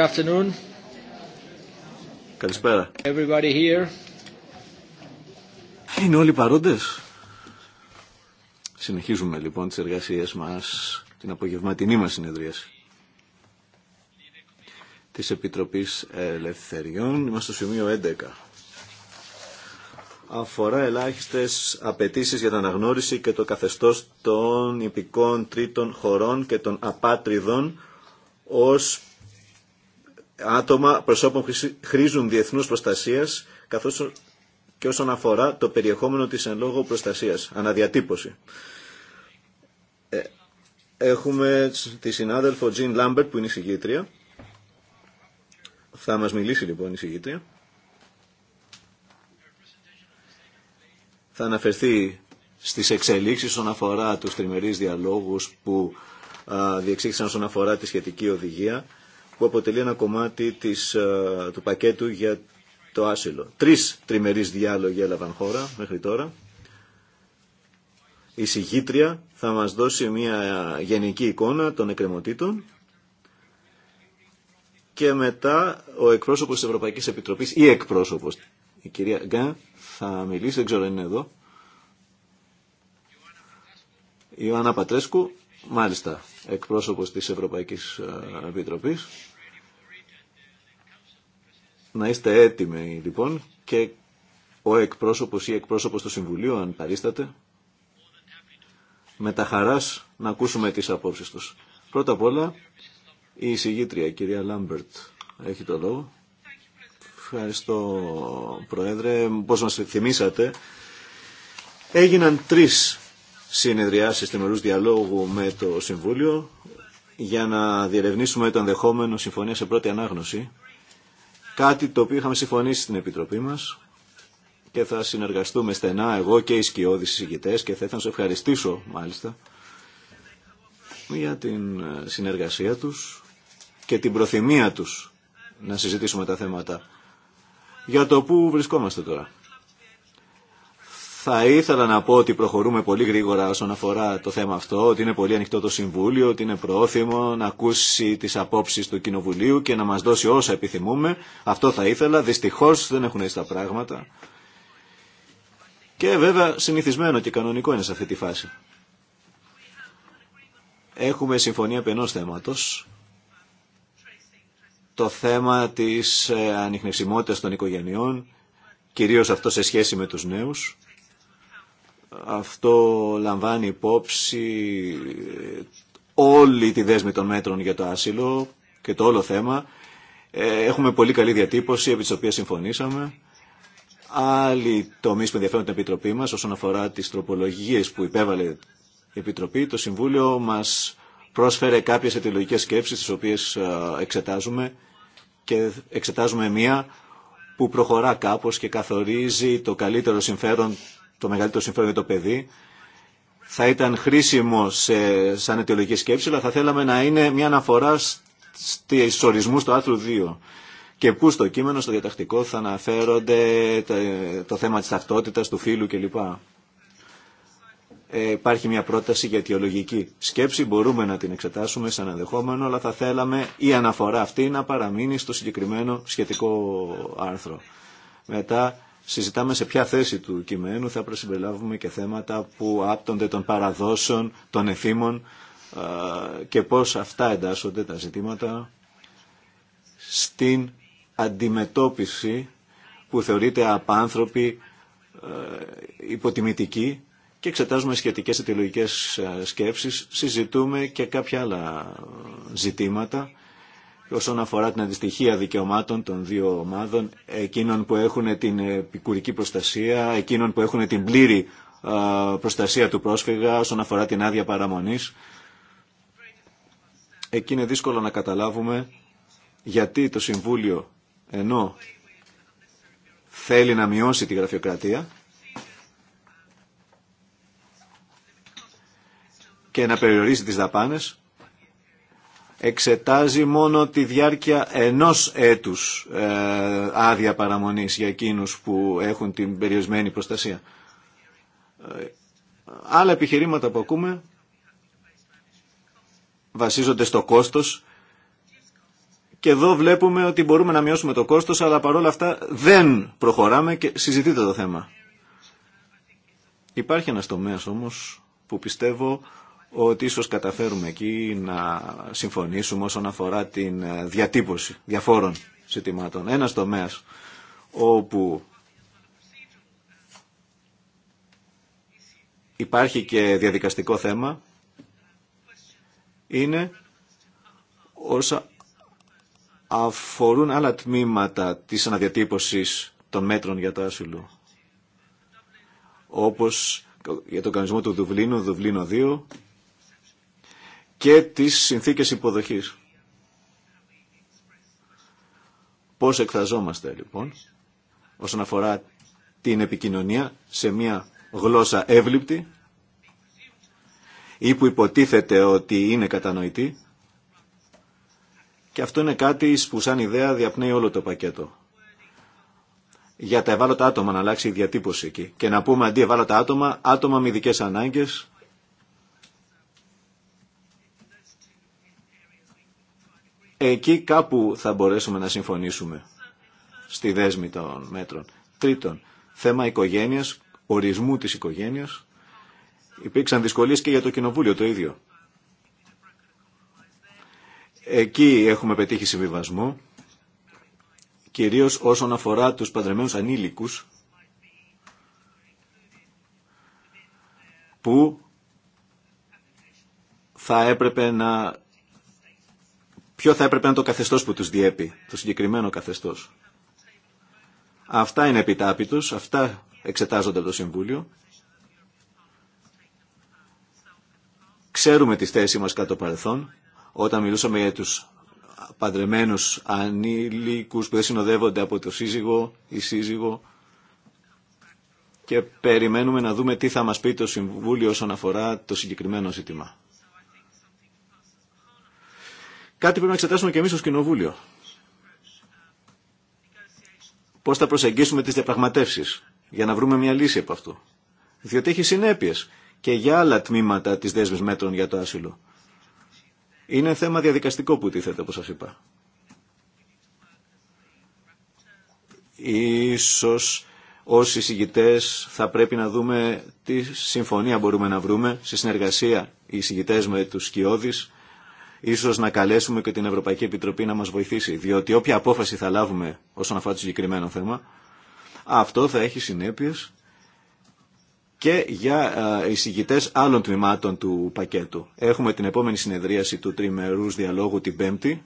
afternoon. Καλησπέρα. Everybody here. Είναι όλοι παρόντες. Συνεχίζουμε λοιπόν τις εργασίες μας, την απογευματινή μας συνεδρίαση της Επιτροπής Ελευθεριών. Είμαστε στο σημείο 11 αφορά ελάχιστες απαιτήσει για την αναγνώριση και το καθεστώς των υπηκών τρίτων χωρών και των απάτριδων ως άτομα προσώπων χρήζουν διεθνούς προστασίας καθώς και όσον αφορά το περιεχόμενο της εν λόγω προστασίας, αναδιατύπωση. Ε, έχουμε τη συνάδελφο Τζιν Λάμπερτ που είναι η συγγήτρια. Θα μας μιλήσει λοιπόν η συγγήτρια. θα αναφερθεί στις εξελίξεις όσον αφορά τους τριμερείς διαλόγους που διεξήχθησαν όσον αφορά τη σχετική οδηγία που αποτελεί ένα κομμάτι της, του πακέτου για το άσυλο. Τρεις τριμερείς διάλογοι έλαβαν χώρα μέχρι τώρα. Η συγγήτρια θα μας δώσει μια γενική εικόνα των εκκρεμωτήτων και μετά ο εκπρόσωπος της Ευρωπαϊκής Επιτροπής ή εκπρόσωπος, η κυρία Γκάν, θα μιλήσει, δεν ξέρω αν είναι εδώ. Η Ιωάννα Πατρέσκου, μάλιστα, εκπρόσωπος της Ευρωπαϊκής ε, Επιτροπής. Να είστε έτοιμοι λοιπόν και ο εκπρόσωπος ή εκπρόσωπος του Συμβουλίου, αν παρίσταται, με τα χαράς να ακούσουμε τις απόψεις τους. Πρώτα απ' όλα, η εισηγήτρια, η κυρία Λάμπερτ, έχει το λόγο. Ευχαριστώ, Πρόεδρε. Πώς μας θυμήσατε. Έγιναν τρεις συνεδριάσεις τεμερούς διαλόγου με το Συμβούλιο για να διερευνήσουμε το ενδεχόμενο συμφωνία σε πρώτη ανάγνωση. Κάτι το οποίο είχαμε συμφωνήσει στην Επιτροπή μας και θα συνεργαστούμε στενά εγώ και οι σκιώδεις συζητητές και θα ήθελα να σας ευχαριστήσω μάλιστα για την συνεργασία τους και την προθυμία τους να συζητήσουμε τα θέματα για το πού βρισκόμαστε τώρα. Θα ήθελα να πω ότι προχωρούμε πολύ γρήγορα όσον αφορά το θέμα αυτό, ότι είναι πολύ ανοιχτό το Συμβούλιο, ότι είναι πρόθυμο να ακούσει τις απόψεις του Κοινοβουλίου και να μας δώσει όσα επιθυμούμε. Αυτό θα ήθελα. Δυστυχώς δεν έχουν έτσι τα πράγματα. Και βέβαια συνηθισμένο και κανονικό είναι σε αυτή τη φάση. Έχουμε συμφωνία πενός θέματος το θέμα της ε, ανιχνευσιμότητας των οικογενειών, κυρίως αυτό σε σχέση με τους νέους. Αυτό λαμβάνει υπόψη ε, όλη τη δέσμη των μέτρων για το άσυλο και το όλο θέμα. Ε, έχουμε πολύ καλή διατύπωση επί της οποίας συμφωνήσαμε. Άλλοι τομείς που ενδιαφέρουν την Επιτροπή μας όσον αφορά τις τροπολογίες που υπέβαλε η Επιτροπή, το Συμβούλιο μας πρόσφερε κάποιες αιτιολογικές σκέψεις τις οποίες ε, εξετάζουμε και εξετάζουμε μία που προχωρά κάπως και καθορίζει το καλύτερο συμφέρον, το μεγαλύτερο συμφέρον για το παιδί. Θα ήταν χρήσιμο σε, σαν αιτιολογική σκέψη, αλλά θα θέλαμε να είναι μια αναφορά στις ορισμού του άρθρου 2 και πού στο κείμενο, στο διατακτικό θα αναφέρονται το, θέμα της ταυτότητας, του φύλου κλπ ε, υπάρχει μια πρόταση για αιτιολογική σκέψη, μπορούμε να την εξετάσουμε σαν ενδεχόμενο, αλλά θα θέλαμε η αναφορά αυτή να παραμείνει στο συγκεκριμένο σχετικό άρθρο. Μετά συζητάμε σε ποια θέση του κειμένου θα προσυμπεριλάβουμε και θέματα που άπτονται των παραδόσεων, των εφήμων ε, και πώς αυτά εντάσσονται τα ζητήματα στην αντιμετώπιση που θεωρείται απάνθρωπη, ε, υποτιμητική και εξετάζουμε σχετικές αιτιολογικές ε, σκέψεις, συζητούμε και κάποια άλλα ζητήματα όσον αφορά την αντιστοιχεία δικαιωμάτων των δύο ομάδων, εκείνων που έχουν την επικουρική προστασία, εκείνων που έχουν την πλήρη ε, προστασία του πρόσφυγα όσον αφορά την άδεια παραμονής. Εκεί είναι δύσκολο να καταλάβουμε γιατί το Συμβούλιο ενώ θέλει να μειώσει τη γραφειοκρατία, και να περιορίσει τις δαπάνες εξετάζει μόνο τη διάρκεια ενός έτους ε, άδεια παραμονής για εκείνους που έχουν την περιορισμένη προστασία. Ε, άλλα επιχειρήματα που ακούμε βασίζονται στο κόστος και εδώ βλέπουμε ότι μπορούμε να μειώσουμε το κόστος αλλά παρόλα αυτά δεν προχωράμε και συζητείτε το θέμα. Υπάρχει ένας τομέας όμως που πιστεύω ότι ίσως καταφέρουμε εκεί να συμφωνήσουμε όσον αφορά την ε, διατύπωση διαφόρων ζητημάτων. Ένας τομέας όπου υπάρχει και διαδικαστικό θέμα είναι όσα αφορούν άλλα τμήματα της αναδιατύπωσης των μέτρων για το άσυλο. Όπως για τον κανονισμό του Δουβλίνου, Δουβλίνο 2, και τις συνθήκες υποδοχής. Πώς εκφραζόμαστε λοιπόν όσον αφορά την επικοινωνία σε μια γλώσσα εύληπτη ή που υποτίθεται ότι είναι κατανοητή και αυτό είναι κάτι που σαν ιδέα διαπνέει όλο το πακέτο. Για τα ευάλωτα άτομα να αλλάξει η διατύπωση εκεί και να πούμε αντί ευάλωτα άτομα, άτομα με ειδικέ ανάγκες Εκεί κάπου θα μπορέσουμε να συμφωνήσουμε στη δέσμη των μέτρων. Τρίτον, θέμα οικογένειας, ορισμού της οικογένειας. Υπήρξαν δυσκολίες και για το Κοινοβούλιο το ίδιο. Εκεί έχουμε πετύχει συμβιβασμό, κυρίως όσον αφορά τους παντρεμένους ανήλικους, που θα έπρεπε να ποιο θα έπρεπε να είναι το καθεστώς που τους διέπει, το συγκεκριμένο καθεστώς. Αυτά είναι επιτάπη αυτά εξετάζονται από το Συμβούλιο. Ξέρουμε τη θέση μας κατά το παρελθόν, όταν μιλούσαμε για τους παντρεμένους ανήλικους που δεν συνοδεύονται από το σύζυγο ή σύζυγο και περιμένουμε να δούμε τι θα μας πει το Συμβούλιο όσον αφορά το συγκεκριμένο ζήτημα. Κάτι πρέπει να εξετάσουμε και εμείς ως Κοινοβούλιο. Πώς θα προσεγγίσουμε τις διαπραγματεύσεις για να βρούμε μια λύση από αυτό. Διότι έχει συνέπειες και για άλλα τμήματα της δέσμης μέτρων για το άσυλο. Είναι θέμα διαδικαστικό που τίθεται, όπως σας είπα. Ίσως όσοι εισηγητέ θα πρέπει να δούμε τι συμφωνία μπορούμε να βρούμε σε συνεργασία οι εισηγητέ με τους Σκιώδης ίσως να καλέσουμε και την Ευρωπαϊκή Επιτροπή να μας βοηθήσει, διότι όποια απόφαση θα λάβουμε όσον αφορά το συγκεκριμένο θέμα, αυτό θα έχει συνέπειες και για εισηγητέ άλλων τμήματων του πακέτου. Έχουμε την επόμενη συνεδρίαση του τριμερούς διαλόγου την Πέμπτη.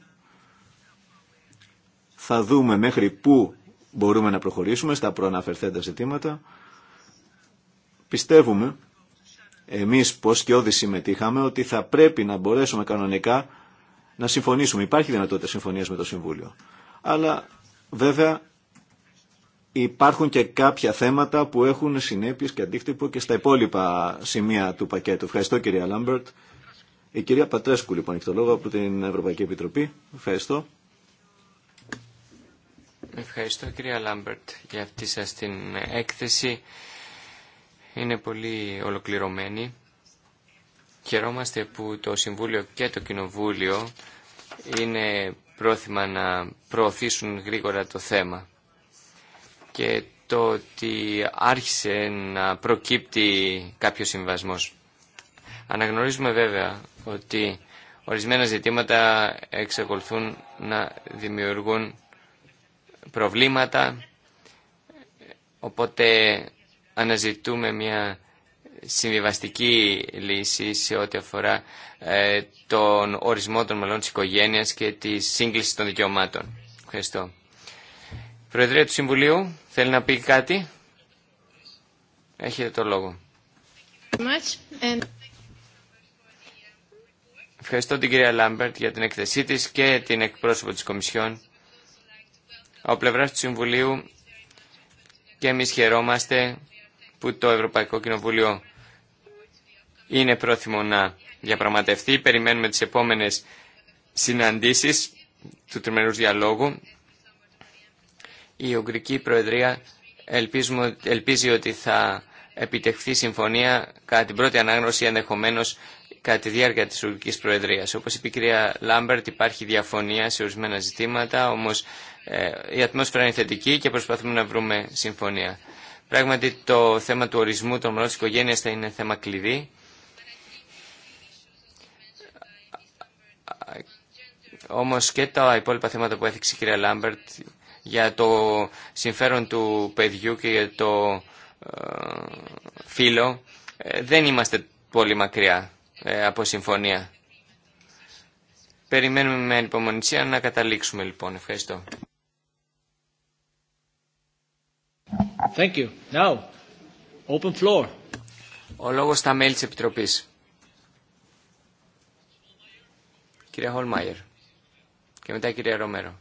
Θα δούμε μέχρι πού μπορούμε να προχωρήσουμε στα προαναφερθέντα ζητήματα. Πιστεύουμε εμείς πως και όδη συμμετείχαμε ότι θα πρέπει να μπορέσουμε κανονικά να συμφωνήσουμε. Υπάρχει δυνατότητα συμφωνίας με το Συμβούλιο. Αλλά βέβαια υπάρχουν και κάποια θέματα που έχουν συνέπειες και αντίκτυπο και στα υπόλοιπα σημεία του πακέτου. Ευχαριστώ κυρία Λάμπερτ. Η κυρία Πατρέσκου λοιπόν έχει το λόγο από την Ευρωπαϊκή Επιτροπή. Ευχαριστώ. Ευχαριστώ κυρία Λάμπερτ για αυτή σας την έκθεση είναι πολύ ολοκληρωμένη. Χαιρόμαστε που το Συμβούλιο και το Κοινοβούλιο είναι πρόθυμα να προωθήσουν γρήγορα το θέμα. Και το ότι άρχισε να προκύπτει κάποιο συμβασμός. Αναγνωρίζουμε βέβαια ότι ορισμένα ζητήματα εξακολουθούν να δημιουργούν προβλήματα, οπότε αναζητούμε μια συμβιβαστική λύση σε ό,τι αφορά ε, τον ορισμό των μελών της οικογένειας και τη σύγκληση των δικαιωμάτων. Ευχαριστώ. Προεδρία του Συμβουλίου, θέλει να πει κάτι. Έχετε το λόγο. Ευχαριστώ την κυρία Λάμπερτ για την εκθεσή της και την εκπρόσωπο της Κομισιόν. Ο πλευράς του Συμβουλίου και εμείς χαιρόμαστε που το Ευρωπαϊκό Κοινοβούλιο είναι πρόθυμο να διαπραγματευτεί. Περιμένουμε τις επόμενες συναντήσεις του τριμερού διαλόγου. Η Ουγγρική Προεδρία ελπίζει ότι θα επιτευχθεί συμφωνία κατά την πρώτη ανάγνωση ενδεχομένω κατά τη διάρκεια της Ουγγρικής Προεδρίας. Όπως είπε η κυρία Λάμπερτ υπάρχει διαφωνία σε ορισμένα ζητήματα, όμως ε, η ατμόσφαιρα είναι θετική και προσπαθούμε να βρούμε συμφωνία. Πράγματι το θέμα του ορισμού των μορφών της οικογένειας θα είναι θέμα κλειδί. Όμως και τα υπόλοιπα θέματα που έθιξε η κυρία Λάμπερτ για το συμφέρον του παιδιού και για το ε, φίλο ε, δεν είμαστε πολύ μακριά ε, από συμφωνία. Περιμένουμε με ανυπομονησία να καταλήξουμε λοιπόν. Ευχαριστώ. Thank you. Now, open floor. Ο λόγος στα μέλη της Επιτροπής. Κυρία Χολμάιερ και μετά κυρία Ρομέρο.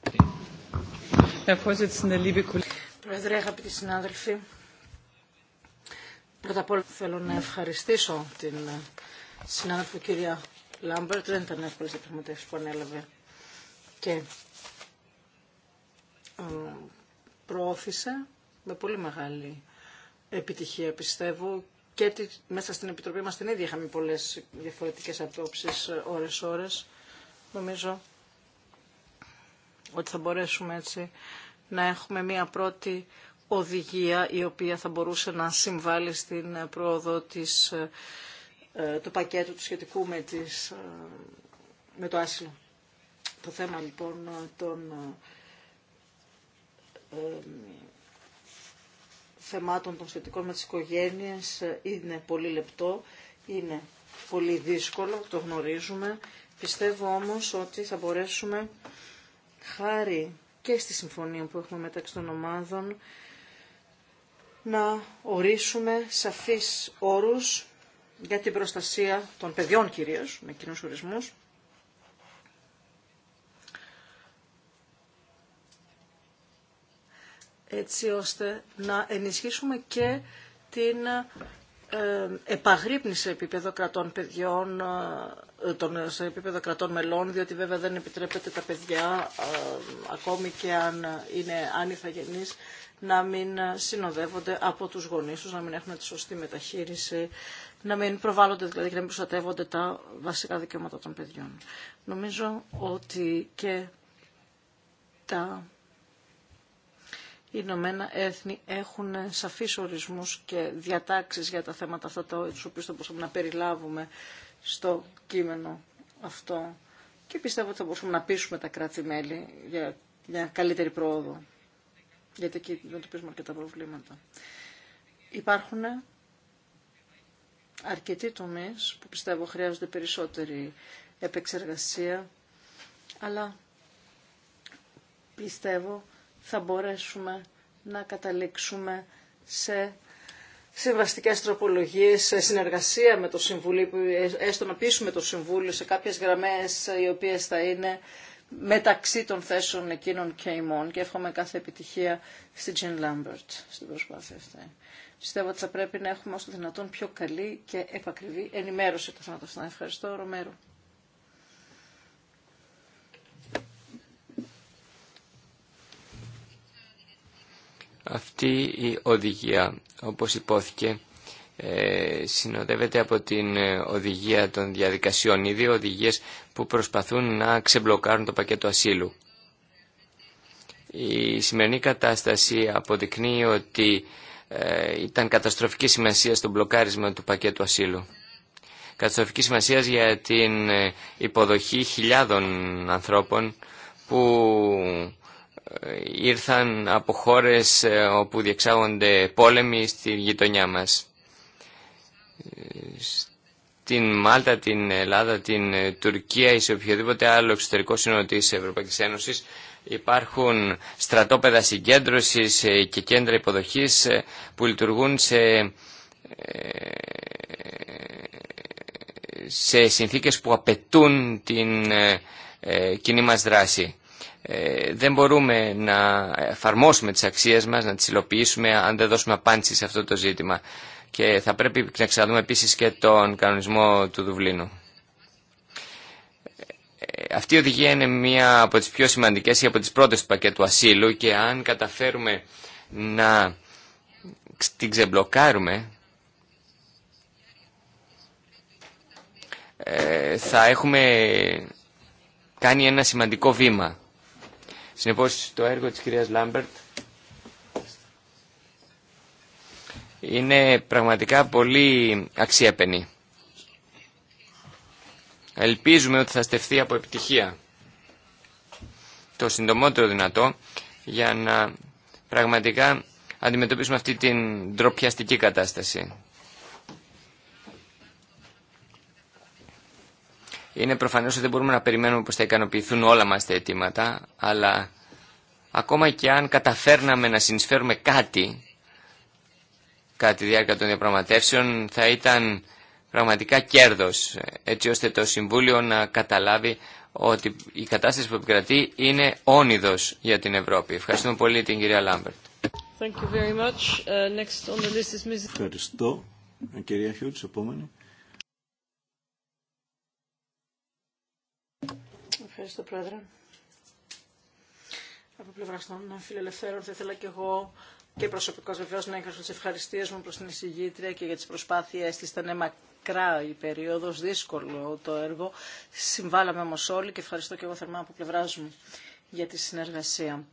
Πρόεδρε, αγαπητοί συνάδελφοι, πρώτα απ' όλα θέλω να ευχαριστήσω την συνάδελφο κυρία Λάμπερτ. Δεν ήταν εύκολε οι πραγματεύσει που ανέλαβε και ε, προώθησε με πολύ μεγάλη επιτυχία πιστεύω και μέσα στην Επιτροπή μας την ίδια είχαμε πολλές διαφορετικές απόψεις ώρες-ώρες. Νομίζω ότι θα μπορέσουμε έτσι να έχουμε μία πρώτη οδηγία η οποία θα μπορούσε να συμβάλλει στην ε, πρόοδο της, ε, ε, του πακέτου του σχετικού με, τις, με το άσυλο. Το θέμα λοιπόν των θεμάτων των σχετικών με τις οικογένειες ε, είναι πολύ λεπτό, είναι πολύ δύσκολο, το γνωρίζουμε. Πιστεύω όμως ότι θα μπορέσουμε χάρη και στη συμφωνία που έχουμε μεταξύ των ομάδων να ορίσουμε σαφείς όρους για την προστασία των παιδιών κυρίως, με κοινούς ορισμούς, έτσι ώστε να ενισχύσουμε και την ε, επαγρύπνη σε επίπεδο κρατών παιδιών, ε, τον, σε επίπεδο κρατών μελών, διότι βέβαια δεν επιτρέπεται τα παιδιά, ε, ακόμη και αν είναι ανηθαγενείς, να μην συνοδεύονται από τους γονείς τους, να μην έχουν τη σωστή μεταχείριση, να μην προβάλλονται δηλαδή και να μην προστατεύονται τα βασικά δικαιώματα των παιδιών. Νομίζω ότι και τα οι Ηνωμένα Έθνη έχουν σαφείς ορισμούς και διατάξεις για τα θέματα αυτά, τα οποία θα μπορούσαμε να περιλάβουμε στο κείμενο αυτό. Και πιστεύω ότι θα μπορούσαμε να πείσουμε τα κράτη-μέλη για μια καλύτερη πρόοδο, γιατί εκεί αντιμετωπίζουμε αρκετά προβλήματα. Υπάρχουν αρκετοί τομείς που πιστεύω χρειάζονται περισσότερη επεξεργασία, αλλά πιστεύω θα μπορέσουμε να καταλήξουμε σε συμβαστικέ τροπολογίε, σε συνεργασία με το Συμβούλιο, ε, έστω να πείσουμε το Συμβούλιο σε κάποιε γραμμέ ε, οι οποίε θα είναι μεταξύ των θέσεων εκείνων και ημών και εύχομαι κάθε επιτυχία στη Τζιν Λάμπερτ στην προσπάθεια αυτή. Πιστεύω ότι θα πρέπει να έχουμε όσο δυνατόν πιο καλή και επακριβή ενημέρωση θέματα αυτά. Ευχαριστώ, Ρομέρο. Αυτή η οδηγία, όπως υπόθηκε, ε, συνοδεύεται από την ε, οδηγία των διαδικασιών. Οι δύο οδηγίες που προσπαθούν να ξεμπλοκάρουν το πακέτο ασύλου. Η σημερινή κατάσταση αποδεικνύει ότι ε, ήταν καταστροφική σημασία στο μπλοκάρισμα του πακέτου ασύλου. Καταστροφική σημασία για την υποδοχή χιλιάδων ανθρώπων που ήρθαν από χώρες ε, όπου διεξάγονται πόλεμοι στη γειτονιά μας. Ε, την Μάλτα, την Ελλάδα, την ε, Τουρκία ή σε οποιοδήποτε άλλο εξωτερικό σύνολο της Ευρωπαϊκής Ένωσης υπάρχουν στρατόπεδα συγκέντρωσης και κέντρα υποδοχής που λειτουργούν σε, σε συνθήκες που απαιτούν την κοινή μας δράση. Ε, δεν μπορούμε να εφαρμόσουμε τις αξίες μας, να τις υλοποιήσουμε αν δεν δώσουμε απάντηση σε αυτό το ζήτημα. Και θα πρέπει να ξαναδούμε επίσης και τον κανονισμό του Δουβλίνου. Ε, αυτή η οδηγία είναι μία από τις πιο σημαντικές ή από τις πρώτες του πακέτου ασύλου και αν καταφέρουμε να την ξεμπλοκάρουμε ε, θα έχουμε κάνει ένα σημαντικό βήμα Συνεπώς το έργο της κυρίας Λάμπερτ είναι πραγματικά πολύ αξιέπαινη. Ελπίζουμε ότι θα στεφθεί από επιτυχία το συντομότερο δυνατό για να πραγματικά αντιμετωπίσουμε αυτή την ντροπιαστική κατάσταση. Είναι προφανέ ότι δεν μπορούμε να περιμένουμε πως θα ικανοποιηθούν όλα μας τα αιτήματα, αλλά ακόμα και αν καταφέρναμε να συνεισφέρουμε κάτι κατά τη διάρκεια των διαπραγματεύσεων θα ήταν πραγματικά κέρδο, έτσι ώστε το Συμβούλιο να καταλάβει ότι η κατάσταση που επικρατεί είναι όνειδο για την Ευρώπη. Ευχαριστούμε πολύ την κυρία Λάμπερτ. Ευχαριστώ. Κυρία επόμενη. Ευχαριστώ, Πρόεδρε. Από πλευρά των φιλελευθέρων θα ήθελα και εγώ και προσωπικώ βεβαίω να εκφράσω τι ευχαριστίε μου προ την εισηγήτρια και για τι προσπάθειέ τη. Ήταν μακρά η περίοδο, δύσκολο το έργο. Συμβάλαμε όμω όλοι και ευχαριστώ και εγώ θερμά από πλευρά μου για τη συνεργασία.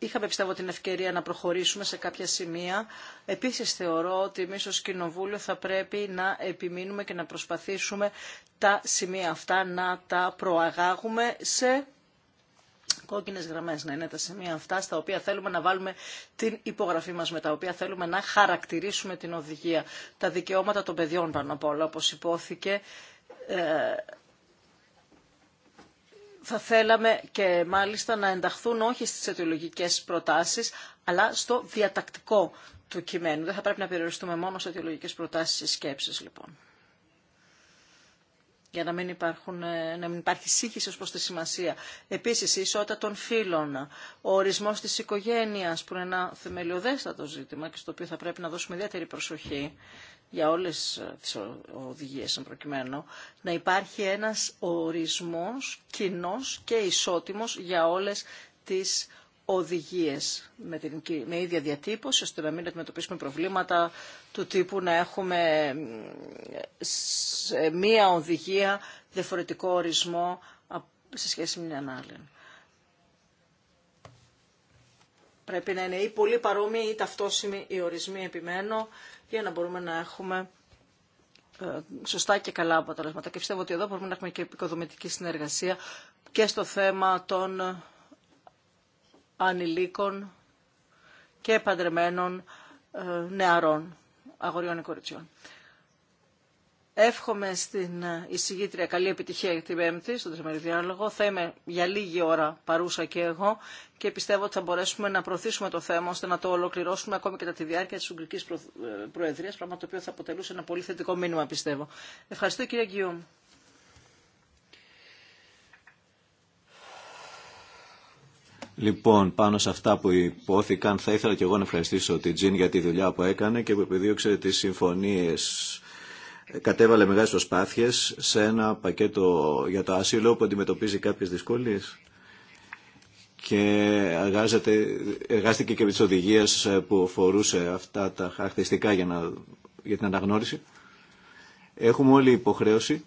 Είχαμε πιστεύω την ευκαιρία να προχωρήσουμε σε κάποια σημεία. Επίσης θεωρώ ότι εμείς ως Κοινοβούλιο θα πρέπει να επιμείνουμε και να προσπαθήσουμε τα σημεία αυτά να τα προαγάγουμε σε κόκκινες γραμμές να είναι τα σημεία αυτά στα οποία θέλουμε να βάλουμε την υπογραφή μας, με τα οποία θέλουμε να χαρακτηρίσουμε την οδηγία. Τα δικαιώματα των παιδιών πάνω απ' όλα, όπως υπόθηκε, ε, θα θέλαμε και μάλιστα να ενταχθούν όχι στις αιτιολογικές προτάσεις, αλλά στο διατακτικό του κειμένου. Δεν θα πρέπει να περιοριστούμε μόνο σε αιτιολογικές προτάσεις ή σκέψεις, λοιπόν. Για να μην, υπάρχουν, ε, να μην υπάρχει σύγχυση ως προς τη σημασία. Επίσης, η ισότητα των φύλων, ο ορισμός της οικογένειας, που είναι ένα θεμελιωδέστατο ζήτημα και στο οποίο θα πρέπει να δώσουμε ιδιαίτερη προσοχή για όλες τις οδηγίες εν προκειμένου, να υπάρχει ένας ορισμός κοινό και ισότιμος για όλες τις οδηγίες με, την, με ίδια διατύπωση, ώστε να μην αντιμετωπίσουμε προβλήματα του τύπου να έχουμε μία οδηγία διαφορετικό ορισμό σε σχέση με μια άλλη. Πρέπει να είναι ή πολύ παρόμοιοι ή ταυτόσιμοι οι ορισμοί επιμένω για να μπορούμε να έχουμε ε, σωστά και καλά αποτελέσματα. Και πιστεύω ότι εδώ μπορούμε να έχουμε και επικοδομητική συνεργασία και στο θέμα των ανηλίκων και παντρεμένων ε, νεαρών αγοριών και κοριτσιών. Εύχομαι στην ε, εισηγήτρια καλή επιτυχία για την Πέμπτη, στον τριμερή διάλογο. Θα είμαι για λίγη ώρα παρούσα και εγώ και πιστεύω ότι θα μπορέσουμε να προωθήσουμε το θέμα ώστε να το ολοκληρώσουμε ακόμη και κατά τη διάρκεια τη Ουγγρική ε, Προεδρία, πράγμα το οποίο θα αποτελούσε ένα πολύ θετικό μήνυμα, πιστεύω. Ευχαριστώ, κύριε Γκιούμ. Λοιπόν, πάνω σε αυτά που υπόθηκαν, θα ήθελα και εγώ να ευχαριστήσω την Τζιν για τη δουλειά που έκανε και που επιδίωξε τι συμφωνίε κατέβαλε μεγάλες προσπάθειες σε ένα πακέτο για το άσυλο που αντιμετωπίζει κάποιες δυσκολίες και εργάστηκε και με τις οδηγίες ε, που φορούσε αυτά τα χαρακτηριστικά για, να, για την αναγνώριση. Έχουμε όλη υποχρέωση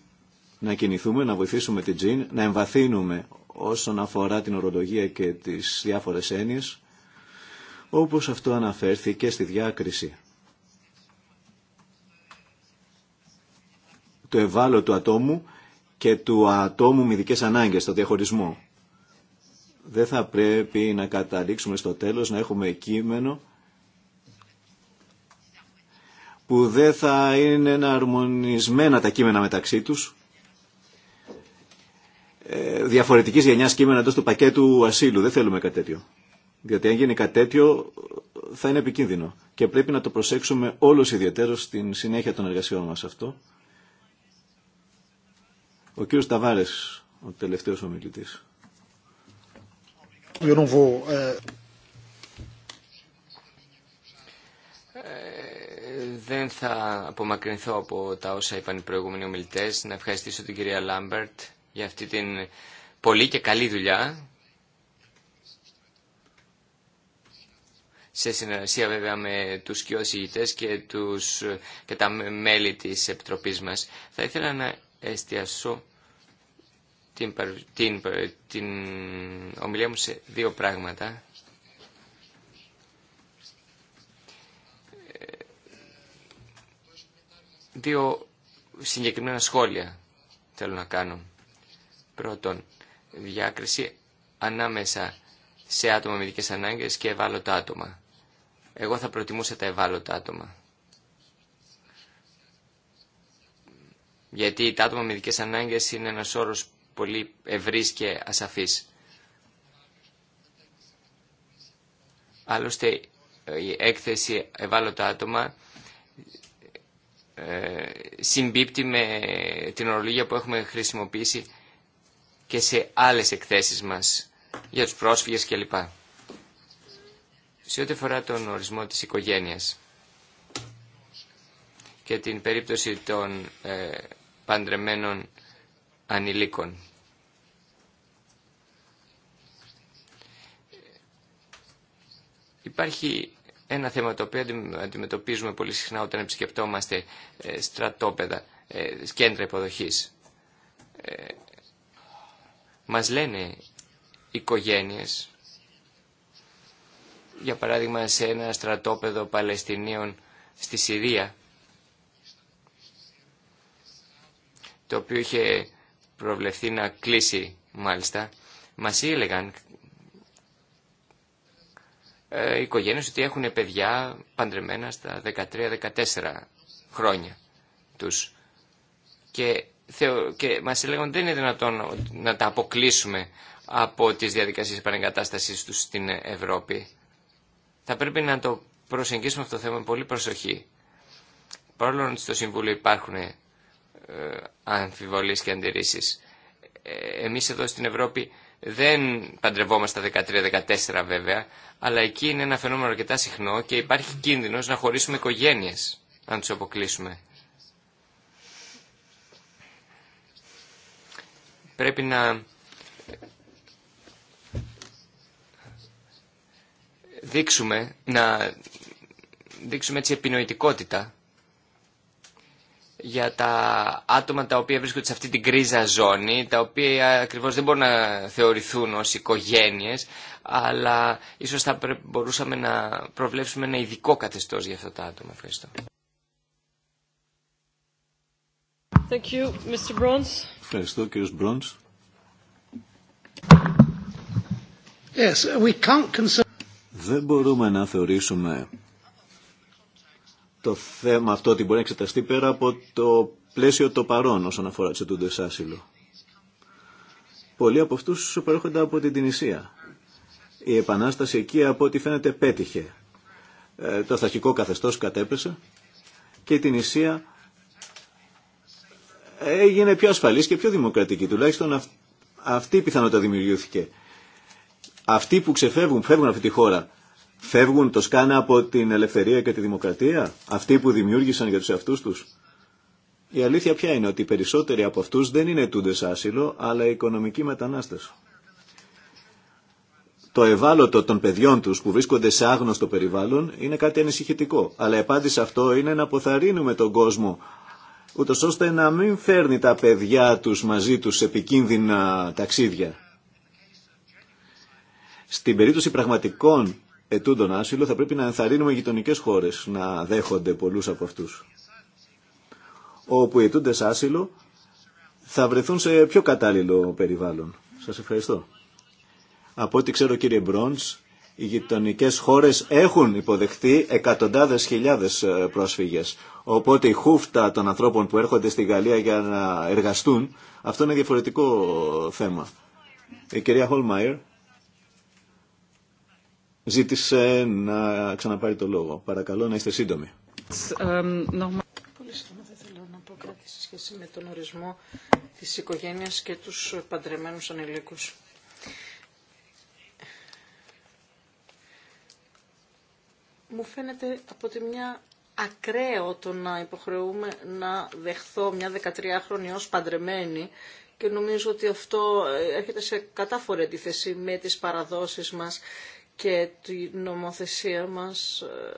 να κινηθούμε, να βοηθήσουμε την Τζιν, να εμβαθύνουμε όσον αφορά την ορολογία και τις διάφορες έννοιες, όπως αυτό αναφέρθηκε στη διάκριση του ευάλωτου ατόμου και του ατόμου με ειδικέ ανάγκες, το διαχωρισμό. Δεν θα πρέπει να καταλήξουμε στο τέλος να έχουμε κείμενο που δεν θα είναι αρμονισμένα τα κείμενα μεταξύ τους, ε, διαφορετικής γενιάς κείμενα εντός του πακέτου ασύλου. Δεν θέλουμε κάτι τέτοιο. Διότι αν γίνει κάτι τέτοιο θα είναι επικίνδυνο. Και πρέπει να το προσέξουμε όλος ιδιαίτερος στην συνέχεια των εργασιών μας αυτό. Ο κύριος Ταβάρες, ο τελευταίος ομιλητής. Eh, ε, δεν θα απομακρυνθώ από τα όσα είπαν οι προηγούμενοι ομιλητές. Να ευχαριστήσω την κυρία Λάμπερτ για αυτή την πολύ και καλή δουλειά. Σε συνεργασία βέβαια με τους κοιοσηγητές και, τους, και τα μέλη της Επιτροπής μας. Θα ήθελα να εστιασώ την, την, την ομιλία μου σε δύο πράγματα. Δύο συγκεκριμένα σχόλια θέλω να κάνω. Πρώτον, διάκριση ανάμεσα σε άτομα με ειδικές ανάγκες και ευάλωτα άτομα. Εγώ θα προτιμούσα τα ευάλωτα άτομα. γιατί τα άτομα με ειδικές ανάγκες είναι ένας όρος πολύ ευρύς και ασαφής. Άλλωστε η έκθεση ευάλωτα άτομα ε, συμπίπτει με την ορολογία που έχουμε χρησιμοποιήσει και σε άλλες εκθέσεις μας για τους πρόσφυγες κλπ. Σε ό,τι αφορά τον ορισμό της οικογένειας και την περίπτωση των ε, παντρεμένων ανηλίκων. Υπάρχει ένα θέμα το οποίο αντιμετωπίζουμε πολύ συχνά όταν επισκεπτόμαστε ε, στρατόπεδα, ε, κέντρα υποδοχής. Ε, μας λένε οικογένειες, για παράδειγμα σε ένα στρατόπεδο Παλαιστινίων στη Συρία, το οποίο είχε προβλεφθεί να κλείσει μάλιστα, μας έλεγαν ε, οι οικογένειες ότι έχουν παιδιά παντρεμένα στα 13-14 χρόνια τους. Και, θεω, και μας έλεγαν ότι δεν είναι δυνατόν να τα αποκλείσουμε από τις διαδικασίες επανεγκατάστασης τους στην Ευρώπη. Θα πρέπει να το προσεγγίσουμε αυτό το θέμα με πολύ προσοχή. Παρόλο ότι στο Συμβούλιο υπάρχουν ε, αμφιβολίες και αντιρρήσεις. Ε, εμείς εδώ στην Ευρώπη δεν παντρευόμαστε 13-14 βέβαια, αλλά εκεί είναι ένα φαινόμενο αρκετά συχνό και υπάρχει κίνδυνος να χωρίσουμε οικογένειες, αν τους αποκλείσουμε. Πρέπει να δείξουμε, να δείξουμε έτσι επινοητικότητα για τα άτομα τα οποία βρίσκονται σε αυτή την κρίζα ζώνη, τα οποία ακριβώς δεν μπορούν να θεωρηθούν ως οικογένειες, αλλά ίσως θα μπορούσαμε να προβλέψουμε ένα ειδικό καθεστώς για αυτά τα άτομα. Ευχαριστώ. Thank you, Mr. Bruns. Ευχαριστώ, κύριος Μπρόντς. Yes, we can't... δεν μπορούμε να θεωρήσουμε το θέμα αυτό ότι μπορεί να εξεταστεί πέρα από το πλαίσιο το παρόν όσον αφορά τους ετούντες άσυλο. Πολλοί από αυτούς προέρχονται από την Τινησία. Η επανάσταση εκεί από ό,τι φαίνεται πέτυχε. Ε, το αυταρχικό καθεστώς κατέπεσε και η Τινησία έγινε πιο ασφαλής και πιο δημοκρατική. Τουλάχιστον αυτή η πιθανότητα δημιουργήθηκε. Αυτοί που ξεφεύγουν, φεύγουν από αυτή τη χώρα Φεύγουν το σκάνα από την ελευθερία και τη δημοκρατία, αυτοί που δημιούργησαν για τους εαυτούς τους. Η αλήθεια ποια είναι ότι οι περισσότεροι από αυτούς δεν είναι τούντες άσυλο, αλλά οικονομικοί μετανάστες. Το ευάλωτο των παιδιών τους που βρίσκονται σε άγνωστο περιβάλλον είναι κάτι ανησυχητικό. Αλλά η απάντηση σε αυτό είναι να αποθαρρύνουμε τον κόσμο ούτω ώστε να μην φέρνει τα παιδιά τους μαζί τους σε επικίνδυνα ταξίδια. Στην περίπτωση πραγματικών τον άσυλο θα πρέπει να ενθαρρύνουμε γειτονικέ χώρε να δέχονται πολλού από αυτού. Όπου οι ετούντε άσυλο θα βρεθούν σε πιο κατάλληλο περιβάλλον. Σας ευχαριστώ. Από ό,τι ξέρω κύριε Μπρόντς, οι γειτονικέ χώρες έχουν υποδεχτεί εκατοντάδες χιλιάδες ε, πρόσφυγες. Οπότε η χούφτα των ανθρώπων που έρχονται στη Γαλλία για να εργαστούν, αυτό είναι διαφορετικό θέμα. Η κυρία Χολμάιερ ζήτησε να ξαναπάρει το λόγο. Παρακαλώ να είστε σύντομοι. Πολύ σύντομα θα θέλω να πω κάτι σε σχέση με τον ορισμό της οικογένειας και τους παντρεμένους ανηλίκους. Μου φαίνεται από τη μια ακραίο το να υποχρεούμε να δεχθώ μια 13χρονη ως παντρεμένη και νομίζω ότι αυτό ε, έρχεται σε κατάφορη αντίθεση με τις παραδόσεις μας και τη νομοθεσία μας, ε,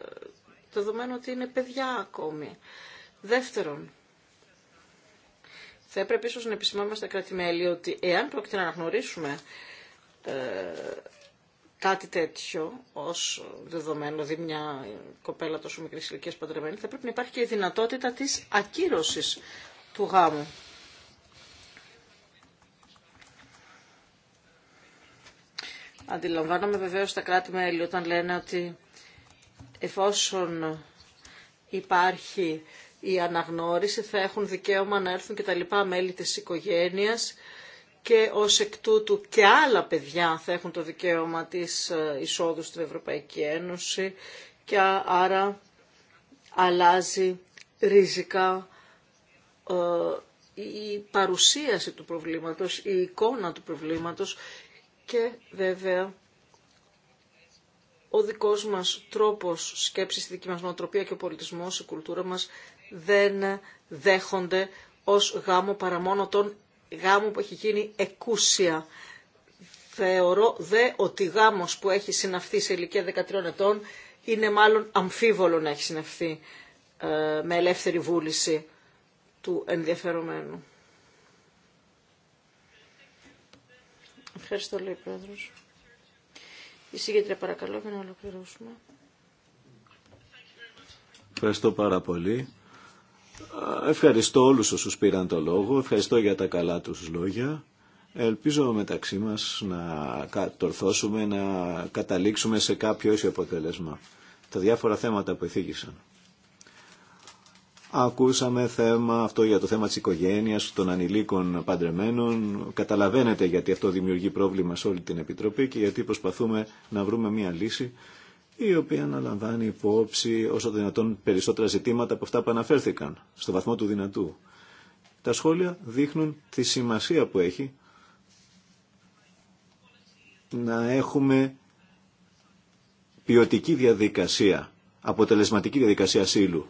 δεδομένου ότι είναι παιδιά ακόμη. Δεύτερον, θα έπρεπε ίσως να επισημάνουμε στα ότι εάν πρόκειται να αναγνωρίσουμε ε, κάτι τέτοιο ως δεδομένο, δηλαδή μια κοπέλα τόσο μικρής ηλικίας παντρεμένη, θα πρέπει να υπάρχει και η δυνατότητα της ακύρωσης του γάμου. Αντιλαμβάνομαι βεβαίως τα κράτη-μέλη όταν λένε ότι εφόσον υπάρχει η αναγνώριση θα έχουν δικαίωμα να έρθουν και τα λοιπά μέλη της οικογένειας και ως εκ τούτου και άλλα παιδιά θα έχουν το δικαίωμα της ε, εισόδου στην Ευρωπαϊκή Ένωση και άρα αλλάζει ριζικά ε, η παρουσίαση του προβλήματος, η εικόνα του προβλήματος και βέβαια ο δικός μας τρόπος σκέψης, η δική μας νοοτροπία και ο πολιτισμός, η κουλτούρα μας δεν δέχονται ως γάμο παρά μόνο τον γάμο που έχει γίνει εκούσια. Θεωρώ δε ότι γάμος που έχει συναυθεί σε ηλικία 13 ετών είναι μάλλον αμφίβολο να έχει συναυθεί ε, με ελεύθερη βούληση του ενδιαφερομένου. Ευχαριστώ, λέει ο Η συγκέντρια παρακαλώ για να ολοκληρώσουμε. Ευχαριστώ πάρα πολύ. Ευχαριστώ όλους όσους πήραν το λόγο. Ευχαριστώ για τα καλά τους λόγια. Ελπίζω μεταξύ μας να τορθώσουμε να καταλήξουμε σε κάποιο ίσιο αποτέλεσμα. Τα διάφορα θέματα που εθήκησαν. Ακούσαμε θέμα, αυτό για το θέμα της οικογένειας, των ανηλίκων παντρεμένων. Καταλαβαίνετε γιατί αυτό δημιουργεί πρόβλημα σε όλη την Επιτροπή και γιατί προσπαθούμε να βρούμε μια λύση η οποία να λαμβάνει υπόψη όσο δυνατόν περισσότερα ζητήματα από αυτά που αναφέρθηκαν, στο βαθμό του δυνατού. Τα σχόλια δείχνουν τη σημασία που έχει να έχουμε ποιοτική διαδικασία, αποτελεσματική διαδικασία ασύλου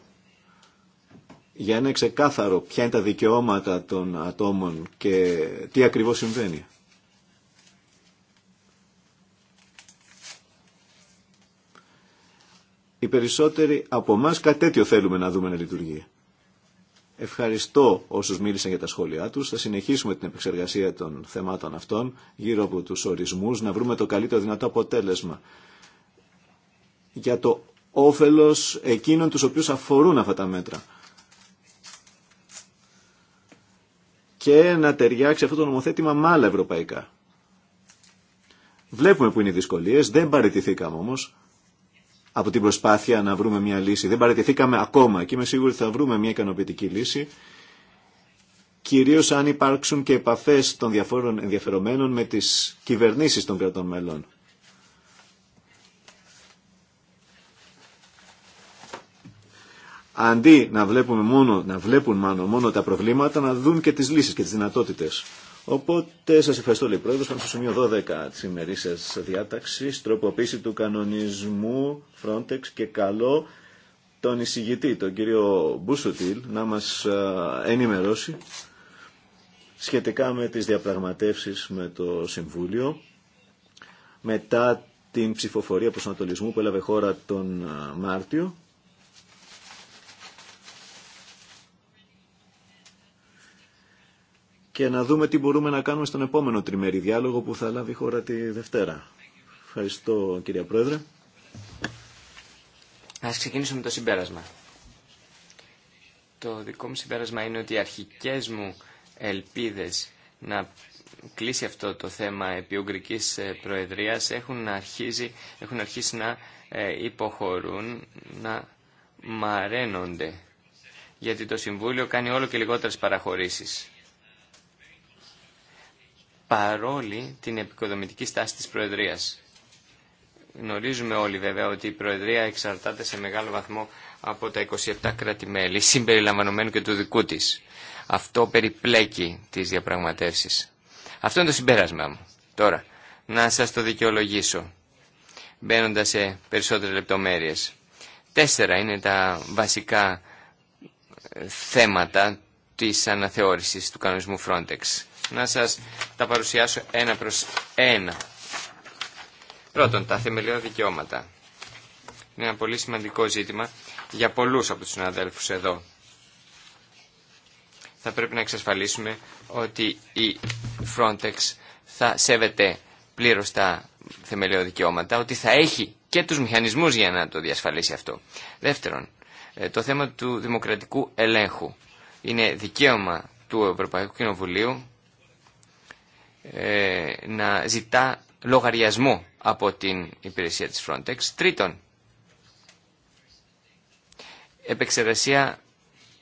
για να είναι ξεκάθαρο ποια είναι τα δικαιώματα των ατόμων και τι ακριβώς συμβαίνει. Οι περισσότεροι από εμά κάτι θέλουμε να δούμε να λειτουργεί. Ευχαριστώ όσους μίλησαν για τα σχόλιά τους. Θα συνεχίσουμε την επεξεργασία των θεμάτων αυτών γύρω από τους ορισμούς, να βρούμε το καλύτερο δυνατό αποτέλεσμα για το όφελος εκείνων τους οποίους αφορούν αυτά τα μέτρα. και να ταιριάξει αυτό το νομοθέτημα με άλλα ευρωπαϊκά. Βλέπουμε που είναι οι δυσκολίες, δεν παραιτηθήκαμε όμως από την προσπάθεια να βρούμε μια λύση. Δεν παραιτηθήκαμε ακόμα και είμαι σίγουρη θα βρούμε μια ικανοποιητική λύση κυρίως αν υπάρξουν και επαφές των διαφόρων ενδιαφερομένων με τις κυβερνήσεις των κρατών μελών. αντί να, βλέπουν μόνο, να βλέπουν μόνο τα προβλήματα, να δουν και τις λύσεις και τις δυνατότητες. Οπότε σας ευχαριστώ λέει πρόεδρος, πάμε στο σημείο 12 της ημερήσιας διάταξης, τροποποίηση του κανονισμού Frontex και καλό τον εισηγητή, τον κύριο Μπούσουτιλ, να μας ενημερώσει σχετικά με τις διαπραγματεύσεις με το Συμβούλιο μετά την ψηφοφορία προσανατολισμού που έλαβε χώρα τον Μάρτιο και να δούμε τι μπορούμε να κάνουμε στον επόμενο τριμερή διάλογο που θα λάβει η χώρα τη Δευτέρα. Ευχαριστώ κυρία Πρόεδρε. Ας ξεκινήσουμε με το συμπέρασμα. Το δικό μου συμπέρασμα είναι ότι οι αρχικές μου ελπίδες να κλείσει αυτό το θέμα επί Ουγγρικής ε, Προεδρίας έχουν, αρχίσει, έχουν αρχίσει να ε, υποχωρούν, να μαραίνονται. Γιατί το Συμβούλιο κάνει όλο και λιγότερες παραχωρήσεις παρόλη την επικοδομητική στάση της Προεδρίας. Γνωρίζουμε όλοι βέβαια ότι η Προεδρία εξαρτάται σε μεγάλο βαθμό από τα 27 κράτη-μέλη, συμπεριλαμβανομένου και του δικού της. Αυτό περιπλέκει τις διαπραγματεύσεις. Αυτό είναι το συμπέρασμά μου. Τώρα, να σας το δικαιολογήσω, μπαίνοντας σε περισσότερες λεπτομέρειες. Τέσσερα είναι τα βασικά ε, θέματα της αναθεώρησης του κανονισμού Frontex να σας τα παρουσιάσω ένα προς ένα. Πρώτον, τα θεμελιώδη δικαιώματα. Είναι ένα πολύ σημαντικό ζήτημα για πολλούς από τους συναδέλφους εδώ. Θα πρέπει να εξασφαλίσουμε ότι η Frontex θα σέβεται πλήρως τα θεμελιώδη δικαιώματα, ότι θα έχει και τους μηχανισμούς για να το διασφαλίσει αυτό. Δεύτερον, ε, το θέμα του δημοκρατικού ελέγχου. Είναι δικαίωμα του Ευρωπαϊκού Κοινοβουλίου ε, να ζητά λογαριασμό από την υπηρεσία της Frontex. Τρίτον, επεξεργασία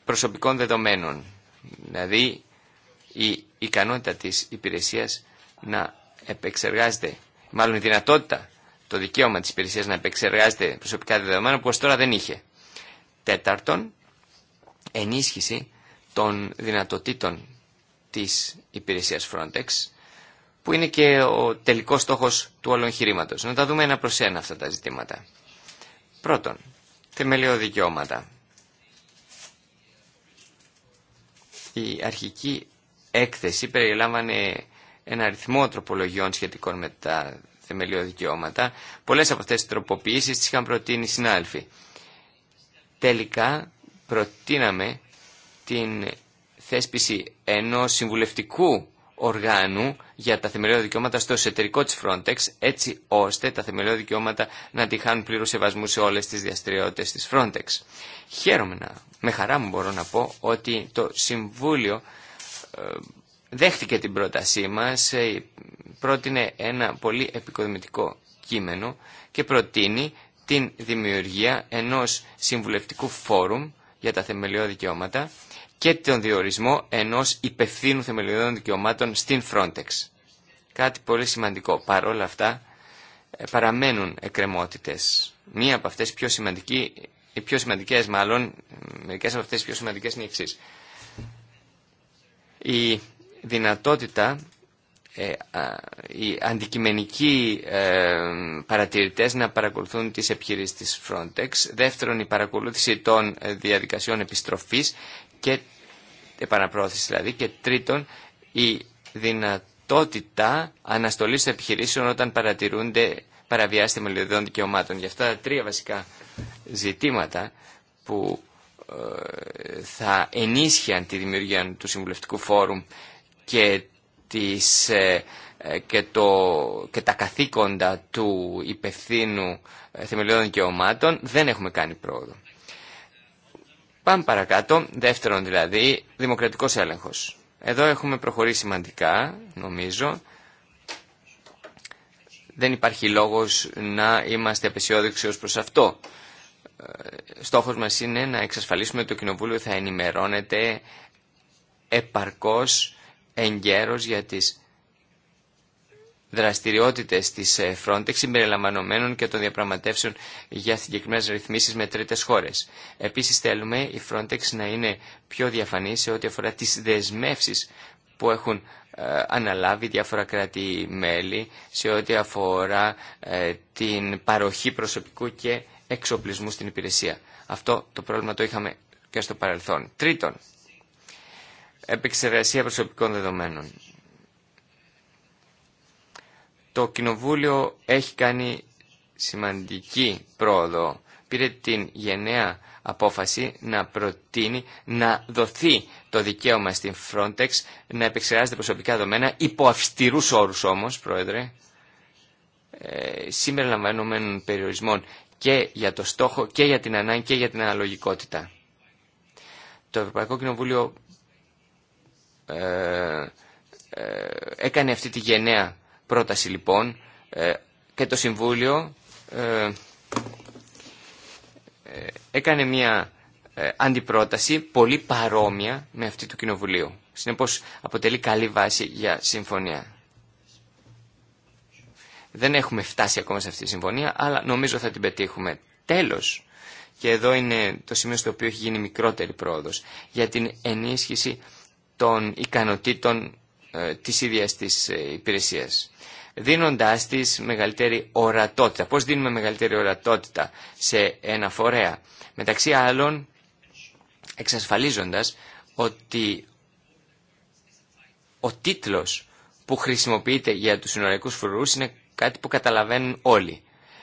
προσωπικών δεδομένων, δηλαδή η ικανότητα της υπηρεσίας να επεξεργάζεται, μάλλον η δυνατότητα, το δικαίωμα της υπηρεσίας να επεξεργάζεται προσωπικά δεδομένα που τώρα δεν είχε. Τέταρτον, ενίσχυση των δυνατοτήτων της υπηρεσίας Frontex που είναι και ο τελικός στόχος του όλου Να τα δούμε ένα προς ένα αυτά τα ζητήματα. Πρώτον, θεμελιώδη δικαιώματα. Η αρχική έκθεση περιλάμβανε ένα αριθμό τροπολογιών σχετικών με τα θεμελιώδη δικαιώματα. Πολλές από αυτές τις τροποποιήσεις τις είχαν προτείνει οι Τελικά προτείναμε την θέσπιση ενός συμβουλευτικού οργάνου για τα θεμελιώδη δικαιώματα στο εσωτερικό της Frontex, έτσι ώστε τα θεμελιώδη δικαιώματα να τη χάνουν πλήρως σεβασμού σε όλες τις διαστηριότητες της Frontex. Χαίρομαι να, με χαρά μου μπορώ να πω ότι το Συμβούλιο ε, δέχτηκε την πρότασή μας, ε, πρότεινε ένα πολύ επικοδημητικό κείμενο και προτείνει την δημιουργία ενός συμβουλευτικού φόρουμ για τα θεμελιώδη δικαιώματα και τον διορισμό ενός υπευθύνου θεμελιωδών δικαιωμάτων στην Frontex. Κάτι πολύ σημαντικό. Παρόλα αυτά ε, παραμένουν εκκρεμότητες. Μία από αυτές πιο σημαντική, οι πιο σημαντικές μάλλον, μερικές από αυτές οι πιο σημαντικές είναι εξής. Η δυνατότητα ε, οι αντικειμενικοί ε, παρατηρητές να παρακολουθούν τις επιχειρήσεις της Frontex. Δεύτερον, η παρακολούθηση των διαδικασιών επιστροφής και επαναπρόθεση δηλαδή και τρίτον η δυνατότητα αναστολής των επιχειρήσεων όταν παρατηρούνται παραβιάσει θεμελιωδών δικαιωμάτων. Για αυτά τα τρία βασικά ζητήματα που ε, θα ενίσχυαν τη δημιουργία του Συμβουλευτικού Φόρουμ και, ε, ε, και, το, και τα καθήκοντα του υπευθύνου θεμελιωδών δικαιωμάτων δεν έχουμε κάνει πρόοδο. Πάμε παρακάτω. Δεύτερον δηλαδή, δημοκρατικός έλεγχος. Εδώ έχουμε προχωρήσει σημαντικά, νομίζω. Δεν υπάρχει λόγος να είμαστε απεσιόδοξοι ως προς αυτό. Ε, στόχος μας είναι να εξασφαλίσουμε ότι το Κοινοβούλιο θα ενημερώνεται επαρκώς εγκαίρως για τις δραστηριότητες της ε, Frontex συμπεριλαμβανομένων και των διαπραγματεύσεων για συγκεκριμένες ρυθμίσεις με τρίτες χώρες. Επίσης θέλουμε η Frontex να είναι πιο διαφανή σε ό,τι αφορά τις δεσμεύσεις που έχουν ε, αναλάβει διάφορα κράτη-μέλη σε ό,τι αφορά ε, την παροχή προσωπικού και εξοπλισμού στην υπηρεσία. Αυτό το πρόβλημα το είχαμε και στο παρελθόν. Τρίτον, επεξεργασία προσωπικών δεδομένων. Το Κοινοβούλιο έχει κάνει σημαντική πρόοδο. Πήρε την γενναία απόφαση να προτείνει να δοθεί το δικαίωμα στην Frontex να επεξεργάζεται προσωπικά δεδομένα υπό αυστηρούς όρους όμως, Πρόεδρε, ε, σήμερα λαμβανόμενων περιορισμών και για το στόχο και για την ανάγκη και για την αναλογικότητα. Το Ευρωπαϊκό Κοινοβούλιο ε, ε, έκανε αυτή τη γενναία πρόταση λοιπόν ε, και το Συμβούλιο ε, ε, έκανε μια αντιπρόταση πολύ παρόμοια με αυτή του Κοινοβουλίου. Συνεπώς αποτελεί καλή βάση για συμφωνία. Δεν έχουμε φτάσει ακόμα σε αυτή τη συμφωνία, αλλά νομίζω θα την πετύχουμε. Τέλος, και εδώ είναι το σημείο στο οποίο έχει γίνει μικρότερη πρόοδος, για την ενίσχυση των ικανοτήτων ε, της ίδιας της ε, υπηρεσίας δίνοντάς της μεγαλύτερη ορατότητα. Πώς δίνουμε μεγαλύτερη ορατότητα σε ένα φορέα. Μεταξύ άλλων εξασφαλίζοντας ότι ο τίτλος που χρησιμοποιείται για τους συνοριακούς φορούς είναι κάτι που καταλαβαίνουν όλοι.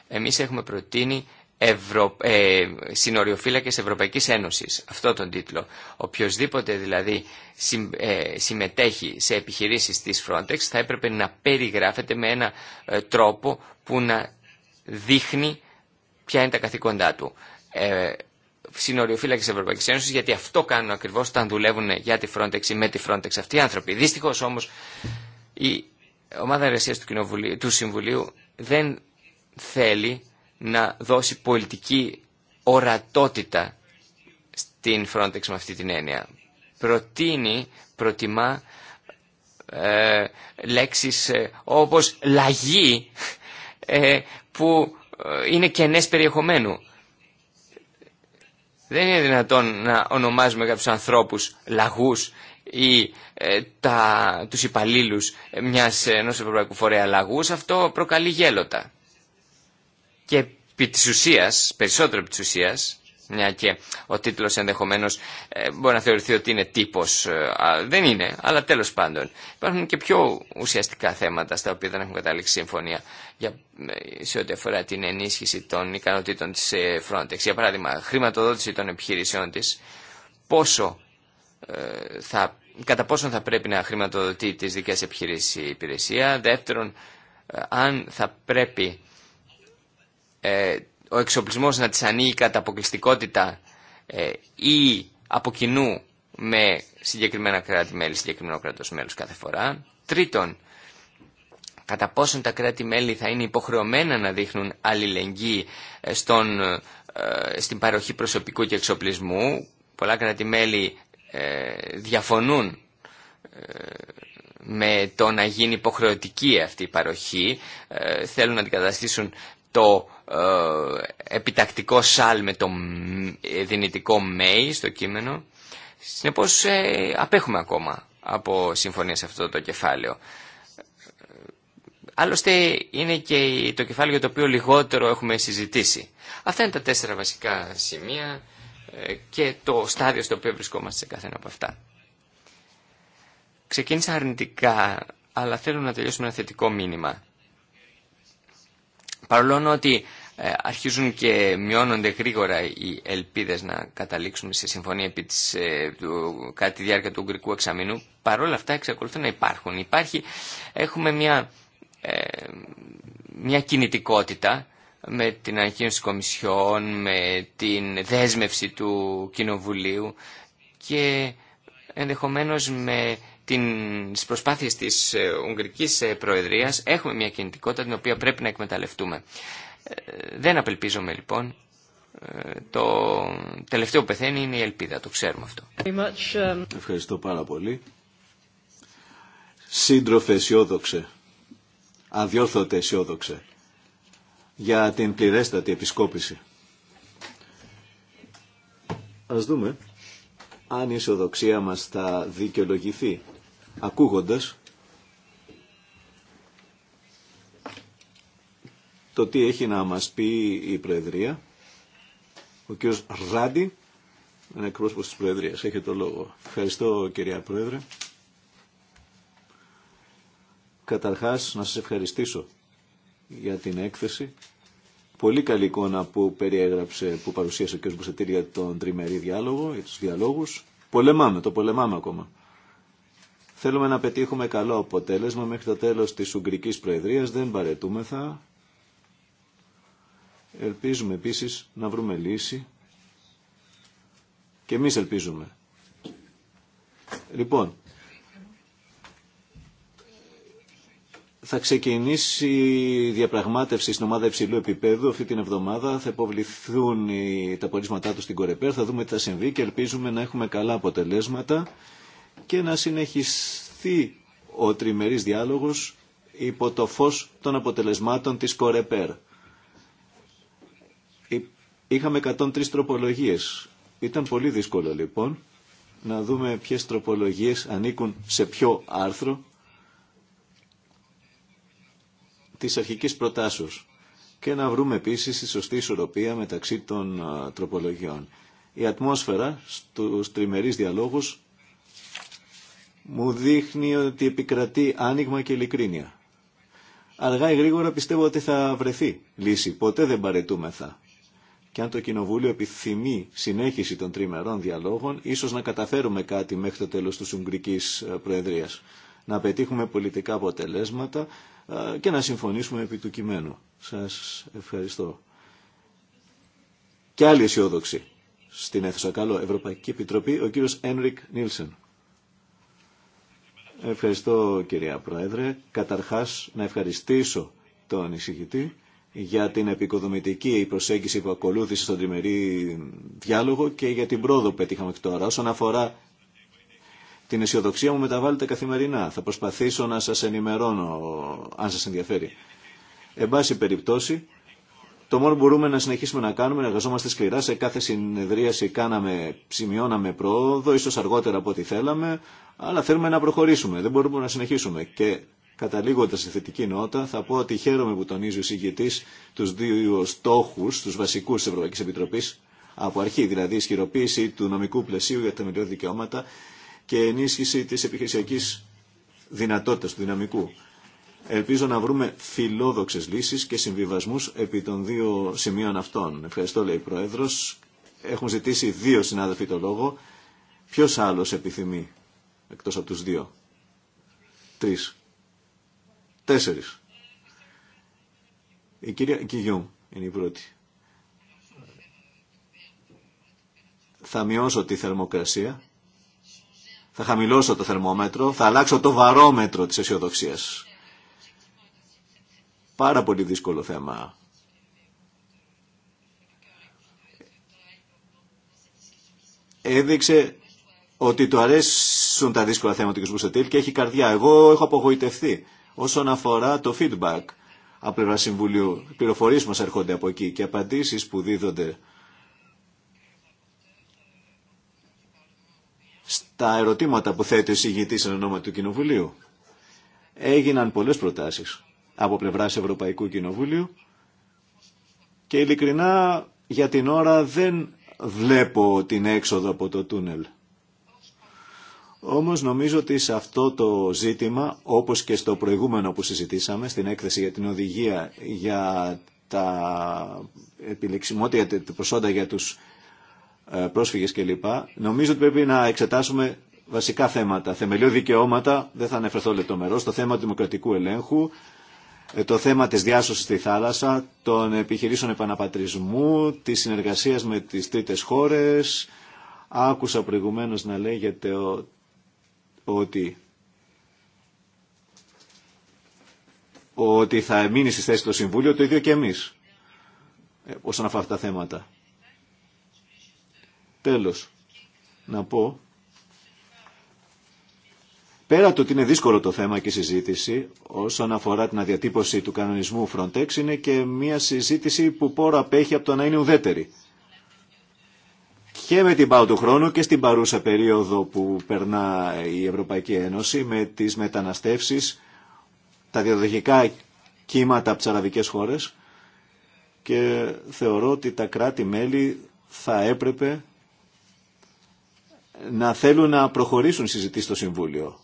Εμείς έχουμε προτείνει Ευρω... Ε, συνοριοφύλακες Ευρωπαϊκής Ένωσης, αυτό τον τίτλο. Οποιοςδήποτε δηλαδή ε, συμμετέχει σε επιχειρήσεις της Frontex θα έπρεπε να περιγράφεται με ένα ε, τρόπο που να δείχνει ποια είναι τα καθήκοντά του. Ε, συνοριοφύλακες Ευρωπαϊκής Ένωσης γιατί αυτό κάνουν ακριβώς όταν δουλεύουν για τη Frontex ή με τη Frontex αυτοί οι άνθρωποι. Δυστυχώς όμως η ομάδα εργασία του, του Συμβουλίου δεν θέλει να δώσει πολιτική ορατότητα στην Frontex με αυτή την έννοια. Προτείνει, προτιμά ε, λέξεις ε, όπως λαγή ε, που είναι κενές περιεχομένου. Δεν είναι δυνατόν να ονομάζουμε κάποιους ανθρώπους λαγούς ή τα, τους υπαλλήλους μιας ενός ευρωπαϊκού φορέα λαγούς. Αυτό προκαλεί γέλοτα και επί της ουσίας, περισσότερο επί της ουσίας, μια και ο τίτλος ενδεχομένως ε, μπορεί να θεωρηθεί ότι είναι τύπος, ε, δεν είναι, αλλά τέλος πάντων. Υπάρχουν και πιο ουσιαστικά θέματα στα οποία δεν έχουν καταλήξει συμφωνία για, ε, σε ό,τι αφορά την ενίσχυση των ικανοτήτων της Frontex. Για παράδειγμα, χρηματοδότηση των επιχειρήσεων της, πόσο θα, κατά πόσο θα πρέπει να χρηματοδοτεί τις δικές επιχειρήσεις η υπηρεσία. Δεύτερον, αν θα πρέπει ε, ο εξοπλισμός να της ανοίγει κατά αποκλειστικότητα ε, ή από κοινού με συγκεκριμένα κράτη-μέλη, συγκεκριμένο κράτος μέλος κάθε φορά. Τρίτον, κατά πόσον τα κράτη-μέλη θα είναι υποχρεωμένα να δείχνουν αλληλεγγύη ε, στον, στην παροχή προσωπικού και εξοπλισμού. Πολλά κράτη-μέλη διαφωνούν με το να γίνει υποχρεωτική αυτή η παροχή. Θέλουν να αντικαταστήσουν το ε, επιτακτικό σάλ με το ε, δυνητικό μέι στο κείμενο. Συνεπώς ε, απέχουμε ακόμα από συμφωνία σε αυτό το κεφάλαιο. Άλλωστε είναι και το κεφάλαιο για το οποίο λιγότερο έχουμε συζητήσει. Αυτά είναι τα τέσσερα βασικά σημεία και το στάδιο στο οποίο βρισκόμαστε σε κάθε από αυτά. Ξεκίνησα αρνητικά, αλλά θέλω να τελειώσουμε ένα θετικό μήνυμα. Παρόλο ότι ε, αρχίζουν και μειώνονται γρήγορα οι ελπίδες να καταλήξουμε σε συμφωνία επί της, ε, του, κατά τη διάρκεια του Ουγγρικού εξαμήνου, παρόλα αυτά εξακολουθούν να υπάρχουν. Υπάρχει, έχουμε μια, ε, μια κινητικότητα με την ανακοίνωση της με την δέσμευση του Κοινοβουλίου και ενδεχομένως με τις προσπάθειες της ε, Ουγγρικής ε, Προεδρίας έχουμε μια κινητικότητα την οποία πρέπει να εκμεταλλευτούμε. Ε, δεν απελπίζομαι λοιπόν. Το τελευταίο που πεθαίνει είναι η ελπίδα, το ξέρουμε αυτό. Ευχαριστώ πάρα πολύ. Σύντροφε αισιόδοξε, αδιόρθωτε αισιόδοξε, για την πληρέστατη επισκόπηση. Ας δούμε αν η αισιοδοξία μας θα δικαιολογηθεί ακούγοντας το τι έχει να μας πει η Προεδρία. Ο κ. Ράντι, ένα εκπρόσωπος της Προεδρίας, έχει το λόγο. Ευχαριστώ κυρία Πρόεδρε. Καταρχάς να σας ευχαριστήσω για την έκθεση. Πολύ καλή εικόνα που περιέγραψε, που παρουσίασε ο κ. Μπουσετήρ τον τριμερή διάλογο, για τους διαλόγους. Πολεμάμε, το πολεμάμε ακόμα. Θέλουμε να πετύχουμε καλό αποτέλεσμα μέχρι το τέλος της Ουγγρικής Προεδρίας, δεν παρετούμεθα. Ελπίζουμε επίσης να βρούμε λύση και εμείς ελπίζουμε. Λοιπόν, θα ξεκινήσει η διαπραγμάτευση στην ομάδα υψηλού επίπεδου αυτή την εβδομάδα. Θα υποβληθούν τα πορίσματά του στην Κορεπέρ. Θα δούμε τι θα συμβεί και ελπίζουμε να έχουμε καλά αποτελέσματα και να συνεχιστεί ο τριμερής διάλογος υπό το φως των αποτελεσμάτων της Κορεπέρ. Είχαμε 103 τροπολογίες. Ήταν πολύ δύσκολο λοιπόν να δούμε ποιες τροπολογίες ανήκουν σε ποιο άρθρο της αρχικής προτάσεως και να βρούμε επίσης τη σωστή ισορροπία μεταξύ των τροπολογιών. Η ατμόσφαιρα στους τριμερείς διαλόγους μου δείχνει ότι επικρατεί άνοιγμα και ειλικρίνεια. Αργά ή γρήγορα πιστεύω ότι θα βρεθεί λύση. Ποτέ δεν παρετούμεθα. Και αν το Κοινοβούλιο επιθυμεί συνέχιση των τριμερών διαλόγων, ίσως να καταφέρουμε κάτι μέχρι το τέλος τη Ουγγρική ε, Προεδρίας. Να πετύχουμε πολιτικά αποτελέσματα ε, και να συμφωνήσουμε επί του κειμένου. Σας ευχαριστώ. Και άλλη αισιόδοξη στην αίθουσα. Καλό Ευρωπαϊκή Επιτροπή, ο κύριο Ένρικ Νίλσεν. Ευχαριστώ κυρία Πρόεδρε. Καταρχάς να ευχαριστήσω τον εισηγητή για την επικοδομητική προσέγγιση που ακολούθησε στον τριμερή διάλογο και για την πρόοδο που πετύχαμε τώρα. Όσον αφορά την αισιοδοξία μου μεταβάλλεται καθημερινά. Θα προσπαθήσω να σας ενημερώνω αν σας ενδιαφέρει. Εν πάση περιπτώσει, το μόνο που μπορούμε να συνεχίσουμε να κάνουμε, να εργαζόμαστε σκληρά. Σε κάθε συνεδρίαση κάναμε, σημειώναμε πρόοδο, ίσω αργότερα από ό,τι θέλαμε, αλλά θέλουμε να προχωρήσουμε. Δεν μπορούμε να συνεχίσουμε. Και καταλήγοντα σε θετική νότα, θα πω ότι χαίρομαι που τονίζει ο συγκεκριτή του δύο στόχου, του βασικού τη Ευρωπαϊκή Επιτροπή, από αρχή, δηλαδή ισχυροποίηση του νομικού πλαισίου για τα μελιώδη δικαιώματα και ενίσχυση τη επιχειρησιακή δυνατότητα του δυναμικού. Ελπίζω να βρούμε φιλόδοξες λύσεις και συμβιβασμούς επί των δύο σημείων αυτών. Ευχαριστώ, λέει η Πρόεδρος. Έχουν ζητήσει δύο συνάδελφοι το λόγο. Ποιος άλλος επιθυμεί, εκτός από τους δύο. Τρεις. Τέσσερις. Η κυρία Κιγιούμ είναι η πρώτη. Θα μειώσω τη θερμοκρασία. Θα χαμηλώσω το θερμόμετρο. Θα αλλάξω το βαρόμετρο της αισιοδοξία. Πάρα πολύ δύσκολο θέμα. Έδειξε ότι του αρέσουν τα δύσκολα θέματα του Μπουσατήλ και έχει καρδιά. Εγώ έχω απογοητευτεί όσον αφορά το feedback από πλευρά Συμβουλίου. Πληροφορίες μας έρχονται από εκεί και απαντήσεις που δίδονται στα ερωτήματα που θέτει ο συγγητή εν ονόμα του Κοινοβουλίου. Έγιναν πολλές προτάσεις από πλευράς Ευρωπαϊκού Κοινοβούλιου και ειλικρινά για την ώρα δεν βλέπω την έξοδο από το τούνελ. Όμως νομίζω ότι σε αυτό το ζήτημα, όπως και στο προηγούμενο που συζητήσαμε, στην έκθεση για την οδηγία για τα επιλεξιμότητα, τα προσόντα για τους ε, πρόσφυγες κλπ. Νομίζω ότι πρέπει να εξετάσουμε βασικά θέματα, θεμελιώδη δικαιώματα, δεν θα αναφερθώ λεπτομερώς, το θέμα του δημοκρατικού ελέγχου, ε, το θέμα της διάσωσης στη θάλασσα, των επιχειρήσεων επαναπατρισμού, της συνεργασίας με τις τρίτες χώρες. Άκουσα προηγουμένως να λέγεται ότι ότι θα μείνει στη θέση το Συμβούλιο, το ίδιο και εμείς, ε, όσον αφορά αυτά τα θέματα. Τέλος, να πω Πέρα το ότι είναι δύσκολο το θέμα και η συζήτηση όσον αφορά την αδιατύπωση του κανονισμού Frontex είναι και μια συζήτηση που πόρα απέχει από το να είναι ουδέτερη. Και με την πάω του χρόνου και στην παρούσα περίοδο που περνά η Ευρωπαϊκή Ένωση με τις μεταναστεύσεις, τα διαδοχικά κύματα από τι αραβικές χώρες και θεωρώ ότι τα κράτη-μέλη θα έπρεπε να θέλουν να προχωρήσουν συζητήσεις στο Συμβούλιο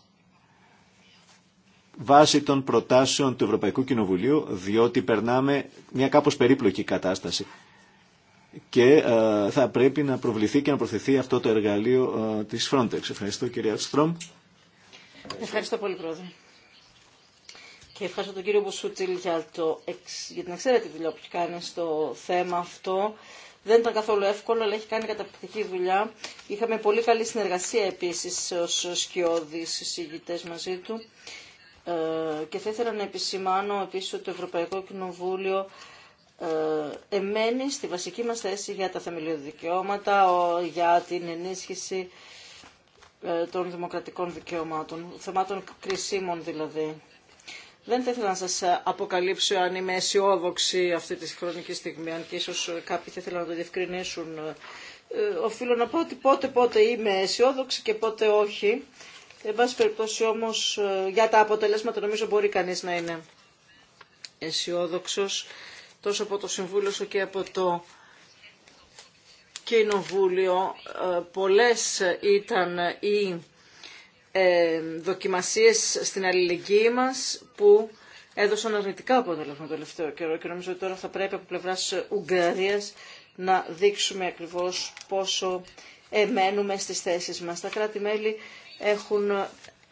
βάσει των προτάσεων του Ευρωπαϊκού Κοινοβουλίου, διότι περνάμε μια κάπως περίπλοκη κατάσταση. Και ε, θα πρέπει να προβληθεί και να προθεθεί αυτό το εργαλείο ε, της Frontex. Ευχαριστώ κύριε Στρομ. Ευχαριστώ πολύ πρόεδρε. Και ευχαριστώ τον κύριο Μπουσούτιλ για, το, για την εξαίρετη δουλειά που έχει κάνει στο θέμα αυτό. Δεν ήταν καθόλου εύκολο, αλλά έχει κάνει καταπληκτική δουλειά. Είχαμε πολύ καλή συνεργασία επίσης ως σκιώδεις συζητητές μαζί του. Ε, και θα ήθελα να επισημάνω επίσης ότι το Ευρωπαϊκό Κοινοβούλιο ε, εμένει στη βασική μας θέση για τα θεμελιώδη δικαιώματα, για την ενίσχυση ε, των δημοκρατικών δικαιωμάτων, θεμάτων κρισίμων δηλαδή. Δεν θα ήθελα να σας αποκαλύψω αν είμαι αισιόδοξη αυτή τη χρονική στιγμή, αν και ίσως κάποιοι θα ήθελαν να το διευκρινίσουν. Οφείλω να πω ότι πότε πότε είμαι αισιόδοξη και πότε όχι. Εν πάση περιπτώσει όμως ε, για τα αποτελέσματα νομίζω μπορεί κανείς να είναι αισιόδοξο τόσο από το Συμβούλιο όσο και από το Κοινοβούλιο. Ε, πολλές ήταν οι ε, δοκιμασίες στην αλληλεγγύη μας που έδωσαν αρνητικά αποτελέσματα το τελευταίο καιρό και νομίζω ότι τώρα θα πρέπει από πλευράς Ουγγαρίας να δείξουμε ακριβώς πόσο εμένουμε στις θέσεις μας. Τα κράτη-μέλη έχουν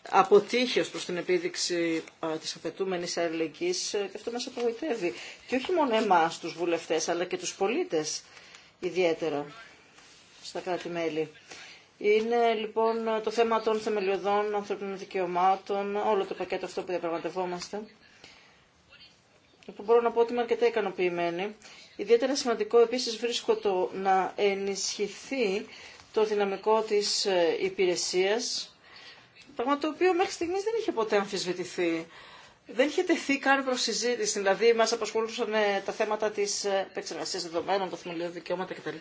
αποτύχει ως προς την επίδειξη της απαιτούμενης αλληλεγγύης και αυτό μας απογοητεύει. Και όχι μόνο εμάς τους βουλευτές, αλλά και τους πολίτες ιδιαίτερα στα κράτη-μέλη. Είναι λοιπόν το θέμα των θεμελιωδών ανθρωπινών δικαιωμάτων, όλο το πακέτο αυτό που διαπραγματευόμαστε. Που μπορώ να πω ότι είμαι αρκετά ικανοποιημένη. Ιδιαίτερα σημαντικό επίσης βρίσκω το να ενισχυθεί το δυναμικό της ε, υπηρεσίας Πράγμα το οποίο μέχρι στιγμή δεν είχε ποτέ αμφισβητηθεί. Δεν είχε τεθεί καν προ συζήτηση. Δηλαδή, μα απασχολούσαν ε, τα θέματα τη ε, επεξεργασία δεδομένων, τα θεμελιώδη δικαιώματα κτλ.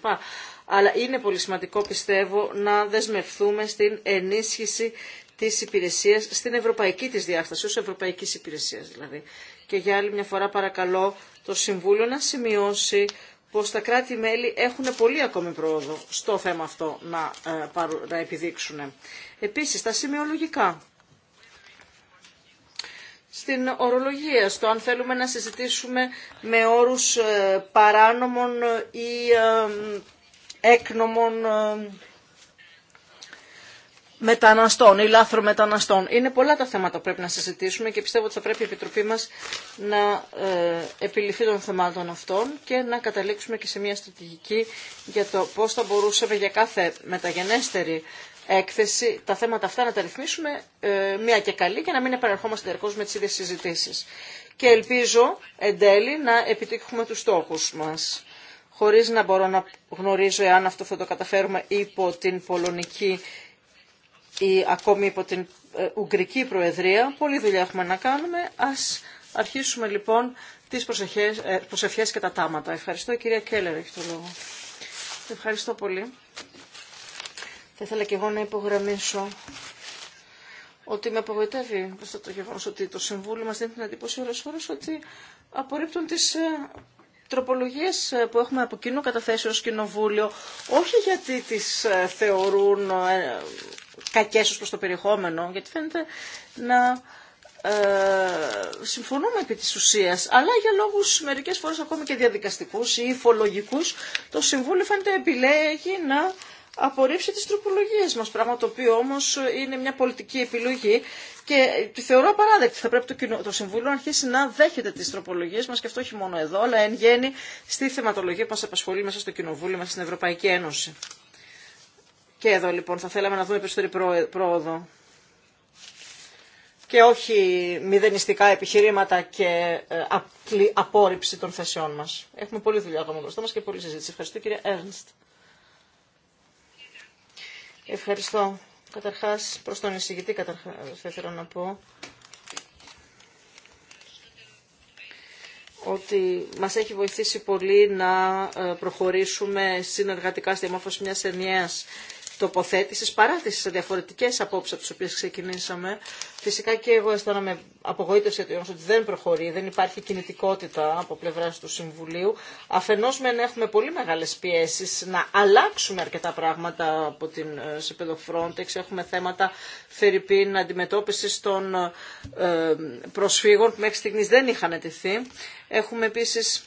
Αλλά είναι πολύ σημαντικό, πιστεύω, να δεσμευθούμε στην ενίσχυση τη υπηρεσία, στην ευρωπαϊκή τη διάσταση, ω ευρωπαϊκή υπηρεσία δηλαδή. Και για άλλη μια φορά παρακαλώ το Συμβούλιο να σημειώσει πω τα κράτη-μέλη έχουν πολύ ακόμη πρόοδο στο θέμα αυτό να, ε, να επιδείξουν. Επίσης, τα σημειολογικά. Στην ορολογία, στο αν θέλουμε να συζητήσουμε με όρους ε, παράνομων ή ε, έκνομων ε, μεταναστών ή λάθρο μεταναστών. Είναι πολλά τα θέματα που πρέπει να συζητήσουμε και πιστεύω ότι θα πρέπει η εκνομων μεταναστων η λαθρομεταναστων μεταναστων ειναι πολλα τα θεματα που πρεπει να συζητησουμε και πιστευω οτι θα πρεπει η επιτροπη μας να επιληφθεί των θεμάτων αυτών και να καταλήξουμε και σε μια στρατηγική για το πώς θα μπορούσαμε για κάθε μεταγενέστερη έκθεση τα θέματα αυτά να τα ρυθμίσουμε ε, μία και καλή και να μην επαναρχόμαστε διαρκώ με τι ίδιε συζητήσει. Και ελπίζω εν τέλει να επιτύχουμε του στόχου μα. Χωρί να μπορώ να γνωρίζω εάν αυτό θα το καταφέρουμε υπό την Πολωνική ή ακόμη υπό την ε, Ουγγρική Προεδρία. Πολλή δουλειά έχουμε να κάνουμε. Ας αρχίσουμε λοιπόν τι ε, προσευχές, και τα τάματα. Ευχαριστώ κυρία Κέλλερ, έχει το λόγο. Ευχαριστώ πολύ. Θα ήθελα και εγώ να υπογραμμίσω ότι με απογοητεύει αυτό το γεγονό ότι το Συμβούλιο μα δίνει την εντύπωση όλε χώρε ότι απορρίπτουν τι ε, τροπολογίε ε, που έχουμε από κοινό καταθέσει ω Κοινοβούλιο, όχι γιατί τι ε, θεωρούν κακέ ω προ το περιεχόμενο, γιατί φαίνεται να ε, συμφωνούμε επί της ουσίας, αλλά για λόγους μερικές φορές ακόμη και διαδικαστικούς ή υφολογικούς, το Συμβούλιο φαίνεται επιλέγει να απορρίψει τις τροπολογίες μας, πράγμα το οποίο όμως είναι μια πολιτική επιλογή και τη θεωρώ απαράδεκτη. Θα πρέπει το, κοινό, το Συμβούλιο να αρχίσει να δέχεται τις τροπολογίες μας και αυτό όχι μόνο εδώ, αλλά εν γέννη στη θεματολογία που μας απασχολεί μέσα στο Κοινοβούλιο, μέσα στην Ευρωπαϊκή Ένωση. Και εδώ λοιπόν θα θέλαμε να δούμε περισσότερη πρόοδο και όχι μηδενιστικά επιχειρήματα και ε, απόρριψη των θεσιών μας. Έχουμε πολλή δουλειά ακόμα μπροστά μας και πολλή συζήτηση. Ευχαριστώ κύριε Έρνστ. Ευχαριστώ. Καταρχάς, προς τον εισηγητή καταρχάς, θα ήθελα να πω ότι μας έχει βοηθήσει πολύ να ε, προχωρήσουμε συνεργατικά στη διαμόρφωση μιας ενιαίας τοποθέτησης, παρά σε διαφορετικές απόψεις από τις οποίες ξεκινήσαμε. Φυσικά και εγώ αισθάνομαι απογοήτευση για ότι δεν προχωρεί, δεν υπάρχει κινητικότητα από πλευρά του Συμβουλίου. Αφενός μεν έχουμε πολύ μεγάλες πιέσεις να αλλάξουμε αρκετά πράγματα από την ε, επίπεδο Frontex. Έχουμε θέματα φερρυπίν αντιμετώπιση των ε, προσφύγων που μέχρι στιγμής δεν είχαν ετηθεί. Έχουμε επίσης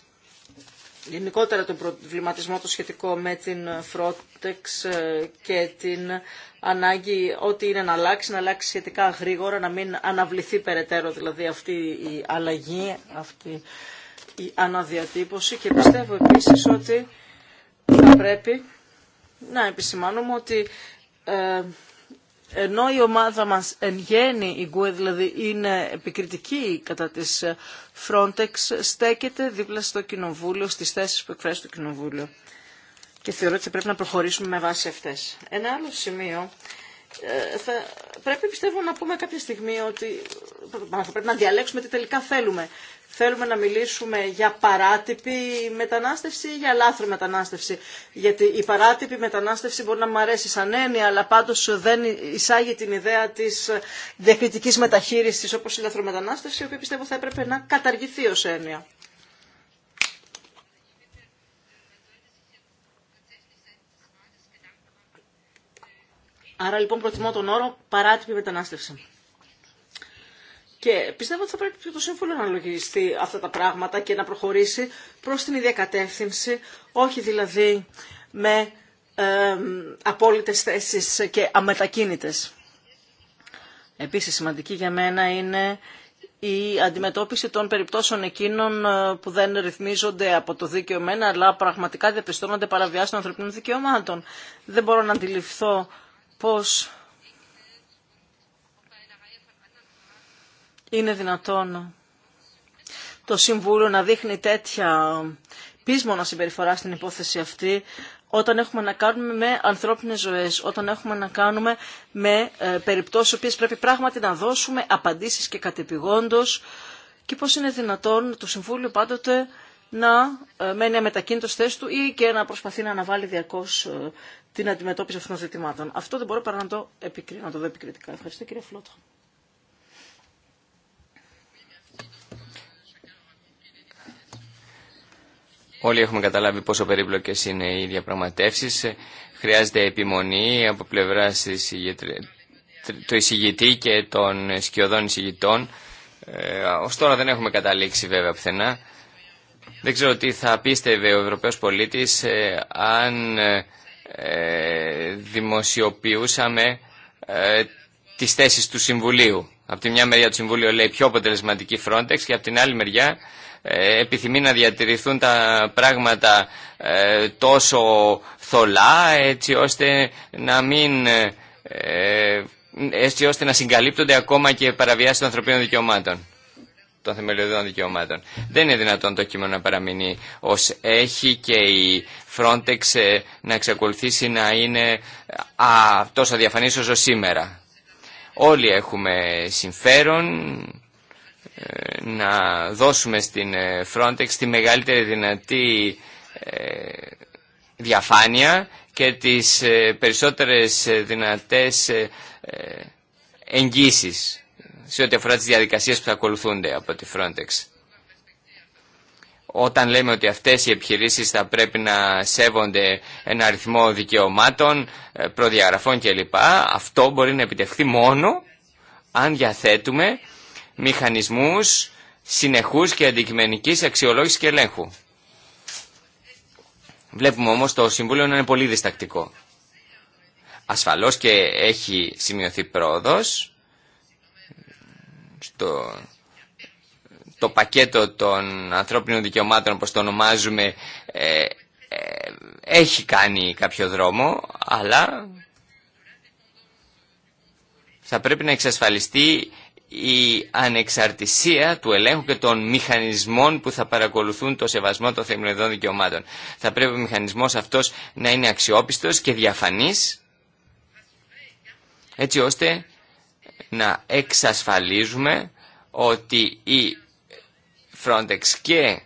γενικότερα τον προβληματισμό το σχετικό με την Frontex ε, και την ανάγκη ό,τι είναι να αλλάξει, να αλλάξει σχετικά γρήγορα, να μην αναβληθεί περαιτέρω δηλαδή αυτή η αλλαγή, αυτή η αναδιατύπωση και πιστεύω επίσης ότι θα πρέπει να επισημάνουμε ότι ε, ενώ η ομάδα μας εν γέννη, η ΓΚΟΕ δηλαδή, είναι επικριτική κατά της ε, Frontex, στέκεται δίπλα στο Κοινοβούλιο, στις θέσεις που εκφράζει το Κοινοβούλιο. Και θεωρώ ότι θα πρέπει να προχωρήσουμε με βάση αυτές. Ένα άλλο σημείο ε, θα πρέπει πιστεύω να πούμε κάποια στιγμή ότι θα πρέπει να διαλέξουμε τι τελικά θέλουμε. Θέλουμε να μιλήσουμε για παράτυπη μετανάστευση ή για λάθρο μετανάστευση. Γιατί η παράτυπη μετανάστευση μπορεί να μου αρέσει σαν έννοια, αλλά πάντως δεν εισάγει την ιδέα της διακριτικής μεταχείρισης όπως η λάθρο μετανάστευση, η οποία πιστεύω θα έπρεπε να καταργηθεί ως έννοια. Άρα λοιπόν προτιμώ τον όρο παράτυπη μετανάστευση. Και πιστεύω ότι θα πρέπει και το Σύμφωνο να λογιστεί αυτά τα πράγματα και να προχωρήσει προς την ίδια κατεύθυνση, όχι δηλαδή με ε, απόλυτες θέσεις και αμετακίνητες. Επίσης σημαντική για μένα είναι η αντιμετώπιση των περιπτώσεων εκείνων ε, που δεν ρυθμίζονται από το δίκαιο μένα, αλλά πραγματικά διαπιστώνονται παραβιάσεις των ανθρωπίνων δικαιωμάτων. Δεν μπορώ να αντιληφθώ πώς είναι δυνατόν το Συμβούλιο να δείχνει τέτοια πείσμονα συμπεριφορά στην υπόθεση αυτή, όταν έχουμε να κάνουμε με ανθρώπινες ζωές, όταν έχουμε να κάνουμε με ε, περιπτώσεις που πρέπει πράγματι να δώσουμε απαντήσεις και κατεπηγόντως και πώς είναι δυνατόν το Συμβούλιο πάντοτε να ε, μένει αμετακίνητο στη θέση του ή και να προσπαθεί να αναβάλει διαρκώ ε, την αντιμετώπιση αυτών των ζητημάτων. Αυτό δεν μπορώ παρά να το, επικρίνω, να το δω επικριτικά. Ευχαριστώ κύριε Φλότο. Όλοι έχουμε καταλάβει πόσο περίπλοκε είναι οι διαπραγματεύσει. Χρειάζεται επιμονή από πλευρά του εισηγητή και των σκιωδών εισηγητών. Ε, Ω τώρα δεν έχουμε καταλήξει βέβαια πουθενά. Δεν ξέρω τι θα πίστευε ο Ευρωπαίος πολίτης ε, αν ε, ε, δημοσιοποιούσαμε ε, τις θέσεις του Συμβουλίου. Από τη μια μεριά του Συμβουλίου λέει πιο αποτελεσματική Frontex και από την άλλη μεριά επιθυμεί να διατηρηθούν τα πράγματα τόσο θολά έτσι ώστε να μην έτσι ώστε να συγκαλύπτονται ακόμα και παραβιάσεις των ανθρωπίνων δικαιωμάτων των θεμελιωδών δικαιωμάτων. Δεν είναι δυνατόν το κείμενο να παραμείνει ως έχει και η Frontex ε, να εξακολουθήσει να είναι α, τόσο διαφανής όσο σήμερα. Όλοι έχουμε συμφέρον ε, να δώσουμε στην ε, Frontex τη μεγαλύτερη δυνατή διαφάνεια και τις περισσότερες δυνατές εγγύσεις σε ό,τι αφορά τις διαδικασίες που θα ακολουθούνται από τη Frontex. Όταν λέμε ότι αυτές οι επιχειρήσεις θα πρέπει να σέβονται ένα αριθμό δικαιωμάτων, ε, προδιαγραφών κλπ, αυτό μπορεί να επιτευχθεί μόνο αν διαθέτουμε μηχανισμούς συνεχούς και αντικειμενικής αξιολόγησης και ελέγχου. Βλέπουμε όμως το Συμβούλιο να είναι πολύ διστακτικό. Ασφαλώς και έχει σημειωθεί πρόοδος, το πακέτο των ανθρώπινων δικαιωμάτων, όπως το ονομάζουμε, ε, ε, έχει κάνει κάποιο δρόμο, αλλά θα πρέπει να εξασφαλιστεί η ανεξαρτησία του ελέγχου και των μηχανισμών που θα παρακολουθούν το σεβασμό των θεμελιωδών δικαιωμάτων. Θα πρέπει ο μηχανισμός αυτός να είναι αξιόπιστος και διαφανής, έτσι ώστε να εξασφαλίζουμε ότι η Frontex και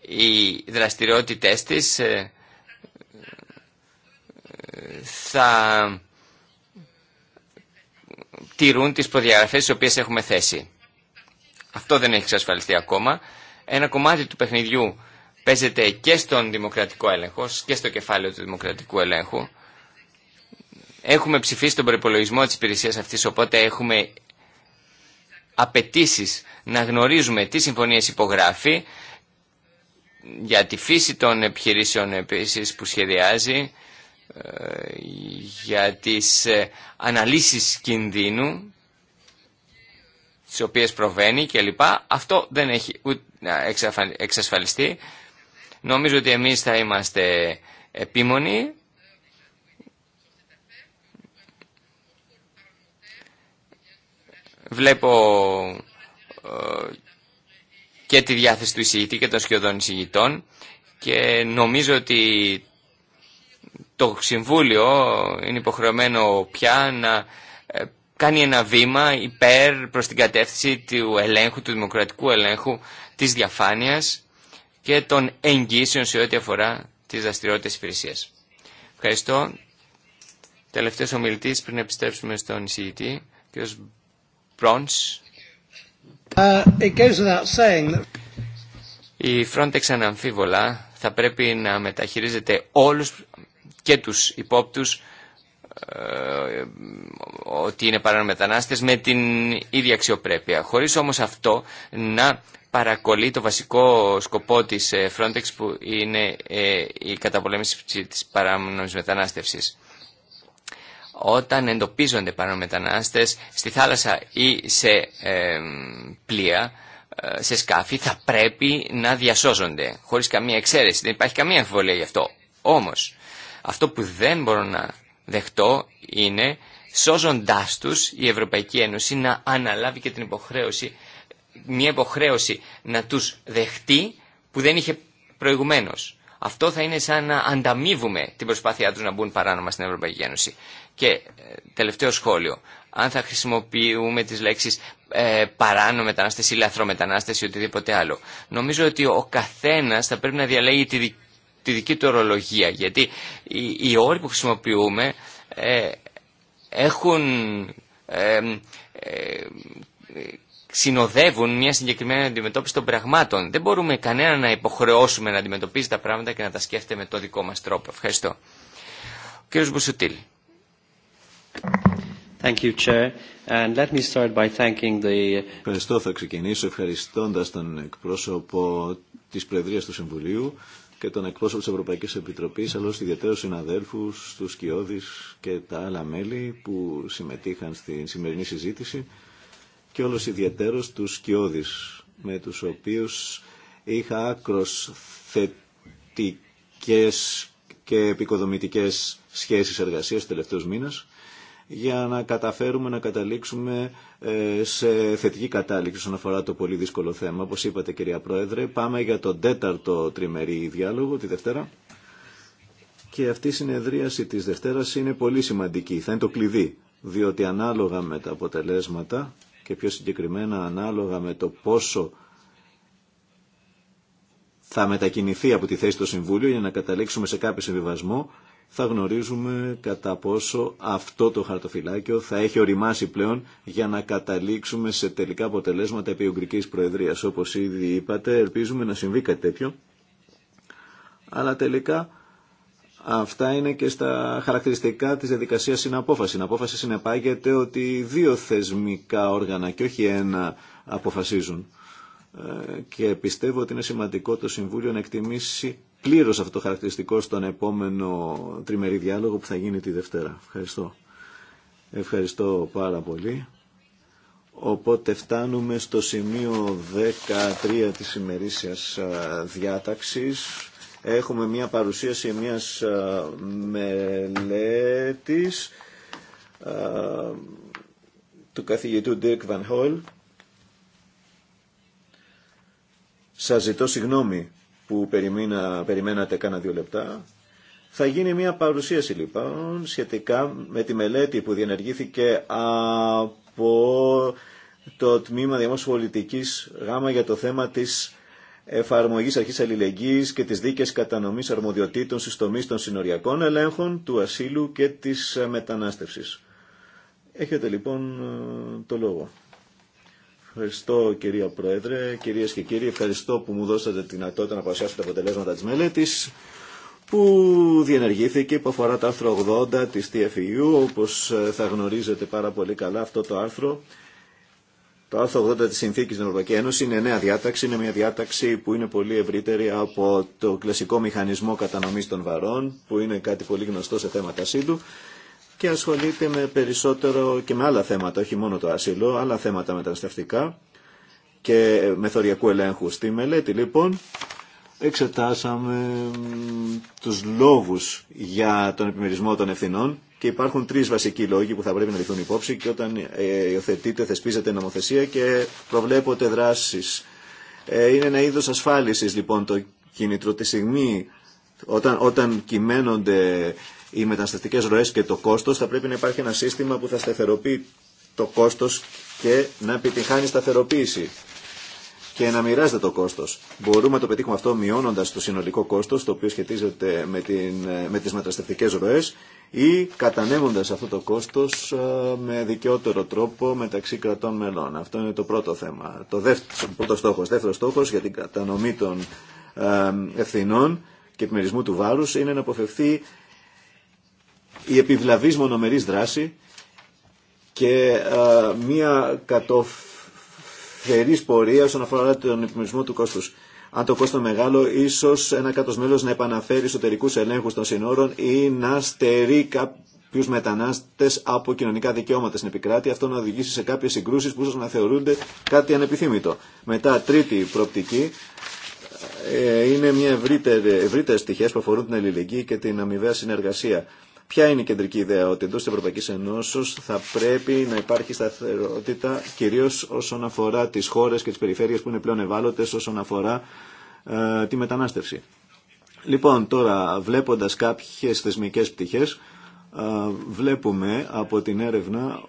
οι δραστηριότητες της ε, θα τηρούν τις προδιαγραφές τις οποίες έχουμε θέσει. Αυτό δεν έχει εξασφαλιστεί ακόμα. Ένα κομμάτι του παιχνιδιού παίζεται και στον δημοκρατικό έλεγχο και στο κεφάλαιο του δημοκρατικού ελέγχου. Έχουμε ψηφίσει τον προπολογισμό της υπηρεσίας αυτής, οπότε έχουμε απαιτήσει να γνωρίζουμε τι συμφωνίες υπογράφει, για τη φύση των επιχειρήσεων επίσης που σχεδιάζει, ε, για τις ε, αναλύσεις κινδύνου, τις οποίες προβαίνει κλπ. Αυτό δεν έχει εξασφαλιστεί. Νομίζω ότι εμείς θα είμαστε επίμονοι Βλέπω ε, και τη διάθεση του εισηγητή και των σχεδόν εισηγητών και νομίζω ότι το Συμβούλιο είναι υποχρεωμένο πια να ε, κάνει ένα βήμα υπέρ προς την κατεύθυνση του ελέγχου, του δημοκρατικού ελέγχου, της διαφάνειας και των εγγύσεων σε ό,τι αφορά τις δραστηριότητες υπηρεσίας. Ευχαριστώ. Τελευταίος ομιλητής πριν επιστρέψουμε στον εισηγητή, Uh, η Frontex αναμφίβολα θα πρέπει να μεταχειρίζεται όλους και τους υπόπτους ε, ότι είναι παρανομετανάστες με την ίδια αξιοπρέπεια. Χωρίς όμως αυτό να παρακολεί το βασικό σκοπό της ε, Frontex που είναι ε, η καταπολέμηση της παράνομης μετανάστευσης όταν εντοπίζονται παρανομετανάστες στη θάλασσα ή σε πλοία, ε, σε σκάφη, θα πρέπει να διασώζονται, χωρίς καμία εξαίρεση. Δεν υπάρχει καμία αμφιβολία γι' αυτό. Όμως, αυτό που δεν μπορώ να δεχτώ είναι, σώζοντάς τους, η Ευρωπαϊκή Ένωση να αναλάβει και την υποχρέωση, μια υποχρέωση να τους δεχτεί που δεν είχε προηγουμένως. Αυτό θα είναι σαν να ανταμείβουμε την προσπάθειά του να μπουν παράνομα στην Ευρωπαϊκή Ένωση. Και ε, τελευταίο σχόλιο. Αν θα χρησιμοποιούμε τις λέξεις ε, παράνομο ή λαθρομετανάστες ή οτιδήποτε άλλο. Νομίζω ότι ο καθένας θα πρέπει να διαλέγει τη, δική, τη δική του ορολογία. Γιατί οι, όροι που χρησιμοποιούμε ε, έχουν ε, συνοδεύουν μια συγκεκριμένη αντιμετώπιση των πραγμάτων. Δεν μπορούμε κανένα να υποχρεώσουμε να αντιμετωπίζει τα πράγματα και να τα σκέφτεται με το δικό μας τρόπο. Ευχαριστώ. Ο κύριος Μπουσουτήλ. Ευχαριστώ. Θα ξεκινήσω ευχαριστώντας τον εκπρόσωπο της Προεδρίας του Συμβουλίου και τον εκπρόσωπο της Ευρωπαϊκής Επιτροπής, αλλά ως ιδιαίτερους συναδέλφους, τους Σκιώδης και τα άλλα μέλη που συμμετείχαν στην σημερινή συζήτηση και όλος ιδιαίτερος τους σκιώδεις με τους οποίους είχα άκρος θετικές και επικοδομητικές σχέσεις εργασίας τους τελευταίους μήνες για να καταφέρουμε να καταλήξουμε ε, σε θετική κατάληξη όσον αφορά το πολύ δύσκολο θέμα. Όπως είπατε κυρία Πρόεδρε, πάμε για τον τέταρτο τριμερή διάλογο τη Δευτέρα και αυτή η συνεδρίαση της Δευτέρας είναι πολύ σημαντική, θα είναι το κλειδί, διότι ανάλογα με τα αποτελέσματα και πιο συγκεκριμένα ανάλογα με το πόσο θα μετακινηθεί από τη θέση του Συμβούλιο για να καταλήξουμε σε κάποιο συμβιβασμό, θα γνωρίζουμε κατά πόσο αυτό το χαρτοφυλάκιο θα έχει οριμάσει πλέον για να καταλήξουμε σε τελικά αποτελέσματα επί Ουγγρικής Προεδρίας. Όπως ήδη είπατε, ελπίζουμε να συμβεί κάτι τέτοιο. Αλλά τελικά Αυτά είναι και στα χαρακτηριστικά της διαδικασίας συναπόφαση. Συναπόφαση συνεπάγεται ότι δύο θεσμικά όργανα και όχι ένα αποφασίζουν. Ε, και πιστεύω ότι είναι σημαντικό το Συμβούλιο να εκτιμήσει πλήρως αυτό το χαρακτηριστικό στον επόμενο τριμερή διάλογο που θα γίνει τη Δευτέρα. Ευχαριστώ. Ευχαριστώ πάρα πολύ. Οπότε φτάνουμε στο σημείο 13 της ημερήσιας ε, διάταξης έχουμε μια παρουσίαση μιας ε, μελέτης ε, του καθηγητού Dirk Van Hoel Σας ζητώ συγγνώμη που περιμένα, περιμένατε κάνα δύο λεπτά. Θα γίνει μια παρουσίαση λοιπόν σχετικά με τη μελέτη που διενεργήθηκε από το Τμήμα Δημόσιας Πολιτικής Γάμα για το θέμα της εφαρμογή αρχή αλληλεγγύη και τη δίκαιη κατανομή αρμοδιοτήτων στι τομεί των συνοριακών ελέγχων, του ασύλου και τη ε, μετανάστευση. Έχετε λοιπόν ε, το λόγο. Ευχαριστώ κυρία Πρόεδρε, κυρίες και κύριοι, ευχαριστώ που μου δώσατε τη δυνατότητα να παρουσιάσω τα αποτελέσματα της μελέτης που διενεργήθηκε που αφορά το άρθρο 80 της TFU, e όπως ε, θα γνωρίζετε πάρα πολύ καλά αυτό το άρθρο το άρθρο 80 τη Συνθήκη στην Ευρωπαϊκή Ένωση είναι νέα διάταξη, είναι μια διάταξη που είναι πολύ ευρύτερη από το κλασικό μηχανισμό κατανομής των βαρών, που είναι κάτι πολύ γνωστό σε θέματα ασύλου και ασχολείται με περισσότερο και με άλλα θέματα, όχι μόνο το ασύλο, άλλα θέματα μεταναστευτικά και μεθοριακού ελέγχου. Στη μελέτη λοιπόν εξετάσαμε τους λόγους για τον επιμερισμό των ευθυνών και υπάρχουν τρει βασικοί λόγοι που θα πρέπει να ληφθούν υπόψη και όταν ε, υιοθετείται, θεσπίζετε νομοθεσία και προβλέπονται δράσει. Ε, είναι ένα είδο ασφάλιση λοιπόν το κίνητρο τη στιγμή όταν, όταν κυμαίνονται οι μεταναστευτικέ ροέ και το κόστο, θα πρέπει να υπάρχει ένα σύστημα που θα σταθεροποιεί το κόστο και να επιτυχάνει σταθεροποίηση και να μοιράζεται το κόστος. Μπορούμε να το πετύχουμε αυτό μειώνοντας το συνολικό κόστος το οποίο σχετίζεται με, την, με τις μεταστευτικές ροές ή κατανέμοντας αυτό το κόστος ε, με δικαιότερο τρόπο μεταξύ κρατών μελών. Αυτό είναι το πρώτο θέμα. Το δεύτερο, πρώτο στόχος, δεύτερος στόχος για την κατανομή των ε, ευθυνών και επιμερισμού του βάρους είναι να αποφευθεί η επιβλαβής μονομερής δράση και ε, μια κατοφ θερή πορεία όσον αφορά τον επιμερισμό του κόστου. Αν το κόστο μεγάλο, ίσω ένα κάτω μέλο να επαναφέρει εσωτερικού ελέγχου των συνόρων ή να στερεί κάποιου μετανάστε από κοινωνικά δικαιώματα στην επικράτεια. Αυτό να οδηγήσει σε κάποιε συγκρούσει που ίσω να θεωρούνται κάτι ανεπιθύμητο. Μετά, τρίτη προοπτική ε, είναι μια ευρύτερη, ευρύτερη στοιχεία που αφορούν την αλληλεγγύη και την αμοιβαία συνεργασία. Ποια είναι η κεντρική ιδέα, ότι εντό τη Ευρωπαϊκή Ενώσεω θα πρέπει να υπάρχει σταθερότητα κυρίω όσον αφορά τι χώρε και τι περιφέρειες που είναι πλέον ευάλωτε όσον αφορά ε, τη μετανάστευση. Λοιπόν, τώρα βλέποντα κάποιε θεσμικέ πτυχέ, ε, βλέπουμε από την έρευνα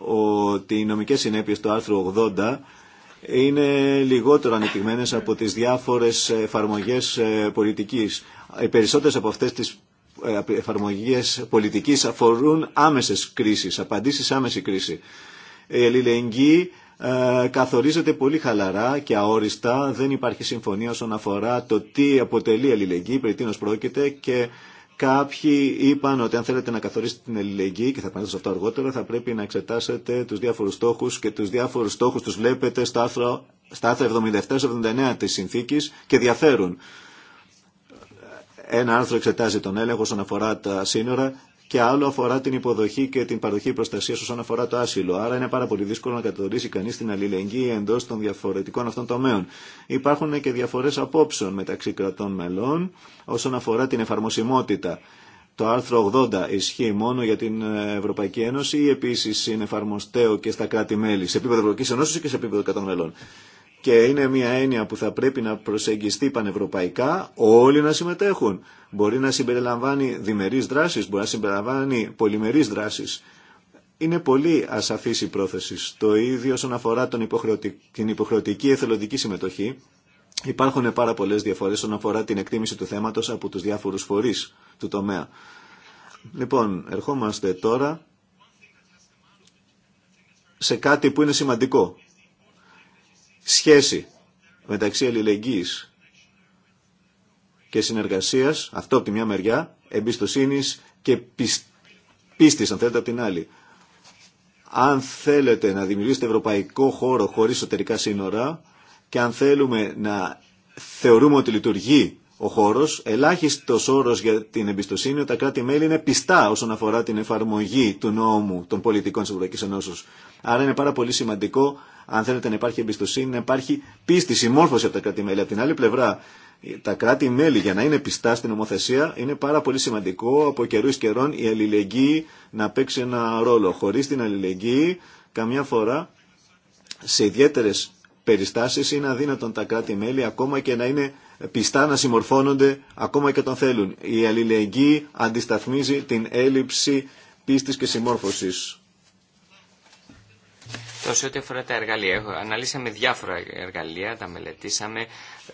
ότι οι νομικές συνέπειες του άρθρου 80 είναι λιγότερο ανεπτυγμένες από τις διάφορες εφαρμογές ε, πολιτικής. Οι περισσότερες από αυτές τις ε, εφαρμογές πολιτικής αφορούν άμεσες κρίσεις, απαντήσεις άμεση κρίση. Η αλληλεγγύη ε, καθορίζεται πολύ χαλαρά και αόριστα, δεν υπάρχει συμφωνία όσον αφορά το τι αποτελεί αλληλεγγύη, περί τίνος πρόκειται και Κάποιοι είπαν ότι αν θέλετε να καθορίσετε την αλληλεγγύη και θα επανέλθω σε αυτό αργότερα, θα πρέπει να εξετάσετε τους διάφορους στόχους και τους διάφορους στόχους τους βλέπετε στα άρθρα, 77-79 της συνθήκης και διαφέρουν. Ένα άρθρο εξετάζει τον έλεγχο όσον αφορά τα σύνορα και άλλο αφορά την υποδοχή και την παροχή προστασία όσον αφορά το άσυλο. Άρα είναι πάρα πολύ δύσκολο να κατορίσει κανεί την αλληλεγγύη εντό των διαφορετικών αυτών τομέων. Υπάρχουν και διαφορέ απόψεων μεταξύ κρατών μελών όσον αφορά την εφαρμοσιμότητα. Το άρθρο 80 ισχύει μόνο για την Ευρωπαϊκή Ένωση ή επίση είναι εφαρμοστέο και στα κράτη-μέλη, σε επίπεδο Ευρωπαϊκή Ένωση και σε επίπεδο κρατών μελών και είναι μια έννοια που θα πρέπει να προσεγγιστεί πανευρωπαϊκά, όλοι να συμμετέχουν. Μπορεί να συμπεριλαμβάνει διμερείς δράσεις, μπορεί να συμπεριλαμβάνει πολυμερείς δράσεις. Είναι πολύ ασαφής η πρόθεση. Το ίδιο όσον αφορά τον την υποχρεωτική εθελοντική συμμετοχή. Υπάρχουν πάρα πολλές διαφορές όσον αφορά την εκτίμηση του θέματος από τους διάφορους φορείς του τομέα. Λοιπόν, ερχόμαστε τώρα σε κάτι που είναι σημαντικό σχέση μεταξύ αλληλεγγύης και συνεργασίας, αυτό από τη μια μεριά, εμπιστοσύνης και πίστης, αν θέλετε, από την άλλη. Αν θέλετε να δημιουργήσετε ευρωπαϊκό χώρο χωρίς εσωτερικά σύνορα και αν θέλουμε να θεωρούμε ότι λειτουργεί ο χώρο, ελάχιστο όρο για την εμπιστοσύνη ότι τα κράτη-μέλη είναι πιστά όσον αφορά την εφαρμογή του νόμου των πολιτικών τη Ευρωπαϊκή Ενώσεω. Άρα είναι πάρα πολύ σημαντικό, αν θέλετε να υπάρχει εμπιστοσύνη, να υπάρχει πίστη, συμμόρφωση από τα κράτη-μέλη. Από την άλλη πλευρά, τα κράτη-μέλη για να είναι πιστά στην νομοθεσία είναι πάρα πολύ σημαντικό από καιρού καιρών η αλληλεγγύη να παίξει ένα ρόλο. Χωρί την αλληλεγγύη, καμιά φορά σε ιδιαίτερε περιστάσει είναι αδύνατον τα κράτη-μέλη ακόμα και να είναι πιστά να συμμορφώνονται ακόμα και όταν θέλουν. Η αλληλεγγύη αντισταθμίζει την έλλειψη πίστης και συμμόρφωσης. Τόσο ό,τι αφορά τα εργαλεία, αναλύσαμε διάφορα εργαλεία, τα μελετήσαμε,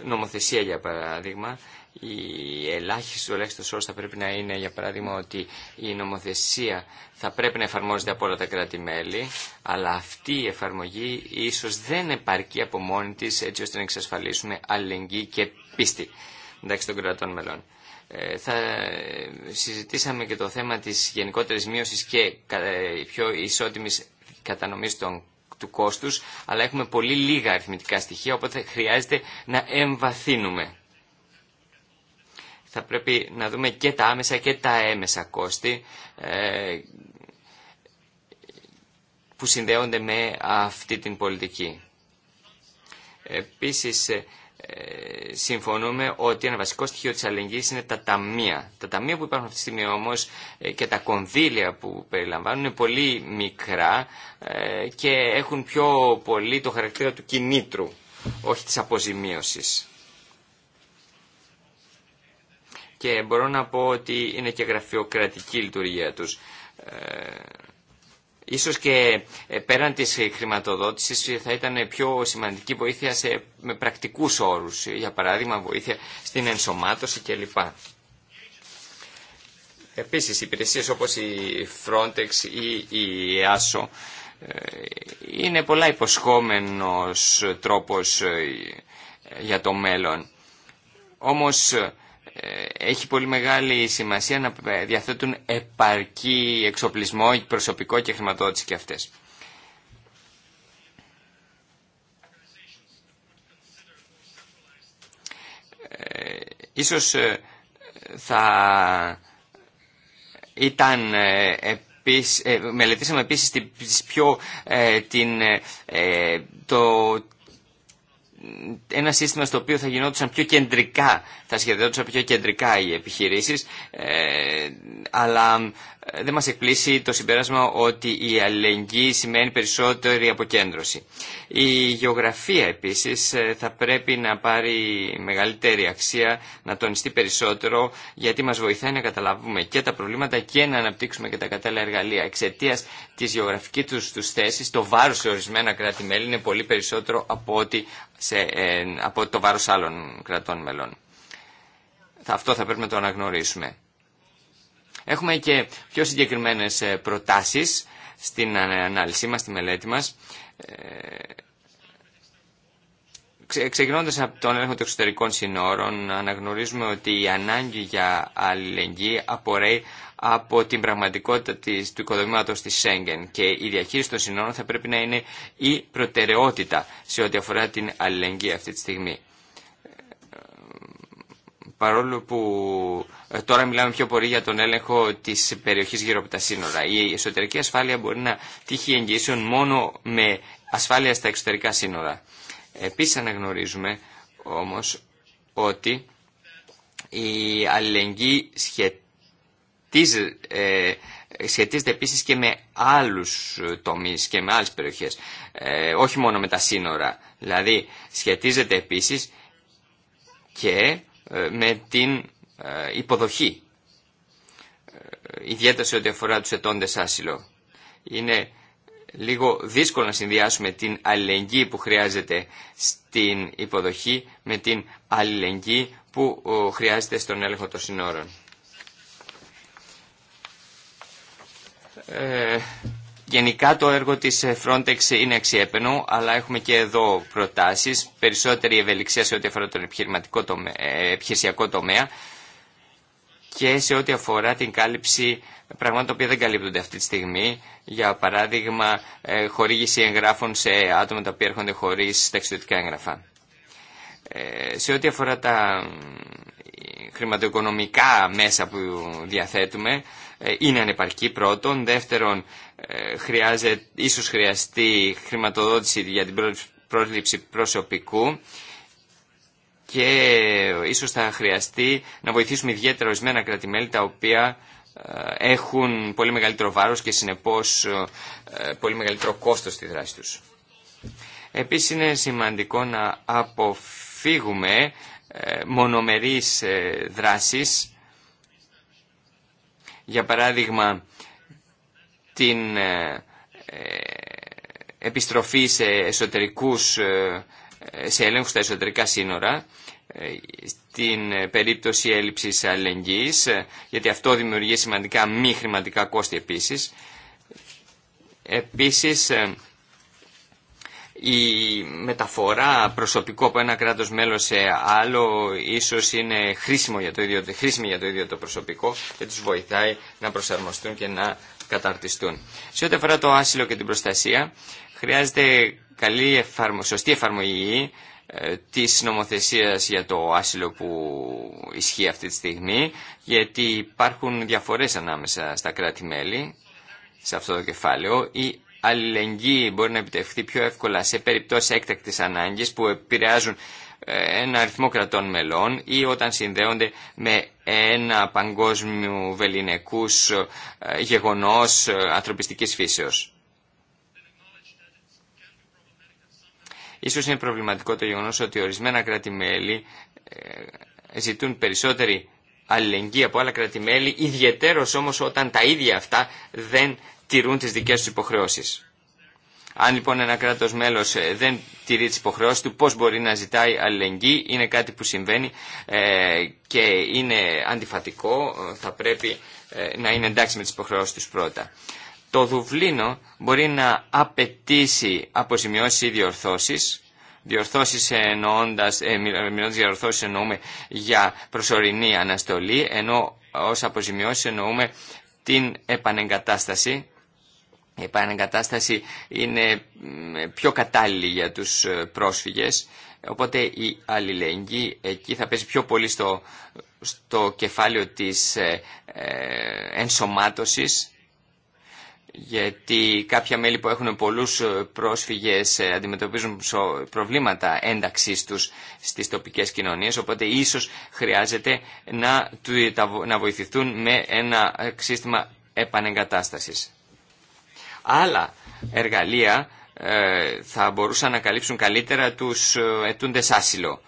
νομοθεσία για παράδειγμα, η ελάχιστο τουλάχιστον θα πρέπει να είναι για παράδειγμα ότι η νομοθεσία θα πρέπει να εφαρμόζεται από όλα τα κράτη-μέλη αλλά αυτή η εφαρμογή ίσω δεν επαρκεί από μόνη τη έτσι ώστε να εξασφαλίσουμε αλληλεγγύη και πίστη εντάξει των κρατών μελών. Ε, θα ε, συζητήσαμε και το θέμα τη γενικότερη μείωση και ε, πιο ισότιμη κατανομή των του κόστους, αλλά έχουμε πολύ λίγα αριθμητικά στοιχεία, οπότε χρειάζεται να εμβαθύνουμε θα πρέπει να δούμε και τα άμεσα και τα έμεσα κόστη ε, που συνδέονται με αυτή την πολιτική. Επίσης, ε, συμφωνούμε ότι ένα βασικό στοιχείο της αλληλεγγύης είναι τα ταμεία. Τα ταμεία που υπάρχουν αυτή τη στιγμή όμως ε, και τα κονδύλια που περιλαμβάνουν είναι πολύ μικρά και έχουν πιο πολύ το χαρακτήρα του κινήτρου, όχι της αποζημίωσης. και μπορώ να πω ότι είναι και γραφειοκρατική η λειτουργία τους. Ε, ίσως και ε, πέραν της χρηματοδότησης θα ήταν πιο σημαντική βοήθεια σε, με πρακτικούς όρους, για παράδειγμα βοήθεια στην ενσωμάτωση κλπ. Επίσης, υπηρεσίες όπως η Frontex ή η ASO ε, είναι πολλά υποσχόμενος τρόπος για το μέλλον. Όμως ε, έχει πολύ μεγάλη σημασία να διαθέτουν επαρκή εξοπλισμό, προσωπικό και χρηματοδότηση και αυτές. Ε, ίσως ε, θα ήταν μελετήσαμε επίσης την πιο, την, το, ένα σύστημα στο οποίο θα γινόντουσαν πιο κεντρικά, θα σχεδιόντουσαν πιο κεντρικά οι επιχειρήσεις, ε, αλλά ε, δεν μας εκπλήσει το συμπέρασμα ότι η αλληλεγγύη σημαίνει περισσότερη αποκέντρωση. Η γεωγραφία επίσης ε, θα πρέπει να πάρει μεγαλύτερη αξία, να τονιστεί περισσότερο, γιατί μας βοηθάει να καταλάβουμε και τα προβλήματα και να αναπτύξουμε και τα κατάλληλα εργαλεία. Εξαιτία της γεωγραφικής τους, τους θέσης, το βάρος σε ορισμένα κράτη-μέλη είναι πολύ περισσότερο από, ότι σε, ε, από το βάρος άλλων κρατών μελών. Αυτό θα πρέπει να το αναγνωρίσουμε. Έχουμε και πιο συγκεκριμένες ε, προτάσεις στην ανάλυση μας, στη μελέτη μας. Ε, ξεκινώντας από τον έλεγχο των εξωτερικών συνόρων, αναγνωρίζουμε ότι η ανάγκη για αλληλεγγύη απορρέει από την πραγματικότητα της, του οικοδομήματος της Σέγγεν και η διαχείριση των συνόρων θα πρέπει να είναι η προτεραιότητα σε ό,τι αφορά την αλληλεγγύη αυτή τη στιγμή. Ε, παρόλο που ε, τώρα μιλάμε πιο πολύ για τον έλεγχο της περιοχής γύρω από τα σύνορα. Η εσωτερική ασφάλεια μπορεί να τύχει εγγυήσεων μόνο με ασφάλεια στα εξωτερικά σύνορα. Επίσης αναγνωρίζουμε όμως ότι η αλληλεγγύη σχετίζεται, σχετίζεται επίσης και με άλλους τομεί και με άλλες περιοχές, ε, όχι μόνο με τα σύνορα. Δηλαδή σχετίζεται επίση και ε, με την ε, υποδοχή, ε, ιδιαίτερα σε ό,τι αφορά τους ετώντες άσυλο. Είναι λίγο δύσκολο να συνδυάσουμε την αλληλεγγύη που χρειάζεται στην υποδοχή με την αλληλεγγύη που χρειάζεται στον έλεγχο των συνόρων. Ε, γενικά το έργο της Frontex είναι αξιέπαινο, αλλά έχουμε και εδώ προτάσεις, περισσότερη ευελιξία σε ό,τι αφορά τον επιχειρηματικό τομέα, επιχειρησιακό τομέα, και σε ό,τι αφορά την κάλυψη πραγμάτων τα οποία δεν καλύπτονται αυτή τη στιγμή. Για παράδειγμα, ε, χορήγηση εγγράφων σε άτομα τα οποία έρχονται χωρί ταξιδιωτικά έγγραφα. Ε, σε ό,τι αφορά τα χρηματοοικονομικά μέσα που διαθέτουμε, ε, είναι ανεπαρκή πρώτον. Δεύτερον, χρειάζεται, ίσως χρειαστεί χρηματοδότηση για την πρόσληψη προσωπικού και ίσως θα χρειαστεί να βοηθήσουμε ιδιαίτερα ορισμένα κράτη-μέλη, τα οποία ε, έχουν πολύ μεγαλύτερο βάρος και συνεπώς ε, πολύ μεγαλύτερο κόστος στη δράση τους. Επίσης είναι σημαντικό να αποφύγουμε ε, μονομερείς δράσεις για παράδειγμα την επιστροφή σε εσωτερικούς ε, σε έλεγχο στα εσωτερικά σύνορα ε, στην ε, περίπτωση έλλειψης αλληλεγγύης, γιατί αυτό δημιουργεί σημαντικά μη χρηματικά κόστη επίσης. Επίσης, η μεταφορά προσωπικό από ένα κράτος μέλος σε άλλο ίσως είναι χρήσιμο για το ίδιο, χρήσιμη για το ίδιο το προσωπικό και τους βοηθάει να προσαρμοστούν και να καταρτιστούν. Σε ό,τι αφορά το άσυλο και την προστασία, Χρειάζεται καλή σωστή εφαρμογή ε, της νομοθεσίας για το άσυλο που ισχύει αυτή τη στιγμή, γιατί υπάρχουν διαφορές ανάμεσα στα κράτη-μέλη σε αυτό το κεφάλαιο. Η αλληλεγγύη μπορεί να επιτευχθεί πιο εύκολα σε περιπτώσεις έκτακτης ανάγκης που επηρεάζουν ε, ένα αριθμό κρατών μελών ή όταν συνδέονται με ένα παγκόσμιο βεληνικούς ε, γεγονός ανθρωπιστικής φύσεως. Ίσως είναι προβληματικό το γεγονός ότι ορισμένα κράτη-μέλη ε, ζητούν περισσότερη αλληλεγγύη από άλλα κράτη-μέλη, ιδιαιτέρως όμως όταν τα ίδια αυτά δεν τηρούν τις δικές τους υποχρεώσεις. Αν λοιπόν ένα ένα κράτος-μέλος ε, δεν τηρεί τις υποχρεώσεις του, πώς μπορεί να ζητάει αλληλεγγύη, είναι κάτι που συμβαίνει ε, και είναι αντιφατικό. Θα πρέπει να είναι εντάξει με τις υποχρεώσεις τους πρώτα το Δουβλίνο μπορεί να απαιτήσει αποζημιώσει ή διορθώσεις, διορθώσεις εννοώντας, ε, μιλώντας διορθώσεις εννοούμε για προσωρινή αναστολή, ενώ ως αποζημιώσεις εννοούμε την επανεγκατάσταση. Η επανεγκατάσταση είναι πιο κατάλληλη για τους ε, πρόσφυγες, οπότε η αλληλεγγύη εκεί θα πέσει πιο πολύ στο, στο κεφάλαιο της ε, ε ενσωμάτωσης γιατί κάποια μέλη που έχουν πολλούς ε, πρόσφυγες ε, αντιμετωπίζουν προβλήματα ένταξής τους στις τοπικές κοινωνίες, οπότε ίσως χρειάζεται να, να βοηθηθούν με ένα ε, σύστημα επανεγκατάστασης. Άλλα εργαλεία θα μπορούσαν να καλύψουν καλύτερα τους ετούντες άσυλο.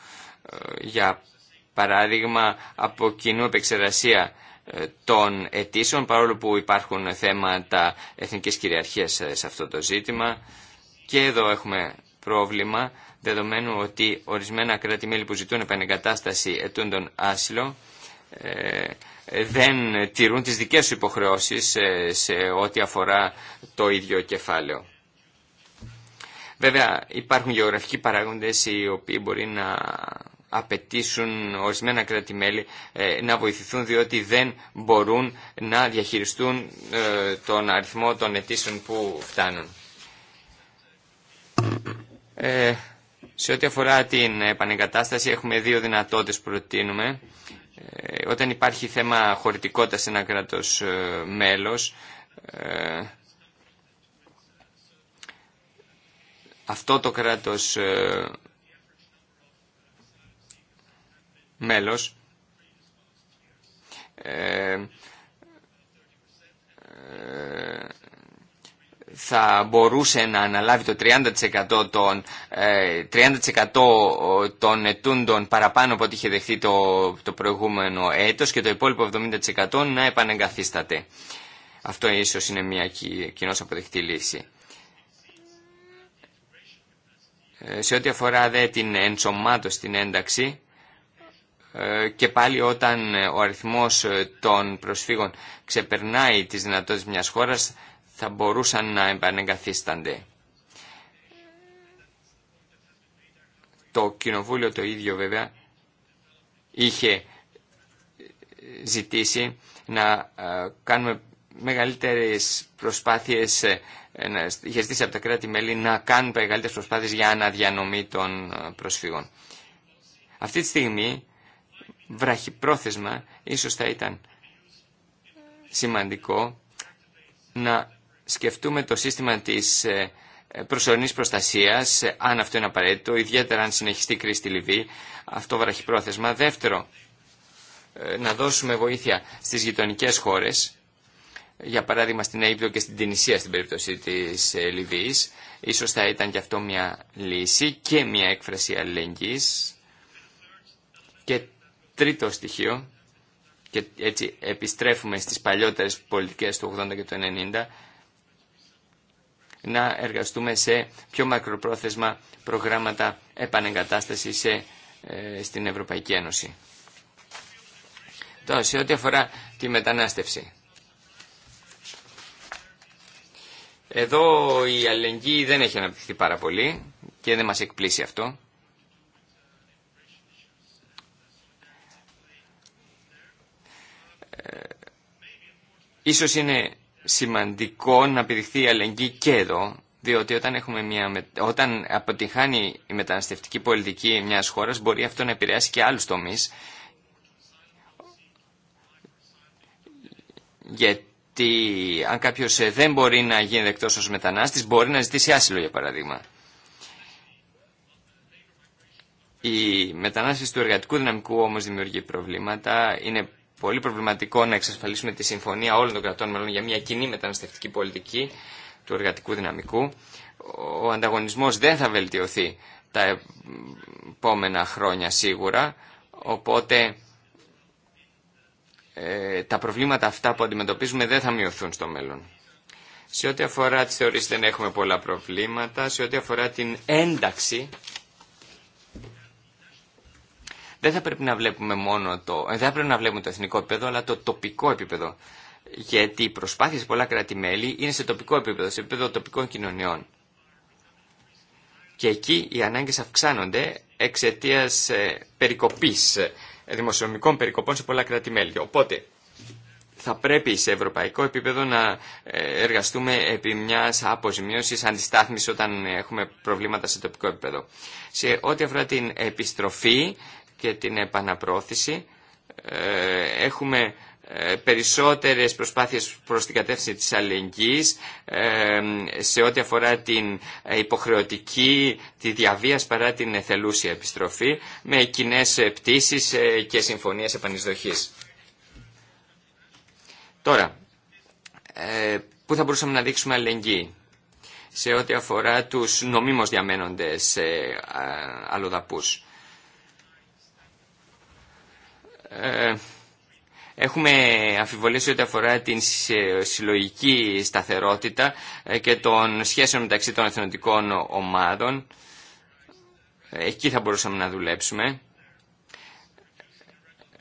Για παράδειγμα, από κοινού επεξεργασία ε, των αιτήσεων, παρόλο που υπάρχουν θέματα εθνικής κυριαρχίας σε αυτό το ζήτημα. Και εδώ έχουμε πρόβλημα, δεδομένου ότι ορισμένα κράτη-μέλη που ζητούν επανεγκατάσταση ετούν τον άσυλο, ε, δεν τηρούν τις δικές σου υποχρεώσεις σε ό,τι αφορά το ίδιο κεφάλαιο. Βέβαια υπάρχουν γεωγραφικοί παράγοντες οι οποίοι μπορεί να απαιτήσουν ορισμένα κράτη-μέλη ε, να βοηθηθούν διότι δεν μπορούν να διαχειριστούν ε, τον αριθμό των αιτήσεων που φτάνουν. Ε, σε ό,τι αφορά την επανεγκατάσταση έχουμε δύο δυνατότητες που προτείνουμε. Ε, όταν υπάρχει θέμα χωρητικότητας σε ένα κράτος ε, μέλος, αυτό το κράτος μέλος ε, ε, θα μπορούσε να αναλάβει το 30% των, 30% ε, των ετούντων παραπάνω από ό,τι είχε δεχθεί το, το προηγούμενο έτος και το υπόλοιπο 70% να επανεγκαθίσταται. Αυτό ίσως είναι μια κοινώς αποδεκτή λύση. Σε ό,τι αφορά δε την ενσωμάτωση, την ένταξη, ε, και πάλι όταν ε, ο αριθμός ε, των προσφύγων ξεπερνάει τις δυνατότητες μιας χώρας θα μπορούσαν να επανεγκαθίστανται. Το κοινοβούλιο το ίδιο βέβαια είχε ζητήσει να κάνουμε μεγαλύτερες προσπάθειες, είχε ζητήσει από τα κράτη-μέλη να κάνουν μεγαλύτερες προσπάθειες για αναδιανομή των προσφύγων. Αυτή τη στιγμή βραχυπρόθεσμα ίσως θα ήταν σημαντικό να σκεφτούμε το σύστημα της ε, προσωρινής προστασίας, ε, αν αυτό είναι απαραίτητο, ιδιαίτερα αν συνεχιστεί η κρίση στη Λιβύη, αυτό βραχυπρόθεσμα. Δεύτερο, ε, να δώσουμε βοήθεια στις γειτονικές χώρες, για παράδειγμα στην Αίγυπτο και στην Τινησία στην περίπτωση της Λιβύης. Ίσως θα ήταν και αυτό μια λύση και μια έκφραση αλληλεγγύης τρίτο στοιχείο, και έτσι επιστρέφουμε στις παλιότερες πολιτικές του 80 και του 90, να εργαστούμε σε πιο μακροπρόθεσμα προγράμματα επανεγκατάστασης σε, ε, στην Ευρωπαϊκή Ένωση. Τώρα, σε ό,τι αφορά τη μετανάστευση. Εδώ η αλληλεγγύη δεν έχει αναπτυχθεί πάρα πολύ και δεν μας εκπλήσει αυτό. Ίσως είναι σημαντικό να πηδηχθεί η αλληλεγγύη και εδώ, διότι όταν, έχουμε μια, όταν αποτυχάνει η μεταναστευτική πολιτική μιας χώρας μπορεί αυτό να επηρεάσει και άλλους τομείς. Γιατί αν κάποιος ε, δεν μπορεί να γίνει δεκτός ως μετανάστης μπορεί να ζητήσει άσυλο για παράδειγμα. Η μετανάστευση του εργατικού δυναμικού όμως δημιουργεί προβλήματα, είναι πολύ προβληματικό να εξασφαλίσουμε τη συμφωνία όλων των κρατών μελών για μια κοινή μεταναστευτική πολιτική του εργατικού δυναμικού. Ο ανταγωνισμός δεν θα βελτιωθεί τα επόμενα χρόνια σίγουρα, οπότε ε, τα προβλήματα αυτά που αντιμετωπίζουμε δεν θα μειωθούν στο μέλλον. Σε ό,τι αφορά τι θεωρίε, δεν έχουμε πολλά προβλήματα, σε ό,τι αφορά την ένταξη δεν θα πρέπει να βλέπουμε μόνο το, ε, δεν θα πρέπει να βλέπουμε το εθνικό επίπεδο, αλλά το τοπικό επίπεδο. Γιατί οι προσπάθειε σε πολλά κράτη-μέλη είναι σε τοπικό επίπεδο, σε επίπεδο τοπικών κοινωνιών. Και εκεί οι ανάγκε αυξάνονται εξαιτία ε, περικοπής, ε, δημοσιονομικών περικοπών σε πολλά κράτη-μέλη. Οπότε θα πρέπει σε ευρωπαϊκό επίπεδο να εργαστούμε επί μια αποζημίωση, αντιστάθμιση όταν έχουμε προβλήματα σε τοπικό επίπεδο. Σε ό,τι αφορά την επιστροφή, και την επαναπρόθεση. Ε, έχουμε ε, περισσότερες προσπάθειες προς την κατεύθυνση της αλληλεγγύης ε, σε ό,τι αφορά την υποχρεωτική, τη διαβίας παρά την εθελούσια επιστροφή με κοινέ πτήσεις και συμφωνίες επανεισδοχής. Τώρα, πού θα μπορούσαμε να δείξουμε αλληλεγγύη σε ό,τι αφορά τους νομίμως διαμένοντες αλλοδαπούς. Ε, έχουμε αφιβολήσει ό,τι αφορά την συλλογική σταθερότητα ε, και των σχέσεων μεταξύ των εθνοτικών ομάδων. Εκεί θα μπορούσαμε να δουλέψουμε.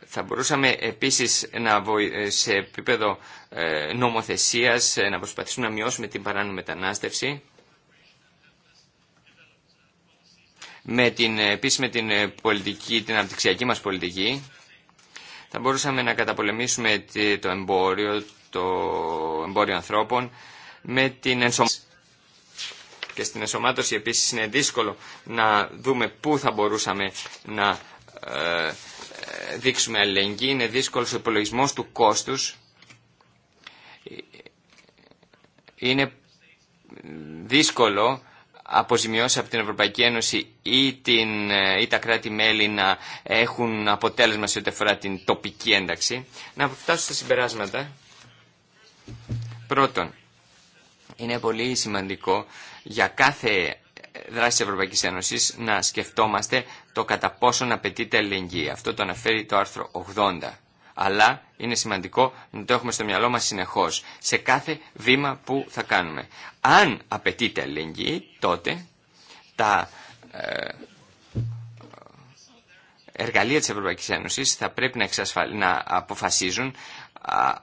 Θα μπορούσαμε επίσης να σε επίπεδο ε, νομοθεσίας να προσπαθήσουμε να μειώσουμε την παράνομη μετανάστευση. Με την, επίσης με την πολιτική, την αναπτυξιακή μας πολιτική θα μπορούσαμε να καταπολεμήσουμε το εμπόριο, το εμπόριο ανθρώπων με την ενσωμάτωση. Και στην ενσωμάτωση επίσης είναι δύσκολο να δούμε πού θα μπορούσαμε να ε, δείξουμε αλληλεγγύη. Είναι δύσκολο ο υπολογισμό του κόστους. Ε, ε, είναι δύσκολο αποζημιώσει από την Ευρωπαϊκή Ένωση ή, την, ε, ή τα κράτη-μέλη να έχουν αποτέλεσμα σε ό,τι αφορά την τοπική ένταξη. Να φτάσω στα συμπεράσματα. Πρώτον, είναι πολύ σημαντικό για κάθε δράση της Ευρωπαϊκής Ένωσης να σκεφτόμαστε το κατά να απαιτείται ελεγγύη. Αυτό το αναφέρει το άρθρο 80 αλλά είναι σημαντικό να το έχουμε στο μυαλό μας συνεχώς, σε κάθε βήμα που θα κάνουμε. Αν απαιτείται αλληλεγγύη, τότε τα ε, εργαλεία της Ευρωπαϊκής Ένωσης θα πρέπει να, εξασφαλ... να αποφασίζουν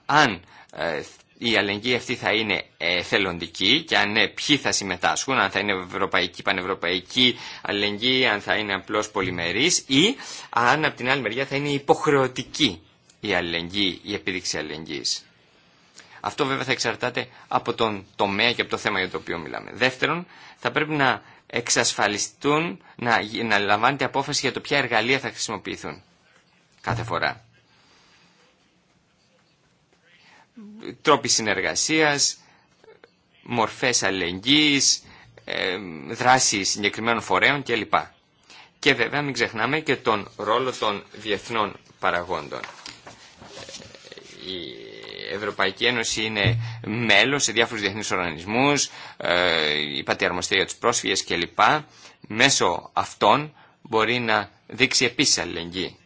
αν ε, η αλληλεγγύη αυτή θα είναι θελοντική και αν ναι, ποιοι θα συμμετάσχουν, αν θα είναι ευρωπαϊκή, πανευρωπαϊκή αλληλεγγύη, αν θα είναι απλώς πολυμερής ή αν από την άλλη μεριά θα είναι υποχρεωτική η αλληλεγγύη, η επίδειξη αλληλεγγύης. Αυτό βέβαια θα εξαρτάται από τον τομέα και από το θέμα για το οποίο μιλάμε. Δεύτερον, θα πρέπει να εξασφαλιστούν, να, να λαμβάνεται απόφαση για το ποια εργαλεία θα χρησιμοποιηθούν κάθε φορά. Τρόποι συνεργασίας, μορφές αλληλεγγύης, ε, δράση συγκεκριμένων φορέων κλπ. Και βέβαια μην ξεχνάμε και τον ρόλο των διεθνών παραγόντων η Ευρωπαϊκή Ένωση είναι μέλος σε διάφορους διεθνείς οργανισμούς, ε, η Πατιαρμοστήρια της τους πρόσφυγες κλπ. Μέσω αυτών μπορεί να δείξει επίσης αλληλεγγύη.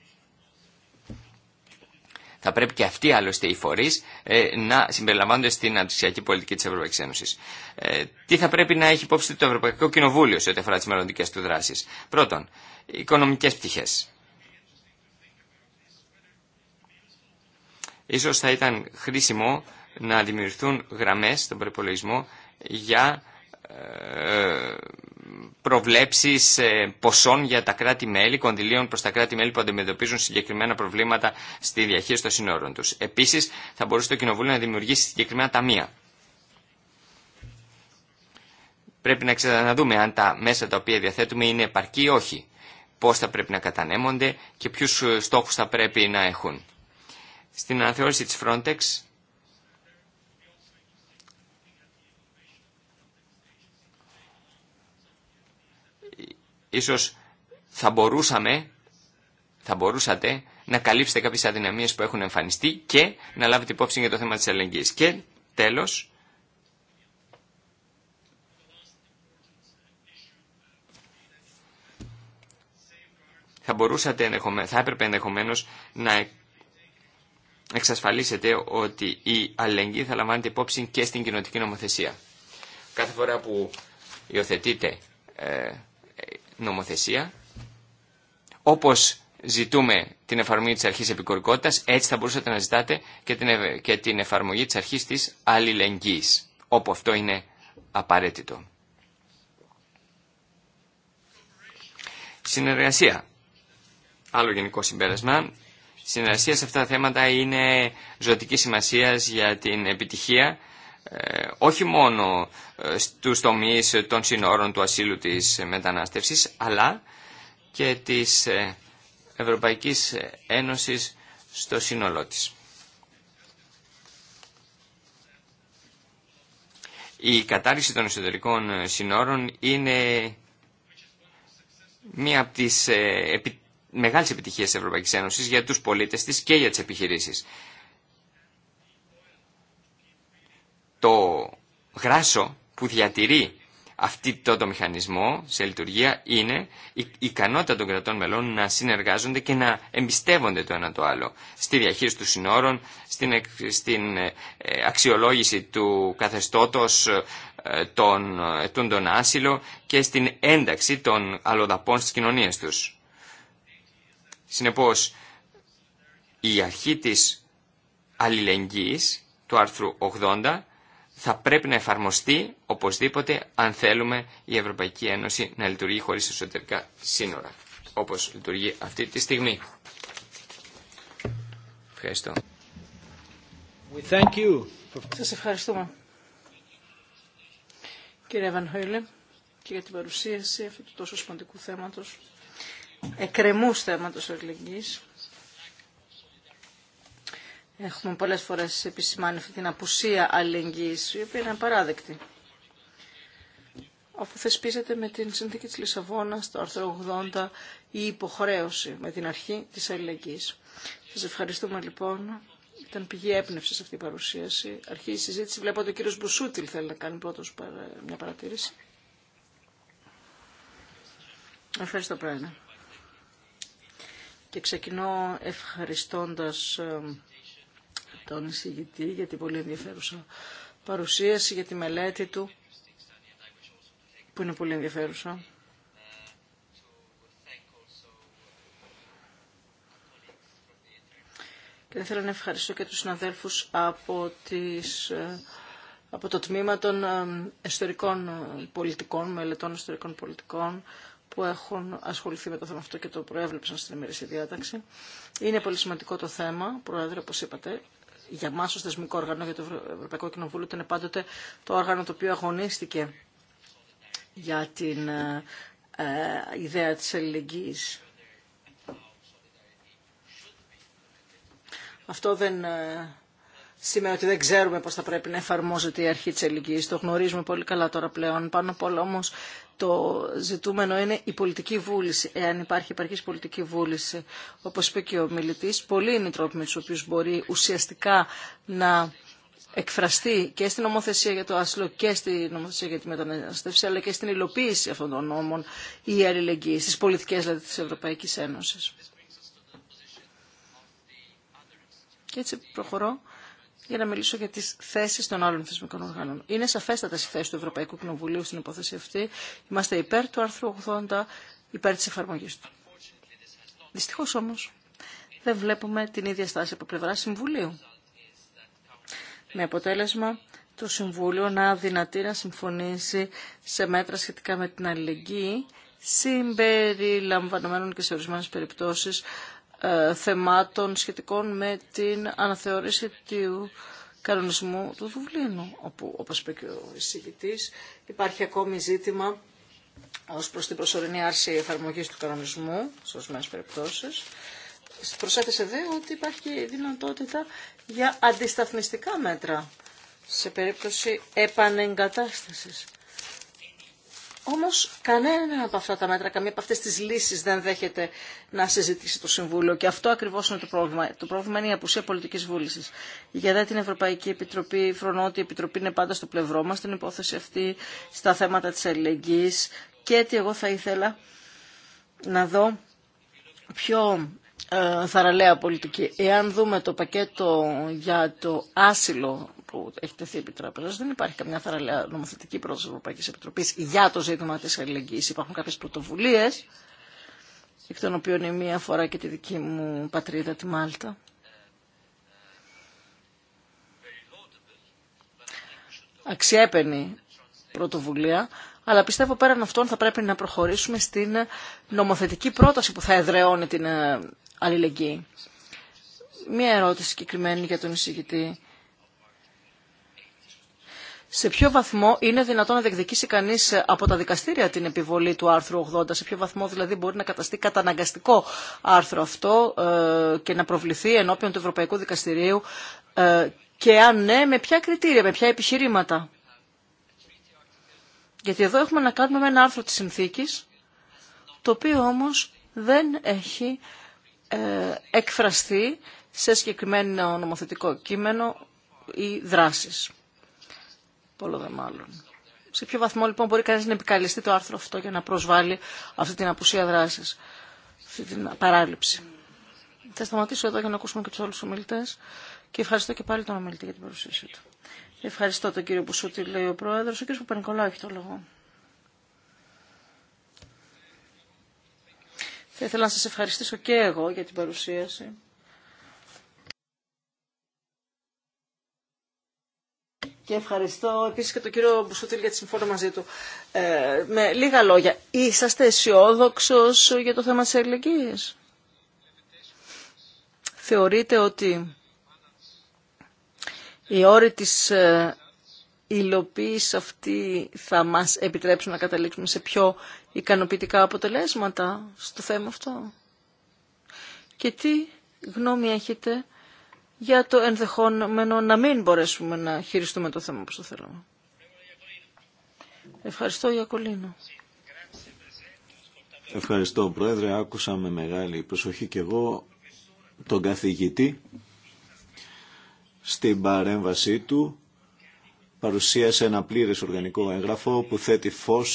Θα πρέπει και αυτοί άλλωστε οι φορεί ε, να συμπεριλαμβάνονται στην αντισυσιακή πολιτική τη Ευρωπαϊκή Ένωση. Ε, τι θα πρέπει να έχει υπόψη το Ευρωπαϊκό Κοινοβούλιο σε ό,τι αφορά τι μελλοντικέ του δράσει. Πρώτον, οικονομικέ πτυχέ. Ίσως θα ήταν χρήσιμο να δημιουργηθούν γραμμές στον προπολογισμό για ε, προβλέψεις ε, ποσών για τα κράτη-μέλη, κονδυλίων προς τα κράτη-μέλη που αντιμετωπίζουν συγκεκριμένα προβλήματα στη διαχείριση των συνόρων τους. Επίσης, θα μπορούσε το Κοινοβούλιο να δημιουργήσει συγκεκριμένα ταμεία. Πρέπει να ξαναδούμε αν τα μέσα τα οποία διαθέτουμε είναι επαρκή ή όχι. Πώς θα πρέπει να κατανέμονται και ποιους ε, στόχους θα πρέπει να έχουν στην αναθεώρηση της Frontex ίσως θα μπορούσαμε θα μπορούσατε να καλύψετε κάποιες αδυναμίες που έχουν εμφανιστεί και να λάβετε υπόψη για το θέμα της αλληλεγγύης. Και τέλος, θα μπορούσατε θα έπρεπε ενδεχομένως να εξασφαλίσετε ότι η αλληλεγγύη θα λαμβάνεται υπόψη και στην κοινοτική νομοθεσία. Κάθε φορά που υιοθετείτε ε, νομοθεσία, όπως ζητούμε την εφαρμογή της αρχής επικορικότητας, έτσι θα μπορούσατε να ζητάτε και την, και την εφαρμογή της αρχής της αλληλεγγύης, όπου αυτό είναι απαραίτητο. Συνεργασία. Άλλο γενικό συμπέρασμα, συνεργασία σε αυτά τα θέματα είναι ζωτική σημασία για την επιτυχία ε, όχι μόνο ε, στους τομείς των συνόρων του ασύλου της μετανάστευσης αλλά και της ε, Ευρωπαϊκής Ένωσης στο σύνολό της. Η κατάρριξη των εσωτερικών συνόρων είναι μία από τις επιτυχίες μεγάλες επιτυχίες τη Ευρωπαϊκής Ένωση για τους πολίτες τη και για τι επιχειρήσεις. Το γράσο που διατηρεί αυτή το, μηχανισμό σε λειτουργία είναι η ικανότητα των κρατών μελών να συνεργάζονται και να εμπιστεύονται το ένα το άλλο στη διαχείριση των συνόρων, στην, στην ε, αξιολόγηση του καθεστώτος ε, των, ε, των, και στην ένταξη των αλλοδαπών στις κοινωνίες τους. Συνεπώς, η αρχή της αλληλεγγύης του άρθρου 80 θα πρέπει να εφαρμοστεί οπωσδήποτε αν θέλουμε η Ευρωπαϊκή Ένωση να λειτουργεί χωρίς εσωτερικά σύνορα, όπως λειτουργεί αυτή τη στιγμή. Ευχαριστώ. Σας ευχαριστούμε. Κύριε Βανχόιλε, και για την παρουσίαση αυτού του τόσο σημαντικού θέματος εκκρεμούς θέματος αλληλεγγύης. Έχουμε πολλές φορές επισημάνει αυτή την απουσία αλληλεγγύης, η οποία είναι απαράδεκτη. Όπου θεσπίζεται με την συνθήκη της Λισαβόνα το άρθρο 80, η υποχρέωση με την αρχή της αλληλεγγύης. Σας ευχαριστούμε λοιπόν. Ήταν πηγή έπνευση αυτή η παρουσίαση. Αρχή η συζήτηση. Βλέπω ότι ο κύριος Μπουσούτιλ θέλει να κάνει πρώτος μια παρατήρηση. Ευχαριστώ, Πρόεδρε και ξεκινώ ευχαριστώντας ε, τον εισηγητή για την πολύ ενδιαφέρουσα παρουσίαση, για τη μελέτη του, που είναι πολύ ενδιαφέρουσα. Και θέλω να ευχαριστώ και τους συναδέλφους από, τις, ε, από το τμήμα των ιστορικών ε, πολιτικών, μελετών ιστορικών πολιτικών, που έχουν ασχοληθεί με το θέμα αυτό και το προέβλεψαν στην ημερήσια διάταξη. Είναι πολύ σημαντικό το θέμα, Πρόεδρε, όπω είπατε, για εμά ω θεσμικό όργανο, για το Ευρωπαϊκό Κοινοβούλιο, ήταν πάντοτε το όργανο το οποίο αγωνίστηκε για την ε, ε, ιδέα της ελληνικής. Αυτό δεν ε, σημαίνει ότι δεν ξέρουμε πώς θα πρέπει να εφαρμόζεται η αρχή της ελληνικής. Το γνωρίζουμε πολύ καλά τώρα πλέον. Πάνω απ' όλα όμως το ζητούμενο είναι η πολιτική βούληση. Εάν υπάρχει υπαρχής πολιτική βούληση, όπως είπε και ο μιλητής, πολλοί είναι οι τρόποι με τους οποίους μπορεί ουσιαστικά να εκφραστεί και στην νομοθεσία για το άσυλο και στην νομοθεσία για τη μεταναστεύση, αλλά και στην υλοποίηση αυτών των νόμων η αλληλεγγύη, στις πολιτικές δηλαδή της Ευρωπαϊκής Ένωσης. Και προχωρώ για να μιλήσω για τις θέσεις των άλλων θεσμικών οργάνων. Είναι σαφέστατα οι θέσεις του Ευρωπαϊκού Κοινοβουλίου στην υπόθεση αυτή. Είμαστε υπέρ του άρθρου 80, υπέρ της εφαρμογής του. Δυστυχώς όμως δεν βλέπουμε την ίδια στάση από πλευρά Συμβουλίου. Με αποτέλεσμα το Συμβούλιο να δυνατεί να συμφωνήσει σε μέτρα σχετικά με την αλληλεγγύη συμπεριλαμβανομένων και σε ορισμένε περιπτώσεις ε, θεμάτων σχετικών με την αναθεώρηση του κανονισμού του Δουβλίνου, όπου, όπως είπε και ο εισηγητής, υπάρχει ακόμη ζήτημα ως προς την προσωρινή άρση εφαρμογής του κανονισμού, σε ορισμένες περιπτώσεις. Προσέθεσε δε ότι υπάρχει δυνατότητα για αντισταθμιστικά μέτρα σε περίπτωση επανεγκατάστασης. Όμως κανένα από αυτά τα μέτρα, καμία από αυτές τις λύσεις δεν δέχεται να συζητήσει το Συμβούλιο και αυτό ακριβώς είναι το πρόβλημα. Το πρόβλημα είναι η απουσία πολιτικής βούλησης. Για δε την Ευρωπαϊκή Επιτροπή, φρονώ ότι η Επιτροπή είναι πάντα στο πλευρό μας στην υπόθεση αυτή, στα θέματα της αλληλεγγύης και ότι εγώ θα ήθελα να δω πιο ε, θαραλέα πολιτική. Εάν δούμε το πακέτο για το άσυλο που έχει τεθεί επί Δεν υπάρχει καμιά θαραλέα νομοθετική πρόταση Ευρωπαϊκή Επιτροπή για το ζήτημα τη αλληλεγγύη. Υπάρχουν κάποιε πρωτοβουλίε, εκ των οποίων η μία αφορά και τη δική μου πατρίδα, τη Μάλτα. Αξιέπαινη πρωτοβουλία, αλλά πιστεύω πέραν αυτών θα πρέπει να προχωρήσουμε στην νομοθετική πρόταση που θα εδραιώνει την ε, αλληλεγγύη. Μία ερώτηση συγκεκριμένη για τον εισηγητή σε ποιο βαθμό είναι δυνατόν να διεκδικήσει κανεί ε, από τα δικαστήρια την επιβολή του άρθρου 80, σε ποιο βαθμό δηλαδή μπορεί να καταστεί καταναγκαστικό άρθρο αυτό ε, και να προβληθεί ενώπιον του Ευρωπαϊκού Δικαστηρίου ε, και αν ναι, με ποια κριτήρια, με ποια επιχειρήματα. Γιατί εδώ έχουμε να κάνουμε με ένα άρθρο της συνθήκης, το οποίο όμως δεν έχει εκφραστεί σε συγκεκριμένο νομοθετικό κείμενο ή δράσεις δε μάλλον. Σε ποιο βαθμό λοιπόν μπορεί κανείς να επικαλεστεί το άρθρο αυτό για να προσβάλλει αυτή την απουσία δράσης, αυτή την παράληψη. Θα σταματήσω εδώ για να ακούσουμε και τους άλλους ομιλητές και ευχαριστώ και πάλι τον ομιλητή για την παρουσίασή του. Ευχαριστώ τον κύριο Μπουσούτη, λέει ο πρόεδρος. Ο κυριος Παπανικολάου έχει το λόγο. Θα ήθελα να σας ευχαριστήσω και εγώ για την παρουσίαση. Και ευχαριστώ επίση και τον κύριο για τη συμφωνία μαζί του. Ε, με λίγα λόγια, είσαστε αισιόδοξο για το θέμα τη αλληλεγγύη. Θεωρείτε ότι οι όροι της ε, υλοποίηση αυτή θα μας επιτρέψουν να καταλήξουμε σε πιο ικανοποιητικά αποτελέσματα στο θέμα αυτό. Και τι γνώμη έχετε για το ενδεχόμενο να μην μπορέσουμε να χειριστούμε το θέμα όπως το θέλουμε. Ευχαριστώ, Ιακολίνο. Ευχαριστώ, Πρόεδρε. Άκουσα με μεγάλη προσοχή και εγώ τον καθηγητή στην παρέμβασή του παρουσίασε ένα πλήρες οργανικό έγγραφο που θέτει φως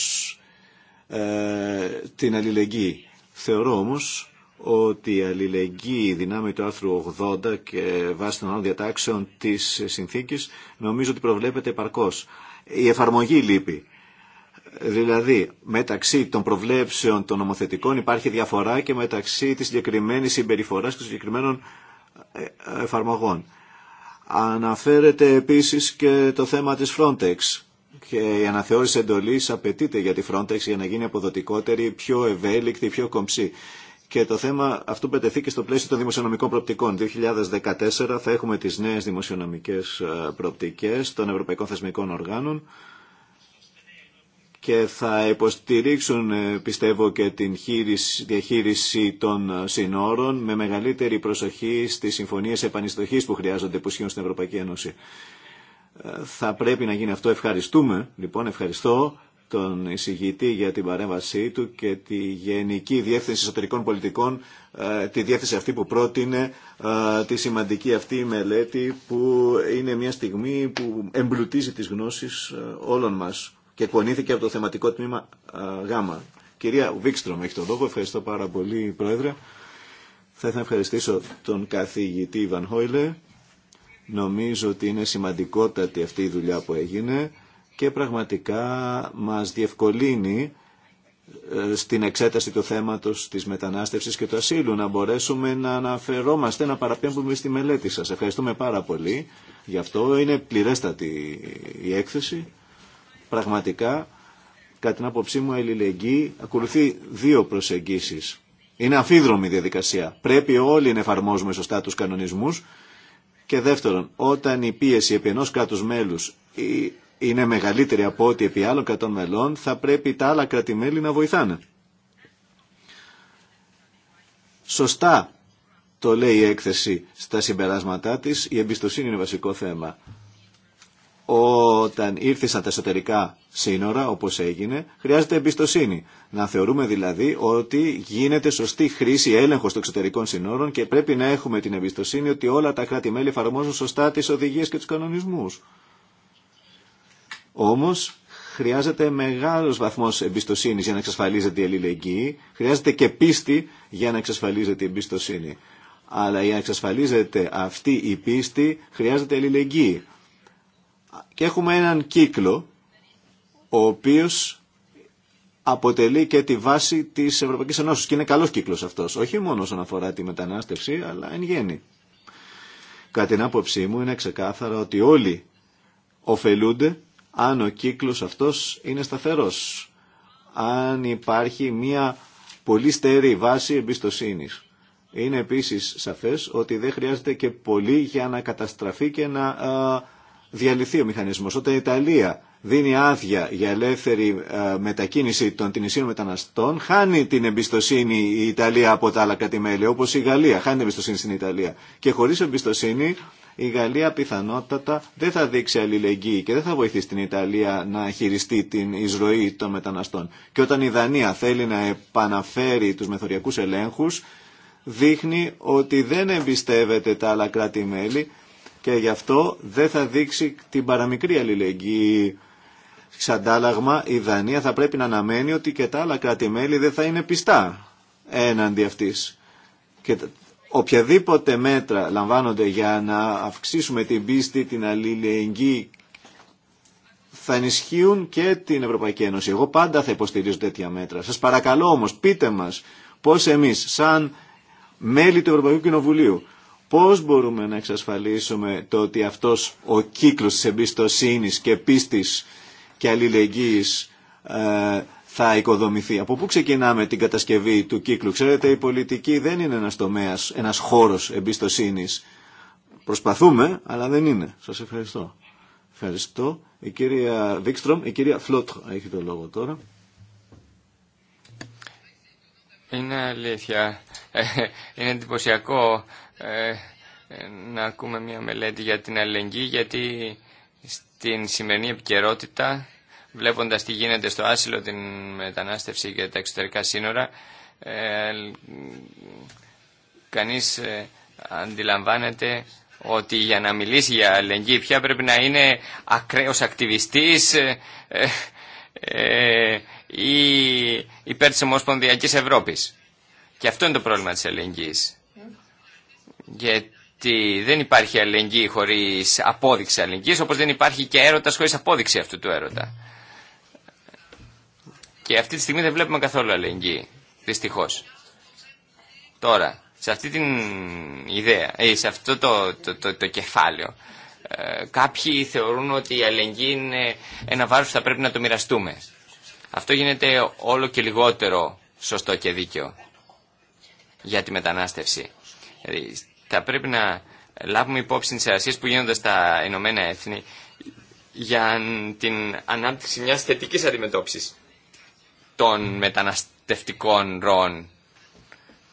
ε, την αλληλεγγύη. Θεωρώ όμως ότι η αλληλεγγύη δυνάμει του άρθρου 80 και βάσει των άλλων διατάξεων της συνθήκης νομίζω ότι προβλέπεται επαρκώς. Η εφαρμογή λείπει. Δηλαδή, μεταξύ των προβλέψεων των νομοθετικών υπάρχει διαφορά και μεταξύ της συγκεκριμένη συμπεριφοράς και των συγκεκριμένων ε, εφαρμογών. Αναφέρεται επίσης και το θέμα της Frontex και η αναθεώρηση εντολής απαιτείται για τη Frontex για να γίνει αποδοτικότερη, πιο ευέλικτη, πιο κομψή και το θέμα αυτού και στο πλαίσιο των δημοσιονομικών προοπτικών. 2014 θα έχουμε τις νέες δημοσιονομικές ε, προοπτικές των Ευρωπαϊκών Θεσμικών Οργάνων και θα υποστηρίξουν ε, πιστεύω και την διαχείριση των ε, συνόρων με μεγαλύτερη προσοχή στις συμφωνίες επανιστοχής που χρειάζονται που ισχύουν στην Ευρωπαϊκή Ένωση. Θα πρέπει να γίνει αυτό. Ευχαριστούμε. Λοιπόν, ευχαριστώ τον εισηγητή για την παρέμβασή του και τη Γενική Διεύθυνση Εσωτερικών Πολιτικών, ε, τη διεύθυνση αυτή που πρότεινε, ε, τη σημαντική αυτή μελέτη που είναι μια στιγμή που εμπλουτίζει τις γνώσεις ε, όλων μας και εκπονήθηκε από το θεματικό τμήμα ΓΑΜΑ. Κυρία Βίξτρομ, έχει το λόγο. Ευχαριστώ πάρα πολύ, Πρόεδρε. Θα ήθελα να ευχαριστήσω τον καθηγητή Ιβαν Χόιλε. Νομίζω ότι είναι σημαντικότατη αυτή η δουλειά που έγινε και πραγματικά μας διευκολύνει ε, στην εξέταση του θέματος της μετανάστευσης και του ασύλου να μπορέσουμε να αναφερόμαστε, να παραπέμπουμε στη μελέτη σας. Ευχαριστούμε πάρα πολύ. Γι' αυτό είναι πληρέστατη η έκθεση. Πραγματικά, κατά την άποψή μου, η αλληλεγγύη ακολουθεί δύο προσεγγίσεις. Είναι αφίδρομη η διαδικασία. Πρέπει όλοι να εφαρμόζουμε σωστά τους κανονισμούς. Και δεύτερον, όταν η πίεση επί ενός κράτους μέλους είναι μεγαλύτερη από ό,τι επί άλλων κρατών μελών, θα πρέπει τα άλλα κρατημέλη να βοηθάνε. Σωστά το λέει η έκθεση στα συμπεράσματά της, η εμπιστοσύνη είναι βασικό θέμα. Όταν ήρθαν τα εσωτερικά σύνορα, όπως έγινε, χρειάζεται εμπιστοσύνη. Να θεωρούμε δηλαδή ότι γίνεται σωστή χρήση έλεγχος των εξωτερικών σύνορων και πρέπει να έχουμε την εμπιστοσύνη ότι όλα τα κράτη-μέλη εφαρμόζουν σωστά τις οδηγίες και τους κανονισμούς. Όμως χρειάζεται μεγάλος βαθμός εμπιστοσύνης για να εξασφαλίζεται η αλληλεγγύη, χρειάζεται και πίστη για να εξασφαλίζεται η εμπιστοσύνη. Αλλά για να εξασφαλίζεται αυτή η πίστη χρειάζεται αλληλεγγύη. Και έχουμε έναν κύκλο ο οποίος αποτελεί και τη βάση της Ευρωπαϊκής Ενώσης και είναι καλός κύκλος αυτός, όχι μόνο όσον αφορά τη μετανάστευση, αλλά εν γέννη. Κατά την άποψή μου είναι ξεκάθαρο ότι όλοι ωφελούνται αν ο κύκλος αυτός είναι σταθερός, αν υπάρχει μια πολύ στερή βάση εμπιστοσύνης. Είναι επίσης σαφές ότι δεν χρειάζεται και πολύ για να καταστραφεί και να διαλυθεί ο μηχανισμός. Όταν η Ιταλία δίνει άδεια για ελεύθερη μετακίνηση των τυνησίων μεταναστών, χάνει την εμπιστοσύνη η Ιταλία από τα άλλα όπως η Γαλλία χάνει την εμπιστοσύνη στην Ιταλία. Και χωρίς εμπιστοσύνη η Γαλλία πιθανότατα δεν θα δείξει αλληλεγγύη και δεν θα βοηθήσει την Ιταλία να χειριστεί την εισρωή των μεταναστών. Και όταν η Δανία θέλει να επαναφέρει τους μεθοριακούς ελέγχους, δείχνει ότι δεν εμπιστεύεται τα άλλα κράτη-μέλη και γι' αυτό δεν θα δείξει την παραμικρή αλληλεγγύη. Ξαντάλλαγμα, η Δανία θα πρέπει να αναμένει ότι και τα άλλα κράτη-μέλη δεν θα είναι πιστά έναντι αυτής οποιαδήποτε μέτρα λαμβάνονται για να αυξήσουμε την πίστη, την αλληλεγγύη θα ενισχύουν και την Ευρωπαϊκή Ένωση. Εγώ πάντα θα υποστηρίζω τέτοια μέτρα. Σας παρακαλώ όμως πείτε μας πώς εμείς σαν μέλη του Ευρωπαϊκού Κοινοβουλίου πώς μπορούμε να εξασφαλίσουμε το ότι αυτός ο κύκλος της εμπιστοσύνης και πίστης και αλληλεγγύης ε, θα οικοδομηθεί. Από πού ξεκινάμε την κατασκευή του κύκλου. Ξέρετε, η πολιτική δεν είναι ένας τομέας, ένας χώρος εμπιστοσύνης. Προσπαθούμε, αλλά δεν είναι. Σας ευχαριστώ. Ευχαριστώ. Η κυρία Βίξτρομ, η κυρία Φλότ έχει το λόγο τώρα. Είναι αλήθεια. Ε, είναι εντυπωσιακό ε, να ακούμε μια μελέτη για την αλληλεγγύη, γιατί στην σημερινή επικαιρότητα βλέποντας τι γίνεται στο άσυλο, την μετανάστευση και τα εξωτερικά σύνορα, ε, κανείς ε, αντιλαμβάνεται ότι για να μιλήσει για αλληλεγγύη πια πρέπει να είναι ακραίος ακτιβιστής ε, ε, ε, ή υπέρ της Ομοσπονδιακής Ευρώπης. Και αυτό είναι το πρόβλημα της αλληλεγγύης. Γιατί δεν υπάρχει αλληλεγγύη χωρίς απόδειξη αλληλεγγύης, όπως δεν υπάρχει και έρωτας χωρίς απόδειξη αυτού του έρωτα. Και αυτή τη στιγμή δεν βλέπουμε καθόλου αλληλεγγύη. Δυστυχώ. Τώρα, σε αυτή την ιδέα, ή ε, σε αυτό το, το, κεφάλαιο, ε, κάποιοι θεωρούν ότι η αλληλεγγύη είναι ένα βάρος που θα πρέπει να το μοιραστούμε. Αυτό γίνεται όλο και λιγότερο σωστό και δίκαιο για τη μετανάστευση. Δηλαδή, θα πρέπει να λάβουμε υπόψη τις εργασίε που γίνονται στα Ηνωμένα Έθνη για την ανάπτυξη μια θετική αντιμετώπιση των μεταναστευτικών ροών.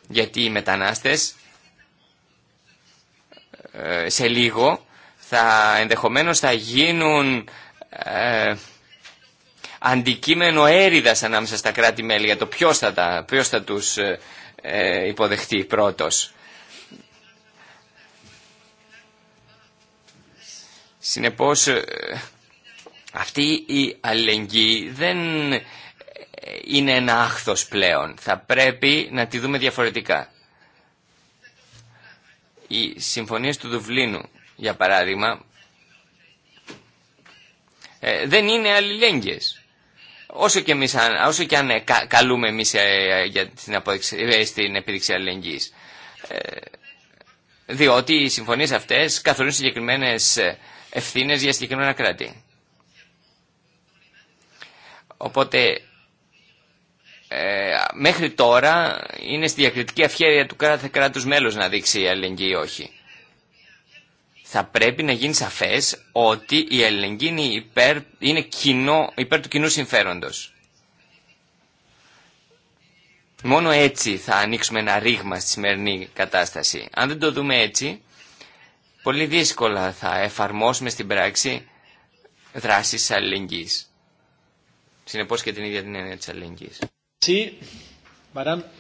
Γιατί οι μετανάστες ε, σε λίγο θα ενδεχομένως θα γίνουν ε, αντικείμενο έρηδας ανάμεσα στα κράτη-μέλη για το ποιος θα, τα, τους ε, υποδεχτεί πρώτος. Συνεπώς αυτή η αλληλεγγύη δεν είναι ένα άχθος πλέον. Θα πρέπει να τη δούμε διαφορετικά. Οι συμφωνίες του Δουβλίνου, για παράδειγμα, ε, δεν είναι αλληλέγγυες. Όσο και, εμείς, όσο και αν ε, καλούμε εμείς ε, για την, απόδειξη, στην επίδειξη αλληλεγγύης. διότι οι συμφωνίες αυτές καθορίζουν συγκεκριμένες ευθύνες για συγκεκριμένα κράτη. Οπότε ε, μέχρι τώρα είναι στη διακριτική αυχαίρεια του κάθε κράτους μέλους να δείξει η αλληλεγγύη ή όχι. Θα πρέπει να γίνει σαφές ότι η αλληλεγγύη είναι, υπέρ, είναι κοινό, υπέρ του κοινού συμφέροντος. Μόνο έτσι θα ανοίξουμε ένα ρήγμα στη σημερινή κατάσταση. Αν δεν το δούμε έτσι, πολύ δύσκολα θα εφαρμόσουμε στην πράξη δράσεις αλληλεγγύης. Συνεπώς και την ίδια την έννοια της αλληλεγγύης. Η κυρία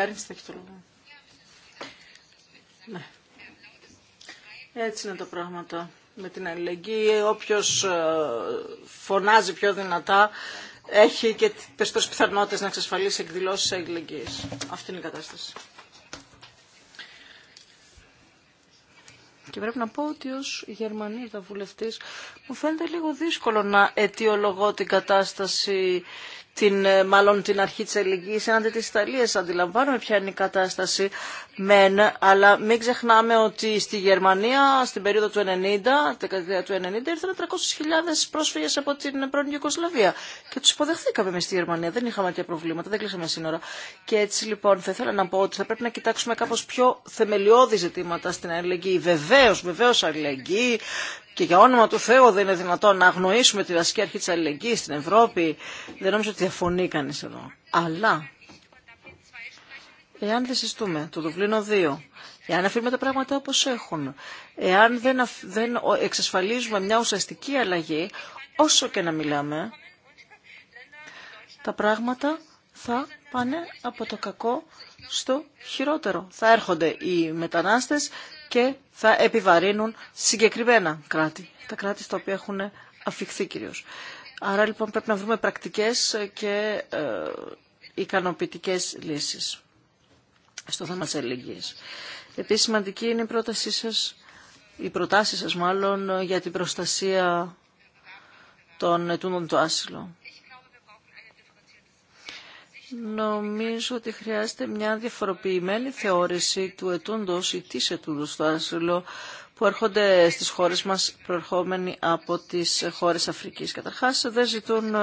Έρνστ έχει το λόγο. Ναι. Έτσι είναι τα πράγματα με την αλληλεγγύη. Όποιος ε, φωνάζει πιο δυνατά έχει και περισσότερες πιθανότητες να εξασφαλίσει εκδηλώσεις αλληλεγγύης. Αυτή είναι η κατάσταση. Και πρέπει να πω ότι ως Γερμανίδα βουλευτής μου φαίνεται λίγο δύσκολο να αιτιολογώ την κατάσταση την, ε, μάλλον την αρχή της ελληνικής δεν της Ιταλίας. Αντιλαμβάνομαι ποια είναι η κατάσταση μεν, αλλά μην ξεχνάμε ότι στη Γερμανία στην περίοδο του 90, δεκαετία του 90, ήρθαν 300.000 πρόσφυγε από την πρώην Ιουκοσλαβία. Και του υποδεχθήκαμε εμεί στη Γερμανία, δεν είχαμε τέτοια προβλήματα, δεν κλείσαμε σύνορα. Και έτσι λοιπόν θα ήθελα να πω ότι θα πρέπει να κοιτάξουμε κάπω πιο θεμελιώδη ζητήματα στην αλληλεγγύη. βεβαίω, βεβαίω αλληλεγγύη, και για όνομα του Θεού δεν είναι δυνατόν να αγνοήσουμε τη βασική αρχή τη αλληλεγγύη στην Ευρώπη. Δεν νομίζω ότι διαφωνεί κανεί εδώ. Αλλά Εάν δεν συστούμε το Δουβλίνο 2, εάν αφήνουμε τα πράγματα όπως έχουν, εάν δεν, δεν εξασφαλίζουμε μια ουσιαστική αλλαγή, όσο και να μιλάμε, τα πράγματα θα πάνε από το κακό στο χειρότερο. Θα έρχονται οι μετανάστες και θα επιβαρύνουν συγκεκριμένα κράτη, τα κράτη στα οποία έχουν αφιχθεί κυρίως. Άρα λοιπόν πρέπει να βρούμε πρακτικές και ε, ικανοποιητικές λύσεις στο θέμα της αλληλεγγύης. Επίσης σημαντική είναι η πρότασή σας, η προτάσή σας μάλλον για την προστασία των ετούντων του άσυλου. Νομίζω ότι χρειάζεται μια διαφοροποιημένη θεώρηση του ετούντος ή της ετούντος του άσυλο που έρχονται στις χώρες μας προερχόμενοι από τις χώρες Αφρικής. Καταρχάς δεν ζητούν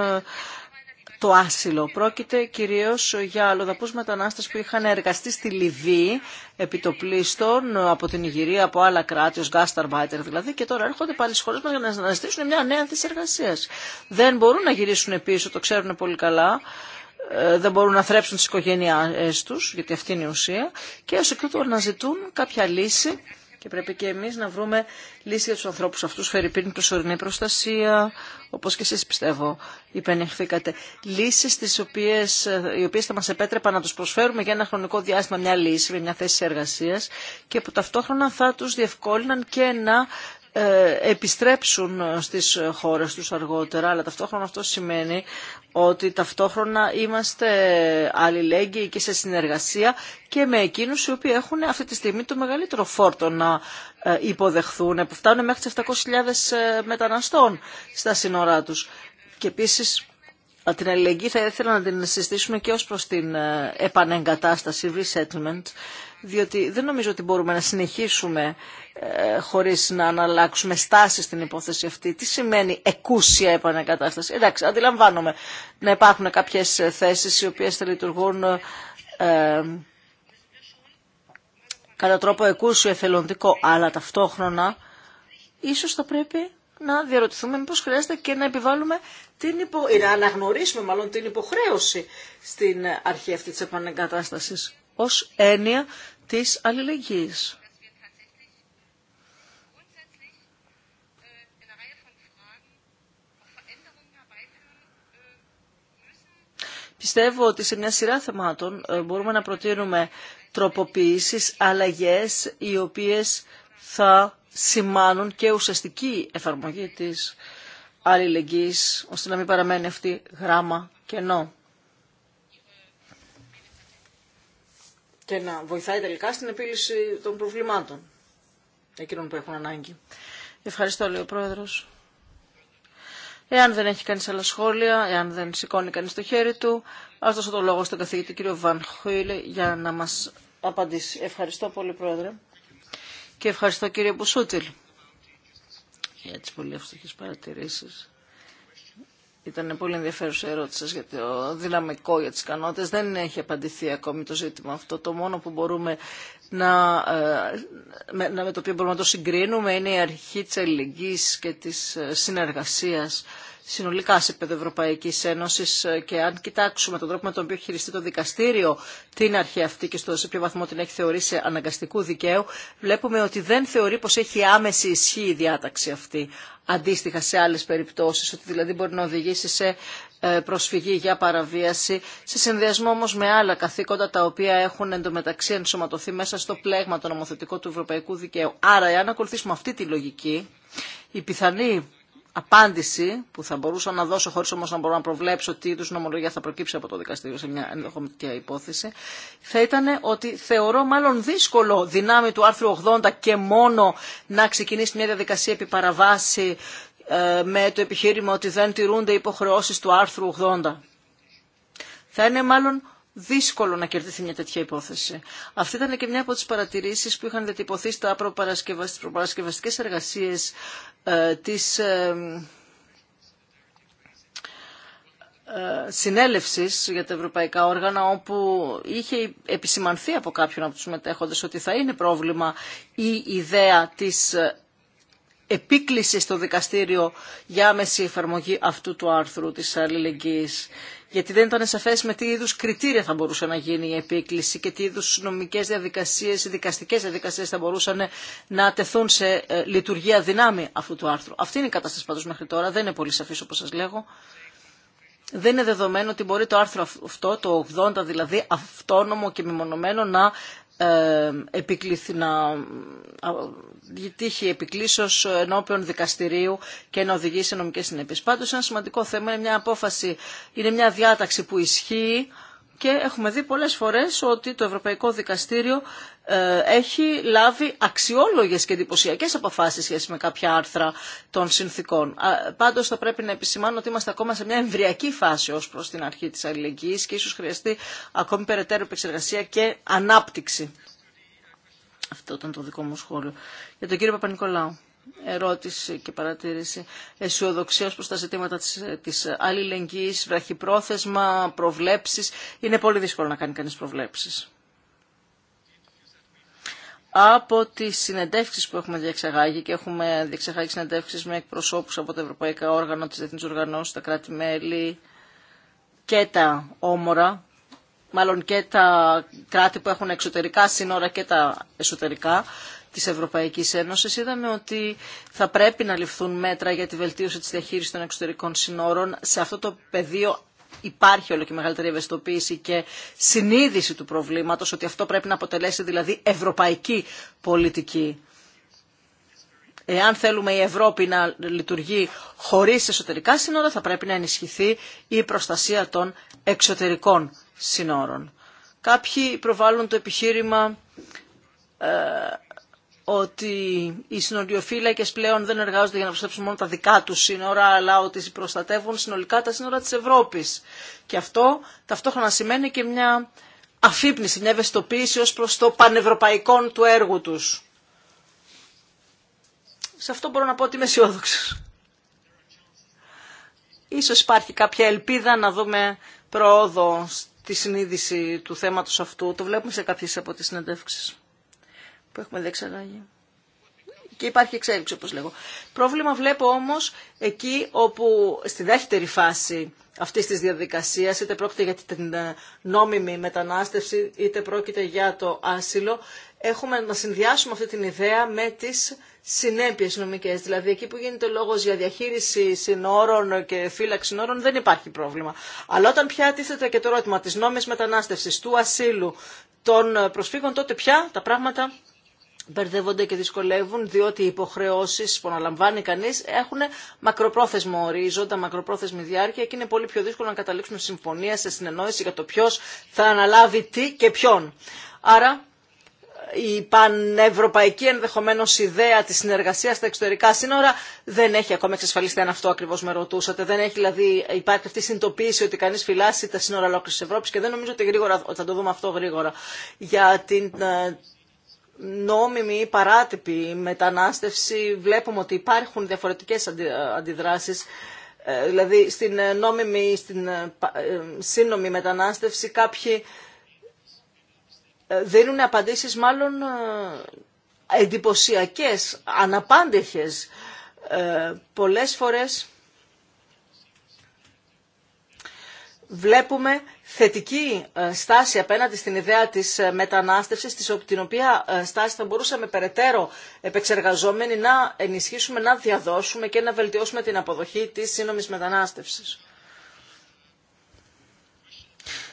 το άσυλο. Πρόκειται κυρίως για αλλοδαπούς μετανάστες που είχαν εργαστεί στη Λιβύη πλήστον, από την Ιγυρία, από άλλα κράτη, ως γκάσταρμπάιτερ δηλαδή και τώρα έρχονται πάλι στις χώρες μας για να αναζητήσουν μια νέα θέση εργασίας. Δεν μπορούν να γυρίσουν πίσω, το ξέρουν πολύ καλά ε, δεν μπορούν να θρέψουν τις οικογένειές τους, γιατί αυτή είναι η ουσία, και ως εκ τούτου ζητούν κάποια λύση και πρέπει και εμείς να βρούμε λύση για τους ανθρώπους αυτούς. Φερειπίνη προσωρινή προστασία, όπως και εσείς πιστεύω υπενεχθήκατε. Λύσεις τις οποίες, ε, οι οποίες θα μας επέτρεπαν να τους προσφέρουμε για ένα χρονικό διάστημα μια λύση, μια θέση εργασίας και που ταυτόχρονα θα τους διευκόλυναν και να ε, επιστρέψουν στις χώρες τους αργότερα, αλλά ταυτόχρονα αυτό σημαίνει ότι ταυτόχρονα είμαστε αλληλέγγυοι και σε συνεργασία και με εκείνους οι οποίοι έχουν αυτή τη στιγμή το μεγαλύτερο φόρτο να ε, υποδεχθούν, που φτάνουν μέχρι τις 700.000 ε, μεταναστών στα σύνορά τους. Και επίσης την αλληλεγγύη θα ήθελα να την συστήσουμε και ως προς την ε, επανεγκατάσταση, resettlement, διότι δεν νομίζω ότι μπορούμε να συνεχίσουμε ε, χωρίς να αναλλάξουμε στάση στην υπόθεση αυτή. Τι σημαίνει εκούσια επανεγκατάσταση. Εντάξει, αντιλαμβάνομαι να υπάρχουν κάποιες θέσεις οι οποίες θα λειτουργούν ε, κατά τρόπο εκούσιο εθελοντικό, αλλά ταυτόχρονα ίσως θα πρέπει να διαρωτηθούμε μήπως χρειάζεται και να επιβάλλουμε την υπο... ή να αναγνωρίσουμε μάλλον την υποχρέωση στην αρχή αυτή της επανεγκατάστασης ως έννοια της αλληλεγγύης. Πιστεύω ότι σε μια σειρά θεμάτων ε, μπορούμε να προτείνουμε τροποποιήσεις, αλλαγές οι οποίες θα σημάνουν και ουσιαστική εφαρμογή της αλληλεγγύης, ώστε να μην παραμένει αυτή γράμμα κενό. Και να βοηθάει τελικά στην επίλυση των προβλημάτων, εκείνων που έχουν ανάγκη. Ευχαριστώ, λέει ο Πρόεδρος. Εάν δεν έχει κάνει άλλα σχόλια, εάν δεν σηκώνει κάνει το χέρι του, α δώσω το λόγο στον καθηγητή κύριο Βαν Χούιλε για να μας απαντήσει. Ευχαριστώ πολύ Πρόεδρε και ευχαριστώ κύριε Μπουσούτιλ για τι πολύ αυστοχές παρατηρήσεις. Ήταν πολύ ενδιαφέρουσα η ερώτηση σα, για το δυναμικό, για τις ικανότητες. Δεν έχει απαντηθεί ακόμη το ζήτημα αυτό. Το μόνο που μπορούμε να, ε, με το οποίο μπορούμε να το συγκρίνουμε είναι η αρχή της αλληλεγγύης και της ε, συνεργασίας συνολικά σε επίπεδο Ευρωπαϊκή Ένωση ε, και αν κοιτάξουμε τον τρόπο με τον οποίο χειριστεί το δικαστήριο την αρχή αυτή και στο σε ποιο βαθμό την έχει θεωρήσει αναγκαστικού δικαίου, βλέπουμε ότι δεν θεωρεί πω έχει άμεση ισχύ η διάταξη αυτή. Αντίστοιχα σε άλλε περιπτώσει, ότι δηλαδή μπορεί να οδηγήσει σε ε, προσφυγή για παραβίαση, σε συνδυασμό όμω με άλλα καθήκοντα τα οποία έχουν εντωμεταξύ ενσωματωθεί μέσα στο πλέγμα το νομοθετικό του ευρωπαϊκού δικαίου. Άρα, εάν ακολουθήσουμε αυτή τη λογική, η πιθανή απάντηση που θα μπορούσα να δώσω χωρίς όμως να μπορώ να προβλέψω τι είδους νομολογία θα προκύψει από το δικαστήριο σε μια ενδεχομητική υπόθεση θα ήταν ότι θεωρώ μάλλον δύσκολο δυνάμει του άρθρου 80 και μόνο να ξεκινήσει μια διαδικασία επί παραβάση ε, με το επιχείρημα ότι δεν τηρούνται οι υποχρεώσεις του άρθρου 80. Θα είναι μάλλον δύσκολο να κερδίσει μια τέτοια υπόθεση. Αυτή ήταν και μια από τις παρατηρήσεις που είχαν διατυπωθεί στα προπαρασκευαστικές εργασίες ε, της ε, ε, για τα ευρωπαϊκά όργανα όπου είχε επισημανθεί από κάποιον από τους μετέχοντες ότι θα είναι πρόβλημα η ιδέα της ε, επίκληση στο δικαστήριο για άμεση εφαρμογή αυτού του άρθρου της αλληλεγγύης γιατί δεν ήταν σαφέ με τι είδου κριτήρια θα μπορούσε να γίνει η επίκληση και τι είδου νομικέ διαδικασίε, οι δικαστικές διαδικασίες θα μπορούσαν να τεθούν σε ε, λειτουργία δυνάμει αυτού του άρθρου. Αυτή είναι η κατάσταση πάντω μέχρι τώρα, δεν είναι πολύ σαφή όπω σα λέγω. Δεν είναι δεδομένο ότι μπορεί το άρθρο αυτό, το 80 δηλαδή, αυτόνομο και μεμονωμένο να να τύχει επικλήσεως ενώπιον δικαστηρίου και να οδηγεί σε νομικές συνέπειες. Πάντως ένα σημαντικό θέμα είναι μια απόφαση, είναι μια διάταξη που ισχύει και έχουμε δει πολλές φορές ότι το Ευρωπαϊκό Δικαστήριο ε, έχει λάβει αξιόλογες και εντυπωσιακέ αποφάσεις σχέση με κάποια άρθρα των συνθήκων. Πάντως θα πρέπει να επισημάνω ότι είμαστε ακόμα σε μια εμβριακή φάση ως προς την αρχή της αλληλεγγύης και ίσως χρειαστεί ακόμη περαιτέρω επεξεργασία και ανάπτυξη. Αυτό ήταν το δικό μου σχόλιο. Για τον κύριο Παπα-Νικολάου ερώτηση και παρατήρηση αισιοδοξία προ τα ζητήματα της, της αλληλεγγύης, βραχυπρόθεσμα, προβλέψεις. Είναι πολύ δύσκολο να κάνει κανείς προβλέψεις από τις συνεντεύξει που έχουμε διεξαγάγει και έχουμε διεξαγάγει συνεντεύξει με εκπροσώπους από τα ευρωπαϊκά όργανα, τι διεθνεί Οργανώσει, τα κράτη-μέλη και τα όμορα, μάλλον και τα κράτη που έχουν εξωτερικά σύνορα και τα εσωτερικά τη Ευρωπαϊκή Ένωση, είδαμε ότι θα πρέπει να ληφθούν μέτρα για τη βελτίωση τη διαχείριση των εξωτερικών σύνορων σε αυτό το πεδίο υπάρχει όλο και μεγαλύτερη ευαισθητοποίηση και συνείδηση του προβλήματος, ότι αυτό πρέπει να αποτελέσει δηλαδή ευρωπαϊκή πολιτική. Εάν θέλουμε η Ευρώπη να λειτουργεί χωρίς εσωτερικά σύνορα, θα πρέπει να ενισχυθεί η προστασία των εξωτερικών σύνορων. Κάποιοι προβάλλουν το επιχείρημα ε, ότι οι συνοριοφύλακες πλέον δεν εργάζονται για να προστατεύσουν μόνο τα δικά τους σύνορα, αλλά ότι προστατεύουν συνολικά τα σύνορα της Ευρώπης. Και αυτό ταυτόχρονα σημαίνει και μια αφύπνιση, μια ευαισθητοποίηση ως προς το πανευρωπαϊκό του έργου τους. Σε αυτό μπορώ να πω ότι είμαι αισιόδοξη. Ίσως υπάρχει κάποια ελπίδα να δούμε πρόοδο στη συνείδηση του θέματος αυτού. Το βλέπουμε σε κάποιες από τις συνεντεύξεις που έχουμε δεξαγάγει. Και υπάρχει εξέλιξη όπως λέγω. Πρόβλημα βλέπω όμως εκεί όπου στη δεύτερη φάση αυτή της διαδικασίας, είτε πρόκειται για την νόμιμη μετανάστευση, είτε πρόκειται για το άσυλο, έχουμε να συνδυάσουμε αυτή την ιδέα με τις συνέπειες νομικές. Δηλαδή εκεί που γίνεται λόγος για διαχείριση συνόρων και φύλαξη συνόρων δεν υπάρχει πρόβλημα. Αλλά όταν πια τίθεται και το ερώτημα της νόμιμης μετανάστευσης, του ασύλου, των προσφύγων, τότε πια τα πράγματα μπερδεύονται και δυσκολεύουν διότι οι υποχρεώσεις που αναλαμβάνει κανείς έχουν μακροπρόθεσμο ορίζοντα, μακροπρόθεσμη διάρκεια και είναι πολύ πιο δύσκολο να καταλήξουμε συμφωνία σε συνεννόηση για το ποιο θα αναλάβει τι και ποιον. Άρα η πανευρωπαϊκή ενδεχομένως ιδέα της συνεργασίας στα εξωτερικά σύνορα δεν έχει ακόμα εξασφαλιστεί αν αυτό ακριβώς με ρωτούσατε. Δεν έχει δηλαδή υπάρχει αυτή η συνειδητοποίηση ότι κανεί φυλάσσει τα σύνορα ολόκληρης της και δεν νομίζω ότι, γρήγορα, θα το δούμε αυτό γρήγορα. Για την ε, νόμιμη ή παράτυπη μετανάστευση βλέπουμε ότι υπάρχουν διαφορετικές αντιδράσεις ε, δηλαδή στην ε, νόμιμη, ή στην ε, σύνομη μετανάστευση κάποιοι δίνουν απαντήσεις μάλλον εντυπωσιακές, αναπάντεχες. Πολλές φορές βλέπουμε θετική ε, στάση απέναντι στην ιδέα της ε, μετανάστευσης, την οποία ε, στάση θα μπορούσαμε περαιτέρω επεξεργαζόμενοι να ενισχύσουμε, να διαδώσουμε και να βελτιώσουμε την αποδοχή της σύνομης μετανάστευσης.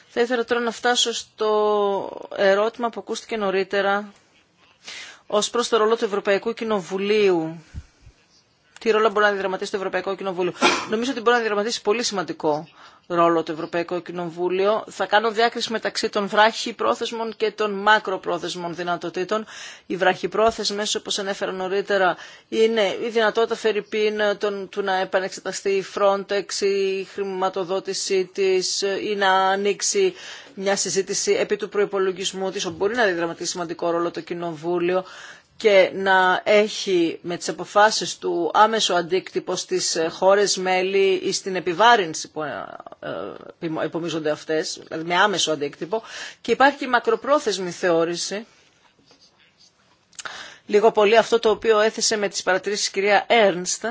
Θα ήθελα τώρα να φτάσω στο ερώτημα που ακούστηκε νωρίτερα ως προς το ρόλο του Ευρωπαϊκού Κοινοβουλίου. Τι ρόλο μπορεί να διδραματίσει το Ευρωπαϊκό Κοινοβούλιο. Νομίζω ότι μπορεί να διδραματίσει πολύ σημαντικό ρόλο το Ευρωπαϊκό Κοινοβούλιο. Θα κάνω διάκριση μεταξύ των βραχυπρόθεσμων και των μακροπρόθεσμων δυνατοτήτων. Οι βραχυπρόθεσμες, όπως ανέφερα νωρίτερα, είναι η δυνατότητα φερειπίν του να επανεξεταστεί η Frontex, η χρηματοδότησή της ή να ανοίξει μια συζήτηση επί του προϋπολογισμού της, όπου μπορεί να διδραματίσει σημαντικό ρόλο το Κοινοβούλιο και να έχει με τις αποφάσεις του άμεσο αντίκτυπο στις χώρες μέλη ή στην επιβάρυνση που επομίζονται ε, αυτές, δηλαδή με άμεσο αντίκτυπο. Και υπάρχει και η μακροπρόθεσμη θεώρηση, λίγο πολύ αυτό το οποίο έθεσε με τις παρατηρήσεις κυρία Έρνστ,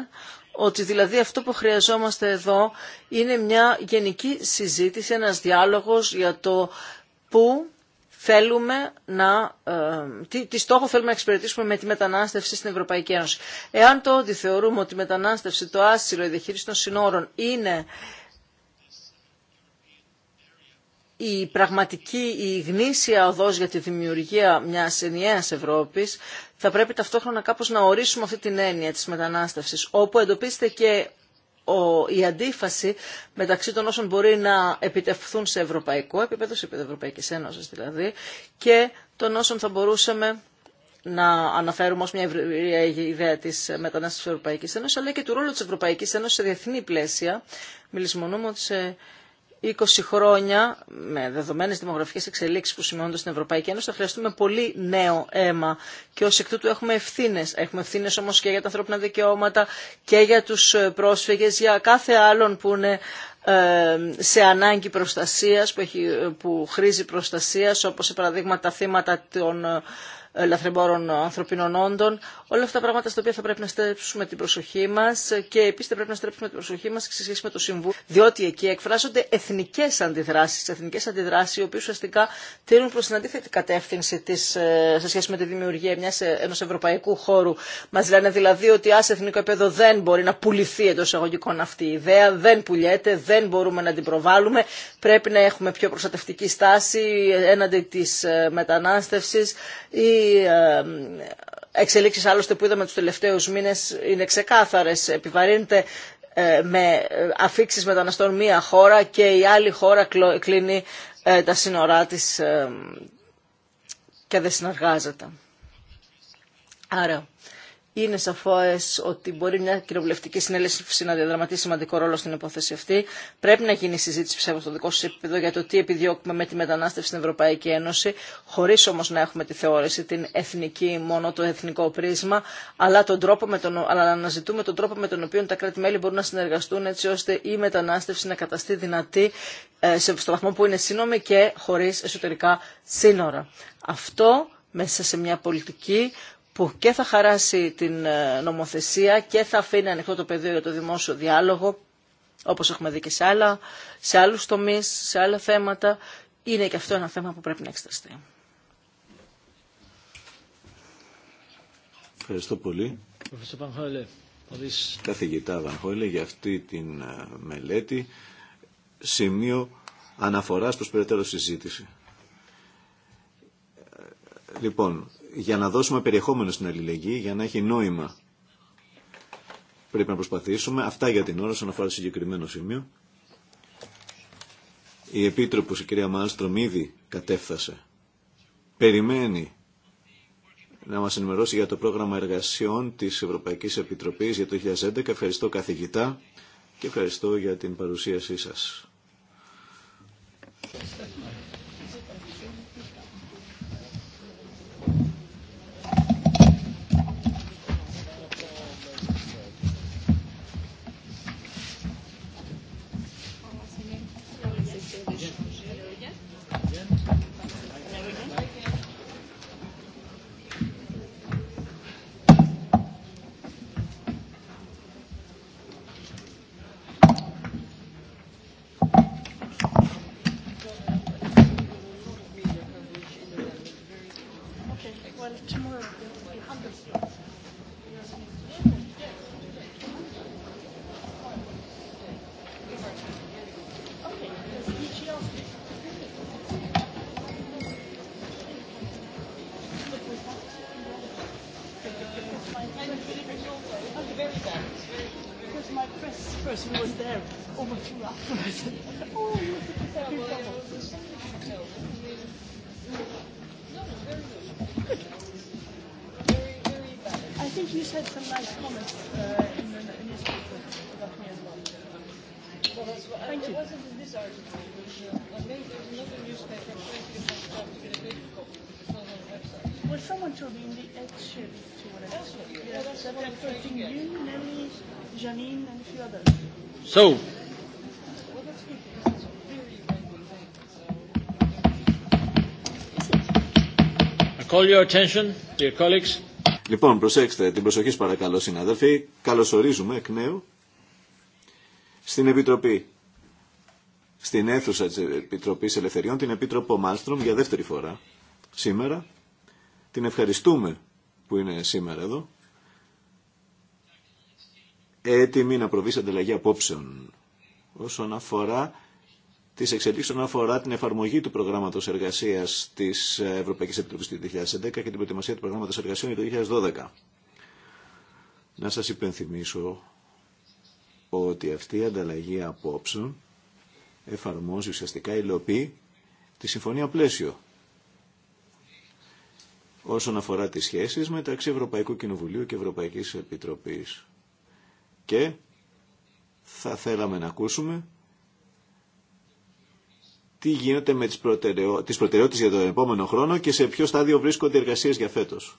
ότι δηλαδή αυτό που χρειαζόμαστε εδώ είναι μια γενική συζήτηση, ένας διάλογος για το πού θέλουμε να, ε, τι, στόχο θέλουμε να εξυπηρετήσουμε με τη μετανάστευση στην Ευρωπαϊκή Ένωση. Εάν το θεωρούμε ότι η μετανάστευση, το άσυλο, η διαχείριση των συνόρων είναι η πραγματική, η γνήσια οδός για τη δημιουργία μιας ενιαίας Ευρώπης, θα πρέπει ταυτόχρονα κάπως να ορίσουμε αυτή την έννοια της μετανάστευσης, όπου εντοπίζεται και ο, η αντίφαση μεταξύ των όσων μπορεί να επιτευχθούν σε ευρωπαϊκό επίπεδο, σε επίπεδο Ευρωπαϊκής δηλαδή, και των όσων θα μπορούσαμε να αναφέρουμε ως μια ευρεία ιδέα της μετανάστευσης της Ευρωπαϊκής Ένωσης, αλλά και του ρόλου της Ευρωπαϊκής Ένωσης σε διεθνή πλαίσια. Μιλισμονούμε ότι σε 20 χρόνια, με δεδομένε δημογραφικέ εξελίξει που σημειώνονται στην Ευρωπαϊκή Ένωση, θα χρειαστούμε πολύ νέο αίμα και ω εκ τούτου έχουμε ευθύνε. Έχουμε ευθύνε όμως και για τα ανθρώπινα δικαιώματα και για τους ε, πρόσφυγες, για κάθε άλλον που είναι ε, σε ανάγκη προστασίας, που, έχει, ε, που χρήζει προστασίας, όπως σε παραδείγματα θύματα των ε, λαθρεμπόρων ανθρωπίνων όντων. Όλα αυτά τα πράγματα στα οποία θα πρέπει να στρέψουμε την προσοχή μα και επίση θα πρέπει να στρέψουμε την προσοχή μα σε σχέση με το Συμβούλιο, διότι εκεί εκφράζονται εθνικέ αντιδράσει, εθνικέ αντιδράσει οι οποίε ουσιαστικά τείνουν προ την αντίθετη κατεύθυνση της, ε, σε σχέση με τη δημιουργία ε, ενό ευρωπαϊκού χώρου. Μα λένε δηλαδή ότι α εθνικό επίπεδο δεν μπορεί να πουληθεί εντό εισαγωγικών αυτή η ιδέα, δεν πουλιέται, δεν μπορούμε να την προβάλλουμε, πρέπει να έχουμε πιο προστατευτική στάση έναντι τη μετανάστευση ή ε, εξελίξεις άλλωστε που είδαμε τους τελευταίους μήνες είναι ξεκάθαρες. Επιβαρύνεται ε, με ε, αφήξεις μεταναστών μία χώρα και η άλλη χώρα κλείνει τα σύνορά της και δεν συνεργάζεται. Άρα είναι σαφέ ότι μπορεί μια κοινοβουλευτική συνέλευση να διαδραματίσει σημαντικό ρόλο στην υπόθεση αυτή. Πρέπει να γίνει συζήτηση πιστεύω στο δικό σα επίπεδο για το τι επιδιώκουμε με τη μετανάστευση στην Ευρωπαϊκή Ένωση, χωρί όμω να έχουμε τη θεώρηση, την εθνική, μόνο το εθνικό πρίσμα, αλλά, τον τρόπο με τον, αλλά να αναζητούμε τον τρόπο με τον οποίο τα κράτη-μέλη μπορούν να συνεργαστούν έτσι ώστε η μετανάστευση να καταστεί δυνατή ε, σε βαθμό που είναι σύνομη και χωρί εσωτερικά σύνορα. Αυτό μέσα σε μια πολιτική που και θα χαράσει την ε, νομοθεσία και θα αφήνει ανοιχτό το πεδίο για το δημόσιο διάλογο, όπως έχουμε δει και σε, άλλα, σε άλλους τομείς, σε άλλα θέματα, είναι και αυτό ένα θέμα που πρέπει να εξεταστεί. Ευχαριστώ πολύ. Καθηγητά Βανχόλε για αυτή την ε, μελέτη σημείο αναφοράς προς περαιτέρω συζήτηση. Ε, λοιπόν, για να δώσουμε περιεχόμενο στην αλληλεγγύη, για να έχει νόημα. Πρέπει να προσπαθήσουμε. Αυτά για την ώρα, σαν αφορά το συγκεκριμένο σημείο. Η Επίτροπος, η κυρία Μάλστρομ, ήδη κατέφθασε. Περιμένει να μας ενημερώσει για το πρόγραμμα εργασιών της Ευρωπαϊκής Επιτροπής για το 2011. Ευχαριστώ καθηγητά και ευχαριστώ για την παρουσίασή σας. Λοιπόν, προσέξτε, την προσοχή σας παρακαλώ συναδελφοί. Καλωσορίζουμε εκ νέου στην Επιτροπή, στην αίθουσα της Επιτροπής Ελευθεριών, την Επίτροπο Μάλστρομ για δεύτερη φορά σήμερα. Την ευχαριστούμε που είναι σήμερα εδώ έτοιμη να προβεί σε ανταλλαγή απόψεων όσον αφορά τις εξελίξεις όσον αφορά την εφαρμογή του προγράμματος εργασία της Ευρωπαϊκής Επιτροπής του 2011 και την προετοιμασία του προγράμματος εργασιών του 2012. Να σα υπενθυμίσω ότι αυτή η ανταλλαγή απόψεων εφαρμόζει ουσιαστικά υλοποιεί τη Συμφωνία Πλαίσιο όσον αφορά τις σχέσεις μεταξύ Ευρωπαϊκού Κοινοβουλίου και Ευρωπαϊκής Επιτροπής και θα θέλαμε να ακούσουμε τι γίνεται με τις, προτεραιο... τις προτεραιότητες για τον επόμενο χρόνο και σε ποιο στάδιο βρίσκονται οι εργασίες για φέτος.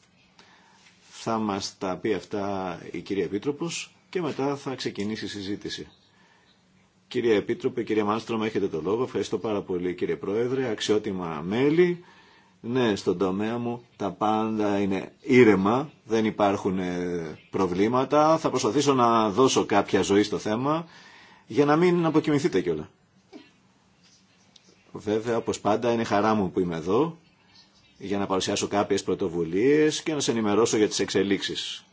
Θα μας τα πει αυτά η κυρία Επίτροπος και μετά θα ξεκινήσει η συζήτηση. Κυρία Επίτροπε, κυρία Μάνστρομ, έχετε το λόγο. Ευχαριστώ πάρα πολύ κύριε Πρόεδρε, αξιότιμα μέλη. Ναι, στον τομέα μου τα πάντα είναι ήρεμα, δεν υπάρχουν ε, προβλήματα. Θα προσπαθήσω να δώσω κάποια ζωή στο θέμα για να μην αποκοιμηθείτε κιόλα. Βέβαια, όπως πάντα, είναι χαρά μου που είμαι εδώ για να παρουσιάσω κάποιες πρωτοβουλίες και να σε ενημερώσω για τις εξελίξεις.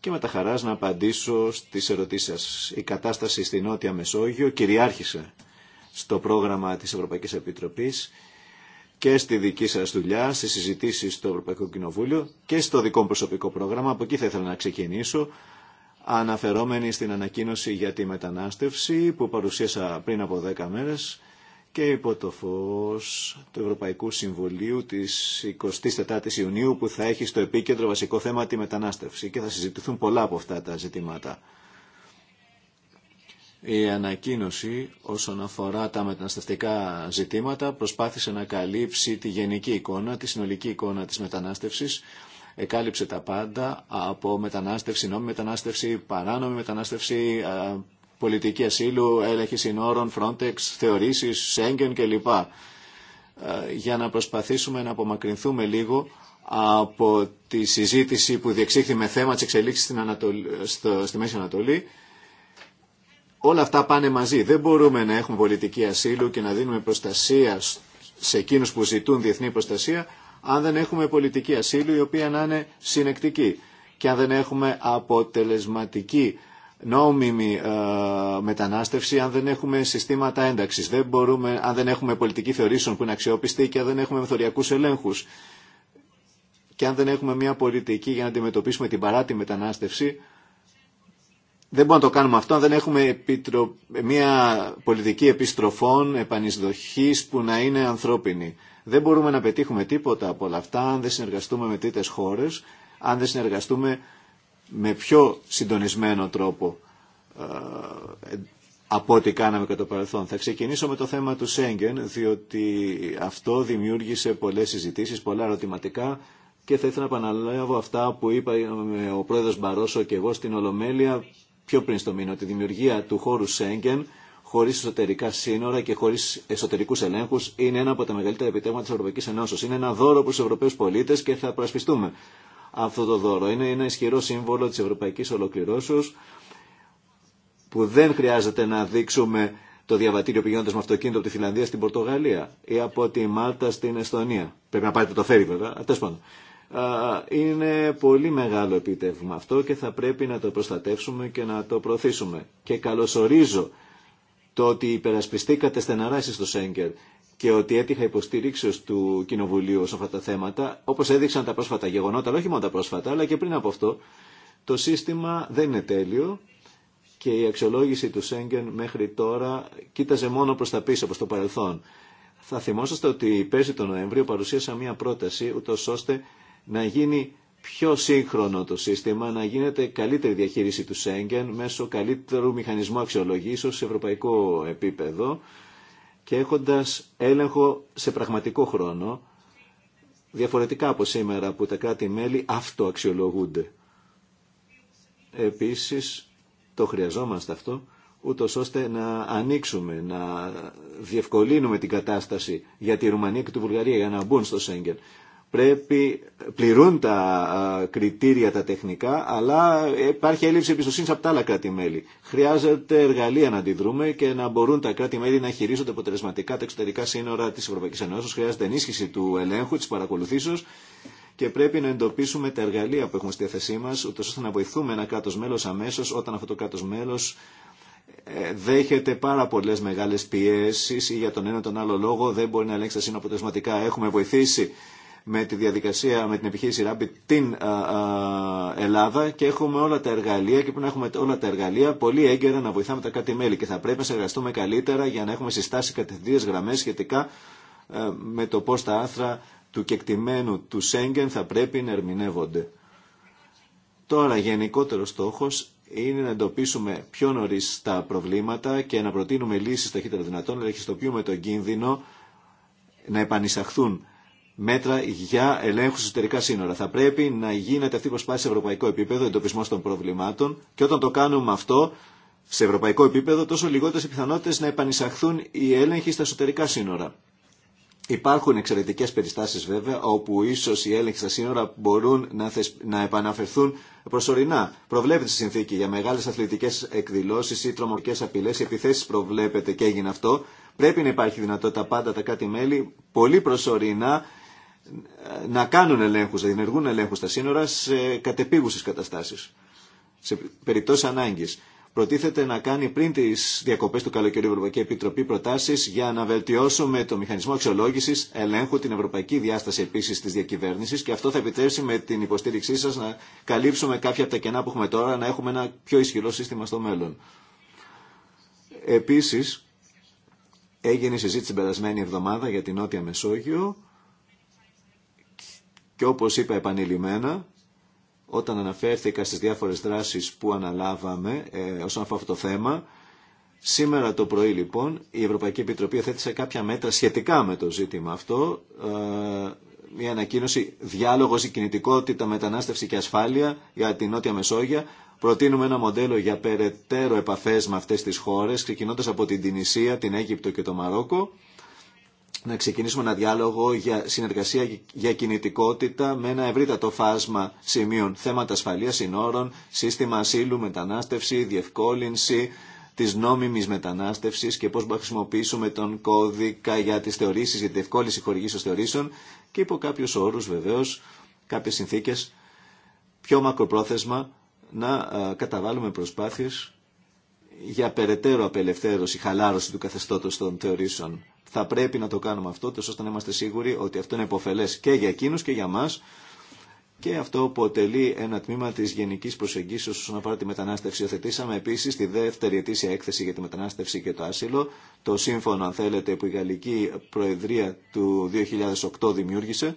Και με τα χαράς να απαντήσω στις ερωτήσεις σας. Η κατάσταση στη Νότια Μεσόγειο κυριάρχησε στο πρόγραμμα της Ευρωπαϊκής Επιτροπής και στη δική σας δουλειά, στις συζητήσεις στο Ευρωπαϊκό Κοινοβούλιο και στο δικό μου προσωπικό πρόγραμμα. Από εκεί θα ήθελα να ξεκινήσω, αναφερόμενη στην ανακοίνωση για τη μετανάστευση που παρουσίασα πριν από 10 μέρες και υπό το φως του Ευρωπαϊκού Συμβουλίου της 24ης Ιουνίου που θα έχει στο επίκεντρο βασικό θέμα τη μετανάστευση και θα συζητηθούν πολλά από αυτά τα ζητήματα. Η ανακοίνωση όσον αφορά τα μεταναστευτικά ζητήματα προσπάθησε να καλύψει τη γενική εικόνα, τη συνολική εικόνα της μετανάστευσης. Εκάλυψε τα πάντα από μετανάστευση, νόμιμη μετανάστευση, παράνομη μετανάστευση, ε, πολιτική ασύλου, έλεγχη συνόρων, Frontex, θεωρήσεις, Schengen κλπ. Ε, για να προσπαθήσουμε να απομακρυνθούμε λίγο από τη συζήτηση που διεξήχθη με θέμα της εξελίξης στην Ανατολ... στη Μέση Ανατολή Όλα αυτά πάνε μαζί. Δεν μπορούμε να έχουμε πολιτική ασύλου και να δίνουμε προστασία σε εκείνους που ζητούν διεθνή προστασία αν δεν έχουμε πολιτική ασύλου η οποία να είναι συνεκτική και αν δεν έχουμε αποτελεσματική νόμιμη ε, μετανάστευση αν δεν έχουμε συστήματα ένταξης, δεν μπορούμε, αν δεν έχουμε πολιτική θεωρήσεων που είναι αξιόπιστη και αν δεν έχουμε μεθοριακούς ελέγχους και αν δεν έχουμε μια πολιτική για να αντιμετωπίσουμε την παράτη μετανάστευση δεν μπορούμε να το κάνουμε αυτό αν δεν έχουμε επιτρο... μια πολιτική επιστροφών, επανεισδοχής που να είναι ανθρώπινη. Δεν μπορούμε να πετύχουμε τίποτα από όλα αυτά αν δεν συνεργαστούμε με τρίτες χώρες, αν δεν συνεργαστούμε με πιο συντονισμένο τρόπο ε, από ό,τι κάναμε κατά το παρελθόν. Θα ξεκινήσω με το θέμα του Σέγγεν, διότι αυτό δημιούργησε πολλές συζητήσεις, πολλά ερωτηματικά και θα ήθελα να επαναλάβω αυτά που είπα ο πρόεδρος Μπαρόσο και εγώ στην Ολομέλεια πιο πριν στο μήνα ότι δημιουργία του χώρου Σέγγεν χωρί εσωτερικά σύνορα και χωρί εσωτερικού ελέγχου είναι ένα από τα μεγαλύτερα επιτεύγματα τη Ευρωπαϊκή Ενώσεω. Είναι ένα δώρο προ του Ευρωπαίου πολίτε και θα προασπιστούμε αυτό το δώρο. Είναι ένα ισχυρό σύμβολο τη ευρωπαϊκή ολοκληρώσεω που δεν χρειάζεται να δείξουμε το διαβατήριο πηγαίνοντα με αυτοκίνητο από τη Φιλανδία στην Πορτογαλία ή από τη Μάλτα στην Εστονία. Πρέπει να πάρετε το φέρι βέβαια. Τέλο είναι πολύ μεγάλο επίτευγμα αυτό και θα πρέπει να το προστατεύσουμε και να το προωθήσουμε. Και καλωσορίζω το ότι υπερασπιστήκατε στεναρά εσείς στο Σέγκερ και ότι έτυχα υποστήριξεω του Κοινοβουλίου σε αυτά τα θέματα, όπως έδειξαν τα πρόσφατα γεγονότα, όχι μόνο τα πρόσφατα, αλλά και πριν από αυτό, το σύστημα δεν είναι τέλειο και η αξιολόγηση του Σέγγεν μέχρι τώρα κοίταζε μόνο προς τα πίσω, προς το παρελθόν. Θα θυμόσαστε ότι πέρσι τον Νοέμβριο παρουσίασα μια πρόταση ούτω ώστε να γίνει πιο σύγχρονο το σύστημα, να γίνεται καλύτερη διαχείριση του Σέγγεν μέσω καλύτερου μηχανισμού αξιολογήσεως σε ευρωπαϊκό επίπεδο και έχοντας έλεγχο σε πραγματικό χρόνο, διαφορετικά από σήμερα που τα κράτη-μέλη αυτοαξιολογούνται. Επίσης, το χρειαζόμαστε αυτό, ούτω ώστε να ανοίξουμε, να διευκολύνουμε την κατάσταση για τη Ρουμανία και τη Βουλγαρία για να μπουν στο Σέγγεν πρέπει, πληρούν τα κριτήρια τα τεχνικά, αλλά υπάρχει έλλειψη εμπιστοσύνη από τα άλλα κράτη-μέλη. Χρειάζεται εργαλεία να αντιδρούμε και να μπορούν τα κράτη-μέλη να χειρίζονται αποτελεσματικά τα εξωτερικά σύνορα τη Ευρωπαϊκή Ενώσεω. Χρειάζεται ενίσχυση του ελέγχου, τη παρακολουθήσεω και πρέπει να εντοπίσουμε τα εργαλεία που έχουμε στη θέση μα, ούτω ώστε να βοηθούμε ένα κράτο μέλο αμέσω όταν αυτό το κράτο μέλο ε, δέχεται πάρα πολλέ μεγάλες πιέσει ή για τον ένα τον άλλο λόγο δεν μπορεί να ελέγξει τα σύνορα Έχουμε βοηθήσει με τη διαδικασία, με την επιχείρηση Rabbit την Ελλάδα και έχουμε όλα τα εργαλεία και πρέπει να έχουμε όλα τα εργαλεία πολύ έγκαιρα να βοηθάμε τα κάτι μέλη και θα πρέπει να συνεργαστούμε καλύτερα για να έχουμε συστάσει κατευθυντήριες γραμμές σχετικά ε, με το πώς τα άθρα του κεκτημένου του Σέγγεν θα πρέπει να ερμηνεύονται. Τώρα γενικότερο στόχος είναι να εντοπίσουμε πιο νωρί τα προβλήματα και να προτείνουμε λύσεις ταχύτερα δυνατόν, να ελαχιστοποιούμε τον κίνδυνο να επανεισαχθούν μέτρα για ελέγχου εσωτερικά σύνορα. Θα πρέπει να γίνεται αυτή η προσπάθεια σε ευρωπαϊκό επίπεδο, εντοπισμό των προβλημάτων και όταν το κάνουμε αυτό σε ευρωπαϊκό επίπεδο, τόσο λιγότερε οι πιθανότητε να επανεισαχθούν οι έλεγχοι στα εσωτερικά σύνορα. Υπάρχουν εξαιρετικέ περιστάσει βέβαια, όπου ίσω οι έλεγχοι στα σύνορα μπορούν να, θεσ... να επαναφερθούν προσωρινά. Προβλέπεται στη συνθήκη για μεγάλε αθλητικέ εκδηλώσει ή τρομοκρατικέ απειλέ, οι επιθέσει προβλέπεται και έγινε αυτό. Πρέπει να υπάρχει δυνατότητα πάντα τα κάτι μέλη πολύ προσωρινά να κάνουν ελέγχους, να δημιουργούν ελέγχους στα σύνορα σε κατεπίγουσες καταστάσεις, σε περιπτώσεις ανάγκης. Προτίθεται να κάνει πριν τι διακοπέ του καλοκαιριού Ευρωπαϊκή Επιτροπή προτάσει για να βελτιώσουμε το μηχανισμό αξιολόγηση ελέγχου, την ευρωπαϊκή διάσταση επίση τη διακυβέρνηση και αυτό θα επιτρέψει με την υποστήριξή σα να καλύψουμε κάποια από τα κενά που έχουμε τώρα, να έχουμε ένα πιο ισχυρό σύστημα στο μέλλον. Επίση, έγινε συζήτηση την περασμένη εβδομάδα για την Νότια Μεσόγειο και όπως είπα επανειλημμένα, όταν αναφέρθηκα στις διάφορες δράσεις που αναλάβαμε ε, όσον αφορά αυτό το θέμα, σήμερα το πρωί λοιπόν η Ευρωπαϊκή Επιτροπή θέτησε κάποια μέτρα σχετικά με το ζήτημα αυτό, ε, μια ανακοίνωση «Διάλογος, η κινητικότητα, μετανάστευση και ασφάλεια για την Νότια Μεσόγεια». Προτείνουμε ένα μοντέλο για περαιτέρω επαφές με αυτές τις χώρες, ξεκινώντας από την Τινησία, την Αίγυπτο και το Μαρόκο να ξεκινήσουμε ένα διάλογο για συνεργασία για κινητικότητα με ένα ευρύτατο φάσμα σημείων. Θέματα ασφαλείας συνόρων, σύστημα ασύλου, μετανάστευση, διευκόλυνση της νόμιμης μετανάστευσης και πώς να χρησιμοποιήσουμε τον κώδικα για τις θεωρήσεις, για τη διευκόλυνση χορηγήσεως θεωρήσεων και υπό κάποιους όρους βεβαίως, κάποιες συνθήκες, πιο μακροπρόθεσμα να καταβάλουμε προσπάθειες για περαιτέρω απελευθέρωση, χαλάρωση του καθεστώτος των θεωρήσεων. Θα πρέπει να το κάνουμε αυτό, τόσο ώστε να είμαστε σίγουροι ότι αυτό είναι υποφελέ και για εκείνου και για μας και αυτό αποτελεί ένα τμήμα τη γενική προσεγγίσεω όσον αφορά τη μετανάστευση. Οθετήσαμε επίση τη δεύτερη ετήσια έκθεση για τη μετανάστευση και το άσυλο, το σύμφωνο αν θέλετε που η Γαλλική Προεδρία του 2008 δημιούργησε.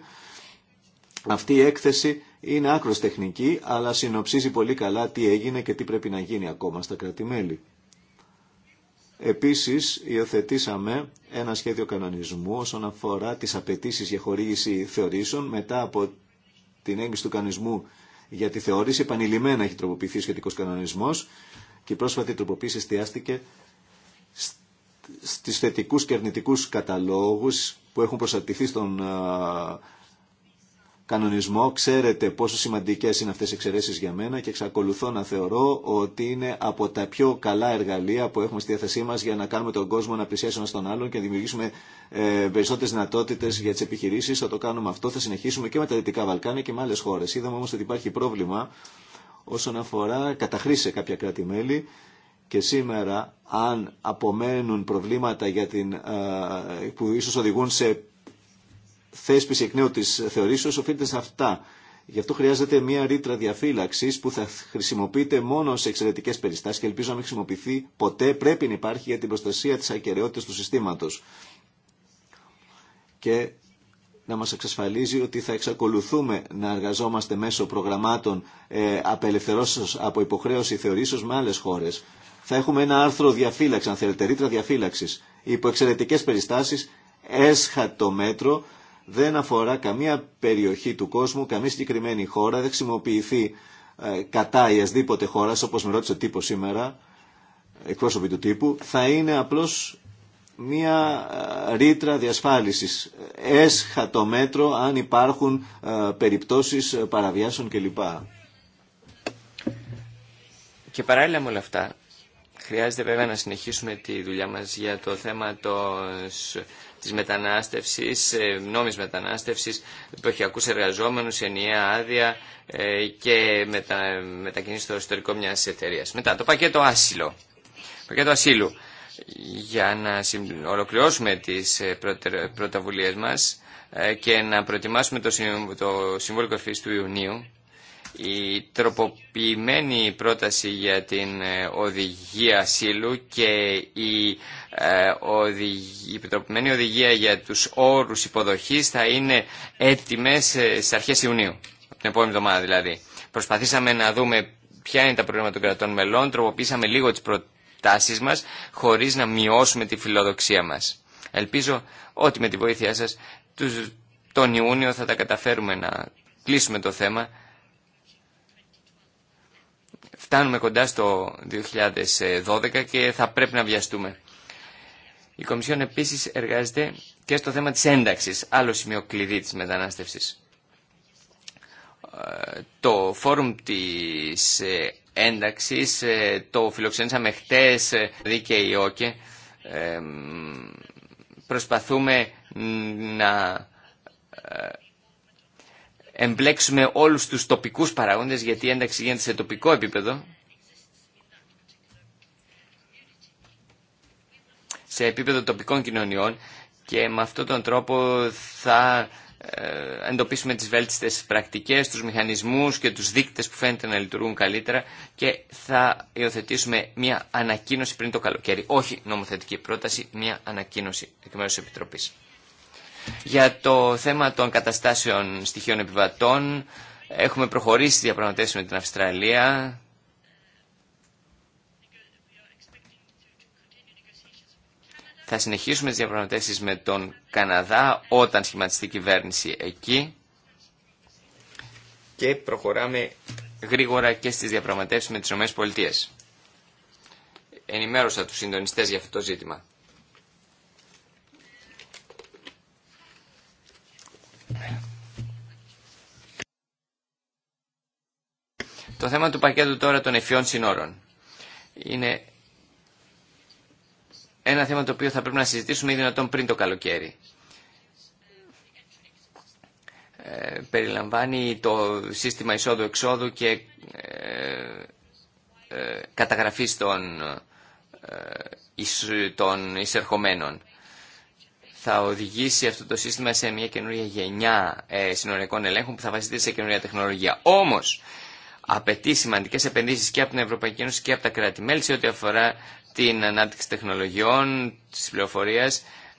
Αυτή η έκθεση είναι άκρο τεχνική, αλλά συνοψίζει πολύ καλά τι έγινε και τι πρέπει να γίνει ακόμα στα κράτη-μέλη. Επίσης, υιοθετήσαμε ένα σχέδιο κανονισμού όσον αφορά τις απαιτήσει για χορήγηση θεωρήσεων μετά από την έγκριση του κανονισμού για τη θεώρηση. Επανειλημμένα έχει τροποποιηθεί ο σχετικός κανονισμός και η πρόσφατη τροποποίηση εστιάστηκε στις θετικούς και αρνητικούς καταλόγους που έχουν προσαρτηθεί στον κανονισμό. Ξέρετε πόσο σημαντικέ είναι αυτέ οι εξαιρεσει για μένα και εξακολουθώ να θεωρώ ότι είναι από τα πιο καλά εργαλεία που έχουμε στη διάθεσή μα για να κάνουμε τον κόσμο να πλησιάσει ένα τον άλλον και να δημιουργήσουμε ε, περισσότερες για τι επιχειρήσει, Θα το κάνουμε αυτό, θα συνεχίσουμε και με τα Δυτικά Βαλκάνια και με άλλε χώρε. Είδαμε όμω ότι υπάρχει πρόβλημα όσον αφορά καταχρήσει σε κάποια κράτη-μέλη και σήμερα αν απομένουν προβλήματα για την, ε, που ίσως οδηγούν σε θέσπιση εκ νέου τη θεωρήσεω οφείλεται σε αυτά. Γι' αυτό χρειάζεται μια ρήτρα διαφύλαξη που θα χρησιμοποιείται μόνο σε εξαιρετικέ περιστάσει και ελπίζω να μην χρησιμοποιηθεί ποτέ. Πρέπει να υπάρχει για την προστασία τη ακαιρεότητα του συστήματο. Και να μα εξασφαλίζει ότι θα εξακολουθούμε να εργαζόμαστε μέσω προγραμμάτων ε, από υποχρέωση θεωρήσεω με άλλε χώρε. Θα έχουμε ένα άρθρο διαφύλαξη, αν θέλετε, ρήτρα διαφύλαξη. υπό εξαιρετικέ περιστάσει, έσχατο μέτρο δεν αφορά καμία περιοχή του κόσμου, καμία συγκεκριμένη χώρα, δεν χρησιμοποιηθεί ε, κατά ιασδήποτε χώρα, όπως με ρώτησε ο σήμερα, εκπρόσωποι του τύπου, θα είναι απλώς μία ε, ρήτρα διασφάλισης. Έσχα το μέτρο αν υπάρχουν ε, περιπτώσεις παραβιάσεων κλπ. Και παράλληλα με όλα αυτά, χρειάζεται βέβαια να συνεχίσουμε τη δουλειά μας για το θέμα των της μετανάστευσης, ε, νόμις μετανάστευσης, εποχιακούς εργαζόμενους, ενιαία άδεια ε, και μετα, μετακινήσεις στο ιστορικό μιας εταιρείας. Μετά, το πακέτο άσυλο. Πακέτο ασύλου. Για να ολοκληρώσουμε τις ε, πρωταβουλίες μας και να προετοιμάσουμε το, συμβόλιο Κορφής του Ιουνίου, η τροποποιημένη πρόταση για την ε, οδηγία ασύλου και η, ε, οδηγία, η επιτροπημένη οδηγία για τους όρους υποδοχής θα είναι έτοιμες ε, στις αρχές Ιουνίου, την επόμενη εβδομάδα δηλαδή. Προσπαθήσαμε να δούμε ποια είναι τα προβλήματα των κρατών μελών, τροποποίησαμε λίγο τις προτάσεις μας χωρίς να μειώσουμε τη φιλοδοξία μας. Ελπίζω ότι με τη βοήθειά σας τον Ιούνιο θα τα καταφέρουμε να κλείσουμε το θέμα φτάνουμε κοντά στο 2012 και θα πρέπει να βιαστούμε. Η Κομισιόν επίσης εργάζεται και στο θέμα της ένταξης, άλλο σημείο κλειδί της μετανάστευσης. Ε, το φόρουμ της ε, ένταξης ε, το φιλοξενήσαμε χτες, δηλαδή και η ΟΚΕ. Προσπαθούμε να εμπλέξουμε όλους τους τοπικούς παραγόντες γιατί η ένταξη γίνεται σε τοπικό επίπεδο σε επίπεδο τοπικών κοινωνιών και με αυτόν τον τρόπο θα ε, εντοπίσουμε τις βέλτιστες πρακτικές, τους μηχανισμούς και τους δείκτες που φαίνεται να λειτουργούν καλύτερα και θα υιοθετήσουμε μια ανακοίνωση πριν το καλοκαίρι. Όχι νομοθετική πρόταση, μια ανακοίνωση εκ μέρους της Επιτροπής. Για το θέμα των καταστάσεων στοιχείων επιβατών έχουμε προχωρήσει διαπραγματεύσει με την Αυστραλία. Θα συνεχίσουμε τις διαπραγματεύσεις με τον Καναδά όταν σχηματιστεί η κυβέρνηση εκεί και προχωράμε γρήγορα και στις διαπραγματεύσεις με τις ΗΠΑ. Ενημέρωσα τους συντονιστές για αυτό το ζήτημα. Το θέμα του πακέτου τώρα των ευφυών συνόρων είναι ένα θέμα το οποίο θα πρέπει να συζητήσουμε ή δυνατόν πριν το καλοκαίρι. Ε, περιλαμβάνει το σύστημα εισόδου-εξόδου και ε, ε καταγραφής των, ε, των εισερχομένων. Θα οδηγήσει αυτό το σύστημα σε μια καινούργια γενιά συνοριακών ελέγχων που θα βασίζεται σε καινούργια τεχνολογία. Όμως, απαιτεί σημαντικέ επενδύσει και από την Ευρωπαϊκή Ένωση και από τα κράτη-μέλη σε ό,τι αφορά την ανάπτυξη τεχνολογιών, τη πληροφορία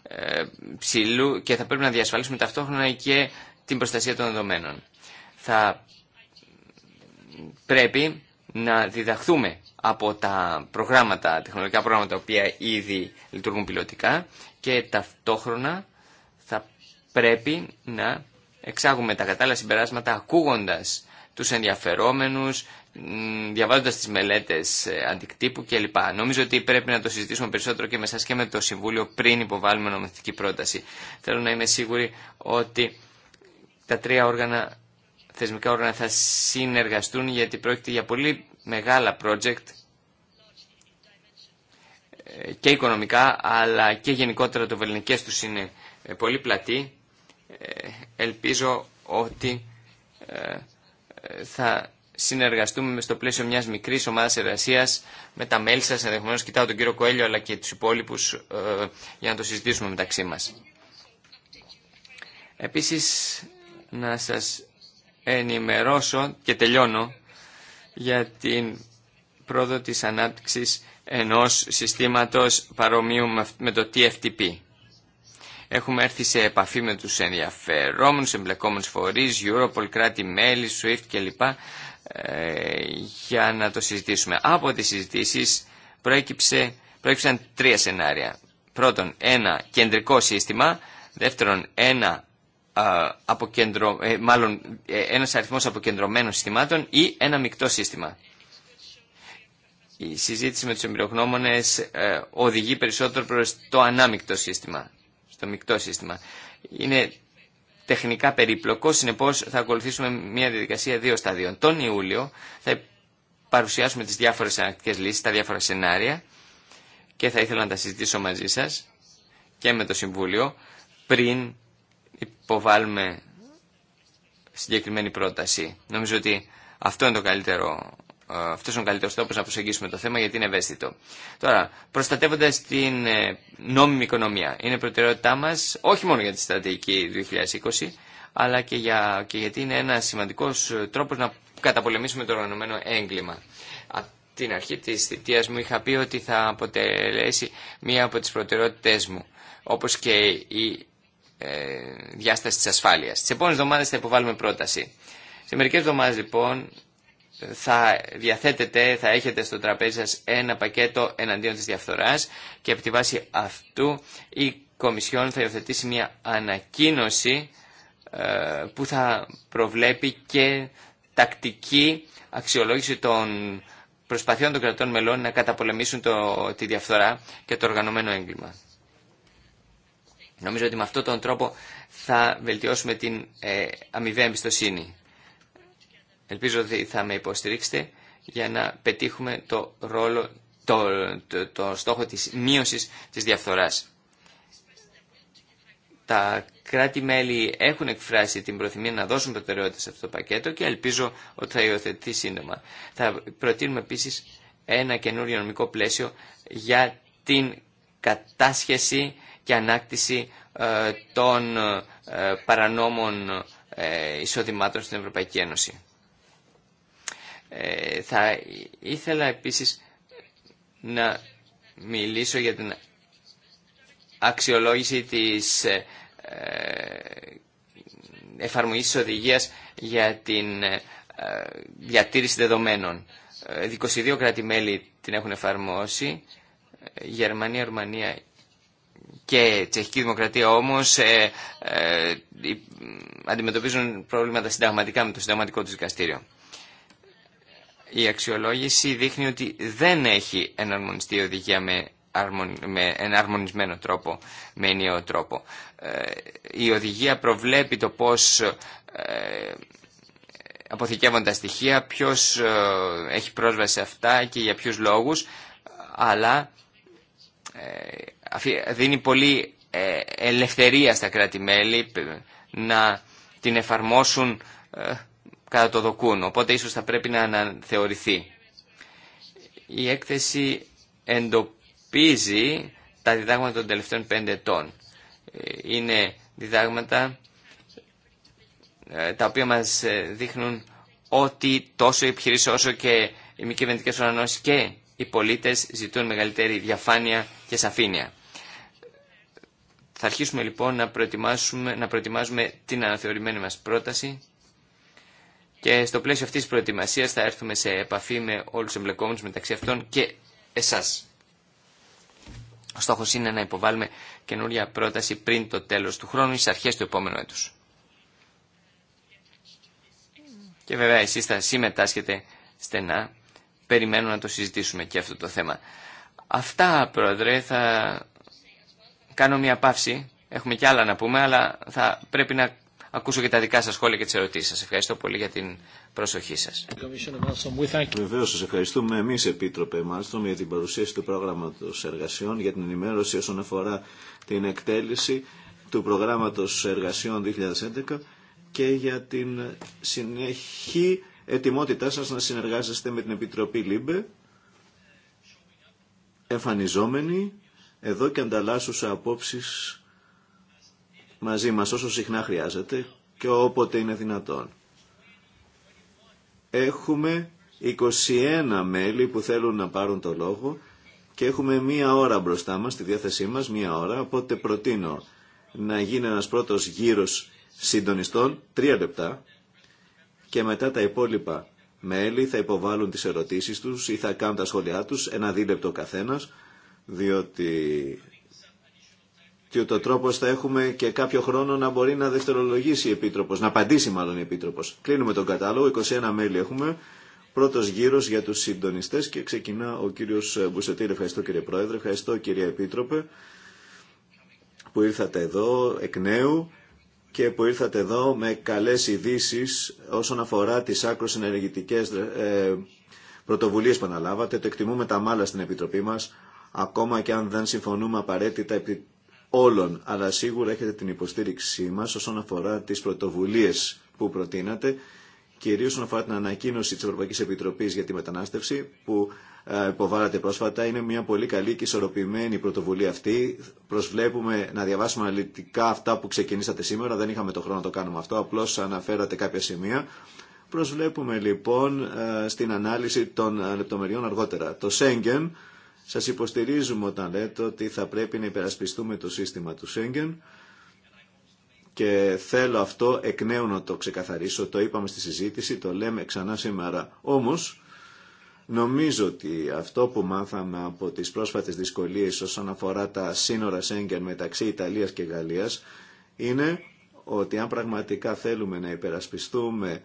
ε, ψηλού και θα πρέπει να διασφαλίσουμε ταυτόχρονα και την προστασία των δεδομένων. Θα πρέπει να διδαχθούμε από τα προγράμματα, τεχνολογικά προγράμματα τα οποία ήδη λειτουργούν πιλωτικά και ταυτόχρονα θα πρέπει να εξάγουμε τα κατάλληλα συμπεράσματα ακούγοντας τους ενδιαφερόμενους, διαβάζοντας τις μελέτες ε, αντικτύπου κλπ. Νομίζω ότι πρέπει να το συζητήσουμε περισσότερο και με εσάς και με το Συμβούλιο πριν υποβάλουμε νομοθετική πρόταση. Θέλω να είμαι σίγουρη ότι τα τρία όργανα, θεσμικά όργανα θα συνεργαστούν γιατί πρόκειται για πολύ μεγάλα project ε, και οικονομικά αλλά και γενικότερα το βελνικές τους είναι ε, πολύ πλατή. Ελπίζω ότι θα συνεργαστούμε στο πλαίσιο μιας μικρής ομάδας εργασίας με τα μέλη σας, ενδεχομένως κοιτάω τον κύριο Κοέλιο αλλά και τους υπόλοιπους ε, για να το συζητήσουμε μεταξύ μας. Επίσης να σας ενημερώσω και τελειώνω για την πρόοδο της ανάπτυξης ενός συστήματος παρομοίου με το TFTP. Έχουμε έρθει σε επαφή με τους ενδιαφερόμενους, εμπλεκόμενους φορείς, Europol, κράτη-μέλη, SWIFT κλπ. Ε, για να το συζητήσουμε. Από τις συζητήσεις προέκυψε, προέκυψαν τρία σενάρια. Πρώτον, ένα κεντρικό σύστημα. Δεύτερον, ένα αποκεντρω... Ε, μάλλον ε, ένας αριθμός αποκεντρωμένων συστημάτων ή ένα μεικτό σύστημα. Η συζήτηση με τους εμπειρογνώμονες οδηγεί περισσότερο προς το ανάμεικτο σύστημα. Το μεικτό σύστημα. Είναι τεχνικά περίπλοκο, Συνεπώ θα ακολουθήσουμε μια διαδικασία δύο σταδίων. Τον Ιούλιο θα παρουσιάσουμε τις διάφορες ανακτικέ λύσει, τα διάφορα σενάρια και θα ήθελα να τα συζητήσω μαζί σας και με το Συμβούλιο πριν υποβάλουμε συγκεκριμένη πρόταση. Νομίζω ότι αυτό είναι το καλύτερο αυτό είναι ο καλύτερο τρόπο να προσεγγίσουμε το θέμα γιατί είναι ευαίσθητο. Τώρα, προστατεύοντα την ε, νόμιμη οικονομία. Είναι προτεραιότητά μα όχι μόνο για τη στρατηγική 2020, αλλά και, για, γιατί είναι ένα σημαντικό ε, τρόπο να καταπολεμήσουμε το οργανωμένο έγκλημα. Από την αρχή τη θητεία μου είχα πει ότι θα αποτελέσει μία από τι προτεραιότητε μου, όπω και η ε, διάσταση τη ασφάλεια. Τι επόμενε εβδομάδε θα υποβάλουμε πρόταση. Σε μερικέ εβδομάδε λοιπόν θα διαθέτετε, θα έχετε στο τραπέζι σας ένα πακέτο εναντίον της διαφθοράς και από τη βάση αυτού η Κομισιόν θα υιοθετήσει μια ανακοίνωση ε, που θα προβλέπει και τακτική αξιολόγηση των προσπαθειών των κρατών μελών να καταπολεμήσουν το, τη διαφθορά και το οργανωμένο έγκλημα. Νομίζω ότι με αυτόν τον τρόπο θα βελτιώσουμε την ε, αμοιβαία εμπιστοσύνη. Ελπίζω ότι θα με υποστηρίξετε για να πετύχουμε το, ρόλο, το, το, στόχο της μείωσης της διαφθοράς. Τα κράτη-μέλη έχουν εκφράσει την προθυμία να δώσουν προτεραιότητα σε αυτό το πακέτο και ελπίζω ότι θα υιοθετηθεί σύντομα. Θα προτείνουμε επίσης ένα καινούριο νομικό πλαίσιο για την κατάσχεση και ανάκτηση ε, των ε, παρανόμων ε, εισοδημάτων στην Ευρωπαϊκή Ένωση. Ε, θα ήθελα επίσης να μιλήσω για την αξιολόγηση της ε, ε, εφαρμογής της οδηγίας για την διατήρηση δεδομένων. 22 κράτη-μέλη την έχουν εφαρμόσει, Γερμανία, Ρουμανία και Τσεχική Δημοκρατία όμως αντιμετωπίζουν προβλήματα συνταγματικά με το συνταγματικό του δικαστήριο η αξιολόγηση δείχνει ότι δεν έχει εναρμονιστεί η οδηγία με, με εναρμονισμένο τρόπο, με ενιαίο τρόπο. Ε, η οδηγία προβλέπει το πώς ε, αποθηκεύονται τα στοιχεία, ποιος ε, έχει πρόσβαση σε αυτά και για ποιους λόγους, αλλά δίνει πολύ ελευθερία στα κράτη-μέλη να την εφαρμόσουν κατά το δοκούν, οπότε ίσως θα πρέπει να αναθεωρηθεί. Η έκθεση εντοπίζει τα διδάγματα των τελευταίων πέντε ετών. Είναι διδάγματα ε, τα οποία μας ε, δείχνουν ότι τόσο οι επιχειρήσει όσο και οι μη κυβερνητικέ οργανώσεις και οι πολίτες ζητούν μεγαλύτερη διαφάνεια και σαφήνεια. Θα αρχίσουμε λοιπόν να, προετοιμάσουμε, να προετοιμάζουμε την αναθεωρημένη μας πρόταση και στο πλαίσιο αυτής της προετοιμασίας θα έρθουμε σε επαφή με όλους τους εμπλεκόμενους μεταξύ αυτών και εσάς. Ο στόχος είναι να υποβάλουμε καινούρια πρόταση πριν το τέλος του χρόνου ή στις αρχές του επόμενου έτους. Και βέβαια εσείς θα συμμετάσχετε στενά. Περιμένω να το συζητήσουμε και αυτό το θέμα. Αυτά, Πρόεδρε, θα κάνω μια παύση. Έχουμε και άλλα να πούμε, αλλά θα πρέπει να ακούσω και τα δικά σας σχόλια και τις ερωτήσεις σας. Ευχαριστώ πολύ για την προσοχή σας. Βεβαίω σας ευχαριστούμε εμείς Επίτροπε Μάλστρομ για την παρουσίαση του πρόγραμματος εργασιών, για την ενημέρωση όσον αφορά την εκτέλεση του προγράμματος εργασιών 2011 και για την συνεχή ετοιμότητά σας να συνεργάζεστε με την Επιτροπή ΛΥΜΠΕ εμφανιζόμενοι εδώ και ανταλλάσσουσα απόψεις μαζί μας όσο συχνά χρειάζεται και όποτε είναι δυνατόν. Έχουμε 21 μέλη που θέλουν να πάρουν το λόγο και έχουμε μία ώρα μπροστά μας, στη διάθεσή μας, μία ώρα, οπότε προτείνω να γίνει ένας πρώτος γύρος συντονιστών, τρία λεπτά, και μετά τα υπόλοιπα μέλη θα υποβάλουν τις ερωτήσεις τους ή θα κάνουν τα σχόλιά τους, ένα δίλεπτο καθένας, διότι και ούτω τρόπο θα έχουμε και κάποιο χρόνο να μπορεί να δευτερολογήσει η Επίτροπος, να απαντήσει μάλλον η Επίτροπος. Κλείνουμε τον κατάλογο, 21 μέλη έχουμε. Πρώτο γύρο για του συντονιστέ και ξεκινά ο κύριο Μπουσετήρη. Ευχαριστώ κύριε Πρόεδρε, ευχαριστώ κύριε Επίτροπε που ήρθατε εδώ εκ νέου και που ήρθατε εδώ με καλές ειδήσει όσον αφορά τις άκρο ενεργητικές ε, πρωτοβουλίες που αναλάβατε. Το εκτιμούμε τα μάλα στην Επιτροπή μας, ακόμα και αν δεν συμφωνούμε απαραίτητα όλων, αλλά σίγουρα έχετε την υποστήριξή μας όσον αφορά τις πρωτοβουλίες που προτείνατε, κυρίως όσον αφορά την ανακοίνωση της Ευρωπαϊκής Επιτροπής για τη μετανάστευση που ε, υποβάλλατε πρόσφατα. Είναι μια πολύ καλή και ισορροπημένη πρωτοβουλία αυτή. Προσβλέπουμε να διαβάσουμε αναλυτικά αυτά που ξεκινήσατε σήμερα. Δεν είχαμε το χρόνο να το κάνουμε αυτό, απλώς αναφέρατε κάποια σημεία. Προσβλέπουμε λοιπόν ε, στην ανάλυση των λεπτομεριών αργότερα. Το Σέγγεν, σας υποστηρίζουμε όταν λέτε ότι θα πρέπει να υπερασπιστούμε το σύστημα του Σέγγεν και θέλω αυτό εκ νέου να το ξεκαθαρίσω, το είπαμε στη συζήτηση, το λέμε ξανά σήμερα. Όμως, νομίζω ότι αυτό που μάθαμε από τις πρόσφατες δυσκολίες όσον αφορά τα σύνορα Σέγγεν μεταξύ Ιταλίας και Γαλλίας είναι ότι αν πραγματικά θέλουμε να υπερασπιστούμε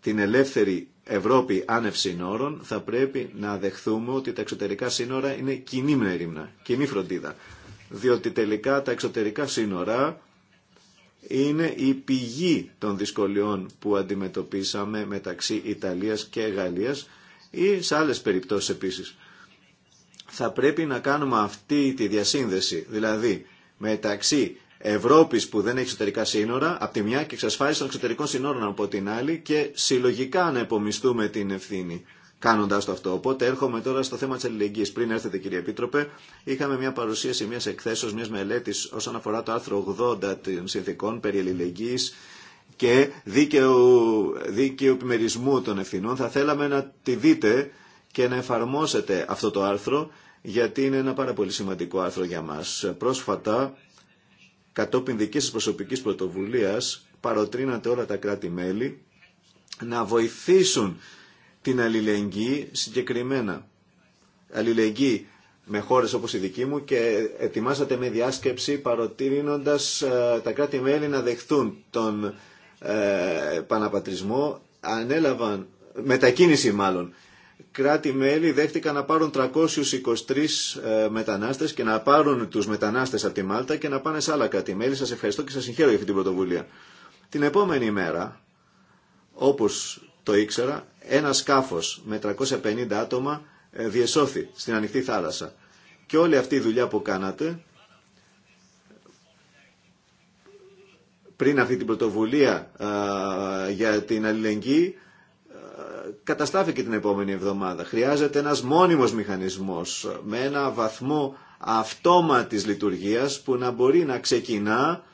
την ελεύθερη Ευρώπη άνευ σύνορων θα πρέπει να δεχθούμε ότι τα εξωτερικά σύνορα είναι κοινή μερίμνα, κοινή φροντίδα. Διότι τελικά τα εξωτερικά σύνορα είναι η πηγή των δυσκολιών που αντιμετωπίσαμε μεταξύ Ιταλίας και Γαλλίας ή σε άλλες περιπτώσεις επίσης. Θα πρέπει να κάνουμε αυτή τη διασύνδεση, δηλαδή μεταξύ Ευρώπη που δεν έχει εξωτερικά σύνορα από τη μια και εξασφάλιση των εξωτερικών σύνορων από την άλλη και συλλογικά να επομιστούμε την ευθύνη κάνοντα το αυτό. Οπότε έρχομαι τώρα στο θέμα τη αλληλεγγύη. Πριν έρθετε, κύριε Επίτροπε, είχαμε μια παρουσίαση μια εκθέσεω, μια μελέτη όσον αφορά το άρθρο 80 των συνθηκών περί αλληλεγγύη και δίκαιου, δίκαιου επιμερισμού των ευθυνών. Θα θέλαμε να τη δείτε και να εφαρμόσετε αυτό το άρθρο γιατί είναι ένα πάρα πολύ σημαντικό άρθρο για μας. Πρόσφατα κατόπιν δικής της προσωπικής πρωτοβουλίας παροτρύνατε όλα τα κράτη-μέλη να βοηθήσουν την αλληλεγγύη συγκεκριμένα. Αλληλεγγύη με χώρες όπως η δική μου και ετοιμάσατε με διάσκεψη παροτρύνοντας ε, τα κράτη-μέλη να δεχθούν τον ε, παναπατρισμό, ανέλαβαν, μετακίνηση μάλλον, κράτη-μέλη δέχτηκαν να πάρουν 323 ε, μετανάστες και να πάρουν τους μετανάστες από τη Μάλτα και να πάνε σε άλλα κράτη-μέλη. Σας ευχαριστώ και σας συγχαίρω για αυτή την πρωτοβουλία. Την επόμενη μέρα, όπως το ήξερα, ένα σκάφος με 350 άτομα ε, διεσώθη στην ανοιχτή θάλασσα. Και όλη αυτή η δουλειά που κάνατε, πριν αυτή την πρωτοβουλία ε, για την αλληλεγγύη, καταστάθηκε την επόμενη εβδομάδα. Χρειάζεται ένας μόνιμος μηχανισμός με ένα βαθμό αυτόματης λειτουργίας που να μπορεί να ξεκινά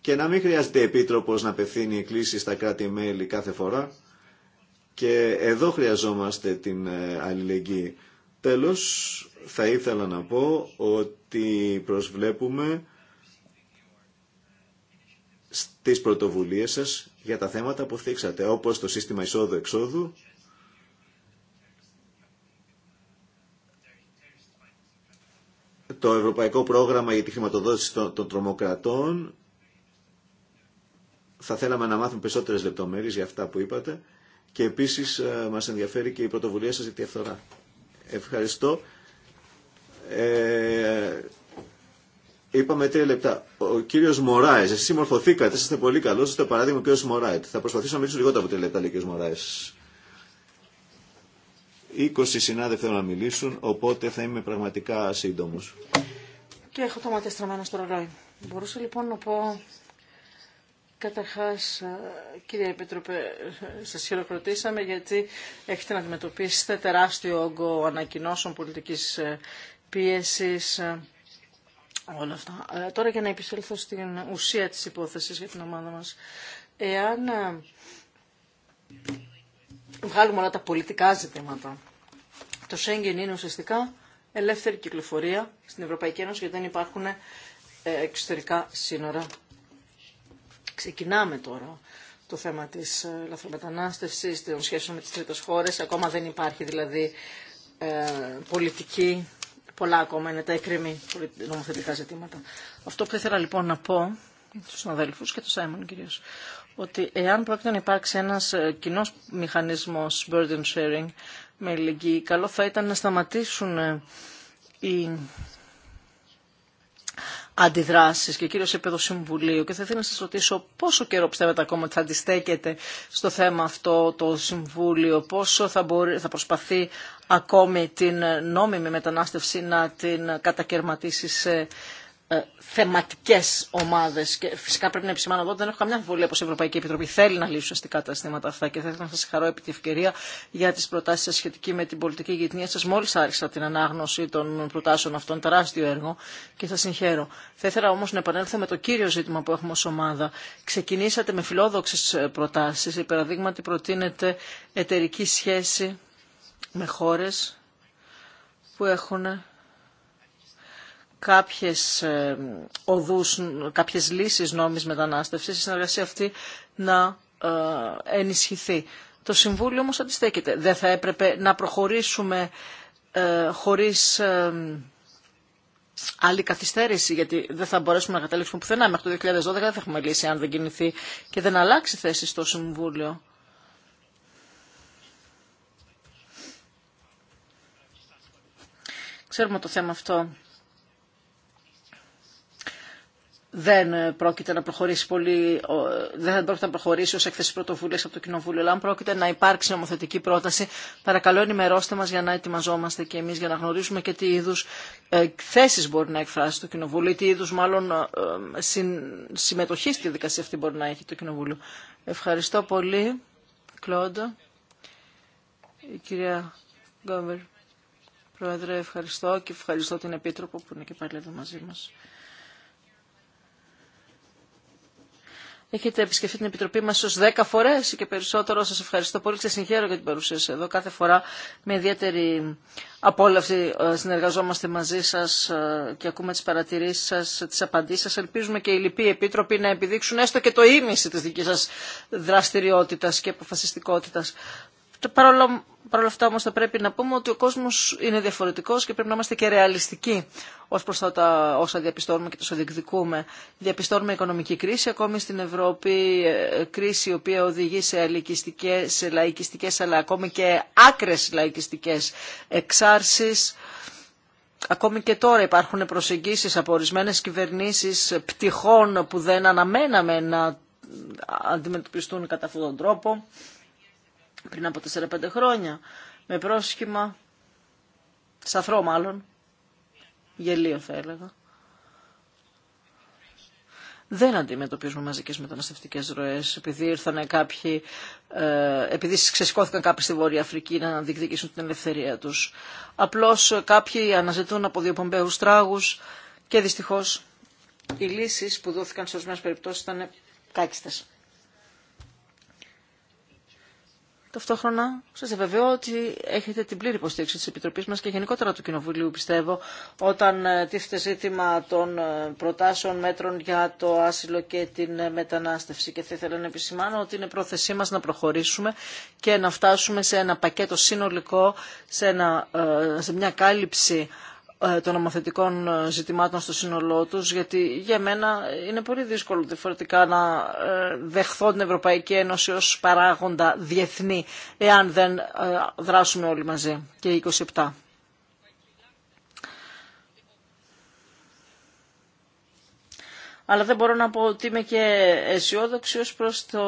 και να μην χρειάζεται επίτροπος να απευθύνει εκκλήσεις στα κράτη-μέλη κάθε φορά. Και εδώ χρειαζόμαστε την ε, αλληλεγγύη. Τέλος, θα ήθελα να πω ότι προσβλέπουμε στις πρωτοβουλίες σας για τα θέματα που θίξατε, όπως το σύστημα εισόδου-εξόδου το Ευρωπαϊκό Πρόγραμμα για τη Χρηματοδότηση των, Τρομοκρατών. Θα θέλαμε να μάθουμε περισσότερες λεπτομέρειες για αυτά που είπατε και επίσης ε, μας ενδιαφέρει και η πρωτοβουλία σας για τη διαφθορά. Ευχαριστώ. Ε, είπαμε τρία λεπτά. Ο κύριο Μωράης, εσεί συμμορφωθήκατε, είστε πολύ καλό. Είστε παράδειγμα ο κύριο Θα προσπαθήσω να μιλήσω λιγότερο από τρία λεπτά, λέει ο κύριο 20 συνάδελφοι θέλουν να μιλήσουν, οπότε θα είμαι πραγματικά σύντομο. Και έχω το μάτι στραμμένο στο ρολόι. Μπορούσα λοιπόν να πω καταρχά, ε, κύριε Επίτροπε, σας χειροκροτήσαμε γιατί έχετε να αντιμετωπίσετε τεράστιο όγκο ανακοινώσεων πολιτική ε, πίεσης, ε, όλα αυτά. Τώρα για να επιστρέψω στην ουσία της υπόθεσης για την ομάδα μας. Εάν βγάλουμε όλα τα πολιτικά ζητήματα. Το Σέγγεν είναι ουσιαστικά ελεύθερη κυκλοφορία στην Ευρωπαϊκή Ένωση γιατί δεν υπάρχουν ε, εξωτερικά σύνορα. Ξεκινάμε τώρα το θέμα της ε, λαθρομετανάστευσης, των σχέσεων με τις τρίτες χώρες. Ακόμα δεν υπάρχει δηλαδή ε, πολιτική, πολλά ακόμα είναι τα εκκρεμή νομοθετικά ζητήματα. Αυτό που ήθελα λοιπόν να πω στους αδέλφους και τους Σάιμον κυρίως, ότι εάν πρόκειται να υπάρξει ένας ε, κοινό μηχανισμός burden sharing με ελληνική, καλό θα ήταν να σταματήσουν ε, οι αντιδράσεις και κυρίως επίπεδο συμβουλίου και θα ήθελα να σας ρωτήσω πόσο καιρό πιστεύετε ακόμα ότι θα αντιστέκεται στο θέμα αυτό το συμβούλιο, πόσο θα, μπορεί, θα προσπαθεί ακόμη την νόμιμη μετανάστευση να την κατακαιρματίσει σε ε, θεματικέ ομάδε. και φυσικά πρέπει να επισημάνω εδώ ότι δεν έχω καμιά αμφιβολία πω η Ευρωπαϊκή Επιτροπή θέλει να λύσει ουσιαστικά τα αισθήματα αυτά και θα ήθελα να σα χαρώ επί τη ευκαιρία για τι προτάσει σα σχετική με την πολιτική γειτονία σα. μόλι άρχισα την ανάγνωση των προτάσεων αυτών τεράστιο έργο και θα συγχαίρω. Θα ήθελα όμω να επανέλθω με το κύριο ζήτημα που έχουμε ω ομάδα. Ξεκινήσατε με φιλόδοξες ε, προτάσεις, η παραδείγματι προτείνεται εταιρική σχέση με χώρε που έχουν κάποιες ε, οδούς, κάποιες λύσεις νόμις μετανάστευσης, η συνεργασία αυτή να ε, ενισχυθεί. Το Συμβούλιο όμως αντιστέκεται. Δεν θα έπρεπε να προχωρήσουμε ε, χωρίς άλλη καθυστέρηση, γιατί δεν θα μπορέσουμε να καταλήξουμε πουθενά. Μέχρι το 2012 δεν θα έχουμε λύση αν δεν κινηθεί και δεν αλλάξει θέση στο Συμβούλιο. Ξέρουμε το θέμα αυτό δεν πρόκειται να προχωρήσει πολύ, δεν πρόκειται να προχωρήσει ως έκθεση πρωτοβουλίας από το Κοινοβούλιο, αλλά αν πρόκειται να υπάρξει νομοθετική πρόταση, παρακαλώ ενημερώστε μας για να ετοιμαζόμαστε και εμείς για να γνωρίζουμε και τι είδους ε, θέσεις μπορεί να εκφράσει το Κοινοβούλιο ή τι είδους μάλλον ε, συμμετοχή στη δικασία αυτή μπορεί να έχει το Κοινοβούλιο. Ευχαριστώ πολύ, Κλόντο. Η κυρία Γκόμπερ, το κοινοβουλιο ευχαριστω πολυ Κλόντα. ευχαριστώ και ευχαριστώ την Επίτροπο που είναι και πάλι εδώ μαζί μας. Έχετε επισκεφτεί την Επιτροπή μας ως 10 φορές και περισσότερο. Σας ευχαριστώ πολύ και συγχαίρω για την παρουσία σας εδώ. Κάθε φορά με ιδιαίτερη απόλαυση ε, συνεργαζόμαστε μαζί σας ε, και ακούμε τις παρατηρήσεις σας, τις απαντήσεις σας. Ελπίζουμε και οι λοιποί επίτροποι να επιδείξουν έστω και το ίμιση της δικής σας δραστηριότητας και αποφασιστικότητας. Παρ' όλα αυτά όμως θα πρέπει να πούμε ότι ο κόσμος είναι διαφορετικός και πρέπει να είμαστε και ρεαλιστικοί ως προς τα όσα διαπιστώνουμε και τόσο διεκδικούμε. Διαπιστώνουμε οικονομική κρίση, ακόμη στην Ευρώπη ε, κρίση η οποία οδηγεί σε, σε λαϊκιστικές αλλά ακόμη και άκρες λαϊκιστικές εξάρσεις. Ακόμη και τώρα υπάρχουν προσεγγίσεις από ορισμένε κυβερνήσεις πτυχών που δεν αναμέναμε να αντιμετωπιστούν κατά αυτόν τον τρόπο πριν από 4-5 χρόνια με πρόσχημα, σαφρό μάλλον, γελίο θα έλεγα. Δεν αντιμετωπίζουμε μαζικέ μεταναστευτικέ ροέ, επειδή ήρθαν κάποιοι, ε, επειδή ξεσηκώθηκαν κάποιοι στη Βόρεια Αφρική να διεκδικήσουν την ελευθερία του. Απλώ κάποιοι αναζητούν από τράγους τράγου και δυστυχώ οι λύσει που δόθηκαν σε ορισμένε περιπτώσει ήταν κάκιστε. Ταυτόχρονα σας βεβαιώ ότι έχετε την πλήρη υποστήριξη της Επιτροπής μας και γενικότερα του Κοινοβουλίου πιστεύω όταν ε, τίθεται ζήτημα των ε, προτάσεων μέτρων για το άσυλο και την ε, μετανάστευση και θα ήθελα να επισημάνω ότι είναι πρόθεσή μα να προχωρήσουμε και να φτάσουμε σε ένα πακέτο συνολικό, σε, ένα, σε μια κάλυψη ε, των νομοθετικών ε, ζητημάτων στο σύνολό του, γιατί για μένα είναι πολύ δύσκολο διαφορετικά να ε, δεχθώ την Ευρωπαϊκή Ένωση ω παράγοντα διεθνή, εάν δεν δράσουμε όλοι μαζί και οι 27. Αλλά δεν μπορώ να πω ότι είμαι και αισιόδοξη ως προς, το,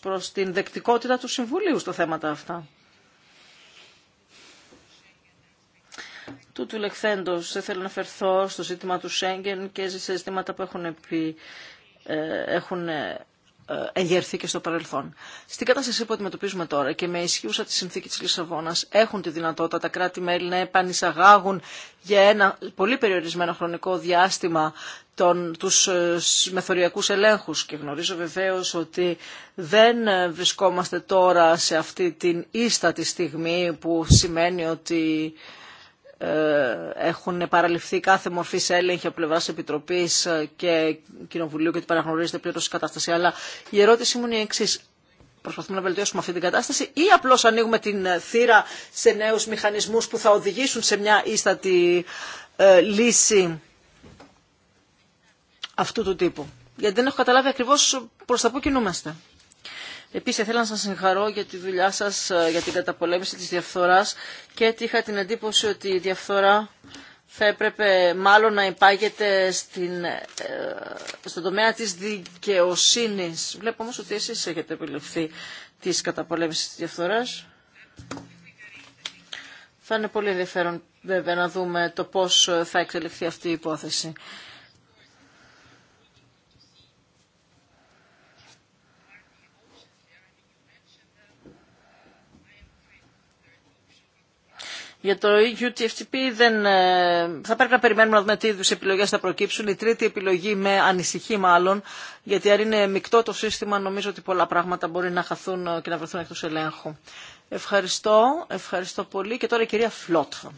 προς την δεκτικότητα του Συμβουλίου στο θέματα αυτά. Τούτου λεχθέντος, δεν θέλω να φερθώ στο ζήτημα του Σέγγεν και σε ζητήματα που έχουν, επί, ε, έχουν ε, εγερθεί και στο παρελθόν. Στην κατάσταση που αντιμετωπίζουμε τώρα και με ισχύουσα τη συνθήκη της Λισαβόνας έχουν τη δυνατότητα τα κράτη-μέλη να επανεισαγάγουν για ένα πολύ περιορισμένο χρονικό διάστημα τον, τους ε, μεθοριακούς ελέγχους και γνωρίζω βεβαίως ότι δεν βρισκόμαστε τώρα σε αυτή την ίστατη στιγμή που σημαίνει ότι ε, έχουν παραλυφθεί κάθε μορφή έλεγχη από πλευρά Επιτροπή ε, και Κοινοβουλίου και ότι παραγνωρίζεται πλήρω η κατάσταση. Αλλά η ερώτησή μου είναι η εξή. Προσπαθούμε να βελτιώσουμε αυτή την κατάσταση ή απλώ ανοίγουμε την ε, θύρα σε νέου μηχανισμού που θα οδηγήσουν σε μια ίστατη λύση αυτού του τύπου. Γιατί δεν έχω καταλάβει ακριβώ προ τα πού κινούμαστε. Επίση, θέλω να σας συγχαρώ για τη δουλειά σας ε, για την καταπολέμηση της διαφθοράς και είχα την εντύπωση ότι η διαφθορά θα έπρεπε μάλλον να υπάγεται στην, ε, στον τομέα της δικαιοσύνη. Βλέπω όμω ότι εσεί έχετε επιληφθεί της καταπολέμησης της διαφθοράς. Θα είναι πολύ ενδιαφέρον βέβαια να δούμε το πώς θα εξελιχθεί αυτή η υπόθεση. Για το UTFTP δεν, ε, θα πρέπει να περιμένουμε να δούμε τι είδου επιλογές θα προκύψουν. Η τρίτη επιλογή με ανησυχεί μάλλον, γιατί αν είναι μεικτό το σύστημα νομίζω ότι πολλά πράγματα μπορεί να χαθούν ε, και να βρεθούν εκτός ελέγχου. Ευχαριστώ, ευχαριστώ πολύ και τώρα η κυρία Φλότφα.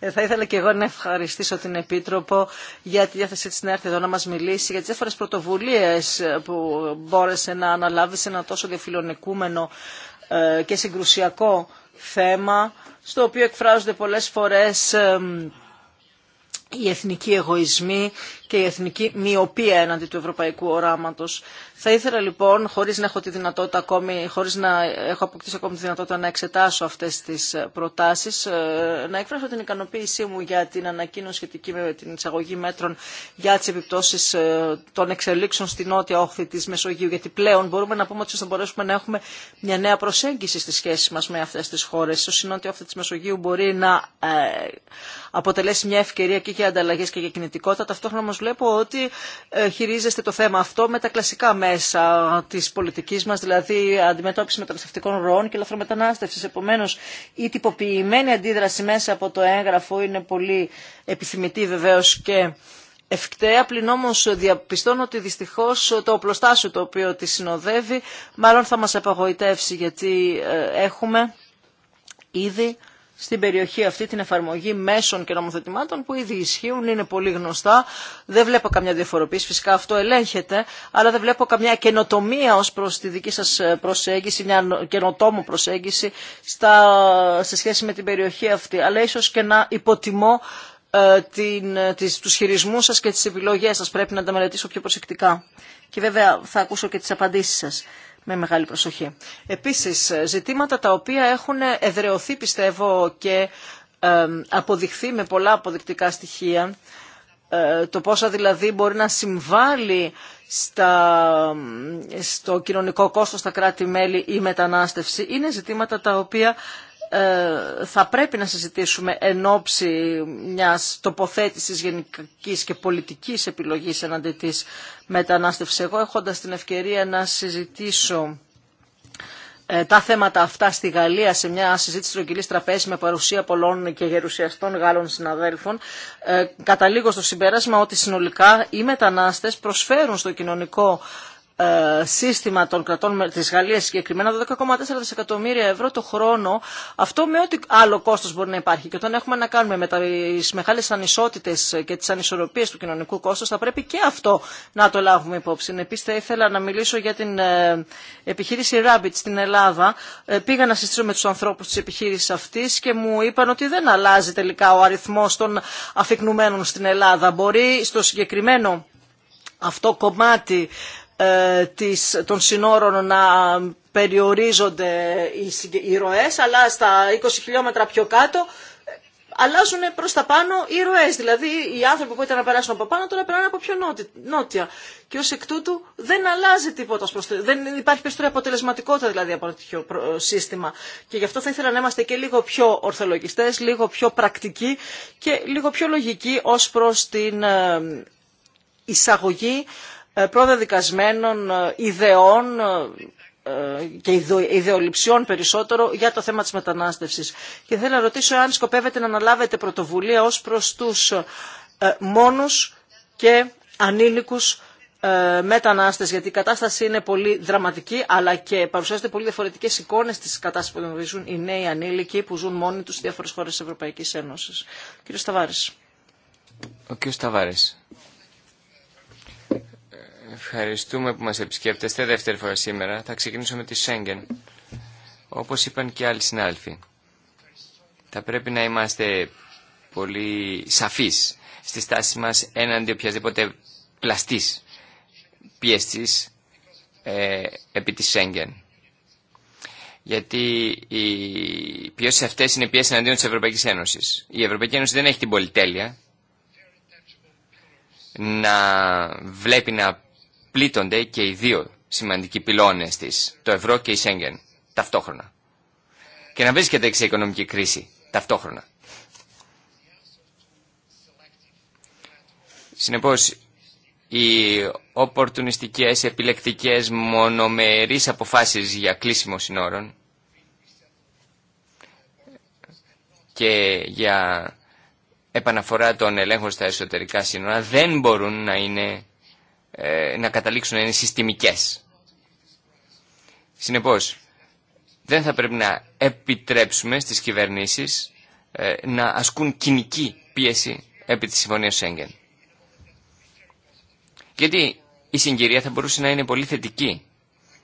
Ε, θα ήθελα και εγώ να ευχαριστήσω την Επίτροπο για τη διάθεσή της να έρθει εδώ να μας μιλήσει για τις διάφορες πρωτοβουλίες ε, που μπόρεσε να αναλάβει σε ένα τόσο διαφιλονικούμενο ε, και συγκρουσιακό θέμα στο οποίο εκφράζονται πολλές φορές οι εθνικοί εγωισμοί και η εθνική μοιοπία έναντι του ευρωπαϊκού οράματο. Θα ήθελα λοιπόν, χωρί να έχω τη δυνατότητα ακόμη, χωρί να έχω αποκτήσει ακόμη τη δυνατότητα να εξετάσω αυτέ τι προτάσει, ε, να εκφράσω την ικανοποίησή μου για την ανακοίνωση σχετική με την εισαγωγή μέτρων για τι επιπτώσει ε, των εξελίξεων στη νότια όχθη τη Μεσογείου, γιατί πλέον μπορούμε να πούμε ότι θα μπορέσουμε να έχουμε μια νέα προσέγγιση στη σχέση μα με αυτέ τι χώρε, Στο συνότιο όχθη τη Μεσογείου μπορεί να ε, αποτελέσει μια ευκαιρία και για ανταλλαγέ και για κινητικότητα, ταυτόχρονα βλέπω ότι ε, χειρίζεστε το θέμα αυτό με τα κλασικά μέσα της πολιτικής μας, δηλαδή αντιμετώπιση μεταναστευτικών ροών και λαθρομετανάστευσης. Επομένως, η τυποποιημένη αντίδραση μέσα από το έγγραφο είναι πολύ επιθυμητή βεβαίως και ευκταία, πλην όμω διαπιστώνω ότι δυστυχώ το οπλοστάσιο το οποίο τη συνοδεύει μάλλον θα μα απαγοητεύσει γιατί ε, έχουμε ήδη στην περιοχή αυτή την εφαρμογή μέσων και νομοθετημάτων που ήδη ισχύουν, είναι πολύ γνωστά. Δεν βλέπω καμιά διαφοροποίηση, φυσικά αυτό ελέγχεται, αλλά δεν βλέπω καμιά καινοτομία ως προς τη δική σας προσέγγιση, μια καινοτόμο προσέγγιση στα, σε σχέση με την περιοχή αυτή. Αλλά ίσως και να υποτιμώ ε, την, τις, τους χειρισμούς σας και τις επιλογές σας. Πρέπει να τα μελετήσω πιο προσεκτικά. Και βέβαια θα ακούσω και τις απαντήσεις σας με μεγάλη προσοχή. Επίσης, ζητήματα τα οποία έχουν εδρεωθεί, πιστεύω, και αποδειχθεί με πολλά αποδεικτικά στοιχεία, ε, το πόσα δηλαδή μπορεί να συμβάλλει στα, στο κοινωνικό κόστος στα κράτη-μέλη ή μετανάστευση, είναι ζητήματα τα οποία ε, θα πρέπει να συζητήσουμε εν ώψη μιας τοποθέτησης γενικής και πολιτικής επιλογής εναντί της μετανάστευσης. Εγώ έχοντας την ευκαιρία να συζητήσω ε, τα θέματα αυτά στη Γαλλία σε μια συζήτηση τρογγυλής τραπέζι με παρουσία πολλών και γερουσιαστών Γάλλων συναδέλφων ε, καταλήγω στο συμπέρασμα ότι συνολικά οι μετανάστες προσφέρουν στο κοινωνικό ε, σύστημα των κρατών της Γαλλίας συγκεκριμένα 12,4 δισεκατομμύρια ευρώ το χρόνο αυτό με ό,τι άλλο κόστος μπορεί να υπάρχει και όταν έχουμε να κάνουμε με τις μεγάλες ανισότητες και τις ανισορροπίες του κοινωνικού κόστος θα πρέπει και αυτό να το λάβουμε υπόψη. Επίσης θα ήθελα να μιλήσω για την ε, επιχείρηση Rabbit στην Ελλάδα. Ε, πήγα να συστήσω με τους ανθρώπους της επιχείρησης αυτής και μου είπαν ότι δεν αλλάζει τελικά ο αριθμός των αφικνουμένων στην Ελλάδα. Μπορεί στο συγκεκριμένο αυτό κομμάτι ε, των συνόρων να περιορίζονται οι ροές, αλλά στα 20 χιλιόμετρα πιο κάτω ε, αλλάζουν προς τα πάνω οι ροές, Δηλαδή οι άνθρωποι που ήταν να περάσουν από πάνω τώρα περνάνε από πιο νότια. Και ω εκ τούτου δεν αλλάζει τίποτα. Δεν υπάρχει περισσότερη αποτελεσματικότητα δηλαδή από το σύστημα. Και γι' αυτό θα ήθελα να είμαστε και λίγο πιο ορθολογιστέ, λίγο πιο πρακτικοί και λίγο πιο λογικοί ω προ την ε, εισαγωγή ε, προδεδικασμένων ε, ιδεών ε, και ιδεοληψιών περισσότερο για το θέμα της μετανάστευσης. Και θέλω να ρωτήσω αν σκοπεύετε να αναλάβετε πρωτοβουλία ως προς τους μόνους και ανήλικους μετανάστες, γιατί η κατάσταση είναι πολύ δραματική, αλλά και παρουσιάζονται πολύ διαφορετικές εικόνες της κατάστασης που γνωρίζουν οι νέοι ανήλικοι που ζουν μόνοι τους στις διάφορες χώρες της Ευρωπαϊκής Ένωσης. Κύριος Σταβάρης. Ο κύριος Σταβάρης. Ευχαριστούμε που μας επισκέπτεστε δεύτερη φορά σήμερα. Θα ξεκινήσω με τη Σέγγεν. Όπως είπαν και άλλοι συνάδελφοι, θα πρέπει να είμαστε πολύ σαφείς στη στάση μας έναντι οποιασδήποτε πλαστής πίεσης ε, επί της Σέγγεν. Γιατί οι πιέσει αυτές είναι πιέσει εναντίον της Ευρωπαϊκής Ένωσης. Η Ευρωπαϊκή Ένωση δεν έχει την πολυτέλεια να βλέπει να πλήττονται και οι δύο σημαντικοί πυλώνες της, το ευρώ και η Σέγγεν, ταυτόχρονα. Και να βρίσκεται σε οικονομική κρίση, ταυτόχρονα. Συνεπώς, οι οπορτουνιστικές, επιλεκτικές, μονομερείς αποφάσεις για κλείσιμο συνόρων και για επαναφορά των ελέγχων στα εσωτερικά σύνορα δεν μπορούν να είναι ε, να καταλήξουν να είναι συστημικές. Συνεπώς, δεν θα πρέπει να επιτρέψουμε στις κυβερνήσεις ε, να ασκούν κοινική πίεση επί της Συμφωνίας Σέγγεν. Γιατί η συγκυρία θα μπορούσε να είναι πολύ θετική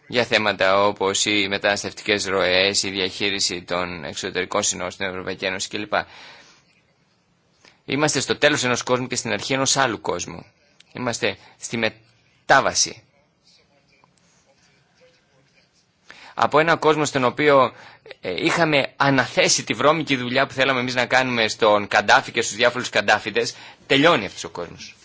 για θέματα όπως οι μεταναστευτικές ροές, η διαχείριση των εξωτερικών συνόρων στην Ευρωπαϊκή Ένωση κλπ. Είμαστε στο τέλος ενός κόσμου και στην αρχή ενός άλλου κόσμου. Είμαστε στη μετάβαση. Από ένα κόσμο στον οποίο ε, είχαμε αναθέσει τη βρώμικη δουλειά που θέλαμε εμείς να κάνουμε στον Καντάφη και στους διάφορους Καντάφιδες, τελειώνει αυτός ο κόσμος.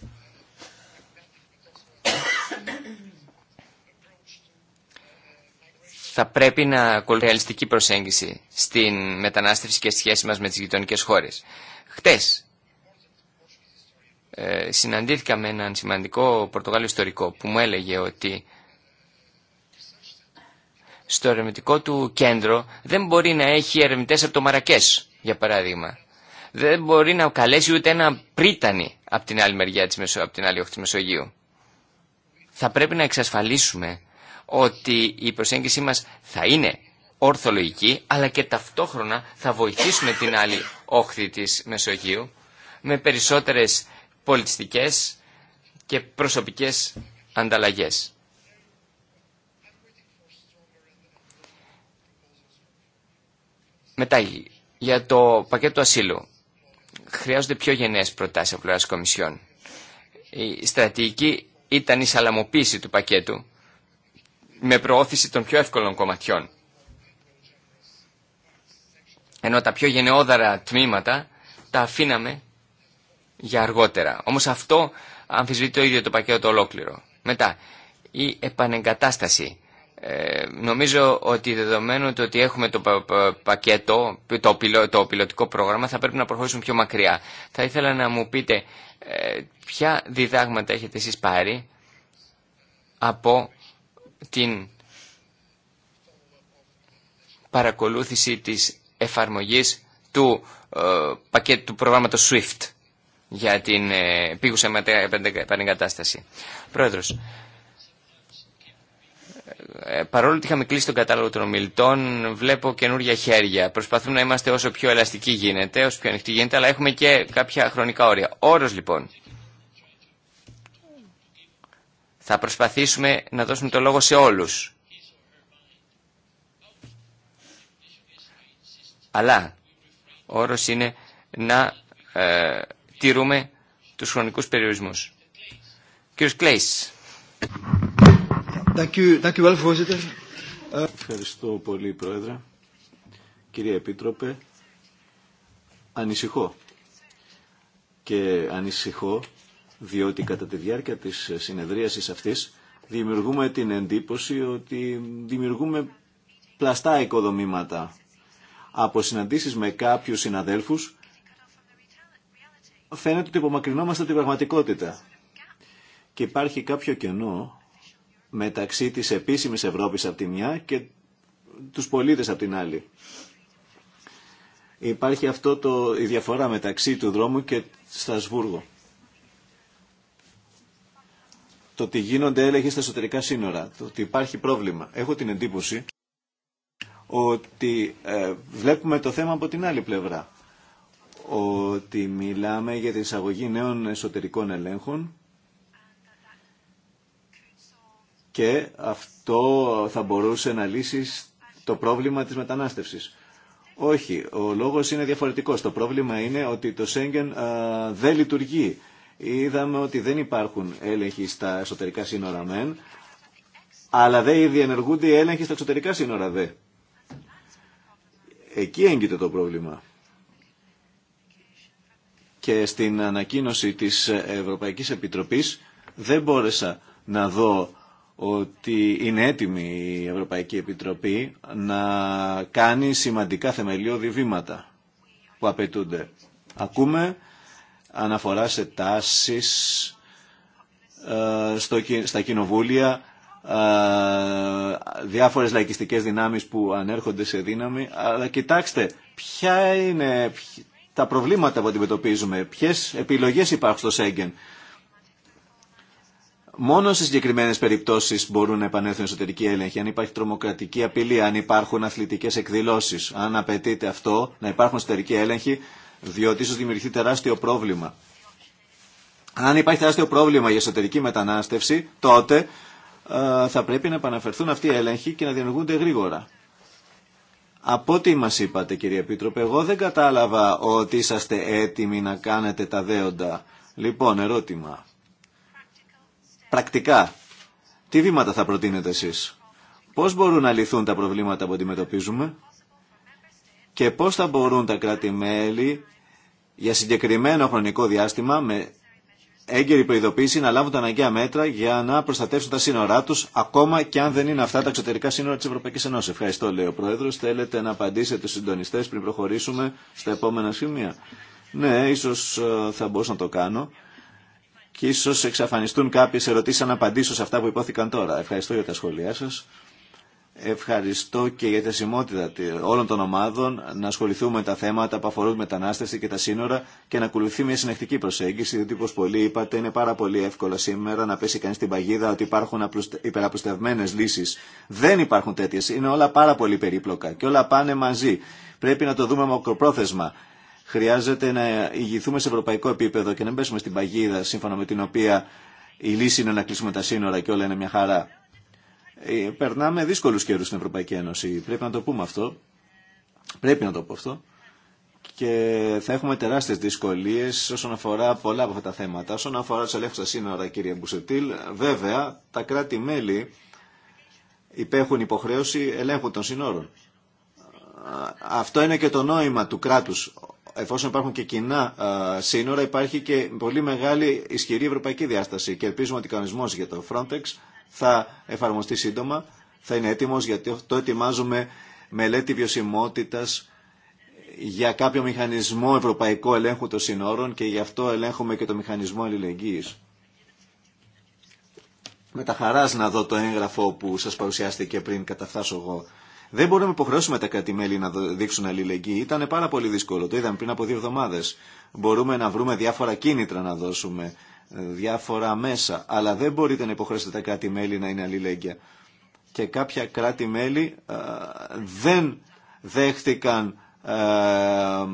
θα πρέπει να ακολουθεί ρεαλιστική προσέγγιση στην μετανάστευση και στη σχέση μας με τις γειτονικέ χώρες. Χτες ε, συναντήθηκα με έναν σημαντικό Πορτογάλιο ιστορικό που μου έλεγε ότι στο ερευνητικό του κέντρο δεν μπορεί να έχει ερευνητέ από το Μαρακές, για παράδειγμα. Δεν μπορεί να καλέσει ούτε ένα πρίτανη από την άλλη μεριά της, από την άλλη όχθη της Μεσογείου. Θα πρέπει να εξασφαλίσουμε ότι η προσέγγιση μας θα είναι ορθολογική, αλλά και ταυτόχρονα θα βοηθήσουμε την άλλη όχθη της Μεσογείου με περισσότερες πολιτιστικές και προσωπικές ανταλλαγές. Μετά, για το πακέτο ασύλου. Χρειάζονται πιο γενναίες προτάσεις από πλευράς Κομισιόν. Η στρατηγική ήταν η σαλαμοποίηση του πακέτου με προώθηση των πιο εύκολων κομματιών. Ενώ τα πιο γενναιόδαρα τμήματα τα αφήναμε για αργότερα. Όμως αυτό αμφισβητεί το ίδιο το πακέτο το ολόκληρο. Μετά, η επανεγκατάσταση. Ε, νομίζω ότι δεδομένου ότι έχουμε το πακέτο, το, πιλο, το πιλωτικό πρόγραμμα, θα πρέπει να προχωρήσουμε πιο μακριά. Θα ήθελα να μου πείτε ε, ποια διδάγματα έχετε εσείς πάρει από την παρακολούθηση της εφαρμογής του, ε, πακέτου, του προγράμματος SWIFT για την ε, πήγουσα επανεγκατάσταση. Πρόεδρος, ε, παρόλο ότι είχαμε κλείσει τον κατάλογο των ομιλητών, βλέπω καινούργια χέρια. Προσπαθούμε να είμαστε όσο πιο ελαστικοί γίνεται, όσο πιο ανοιχτοί γίνεται, αλλά έχουμε και κάποια χρονικά όρια. Όρο λοιπόν. Θα προσπαθήσουμε να δώσουμε το λόγο σε όλους. Αλλά, όρος είναι να ε, τηρούμε τους χρονικούς περιορισμούς. Κύριος Κλέης. Ε, ευχαριστώ πολύ, Πρόεδρε. Κύριε Επίτροπε, ανησυχώ. Και ανησυχώ διότι κατά τη διάρκεια της συνεδρίασης αυτής δημιουργούμε την εντύπωση ότι δημιουργούμε πλαστά οικοδομήματα. Από συναντήσεις με κάποιους συναδέλφους φαίνεται ότι υπομακρυνόμαστε από την πραγματικότητα. Και υπάρχει κάποιο κενό μεταξύ της επίσημης Ευρώπης από τη μια και τους πολίτες από την άλλη. Υπάρχει αυτό το, η διαφορά μεταξύ του δρόμου και Στρασβούργο. Το ότι γίνονται έλεγχοι στα εσωτερικά σύνορα, το ότι υπάρχει πρόβλημα. Έχω την εντύπωση ότι ε, βλέπουμε το θέμα από την άλλη πλευρά ότι μιλάμε για την εισαγωγή νέων εσωτερικών ελέγχων και αυτό θα μπορούσε να λύσει το πρόβλημα της μετανάστευσης. Όχι, ο λόγος είναι διαφορετικός. Το πρόβλημα είναι ότι το Σέγγεν δεν λειτουργεί. Είδαμε ότι δεν υπάρχουν έλεγχοι στα εσωτερικά σύνορα μεν, αλλά δεν διενεργούνται ενεργούνται οι έλεγχοι στα εξωτερικά σύνορα δε. Εκεί έγκυται το πρόβλημα και στην ανακοίνωση της Ευρωπαϊκής Επιτροπής δεν μπόρεσα να δω ότι είναι έτοιμη η Ευρωπαϊκή Επιτροπή να κάνει σημαντικά θεμελιώδη βήματα που απαιτούνται. Ακούμε αναφορά σε τάσεις ε, στα κοινοβούλια, ε, διάφορες λαϊκιστικές δυνάμεις που ανέρχονται σε δύναμη, αλλά κοιτάξτε ποια είναι, τα προβλήματα που αντιμετωπίζουμε, ποιε επιλογέ υπάρχουν στο Σέγγεν. Μόνο σε συγκεκριμένε περιπτώσει μπορούν να επανέλθουν εσωτερικοί έλεγχοι. Αν υπάρχει τρομοκρατική απειλή, αν υπάρχουν αθλητικέ εκδηλώσει, αν απαιτείται αυτό, να υπάρχουν εσωτερικοί έλεγχοι, διότι ίσω δημιουργηθεί τεράστιο πρόβλημα. Αν υπάρχει τεράστιο πρόβλημα για εσωτερική μετανάστευση, τότε ε, θα πρέπει να επαναφερθούν αυτοί οι έλεγχοι και να διενεργούνται γρήγορα. Από ό,τι μας είπατε κύριε Επίτροπε, εγώ δεν κατάλαβα ότι είσαστε έτοιμοι να κάνετε τα δέοντα. Λοιπόν, ερώτημα. Πρακτικά, τι βήματα θα προτείνετε εσείς. Πώς μπορούν να λυθούν τα προβλήματα που αντιμετωπίζουμε και πώς θα μπορούν τα κράτη-μέλη για συγκεκριμένο χρονικό διάστημα με έγκαιρη προειδοποίηση να λάβουν τα αναγκαία μέτρα για να προστατεύσουν τα σύνορά του, ακόμα και αν δεν είναι αυτά τα εξωτερικά σύνορα τη Ευρωπαϊκή Ενώση. Ευχαριστώ, λέει ο Πρόεδρο. Θέλετε να απαντήσετε στου συντονιστέ πριν προχωρήσουμε στα επόμενα σημεία. Ναι, ίσω ε, θα μπορούσα να το κάνω. Και ίσω εξαφανιστούν κάποιε ερωτήσει αν απαντήσω σε αυτά που υπόθηκαν τώρα. Ευχαριστώ για τα σχόλιά σα. Ευχαριστώ και για τη σημότητα όλων των ομάδων να ασχοληθούμε με τα θέματα που αφορούν μετανάστευση και τα σύνορα και να ακολουθεί μια συνεχτική προσέγγιση, διότι όπω πολύ είπατε, είναι πάρα πολύ εύκολο σήμερα να πέσει κανεί στην παγίδα ότι υπάρχουν υπεραπλουστευμένε λύσει. Δεν υπάρχουν τέτοιε. Είναι όλα πάρα πολύ περίπλοκα και όλα πάνε μαζί. Πρέπει να το δούμε μακροπρόθεσμα. Χρειάζεται να ηγηθούμε σε ευρωπαϊκό επίπεδο και να μπέσουμε στην παγίδα σύμφωνα με την οποία η λύση είναι να κλείσουμε τα σύνορα και όλα είναι μια χαρά ε, περνάμε δύσκολους καιρούς στην Ευρωπαϊκή Ένωση. Πρέπει να το πούμε αυτό. Πρέπει να το πω αυτό. Και θα έχουμε τεράστιε δυσκολίε όσον αφορά πολλά από αυτά τα θέματα. Όσον αφορά του ελέγχου στα σύνορα, κύριε Μπουσετήλ, βέβαια τα κράτη-μέλη υπέχουν υποχρέωση ελέγχου των σύνορων. Αυτό είναι και το νόημα του κράτου. Εφόσον υπάρχουν και κοινά σύνορα, υπάρχει και πολύ μεγάλη ισχυρή ευρωπαϊκή διάσταση. Και ελπίζουμε ότι ο κανονισμό για το Frontex θα εφαρμοστεί σύντομα, θα είναι έτοιμος γιατί το ετοιμάζουμε μελέτη βιωσιμότητας για κάποιο μηχανισμό ευρωπαϊκό ελέγχου των συνόρων και γι' αυτό ελέγχουμε και το μηχανισμό αλληλεγγύης. Με τα χαράς να δω το έγγραφο που σας παρουσιάστηκε πριν καταφτάσω εγώ. Δεν μπορούμε να υποχρεώσουμε τα κράτη-μέλη να δείξουν αλληλεγγύη. Ήταν πάρα πολύ δύσκολο. Το είδαμε πριν από δύο εβδομάδε. Μπορούμε να βρούμε διάφορα κίνητρα να δώσουμε διάφορα μέσα. Αλλά δεν μπορείτε να υποχρέσετε τα κράτη-μέλη να είναι αλληλέγγυα. Και κάποια κράτη-μέλη ε, δεν δέχτηκαν ε,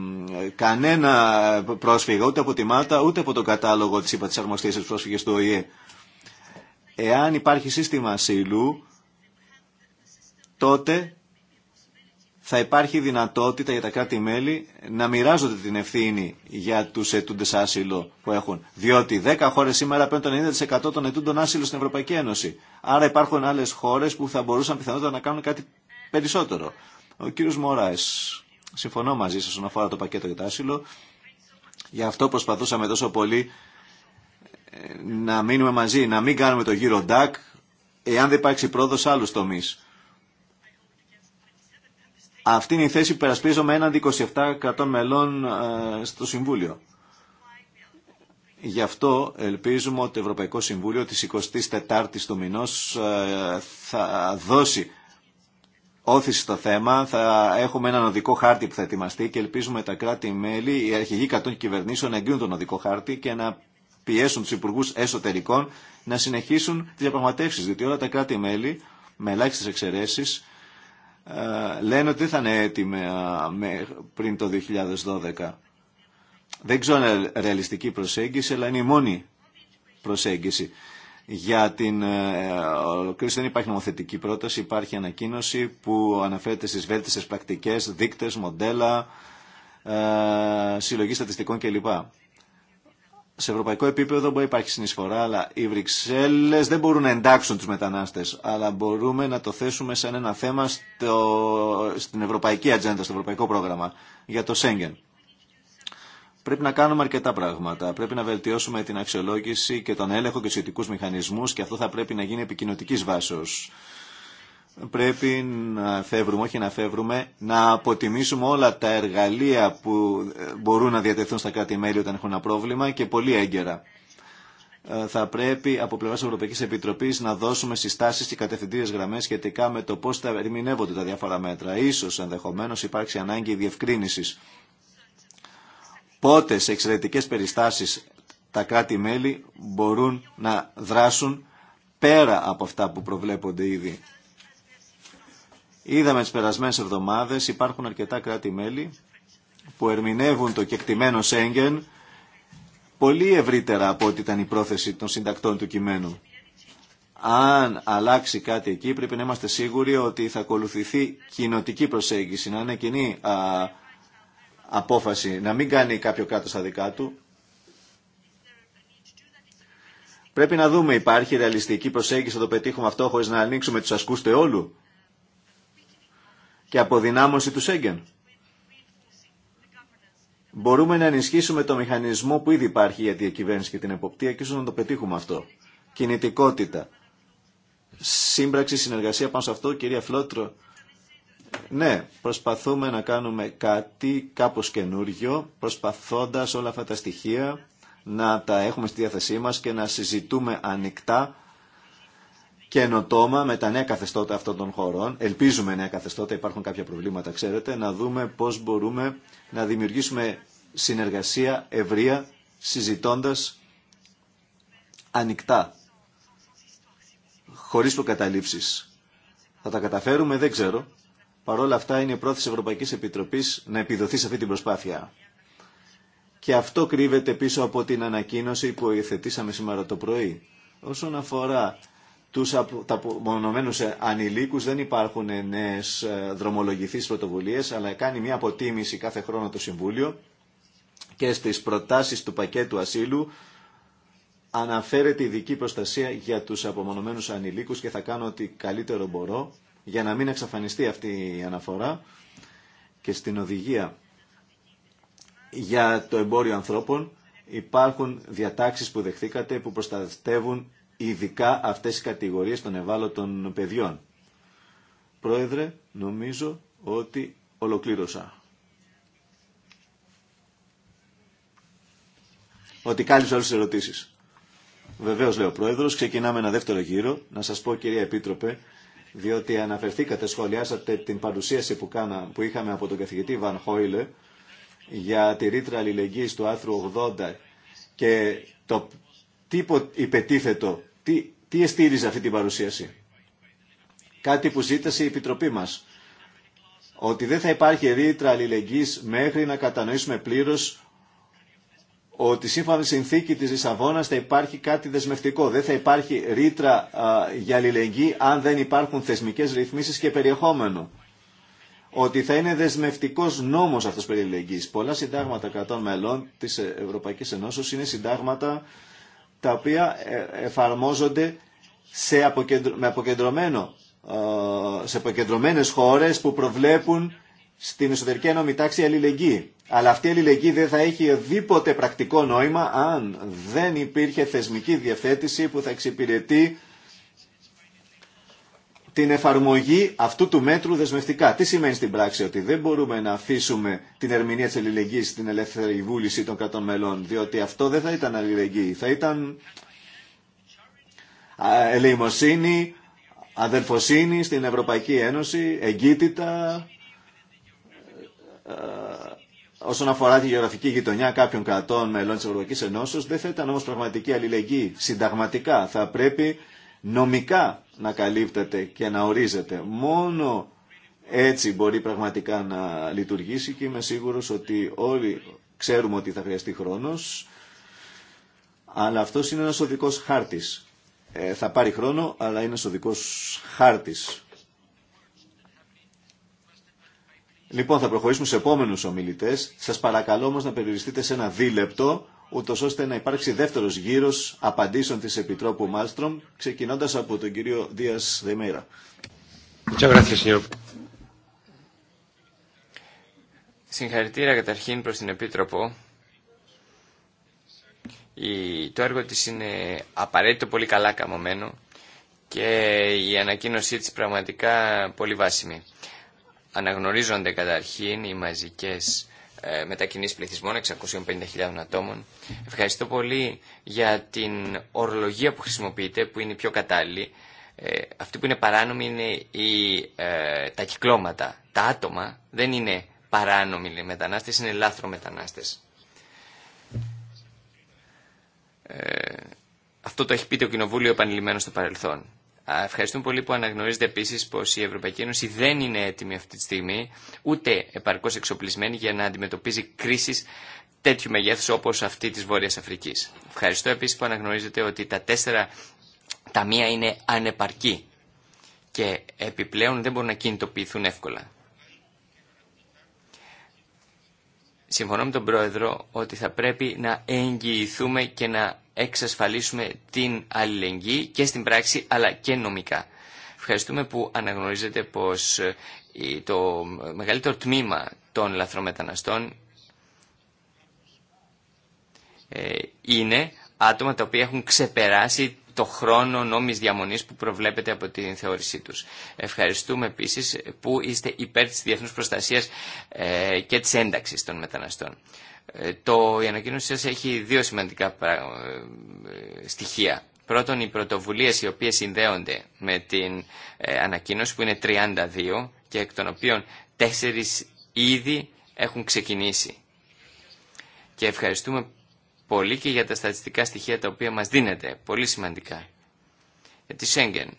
κανένα πρόσφυγα ούτε από τη ΜΑΤΑ ούτε από το κατάλογο της ΥΠΑ της Αρμοστίας πρόσφυγης του ΟΗΕ. Εάν υπάρχει σύστημα ασύλου τότε θα υπάρχει δυνατότητα για τα κράτη-μέλη να μοιράζονται την ευθύνη για τους ετούντε άσυλο που έχουν. Διότι 10 χώρες σήμερα παίρνουν το 90% των ετούντων άσυλο στην Ευρωπαϊκή Ένωση. Άρα υπάρχουν άλλες χώρες που θα μπορούσαν πιθανότατα να κάνουν κάτι περισσότερο. Ο κύριος Μωράης, συμφωνώ μαζί σας όσον αφορά το πακέτο για το άσυλο. Γι' αυτό προσπαθούσαμε τόσο πολύ ε, να μείνουμε μαζί, να μην κάνουμε το γύρο DAC, εάν δεν υπάρξει πρόοδο σε άλλους τομείς αυτή είναι η θέση που περασπίζομαι έναντι 27 κρατών μελών ε, στο Συμβούλιο. Γι' αυτό ελπίζουμε ότι το Ευρωπαϊκό Συμβούλιο της 24ης του μηνός ε, θα δώσει όθηση στο θέμα. Θα έχουμε έναν οδικό χάρτη που θα ετοιμαστεί και ελπίζουμε τα κράτη-μέλη, οι αρχηγοί κατών κυβερνήσεων να εγκρίνουν τον οδικό χάρτη και να πιέσουν τους υπουργούς εσωτερικών να συνεχίσουν τις διαπραγματεύσεις. Διότι όλα τα κράτη-μέλη, με ελάχιστε εξαιρέσεις, ε, λένε ότι δεν θα είναι έτοιμα ε, πριν το 2012. Δεν ξέρω αν είναι ρεαλιστική προσέγγιση, αλλά είναι η μόνη προσέγγιση. Για την ε, ολοκλήρωση δεν υπάρχει νομοθετική πρόταση, υπάρχει ανακοίνωση που αναφέρεται στις βέλτιστες πρακτικές, δείκτες, μοντέλα, συλλογή στατιστικών κλπ σε ευρωπαϊκό επίπεδο μπορεί να υπάρχει συνεισφορά, αλλά οι Βρυξέλλε δεν μπορούν να εντάξουν του μετανάστε. Αλλά μπορούμε να το θέσουμε σαν ένα θέμα στο, στην ευρωπαϊκή ατζέντα, στο ευρωπαϊκό πρόγραμμα για το Σέγγεν. Πρέπει να κάνουμε αρκετά πράγματα. Πρέπει να βελτιώσουμε την αξιολόγηση και τον έλεγχο και του μηχανισμού και αυτό θα πρέπει να γίνει επικοινωτική βάσεω πρέπει να φεύγουμε, όχι να φεύγουμε, να αποτιμήσουμε όλα τα εργαλεία που ε, μπορούν να διατεθούν στα κράτη-μέλη όταν έχουν ένα πρόβλημα και πολύ έγκαιρα. Ε, θα πρέπει από πλευρά Ευρωπαϊκή Επιτροπή να δώσουμε συστάσει και κατευθυντήριε γραμμέ σχετικά με το πώ θα ερμηνεύονται τα διάφορα μέτρα. σω ενδεχομένω υπάρξει ανάγκη διευκρίνηση. Πότε σε εξαιρετικέ περιστάσει τα κράτη-μέλη μπορούν να δράσουν πέρα από αυτά που προβλέπονται ήδη Είδαμε τις περασμένες εβδομάδες υπάρχουν αρκετά κράτη-μέλη που ερμηνεύουν το κεκτημένο Σέγγεν πολύ ευρύτερα από ό,τι ήταν η πρόθεση των συντακτών του κειμένου. Αν αλλάξει κάτι εκεί πρέπει να είμαστε σίγουροι ότι θα ακολουθηθεί κοινοτική προσέγγιση, να είναι κοινή α, απόφαση, να μην κάνει κάποιο κράτος στα δικά του. Πρέπει να δούμε υπάρχει ρεαλιστική προσέγγιση, θα το πετύχουμε αυτό χωρίς να ανοίξουμε τους ασκούς του αιώλου και αποδυνάμωση του Σέγγεν. Μπορούμε να ενισχύσουμε το μηχανισμό που ήδη υπάρχει για τη διακυβέρνηση και την εποπτεία και ίσως να το πετύχουμε αυτό. Κινητικότητα. Σύμπραξη, συνεργασία πάνω σε αυτό, κυρία Φλότρο. Ναι, προσπαθούμε να κάνουμε κάτι κάπως καινούριο, προσπαθώντας όλα αυτά τα στοιχεία να τα έχουμε στη διάθεσή μας και να συζητούμε ανοιχτά καινοτόμα με τα νέα καθεστώτα αυτών των χωρών. Ελπίζουμε νέα καθεστώτα, υπάρχουν κάποια προβλήματα, ξέρετε, να δούμε πώς μπορούμε να δημιουργήσουμε συνεργασία ευρεία, συζητώντας ανοιχτά, χωρίς προκαταλήψεις. Θα τα καταφέρουμε, δεν ξέρω. Παρ' όλα αυτά είναι η πρόθεση Ευρωπαϊκής Επιτροπής να επιδοθεί σε αυτή την προσπάθεια. Και αυτό κρύβεται πίσω από την ανακοίνωση που υιοθετήσαμε σήμερα το πρωί. Όσον αφορά τους απομονωμένους ανηλίκους δεν υπάρχουν νέες ε, δρομολογηθείς πρωτοβουλίες αλλά κάνει μια αποτίμηση κάθε χρόνο το Συμβούλιο και στις προτάσεις του πακέτου ασύλου αναφέρεται ειδική προστασία για τους απομονωμένους ανηλίκους και θα κάνω ό,τι καλύτερο μπορώ για να μην εξαφανιστεί αυτή η αναφορά και στην οδηγία για το εμπόριο ανθρώπων υπάρχουν διατάξεις που δεχθήκατε που προστατεύουν ειδικά αυτές οι κατηγορίες των ευάλωτων παιδιών. Πρόεδρε, νομίζω ότι ολοκλήρωσα. Ότι κάλυψα όλες τις ερωτήσεις. Βεβαίως, λέει ο Πρόεδρος, ξεκινάμε ένα δεύτερο γύρο. Να σας πω, κυρία Επίτροπε, διότι αναφερθήκατε, σχολιάσατε την παρουσίαση που, κάνα, που είχαμε από τον καθηγητή Βαν Χόιλε για τη ρήτρα αλληλεγγύης του άρθρου 80 και το τι υπετίθετο, τι, τι εστήριζε αυτή την παρουσίαση. Κάτι που ζήτησε η Επιτροπή μας. Ότι δεν θα υπάρχει ρήτρα αλληλεγγύης μέχρι να κατανοήσουμε πλήρως ότι σύμφωνα με τη συνθήκη της Λισαβόνα θα υπάρχει κάτι δεσμευτικό. Δεν θα υπάρχει ρήτρα για αλληλεγγύη αν δεν υπάρχουν θεσμικές ρυθμίσεις και περιεχόμενο. Ότι θα είναι δεσμευτικός νόμος αυτός περί αλληλεγγύης. Πολλά συντάγματα κρατών μελών της Ευρωπαϊκής Ενώσεως είναι συντάγματα τα οποία ε, εφαρμόζονται σε αποκεντρω... με ε, σε αποκεντρωμένες χώρες που προβλέπουν στην εσωτερική ένωμη τάξη αλληλεγγύη. Αλλά αυτή η αλληλεγγύη δεν θα έχει οδήποτε πρακτικό νόημα αν δεν υπήρχε θεσμική διευθέτηση που θα εξυπηρετεί την εφαρμογή αυτού του μέτρου δεσμευτικά. Τι σημαίνει στην πράξη ότι δεν μπορούμε να αφήσουμε την ερμηνεία της αλληλεγγύης στην ελεύθερη βούληση των κρατών μελών, διότι αυτό δεν θα ήταν αλληλεγγύη, θα ήταν ελεημοσύνη, αδερφοσύνη στην Ευρωπαϊκή Ένωση, εγκύτητα ε, όσον αφορά τη γεωγραφική γειτονιά κάποιων κρατών μελών της Ευρωπαϊκής Ενώσεω, δεν θα ήταν όμως πραγματική αλληλεγγύη. Συνταγματικά θα πρέπει νομικά να καλύπτεται και να ορίζεται. Μόνο έτσι μπορεί πραγματικά να λειτουργήσει και είμαι σίγουρος ότι όλοι ξέρουμε ότι θα χρειαστεί χρόνος, αλλά αυτό είναι ένας οδικός χάρτης. Ε, θα πάρει χρόνο, αλλά είναι ένας οδικός χάρτης. Λοιπόν, θα προχωρήσουμε σε επόμενους ομιλητές. Σας παρακαλώ όμως να περιοριστείτε σε ένα δίλεπτο ούτως ώστε να υπάρξει δεύτερο γύρος απαντήσεων της Επιτρόπου Μάλστρομ, ξεκινώντας από τον κύριο Δίας Δεμέρα. Συγχαρητήρια καταρχήν προς την Επίτροπο. Το έργο της είναι απαραίτητο πολύ καλά καμωμένο και η ανακοίνωσή της πραγματικά πολύ βάσιμη. Αναγνωρίζονται καταρχήν οι μαζικές ε, μετακινήσεις πληθυσμών, 650.000 ατόμων. Ευχαριστώ πολύ για την ορολογία που χρησιμοποιείτε, που είναι η πιο κατάλληλη. Ε, αυτή που είναι παράνομη είναι η, ε, τα κυκλώματα. Τα άτομα δεν είναι παράνομοι μετανάστες, είναι λάθρο μετανάστες. Ε, αυτό το έχει πει το Κοινοβούλιο επανειλημμένο στο παρελθόν. Ευχαριστούμε πολύ που αναγνωρίζετε επίσης πως η Ευρωπαϊκή Ένωση δεν είναι έτοιμη αυτή τη στιγμή, ούτε επαρκώς εξοπλισμένη για να αντιμετωπίζει κρίσει τέτοιου μεγέθους όπως αυτή της Βόρειας Αφρικής. Ευχαριστώ επίσης που αναγνωρίζετε ότι τα τέσσερα ταμεία είναι ανεπαρκή και επιπλέον δεν μπορούν να κινητοποιηθούν εύκολα. Συμφωνώ με τον Πρόεδρο ότι θα πρέπει να εγγυηθούμε και να εξασφαλίσουμε την αλληλεγγύη και στην πράξη αλλά και νομικά. Ευχαριστούμε που αναγνωρίζετε πως ε, το μεγαλύτερο τμήμα των λαθρομεταναστών ε, είναι άτομα τα οποία έχουν ξεπεράσει το χρόνο νόμις διαμονής που προβλέπεται από την θεώρησή τους. Ευχαριστούμε επίσης που είστε υπέρ της διεθνούς προστασίας ε, και της ένταξης των μεταναστών. Ε, το, η ανακοίνωση σας έχει δύο σημαντικά ε, στοιχεία. Πρώτον, οι πρωτοβουλίες οι οποίες συνδέονται με την ε, ανακοίνωση που είναι 32 και εκ των οποίων τέσσερις ήδη έχουν ξεκινήσει. Και ευχαριστούμε πολύ και για τα στατιστικά στοιχεία τα οποία μας δίνετε, πολύ σημαντικά. Για τη Σέγγεν,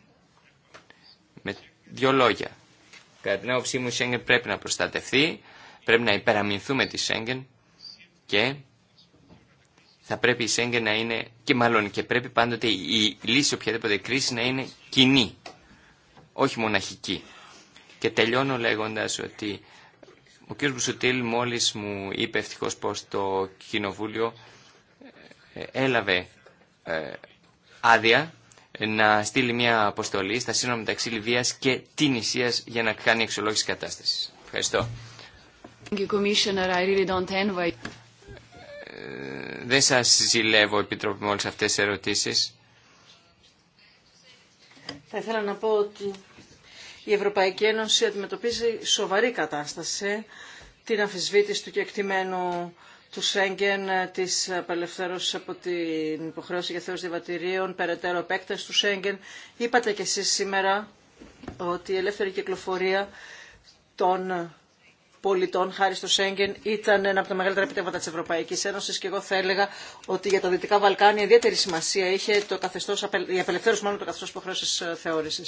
με δύο λόγια. Κατά την άποψή μου η Σέγγεν πρέπει να προστατευτεί, πρέπει να υπεραμεινθούμε τη Σέγγεν και θα πρέπει η Σέγγεν να είναι, και μάλλον και πρέπει πάντοτε η λύση οποιαδήποτε κρίση να είναι κοινή, όχι μοναχική. Και τελειώνω λέγοντας ότι ο κ. Μπουσουτήλ μόλις μου είπε ευτυχώς πως το Κοινοβούλιο ε, έλαβε ε, άδεια να στείλει μια αποστολή στα σύνορα μεταξύ Λιβύας και Τινησίας για να κάνει εξολόγηση κατάστασης. Ευχαριστώ δεν σας ζηλεύω, Επιτροπή, με όλες αυτές τις ερωτήσεις. Θα ήθελα να πω ότι η Ευρωπαϊκή Ένωση αντιμετωπίζει σοβαρή κατάσταση την αμφισβήτηση του κεκτημένου του Σέγγεν, της απελευθέρωση από την υποχρέωση για θεώρηση διαβατηρίων, περαιτέρω επέκταση του Σέγγεν. Είπατε κι εσείς σήμερα ότι η ελεύθερη κυκλοφορία των πολιτών χάρη στο Σέγγεν ήταν ένα από τα μεγαλύτερα επιτεύγματα τη Ευρωπαϊκή Ένωση και εγώ θα έλεγα ότι για τα Δυτικά Βαλκάνια ιδιαίτερη σημασία είχε το καθεστώς, η απελευθέρωση μόνο το καθεστώ υποχρέωση ε, θεώρηση.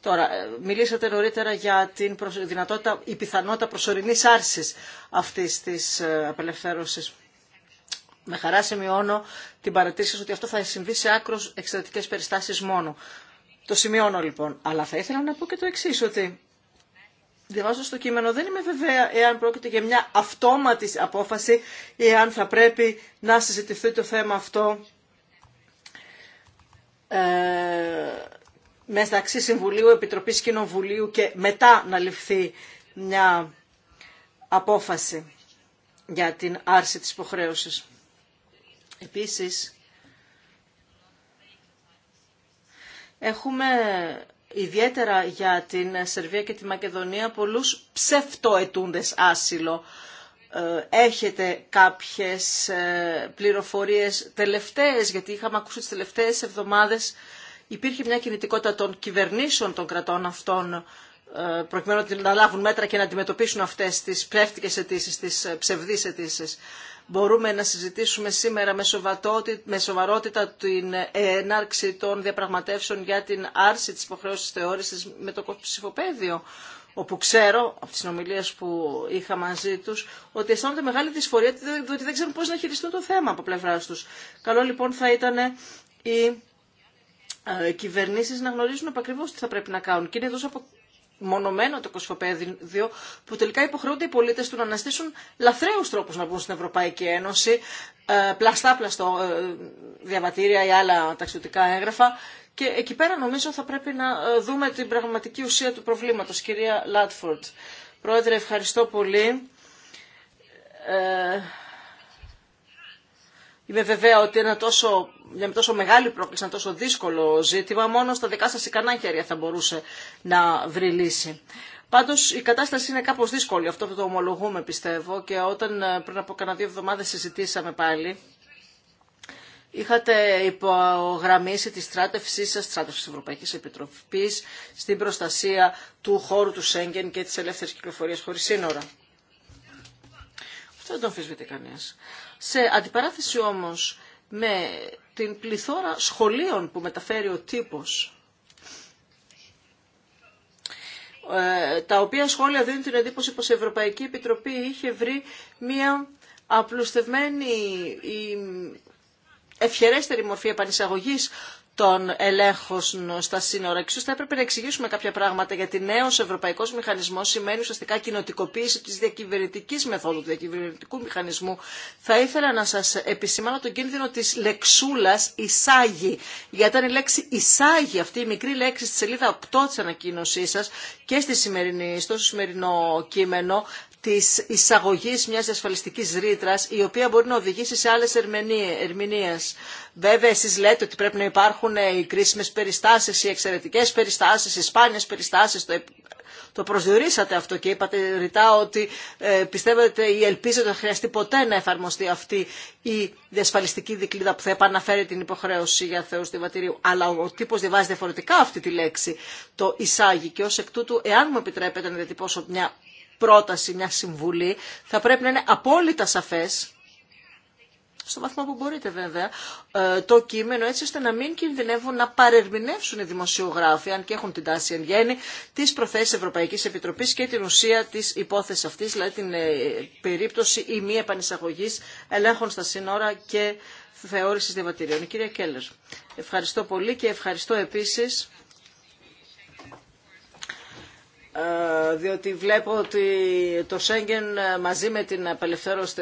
Τώρα, ε, μιλήσατε νωρίτερα για την δυνατότητα, η πιθανότητα προσωρινή άρση αυτή τη ε, απελευθέρωση. Με χαρά σημειώνω την παρατήρηση ότι αυτό θα συμβεί σε άκρος εξαιρετικέ περιστάσει μόνο. Το σημειώνω λοιπόν. Αλλά θα ήθελα να πω και το εξή ότι διαβάζω στο κείμενο, δεν είμαι βεβαία εάν πρόκειται για μια αυτόματη απόφαση ή εάν θα πρέπει να συζητηθεί το θέμα αυτό ε, μεταξύ Συμβουλίου, Επιτροπής Κοινοβουλίου και μετά να ληφθεί μια απόφαση για την άρση της υποχρέωσης. Επίσης, έχουμε ιδιαίτερα για την Σερβία και τη Μακεδονία, πολλούς ψευτοετούντες άσυλο. Ε, έχετε κάποιες ε, πληροφορίες τελευταίες, γιατί είχαμε ακούσει τις τελευταίες εβδομάδες υπήρχε μια κινητικότητα των κυβερνήσεων των κρατών αυτών ε, προκειμένου να λάβουν μέτρα και να αντιμετωπίσουν αυτέ τι ψεύτικε αιτήσει, τι ε, ψευδεί αιτήσει. Μπορούμε να συζητήσουμε σήμερα με, με σοβαρότητα την ενάρξη των διαπραγματεύσεων για την άρση της υποχρέωση θεώρησης με το ψηφοπαίδιο όπου ξέρω από τις συνομιλίες που είχα μαζί τους ότι αισθάνονται μεγάλη δυσφορία διότι δεν ξέρουν πώς να χειριστούν το θέμα από πλευρά τους. Καλό λοιπόν θα ήταν ε, οι κυβερνήσεις να γνωρίζουν ακριβώ τι θα πρέπει να κάνουν και είναι απο μονομένο το κοσφοπέδιο που τελικά υποχρεούνται οι πολίτες του να αναστήσουν λαθρέους τρόπου να μπουν στην Ευρωπαϊκή Ένωση, ε, πλαστά-πλαστό ε, διαβατήρια ή άλλα ταξιδιωτικά έγγραφα και εκεί πέρα νομίζω θα πρέπει να ε, δούμε την πραγματική ουσία του προβλήματος. Κυρία Λάτφορντ, Πρόεδρε ευχαριστώ πολύ. Είμαι βέβαια ότι ένα τόσο, μια τόσο μεγάλη πρόκληση, ένα τόσο δύσκολο ζήτημα, μόνο στα δικά σας ικανά χέρια θα μπορούσε να βρει λύση. Πάντω η κατάσταση είναι κάπω δύσκολη, αυτό που το ομολογούμε πιστεύω και όταν ε, πριν από κανένα δύο εβδομάδε συζητήσαμε πάλι, είχατε υπογραμμίσει τη στράτευσή σα, στράτευση τη Ευρωπαϊκή Επιτροπή, στην προστασία του χώρου του Σέγγεν και τη ελεύθερη κυκλοφορία χωρί σύνορα. Αυτό δεν το αμφισβητεί κανένα σε αντιπαράθεση όμως με την πληθώρα σχολείων που μεταφέρει ο τύπος ε, τα οποία σχόλια δίνουν την εντύπωση πως η Ευρωπαϊκή Επιτροπή είχε βρει μία απλουστευμένη ευχερέστερη μορφή επανεισαγωγής των ελέγχων στα σύνορα. Εξού θα έπρεπε να εξηγήσουμε κάποια πράγματα γιατί νέο ευρωπαϊκό μηχανισμό σημαίνει ουσιαστικά κοινοτικοποίηση τη διακυβερνητική μεθόδου, του διακυβερνητικού μηχανισμού. Θα ήθελα να σα επισημάνω τον κίνδυνο τη λεξούλα εισάγει. Γιατί ήταν η λέξη εισάγει, αυτή η μικρή λέξη στη σελίδα 8 τη ανακοίνωσή σα και στη σημερινή, στο σημερινό κείμενο, της εισαγωγής μιας ασφαλιστικής ρήτρα, η οποία μπορεί να οδηγήσει σε άλλες ερμηνείες. Βέβαια εσείς λέτε ότι πρέπει να υπάρχουν ε, οι κρίσιμες περιστάσεις, οι εξαιρετικές περιστάσεις, οι σπάνιες περιστάσεις, το το προσδιορίσατε αυτό και είπατε ρητά ότι ε, πιστεύετε ή ελπίζετε ότι χρειαστεί ποτέ να εφαρμοστεί αυτή η διασφαλιστική θα δικλίδα που θα επαναφέρει την υποχρέωση για του διαβατηρίου. Αλλά ο τύπο διαβάζει διαφορετικά αυτή τη λέξη. Το εισάγει και ω εκ τούτου, εάν μου επιτρέπετε να διατυπώσω μια πρόταση, μια συμβουλή, θα πρέπει να είναι απόλυτα σαφές, στο βαθμό που μπορείτε βέβαια, ε, το κείμενο έτσι ώστε να μην κινδυνεύουν να παρερμηνεύσουν οι δημοσιογράφοι, αν και έχουν την τάση εν γέννη, τις προθέσεις Ευρωπαϊκής Επιτροπής και την ουσία της υπόθεσης αυτής, δηλαδή την ε, περίπτωση ή μη επανεισαγωγής ελέγχων στα σύνορα και θεώρησης διαβατηρίων. Η μη Κέλλερ, ευχαριστώ πολύ και θεωρησης διαβατηριων κυρια κελλερ επίσης ε, διότι βλέπω ότι το Σέγγεν ε, μαζί με την απελευθέρωση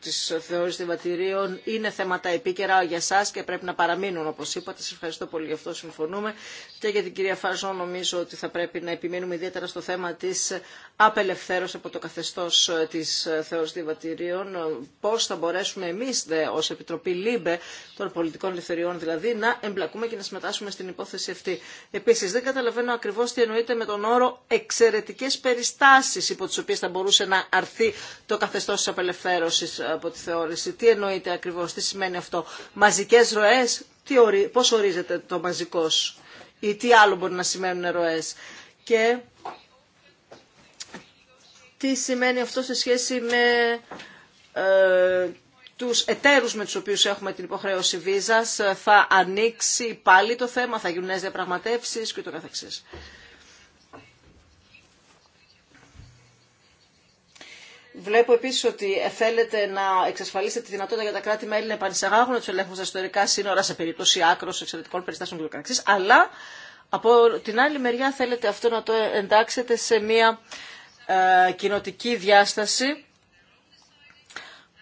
της θεώρησης διαβατηρίων είναι θέματα επίκαιρα για σας και πρέπει να παραμείνουν όπως είπατε. Σας ευχαριστώ πολύ γι' αυτό συμφωνούμε και για την κυρία Φάζο νομίζω ότι θα πρέπει να επιμείνουμε ιδιαίτερα στο θέμα της απελευθέρωσης από το καθεστώς ε, της θεώρησης διαβατηρίων πώς θα μπορέσουμε εμείς δε, ως Επιτροπή ΛΥΜΠΕ των πολιτικών ελευθεριών δηλαδή να εμπλακούμε και να συμμετάσχουμε στην υπόθεση αυτή. Επίσης δεν καταλαβαίνω ακριβώς τι εννοείται με τον όρο εξαιρετικές περιστάσεις υπό τις οποίες θα μπορούσε να αρθεί το καθεστώς της απελευθέρωσης από τη θεώρηση. Τι εννοείται ακριβώς, τι σημαίνει αυτό. Μαζικές ροές, τι πώς ορίζεται το μαζικός ή τι άλλο μπορεί να σημαίνουν ροές. Και τι σημαίνει αυτό σε σχέση με ε, τους εταίρους με τους οποίους έχουμε την υποχρέωση βίζας, θα ανοίξει πάλι το θέμα, θα γίνουν νέες διαπραγματεύσεις και το καθεξής. Βλέπω επίση ότι θέλετε να εξασφαλίσετε τη δυνατότητα για τα κράτη-μέλη να επανεισαγάγουν του ελέγχου στα ιστορικά σύνορα σε περίπτωση άκρο εξαιρετικών περιστάσεων κ.ο.κ. Αλλά από την άλλη μεριά θέλετε αυτό να το εντάξετε σε μια ε, κοινοτική διάσταση.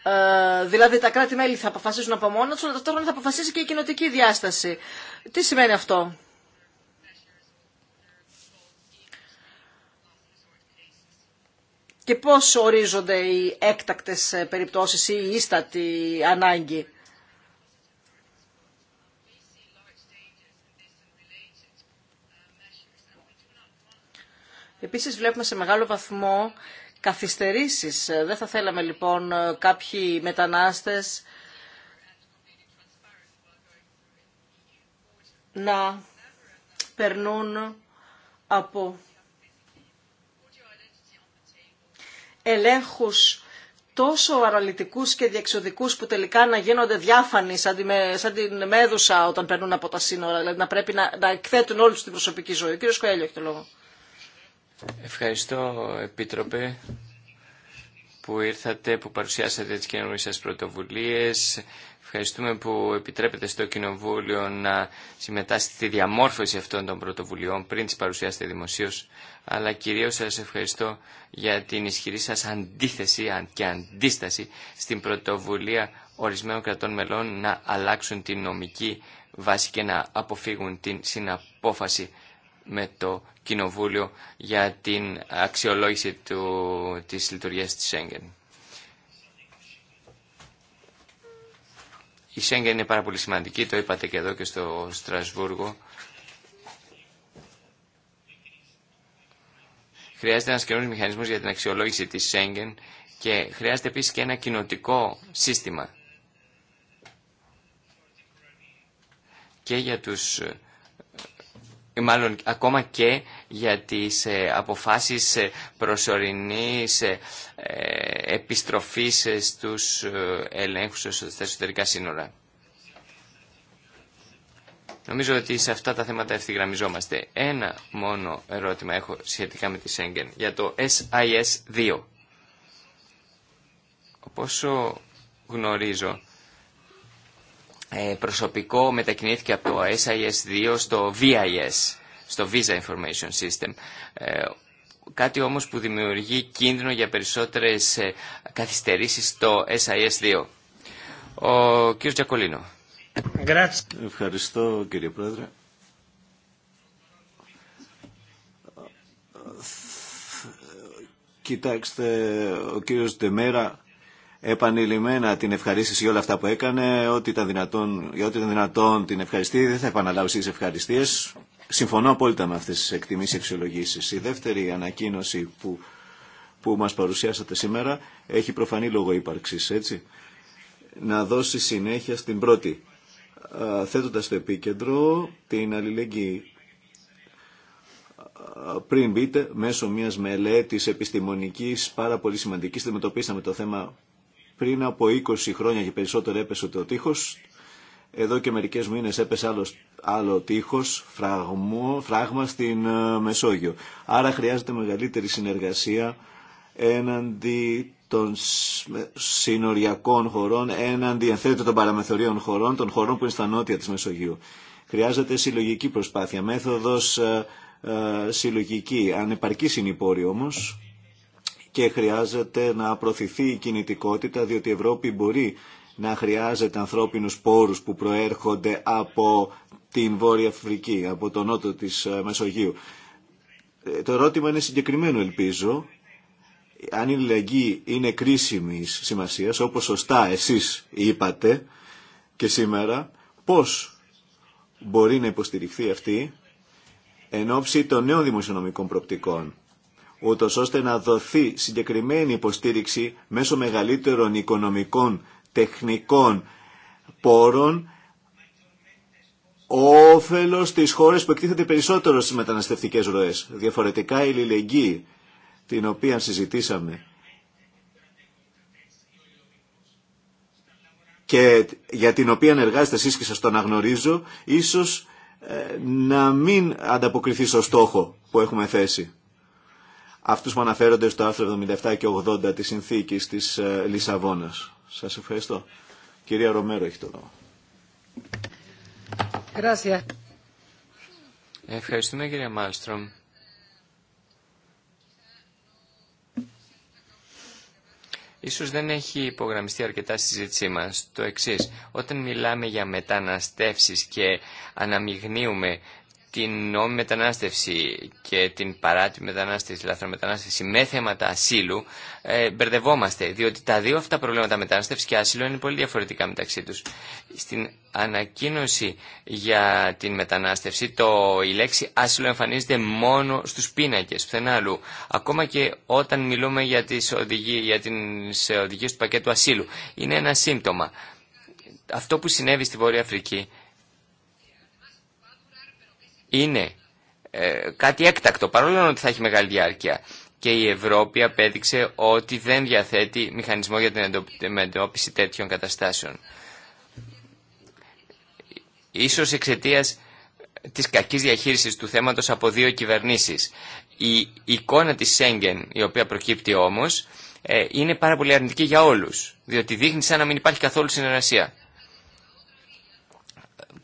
Ε, δηλαδή τα κράτη-μέλη θα αποφασίσουν από μόνο του, αλλά ταυτόχρονα θα αποφασίσει και η κοινοτική διάσταση. Τι σημαίνει αυτό. και πώς ορίζονται οι έκτακτες ε, περιπτώσεις ή η ίστατη ανάγκη. Επίσης βλέπουμε σε μεγάλο βαθμό καθυστερήσεις. Ε, δεν θα θέλαμε λοιπόν ε, κάποιοι μετανάστες να περνούν από ελέγχους τόσο αραλυτικούς και διεξοδικούς που τελικά να γίνονται διάφανοι σαν, τη, την μέδουσα όταν περνούν από τα σύνορα, δηλαδή να πρέπει να, να εκθέτουν όλους την προσωπική ζωή. Ο κύριος Κοέλιο έχει το λόγο. Ευχαριστώ Επίτροπε που ήρθατε, που παρουσιάσατε τις καινούργιες σας πρωτοβουλίες. Ευχαριστούμε που επιτρέπετε στο Κοινοβούλιο να συμμετάσχει στη διαμόρφωση αυτών των πρωτοβουλειών πριν τις παρουσιάσετε δημοσίως. Αλλά κυρίως σας ευχαριστώ για την ισχυρή σας αντίθεση και αντίσταση στην πρωτοβουλία ορισμένων κρατών μελών να αλλάξουν την νομική βάση και να αποφύγουν την συναπόφαση με το Κοινοβούλιο για την αξιολόγηση του, της λειτουργίας της Σέγγεν. Η Σέγγεν είναι πάρα πολύ σημαντική, το είπατε και εδώ και στο Στρασβούργο. Χρειάζεται ένας καινούργιος μηχανισμός για την αξιολόγηση της Σέγγεν και χρειάζεται επίσης και ένα κοινοτικό σύστημα και για τους μάλλον ακόμα και για τις ε, αποφάσεις ε, προσωρινής ε, επιστροφής στους ελέγχους στα εσωτερικά σύνορα. Νομίζω ότι σε αυτά τα θέματα ευθυγραμμιζόμαστε. Ένα μόνο ερώτημα έχω σχετικά με τη Σέγγεν για το SIS 2. Όπως γνωρίζω, ε, προσωπικό μετακινήθηκε από το SIS2 στο VIS, στο Visa Information System. Ε, κάτι όμως που δημιουργεί κίνδυνο για περισσότερες ε, καθυστερήσεις στο SIS2. Ο κύριος Τζακολίνο. Ευχαριστώ κύριε Πρόεδρε. Κοιτάξτε, ο κύριος Ντεμέρα επανειλημμένα την ευχαρίστηση για όλα αυτά που έκανε, ό,τι ήταν δυνατόν, για ό,τι ήταν δυνατόν την ευχαριστεί, δεν θα επαναλάβω στις ευχαριστίες. Συμφωνώ απόλυτα με αυτές τις εκτιμήσεις αξιολογήσεις. Η δεύτερη ανακοίνωση που, που μας παρουσιάσατε σήμερα έχει προφανή λόγο ύπαρξης, έτσι. Να δώσει συνέχεια στην πρώτη, θέτοντας στο επίκεντρο την αλληλεγγύη πριν μπείτε μέσω μιας μελέτης επιστημονικής πάρα πολύ σημαντικής αντιμετωπίσαμε το θέμα πριν από 20 χρόνια και περισσότερο έπεσε το τείχος. Εδώ και μερικέ μήνε έπεσε άλλο, άλλο τείχος, φράγμα στην ε, Μεσόγειο. Άρα χρειάζεται μεγαλύτερη συνεργασία έναντι των συνοριακών χωρών, έναντι αν θέλετε των παραμεθωριών χωρών, των χωρών που είναι στα νότια της Μεσογείου. Χρειάζεται συλλογική προσπάθεια, Μέθοδο ε, ε, συλλογική. Ανεπαρκή είναι η πόρη όμω και χρειάζεται να προωθηθεί η κινητικότητα διότι η Ευρώπη μπορεί να χρειάζεται ανθρώπινους πόρους που προέρχονται από την Βόρεια Αφρική, από τον νότο της ε, Μεσογείου. Ε, το ερώτημα είναι συγκεκριμένο ελπίζω. Αν η λιλεγγύη είναι κρίσιμης σημασίας, όπως σωστά εσείς είπατε και σήμερα, πώς μπορεί να υποστηριχθεί αυτή εν ώψη των νέων δημοσιονομικών προπτικών ούτως ώστε να δοθεί συγκεκριμένη υποστήριξη μέσω μεγαλύτερων οικονομικών, τεχνικών πόρων όφελος στι χώρε που εκτίθεται περισσότερο στις μεταναστευτικές ροέ, Διαφορετικά η λιλεγγύη την οποία συζητήσαμε και για την οποία εργάζεστε εσεί και σας το αναγνωρίζω, ίσως ε, να μην ανταποκριθεί στο στόχο που έχουμε θέσει αυτούς που αναφέρονται στο άρθρο 77 και 80 της συνθήκης της ε, Λισαβόνας. Σας ευχαριστώ. Κυρία Ρομέρο έχει το λόγο. Ευχαριστούμε κύριε Μάλστρομ. Ίσως δεν έχει υπογραμμιστεί αρκετά στη συζήτησή μας το εξής. Όταν μιλάμε για μεταναστεύσεις και αναμειγνύουμε την νόμη μετανάστευση και την παράτη μετανάστευση, λαθρομετανάστευση με θέματα ασύλου, ε, μπερδευόμαστε, διότι τα δύο αυτά προβλήματα μετανάστευση και ασύλου είναι πολύ διαφορετικά μεταξύ τους. Στην ανακοίνωση για την μετανάστευση, το, η λέξη άσυλο εμφανίζεται μόνο στους πίνακε, πουθενά αλλού. Ακόμα και όταν μιλούμε για τι οδηγίε του πακέτου ασύλου, είναι ένα σύμπτωμα. Αυτό που συνέβη στη Βόρεια Αφρική είναι ε, κάτι έκτακτο, παρόλο ότι θα έχει μεγάλη διάρκεια. Και η Ευρώπη απέδειξε ότι δεν διαθέτει μηχανισμό για την εντόπιση τέτοιων καταστάσεων. Ίσως εξαιτία της κακής διαχείρισης του θέματος από δύο κυβερνήσεις. Η εικόνα της Σέγγεν, η οποία προκύπτει όμως, ε, είναι πάρα πολύ αρνητική για όλους, διότι δείχνει σαν να μην υπάρχει καθόλου συνεργασία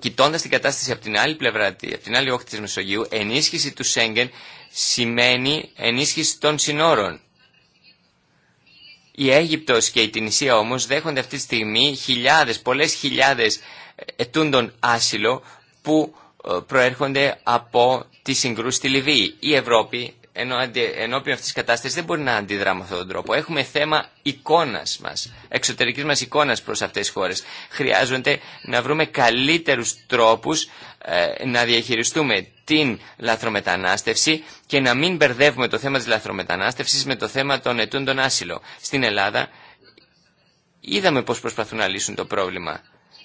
κοιτώντα την κατάσταση από την άλλη πλευρά, από την άλλη όχθη τη Μεσογείου, ενίσχυση του Σέγγεν σημαίνει ενίσχυση των συνόρων. Η Αίγυπτος και η Τινησία όμως δέχονται αυτή τη στιγμή χιλιάδες, πολλές χιλιάδες ετούντων άσυλο που ε, προέρχονται από τη συγκρούση στη Λιβύη. Η Ευρώπη ενώ, ενώπιον αυτής της κατάστασης δεν μπορεί να αντιδρά αυτόν τον τρόπο. Έχουμε θέμα εικόνας μας, εξωτερικής μας εικόνας προς αυτές τις χώρες. Χρειάζονται να βρούμε καλύτερους τρόπους ε, να διαχειριστούμε την λαθρομετανάστευση και να μην μπερδεύουμε το θέμα της λαθρομετανάστευσης με το θέμα των ετούντων τον άσυλο. Στην Ελλάδα είδαμε πώς προσπαθούν να λύσουν το πρόβλημα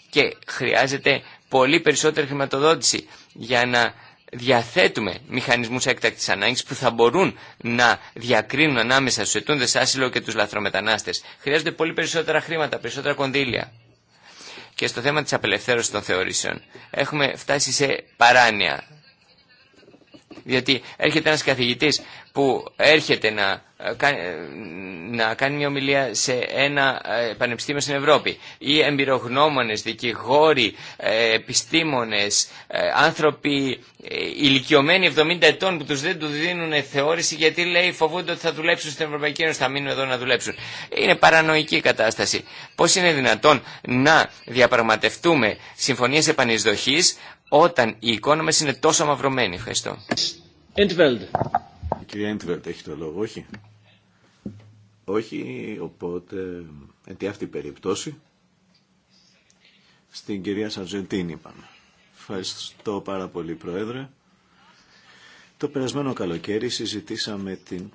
και χρειάζεται πολύ περισσότερη χρηματοδότηση για να διαθέτουμε μηχανισμούς έκτακτης ανάγκης που θα μπορούν να διακρίνουν ανάμεσα στους ετούντες άσυλο και τους λαθρομετανάστες. Χρειάζονται πολύ περισσότερα χρήματα, περισσότερα κονδύλια. Και στο θέμα της απελευθέρωσης των θεωρήσεων έχουμε φτάσει σε παράνοια. Διότι έρχεται ένας καθηγητής που έρχεται να να κάνει μια ομιλία σε ένα ε, πανεπιστήμιο στην Ευρώπη. Ή εμπειρογνώμονες, δικηγόροι, ε, επιστήμονες, ε, άνθρωποι ηλικιωμένοι 70 ετών που τους δεν του δίνουν θεώρηση γιατί λέει φοβούνται ότι θα δουλέψουν στην Ευρωπαϊκή Ένωση, θα μείνουν εδώ να δουλέψουν. Είναι παρανοϊκή η κατάσταση. Πώς είναι δυνατόν να διαπραγματευτούμε συμφωνίες επανεισδοχής όταν η εικόνα είναι τόσο μαυρωμένη. Ευχαριστώ. Η κυρία Εντβέλτ έχει το λόγο, όχι. Όχι, οπότε, εν τη αυτή περίπτωση, στην κυρία Σαρτζεντίνη πάμε. Ευχαριστώ πάρα πολύ, Πρόεδρε. Το περασμένο καλοκαίρι συζητήσαμε την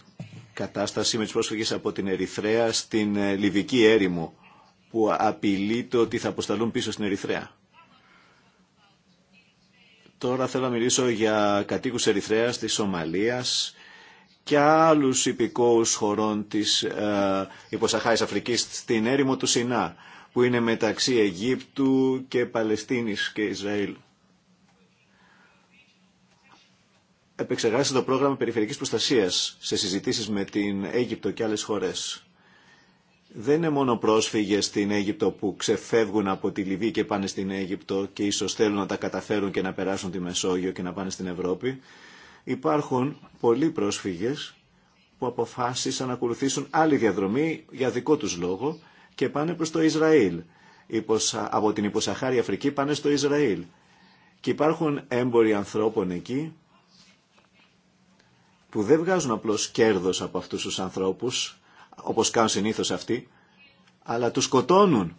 κατάσταση με τις πρόσφυγες από την Ερυθρέα στην ε, Λιβική έρημο, που απειλεί το ότι θα αποσταλούν πίσω στην Ερυθρέα. Τώρα θέλω να μιλήσω για κατοίκους Ερυθρέας της Σομαλίας, και άλλους υπηκόους χωρών της ε, Αφρικής στην έρημο του Σινά, που είναι μεταξύ Αιγύπτου και Παλαιστίνης και Ισραήλ. Επεξεργάζεται το πρόγραμμα περιφερειακής προστασίας σε συζητήσεις με την Αίγυπτο και άλλες χώρες. Δεν είναι μόνο πρόσφυγες στην Αίγυπτο που ξεφεύγουν από τη Λιβύη και πάνε στην Αίγυπτο και ίσως θέλουν να τα καταφέρουν και να περάσουν τη Μεσόγειο και να πάνε στην Ευρώπη. Υπάρχουν πολλοί πρόσφυγες που αποφάσισαν να ακολουθήσουν άλλη διαδρομή για δικό τους λόγο και πάνε προς το Ισραήλ. Από την Υποσαχάρη Αφρική πάνε στο Ισραήλ. Και υπάρχουν έμποροι ανθρώπων εκεί που δεν βγάζουν απλώς κέρδος από αυτούς τους ανθρώπους, όπως κάνουν συνήθως αυτοί, αλλά τους σκοτώνουν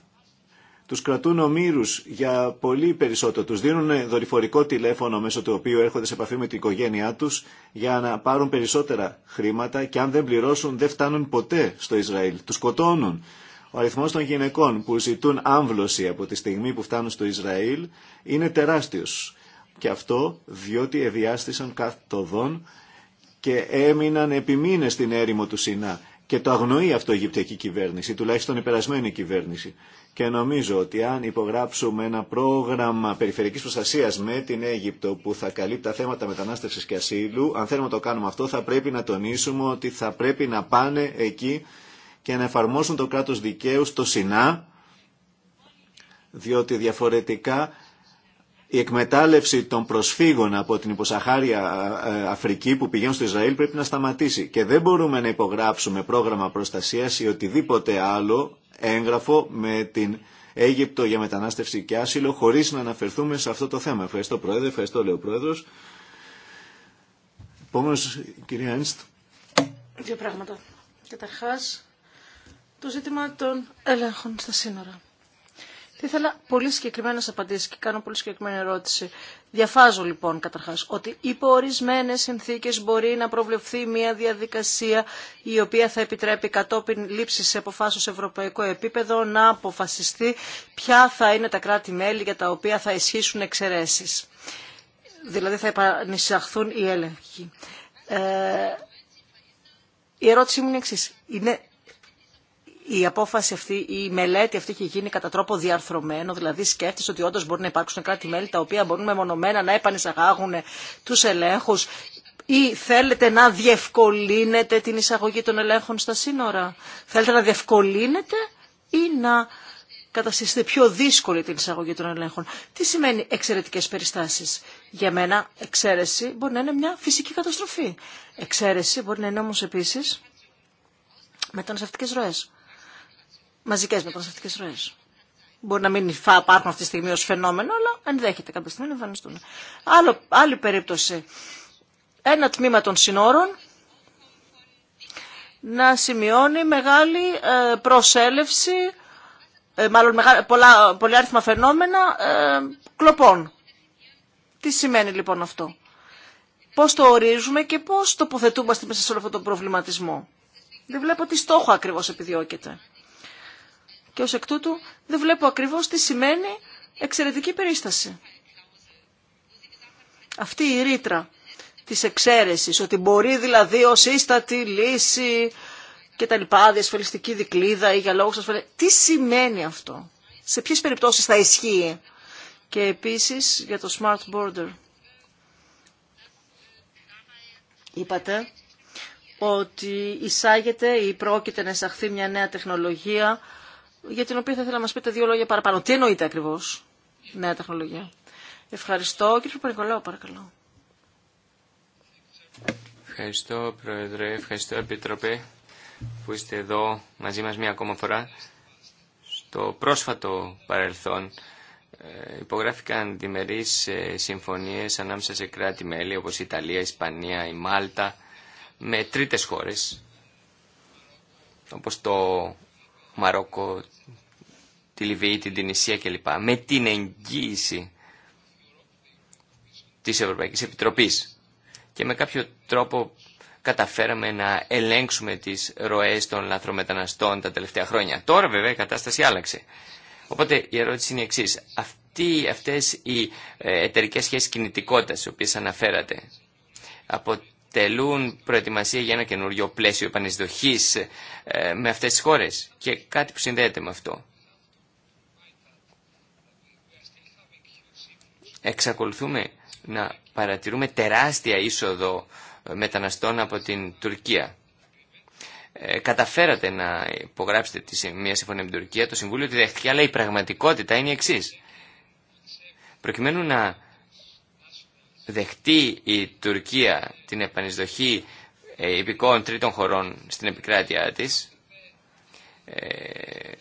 τους κρατούν ομήρους για πολύ περισσότερο. Τους δίνουν δορυφορικό τηλέφωνο μέσω του οποίου έρχονται σε επαφή με την οικογένειά τους για να πάρουν περισσότερα χρήματα και αν δεν πληρώσουν δεν φτάνουν ποτέ στο Ισραήλ. Τους σκοτώνουν. Ο αριθμός των γυναικών που ζητούν άμβλωση από τη στιγμή που φτάνουν στο Ισραήλ είναι τεράστιος. Και αυτό διότι ευδιάστησαν καθοδόν και έμειναν επί στην έρημο του Σινά. Και το αγνοεί αυτό η Αιγυπτιακή κυβέρνηση, τουλάχιστον η περασμένη κυβέρνηση. Και νομίζω ότι αν υπογράψουμε ένα πρόγραμμα περιφερειακής προστασία με την Αίγυπτο που θα καλύπτει τα θέματα μετανάστευση και ασύλου, αν θέλουμε να το κάνουμε αυτό θα πρέπει να τονίσουμε ότι θα πρέπει να πάνε εκεί και να εφαρμόσουν το κράτος δικαίου στο ΣΥΝΑ, διότι διαφορετικά η εκμετάλλευση των προσφύγων από την υποσαχάρια ε, Αφρική που πηγαίνουν στο Ισραήλ πρέπει να σταματήσει. Και δεν μπορούμε να υπογράψουμε πρόγραμμα προστασίας ή οτιδήποτε άλλο έγγραφο με την Αίγυπτο για μετανάστευση και άσυλο χωρίς να αναφερθούμε σε αυτό το θέμα. Ευχαριστώ Πρόεδρε, ευχαριστώ λέω ο Πρόεδρος. κυρία Ένστ. Δύο πράγματα. Καταρχά, το ζήτημα των ελέγχων στα σύνορα. Θα ήθελα πολύ συγκεκριμένε απαντήσει και κάνω πολύ συγκεκριμένη ερώτηση. Διαφάζω λοιπόν καταρχά ότι υπό ορισμένε συνθήκε μπορεί να προβλεφθεί μια διαδικασία η οποία θα επιτρέπει κατόπιν λήψη σε αποφάσεω σε ευρωπαϊκό επίπεδο να αποφασιστεί ποια θα είναι τα κράτη-μέλη για τα οποία θα ισχύσουν εξαιρέσει. Δηλαδή θα επανεισαχθούν οι έλεγχοι. Ε, η ερώτησή μου είναι εξή. Είναι η απόφαση αυτή, η μελέτη αυτή έχει γίνει κατά τρόπο διαρθρωμένο, δηλαδή σκέφτεσαι ότι όντω μπορεί να υπάρξουν κράτη-μέλη τα οποία μπορούν μεμονωμένα να επανεισαγάγουν του ελέγχου ή θέλετε να διευκολύνετε την εισαγωγή των ελέγχων στα σύνορα. Θέλετε να διευκολύνετε ή να καταστήσετε πιο δύσκολη την εισαγωγή των ελέγχων. Τι σημαίνει εξαιρετικέ περιστάσει. Για μένα, εξαίρεση μπορεί να είναι μια φυσική καταστροφή. Εξαίρεση μπορεί να είναι όμω επίση μεταναστευτικέ ροέ μαζικές μεταναστευτικέ ροέ. Μπορεί να μην υπάρχουν αυτή τη στιγμή ω φαινόμενο, αλλά ενδέχεται κάποια στιγμή να εμφανιστούν. Άλλο, άλλη περίπτωση. Ένα τμήμα των συνόρων να σημειώνει μεγάλη ε, προσέλευση, ε, μάλλον πολλά, πολλά αριθμα φαινόμενα ε, κλοπών. Τι σημαίνει λοιπόν αυτό. Πώς το ορίζουμε και πώς τοποθετούμαστε μέσα σε όλο αυτόν τον προβληματισμό. Δεν βλέπω τι στόχο ακριβώς επιδιώκεται και ως εκ τούτου δεν βλέπω ακριβώς τι σημαίνει εξαιρετική περίσταση. Αυτή η ρήτρα της εξαίρεσης, ότι μπορεί δηλαδή ως ίστατη λύση και τα λοιπά, διασφαλιστική δικλίδα ή για λόγους ασφαλείας. Τι σημαίνει αυτό, σε ποιες περιπτώσεις θα ισχύει και επίσης για το Smart Border. Είπατε ότι εισάγεται ή πρόκειται να εισαχθεί μια νέα τεχνολογία για την οποία θα ήθελα να μα πείτε δύο λόγια παραπάνω. Τι εννοείται ακριβώς νέα τεχνολογία. Ευχαριστώ. Κύριε Παρικολάου, παρακαλώ. Ευχαριστώ, Πρόεδρε. Ευχαριστώ, Επιτροπέ, που είστε εδώ μαζί μας μία ακόμα φορά. Στο πρόσφατο παρελθόν ε, υπογράφηκαν διμερείς ε, συμφωνίες ανάμεσα σε κράτη-μέλη όπως η Ιταλία, η Ισπανία, η Μάλτα με τρίτες χώρες όπως το Μαρόκο, τη Λιβύη, την Τινησία κλπ. Με την εγγύηση της Ευρωπαϊκής Επιτροπής. Και με κάποιο τρόπο καταφέραμε να ελέγξουμε τις ροές των λαθρομεταναστών τα τελευταία χρόνια. Τώρα βέβαια η κατάσταση άλλαξε. Οπότε η ερώτηση είναι η εξή. αυτές οι ε, εταιρικέ σχέσεις κινητικότητας, τις οποίες αναφέρατε, αποτελούν προετοιμασία για ένα καινούριο πλαίσιο επανεισδοχής ε, με αυτές τις χώρες και κάτι που συνδέεται με αυτό. εξακολουθούμε να παρατηρούμε τεράστια είσοδο ε, μεταναστών από την Τουρκία. Ε, καταφέρατε να υπογράψετε τη, μια συμφωνία με την Τουρκία, το Συμβούλιο τη δέχτηκε, αλλά η πραγματικότητα είναι η εξή. Προκειμένου να δεχτεί η Τουρκία την επανεισδοχή ε, τρίτων χωρών στην επικράτειά της, ε,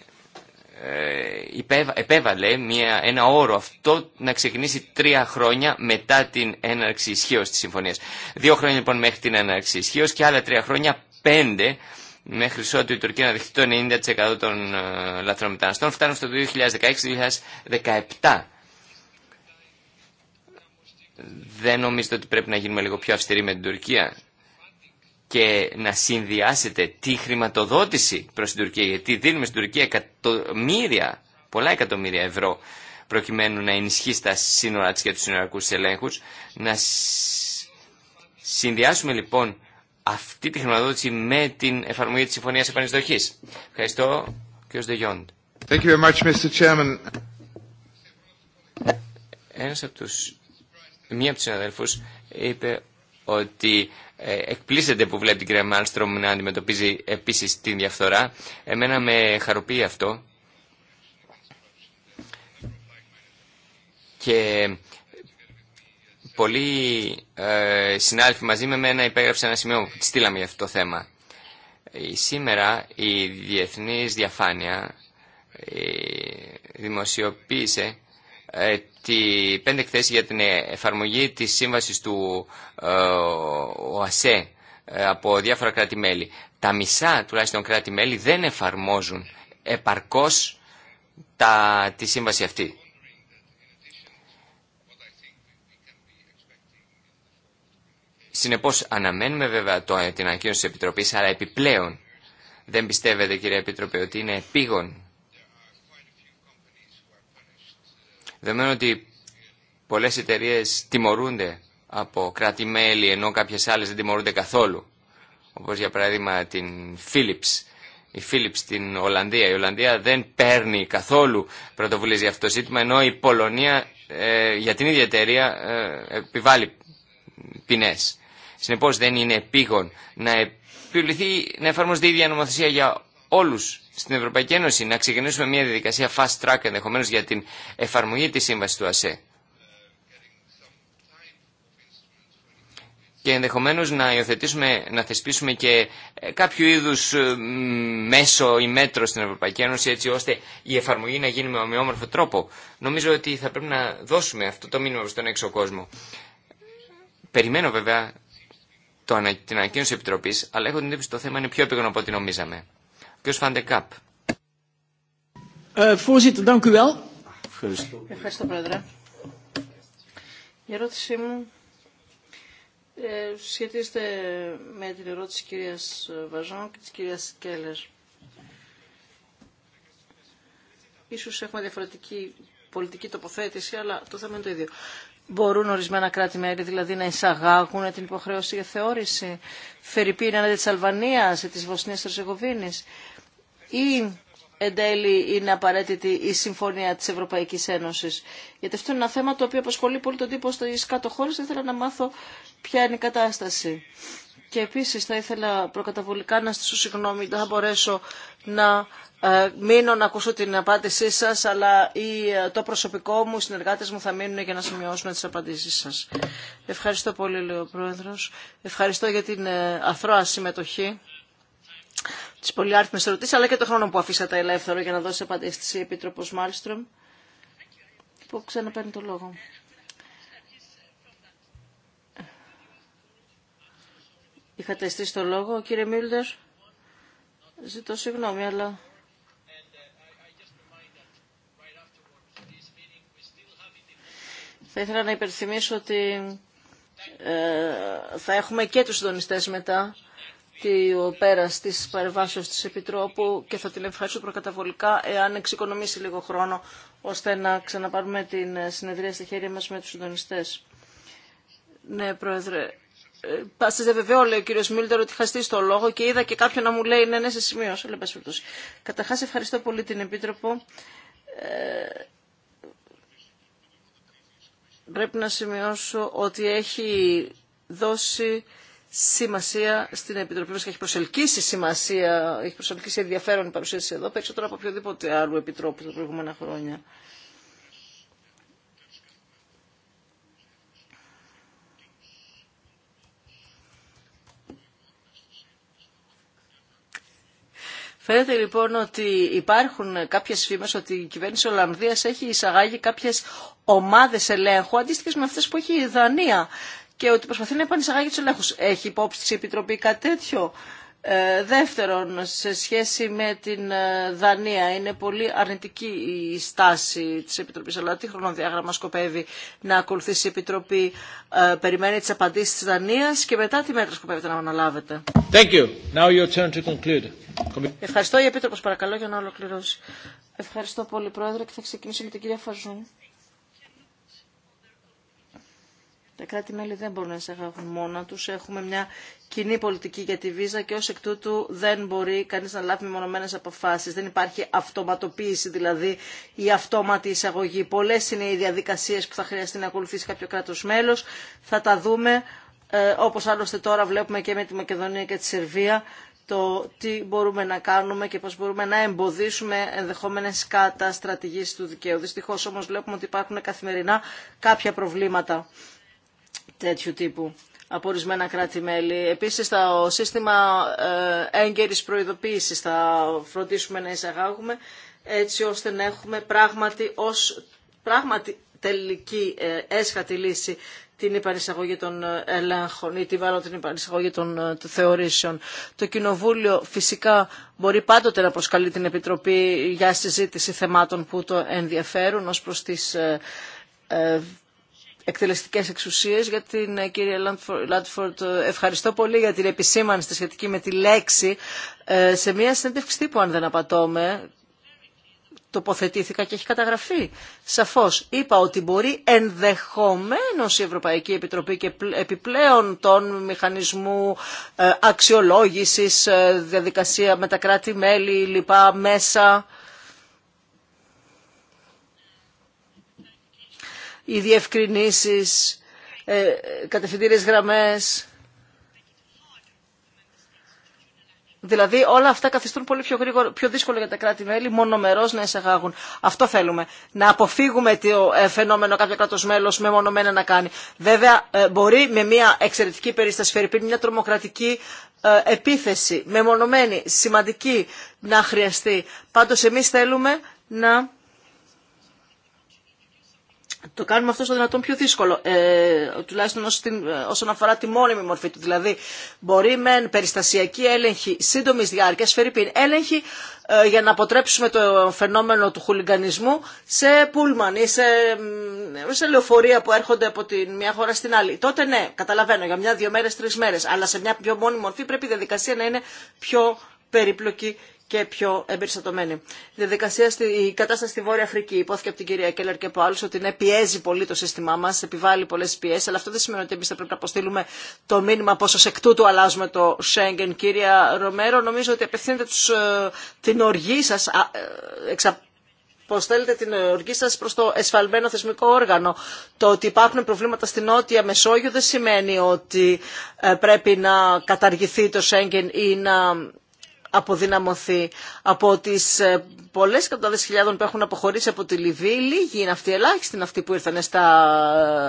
ε, επέβαλε μια, ένα όρο αυτό να ξεκινήσει τρία χρόνια μετά την έναρξη ισχύω της συμφωνίας. Δύο χρόνια λοιπόν μέχρι την έναρξη ισχύω και άλλα τρία χρόνια πέντε μέχρι ότου η Τουρκία να δεχτεί το 90% των ε, λαθρομεταναστών φτάνουν στο 2016-2017. Δεν νομίζετε ότι πρέπει να γίνουμε λίγο πιο αυστηροί με την Τουρκία και να συνδυάσετε τη χρηματοδότηση προς την Τουρκία, γιατί δίνουμε στην Τουρκία εκατομμύρια, πολλά εκατομμύρια ευρώ, προκειμένου να ενισχύσει τα σύνορα της και τους σύνορακούς ελέγχους. Να συνδυάσουμε λοιπόν αυτή τη χρηματοδότηση με την εφαρμογή της Συμφωνίας Επανεισδοχής. Ευχαριστώ, κ. Δεγιόντ. Ένας από τους, μία από τους συναδέλφους είπε ότι ε, εκπλήσεται που βλέπει την κυρία Μάλστρομ να αντιμετωπίζει επίσης την διαφθορά. Εμένα με χαροποιεί αυτό. Και πολλοί ε, μαζί με μένα υπέγραψαν ένα σημείο που τη στείλαμε για αυτό το θέμα. Ε, σήμερα η διεθνής διαφάνεια ε, δημοσιοποίησε ε, τι, πέντε εκθέσεις για την εφαρμογή της σύμβασης του ε, ΟΑΣΕ ε, από διάφορα κράτη-μέλη. Τα μισά τουλάχιστον κράτη-μέλη δεν εφαρμόζουν επαρκώς τη σύμβαση αυτή. Συνεπώς αναμένουμε βέβαια το, την ανακοίνωση της Επιτροπής, αλλά επιπλέον δεν πιστεύετε κύριε Επίτροπε ότι είναι επίγον Δεδομένου πολλέ πολλές εταιρείε τιμωρούνται από κράτη-μέλη, ενώ κάποιε άλλε δεν τιμωρούνται καθόλου. Όπω για παράδειγμα την Philips, η Philips στην Ολλανδία. Η Ολλανδία δεν παίρνει καθόλου πρωτοβουλίε για αυτό το ζήτημα, ενώ η Πολωνία ε, για την ίδια εταιρεία ε, επιβάλλει ποινέ. Συνεπώς δεν είναι επίγον να επιβληθεί, να εφαρμοστεί η ίδια νομοθεσία για όλους στην Ευρωπαϊκή Ένωση να ξεκινήσουμε μια διαδικασία fast track ενδεχομένως για την εφαρμογή της σύμβασης του ΑΣΕ. Και ενδεχομένως να υιοθετήσουμε, να θεσπίσουμε και ε, κάποιο είδους ε, μέσο ή μέτρο στην Ευρωπαϊκή Ένωση έτσι ώστε η εφαρμογή να γίνει με ομοιόμορφο τρόπο. Νομίζω ότι θα πρέπει να δώσουμε αυτό το μήνυμα στον έξω κόσμο. Περιμένω βέβαια το, την ανακοίνωση επιτροπή, αλλά έχω την εντύπωση ότι το θέμα είναι πιο επίγον από ό,τι νομίζαμε. Van de ε, Ευχαριστώ. Πρόεδρε. Η ερώτησή μου ε, σχετίζεται με την ερώτηση της κυρίας Βαζόν και της κυρίας Κέλλερ. Ίσως έχουμε διαφορετική πολιτική τοποθέτηση, αλλά το θέμα είναι το ίδιο. Μπορούν ορισμένα κράτη-μέλη δηλαδή να εισαγάγουν την υποχρέωση για θεώρηση. Φερρυπίν έναντι τη Αλβανία ή τη Βοσνία Ερζεγοβίνη ή εν τέλει είναι απαραίτητη η συμφωνία της Ευρωπαϊκής Ένωσης. Γιατί αυτό είναι ένα θέμα το οποίο απασχολεί πολύ τον τύπο στις κάτω χώρες. Θα ήθελα να μάθω ποια είναι η κατάσταση. Και επίσης θα ήθελα προκαταβολικά να στήσω συγγνώμη, δεν θα μπορέσω να ε, μείνω να ακούσω την απάντησή σας, αλλά ή, ε, το προσωπικό μου, οι συνεργάτες μου θα μείνουν για να σημειώσουν τις απαντήσεις σας. Ευχαριστώ πολύ, λέει ο Πρόεδρος. Ευχαριστώ για την ε, αθρώα συμμετοχή τις πολυάριθμε ερωτήσει, αλλά και το χρόνο που αφήσατε ελεύθερο για να δώσει απαντήσει η Επίτροπο Μάλστρομ, που ξαναπαίρνει το λόγο. Είχατε αισθήσει το λόγο, κύριε Μίλντερ. Ζητώ συγγνώμη, αλλά... Θα ήθελα να υπενθυμίσω ότι ε, θα έχουμε και τους συντονιστές μετά ο πέρα τη παρεμβάσεω τη Επιτρόπου και θα την ευχαριστώ προκαταβολικά εάν εξοικονομήσει λίγο χρόνο ώστε να ξαναπάρουμε την συνεδρία στα χέρια μα με του συντονιστέ. Ναι, Πρόεδρε. Ε, Σα διαβεβαιώ, λέει ο κύριο Μίλτερ, ότι είχα στήσει το λόγο και είδα και κάποιον να μου λέει ναι, ναι, σε σημείο. Καταρχά, ευχαριστώ πολύ την Επίτροπο. Ε, πρέπει να σημειώσω ότι έχει δώσει σημασία στην Επιτροπή μας και έχει προσελκύσει σημασία, έχει προσελκύσει ενδιαφέρον η παρουσίαση εδώ, περισσότερο από οποιοδήποτε άλλου επιτρόπου τα προηγούμενα χρόνια. Φαίνεται λοιπόν ότι υπάρχουν κάποιες φήμες ότι η κυβέρνηση Ολλανδίας έχει εισαγάγει κάποιες ομάδες ελέγχου αντίστοιχες με αυτές που έχει η Δανία και ότι προσπαθεί να επανεισαγάγει του ελέγχου. Έχει υπόψη τη Επιτροπή κάτι τέτοιο. Ε, δεύτερον, σε σχέση με την ε, Δανία, είναι πολύ αρνητική η στάση της Επιτροπής, αλλά τι χρονοδιάγραμμα σκοπεύει να ακολουθήσει η Επιτροπή, ε, περιμένει τις απαντήσεις της Δανίας και μετά τι μέτρα σκοπεύετε να αναλάβετε. Ευχαριστώ η Επίτροπος παρακαλώ για να ολοκληρώσει. Ευχαριστώ πολύ Πρόεδρε και θα ξεκινήσω με την κυρία Φαζούν. Τα κράτη-μέλη δεν μπορούν να εισαγάγουν μόνα του. Έχουμε μια κοινή πολιτική για τη βίζα και ω εκ τούτου δεν μπορεί κανεί να λάβει μονομένε αποφάσει. Δεν υπάρχει αυτοματοποίηση δηλαδή η αυτόματη εισαγωγή. Πολλέ είναι οι διαδικασίε που θα χρειαστεί να ακολουθήσει κάποιο κράτο μέλο. Θα τα δούμε ε, όπως άλλωστε τώρα βλέπουμε και με τη Μακεδονία και τη Σερβία το τι μπορούμε να κάνουμε και πώς μπορούμε να εμποδίσουμε ενδεχόμενες καταστρατηγήσεις του δικαίου. Δυστυχώ, όμω βλέπουμε ότι υπάρχουν καθημερινά κάποια προβλήματα τέτοιου τύπου από ορισμένα κράτη-μέλη. Επίσης, το σύστημα ε, έγκαιρης προειδοποίησης θα φροντίσουμε να εισαγάγουμε, έτσι ώστε να έχουμε πράγματι ως πράγματι τελική ε, έσχατη λύση την υπαρισαγωγή των ε, ελέγχων ή τη βάλω την υπαρισαγωγή των θεωρήσεων. Το Κοινοβούλιο φυσικά μπορεί πάντοτε να προσκαλεί την Επιτροπή για συζήτηση θεμάτων που το ενδιαφέρουν ως προς τις εκτελεστικές εξουσίες για την ε, κύριε Λάντφορντ. Ευχαριστώ πολύ για την επισήμανση σχετική με τη λέξη. Ε, σε μια συνέντευξη τύπου, αν δεν απατώμε, τοποθετήθηκα και έχει καταγραφεί. Σαφώς είπα ότι μπορεί ενδεχομένως η Ευρωπαϊκή Επιτροπή και επιπλέον των μηχανισμού ε, αξιολόγησης, διαδικασία με τα κράτη-μέλη, λοιπά, μέσα οι διευκρινήσεις, ε, κατευθυντήριες γραμμές. Δηλαδή όλα αυτά καθιστούν πολύ πιο, γρήγορο, πιο δύσκολο για τα κράτη-μέλη μονομερώς να εισαγάγουν. Αυτό θέλουμε. Να αποφύγουμε το ε, φαινόμενο κάποιο κράτος μέλος μεμονωμένα να κάνει. Βέβαια ε, μπορεί με μια εξαιρετική περίσταση, φερειπίν μια τρομοκρατική ε, επίθεση, μεμονωμένη, σημαντική να χρειαστεί. Πάντως εμείς θέλουμε να το κάνουμε αυτό στο δυνατόν πιο δύσκολο, ε, τουλάχιστον ε, όσον αφορά τη μόνιμη μορφή του. Δηλαδή, μπορεί μεν περιστασιακή έλεγχη σύντομη διάρκεια, φερρυπίν έλεγχη ε, για να αποτρέψουμε το φαινόμενο του χουλιγκανισμού σε πούλμαν ή σε, σε λεωφορεία που έρχονται από τη μια χώρα στην άλλη. Τότε ναι, καταλαβαίνω, για μια, δύο μέρε, τρει μέρε. Αλλά σε μια πιο μόνιμη μορφή πρέπει η διαδικασία να είναι πιο περιπλοκή και πιο εμπεριστατωμένη. Η, διαδικασία στη, κατάσταση στη Βόρεια Αφρική υπόθηκε από την κυρία Κέλλερ και από άλλου ότι ναι, πιέζει πολύ το σύστημά μα, επιβάλλει πολλέ πιέσει, αλλά αυτό δεν σημαίνει ότι εμεί θα πρέπει να αποστείλουμε το μήνυμα πόσο εκ τούτου αλλάζουμε το Σέγγεν. Κυρία Ρομέρο, νομίζω ότι απευθύνετε τους, ε, την οργή σα, ε, αποστέλλετε την οργή σα προ το εσφαλμένο θεσμικό όργανο. Το ότι υπάρχουν προβλήματα στην Νότια Μεσόγειο δεν σημαίνει ότι ε, πρέπει να καταργηθεί το Σέγγεν ή να αποδυναμωθεί. Από τις ε, πολλέ εκατοντάδε χιλιάδων που έχουν αποχωρήσει από τη Λιβύη, λίγοι είναι αυτοί, ελάχιστοι είναι αυτοί που ήρθαν στα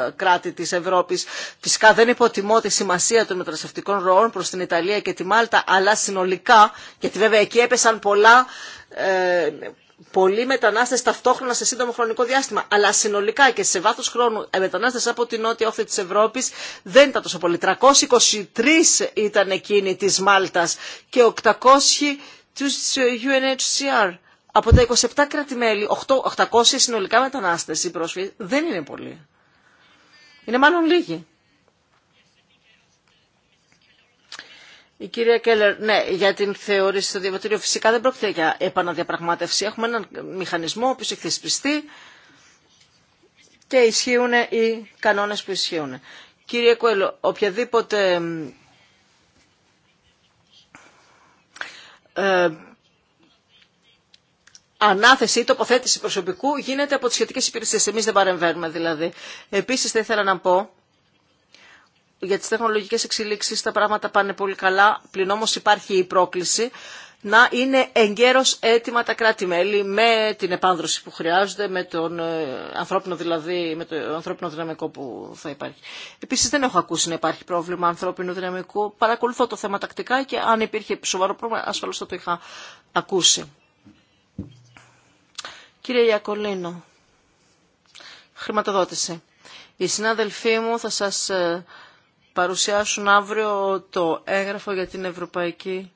ε, κράτη της Ευρώπης. Φυσικά δεν υποτιμώ τη σημασία των μεταναστευτικών ροών προς την Ιταλία και τη Μάλτα, αλλά συνολικά, γιατί βέβαια εκεί έπεσαν πολλά ε, πολλοί μετανάστες ταυτόχρονα σε σύντομο χρονικό διάστημα, αλλά συνολικά και σε βάθος χρόνου ε, μετανάστες από την νότια όχθη της Ευρώπης δεν ήταν τόσο πολλοί. 323 ήταν εκείνοι της Μάλτας και 800 του UNHCR. Από τα 27 κράτη-μέλη, 800 συνολικά μετανάστες ή πρόσφυγες δεν είναι πολλοί. Είναι μάλλον λίγοι. Η κυρία Κέλλερ, ναι, για την θεώρηση στο διαβατήριο φυσικά δεν πρόκειται για επαναδιαπραγμάτευση. Έχουμε έναν μηχανισμό που έχει θεσπιστεί και ισχύουν οι κανόνες που ισχύουν. Κύριε Κουέλο, οποιαδήποτε ε, ανάθεση ή τοποθέτηση προσωπικού γίνεται από τις σχετικές υπηρεσίες. Εμείς δεν παρεμβαίνουμε δηλαδή. Επίσης θα ήθελα να πω για τις τεχνολογικές εξελίξεις τα πράγματα πάνε πολύ καλά, πλην όμως υπάρχει η πρόκληση να είναι εγκαίρως έτοιμα τα κράτη-μέλη με την επάνδρωση που χρειάζονται, με τον ε, ανθρώπινο δηλαδή, με το ανθρώπινο δυναμικό που θα υπάρχει. Επίσης δεν έχω ακούσει να υπάρχει πρόβλημα ανθρώπινου δυναμικού. Παρακολουθώ το θέμα τακτικά και αν υπήρχε σοβαρό πρόβλημα ασφαλώς θα το είχα ακούσει. Κύριε Ιακολίνο, χρηματοδότηση. Οι συνάδελφοί μου θα σας ε, παρουσιάσουν αύριο το έγγραφο για την Ευρωπαϊκή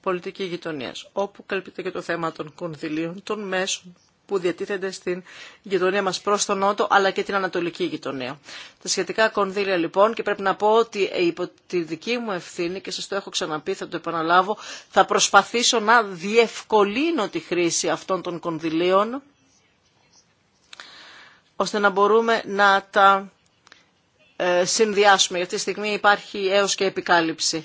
Πολιτική Γειτονίας, όπου καλύπτεται και το θέμα των κονδυλίων, των μέσων που διατίθενται στην γειτονία μας προς τον Νότο, αλλά και την Ανατολική γειτονία. Τα σχετικά κονδύλια λοιπόν, και πρέπει να πω ότι υπό τη δική μου ευθύνη, και σας το έχω ξαναπεί, θα το επαναλάβω, θα προσπαθήσω να διευκολύνω τη χρήση αυτών των κονδυλίων, ώστε να μπορούμε να τα ε, συνδυάσουμε. Για αυτή τη στιγμή υπάρχει έω και επικάλυψη.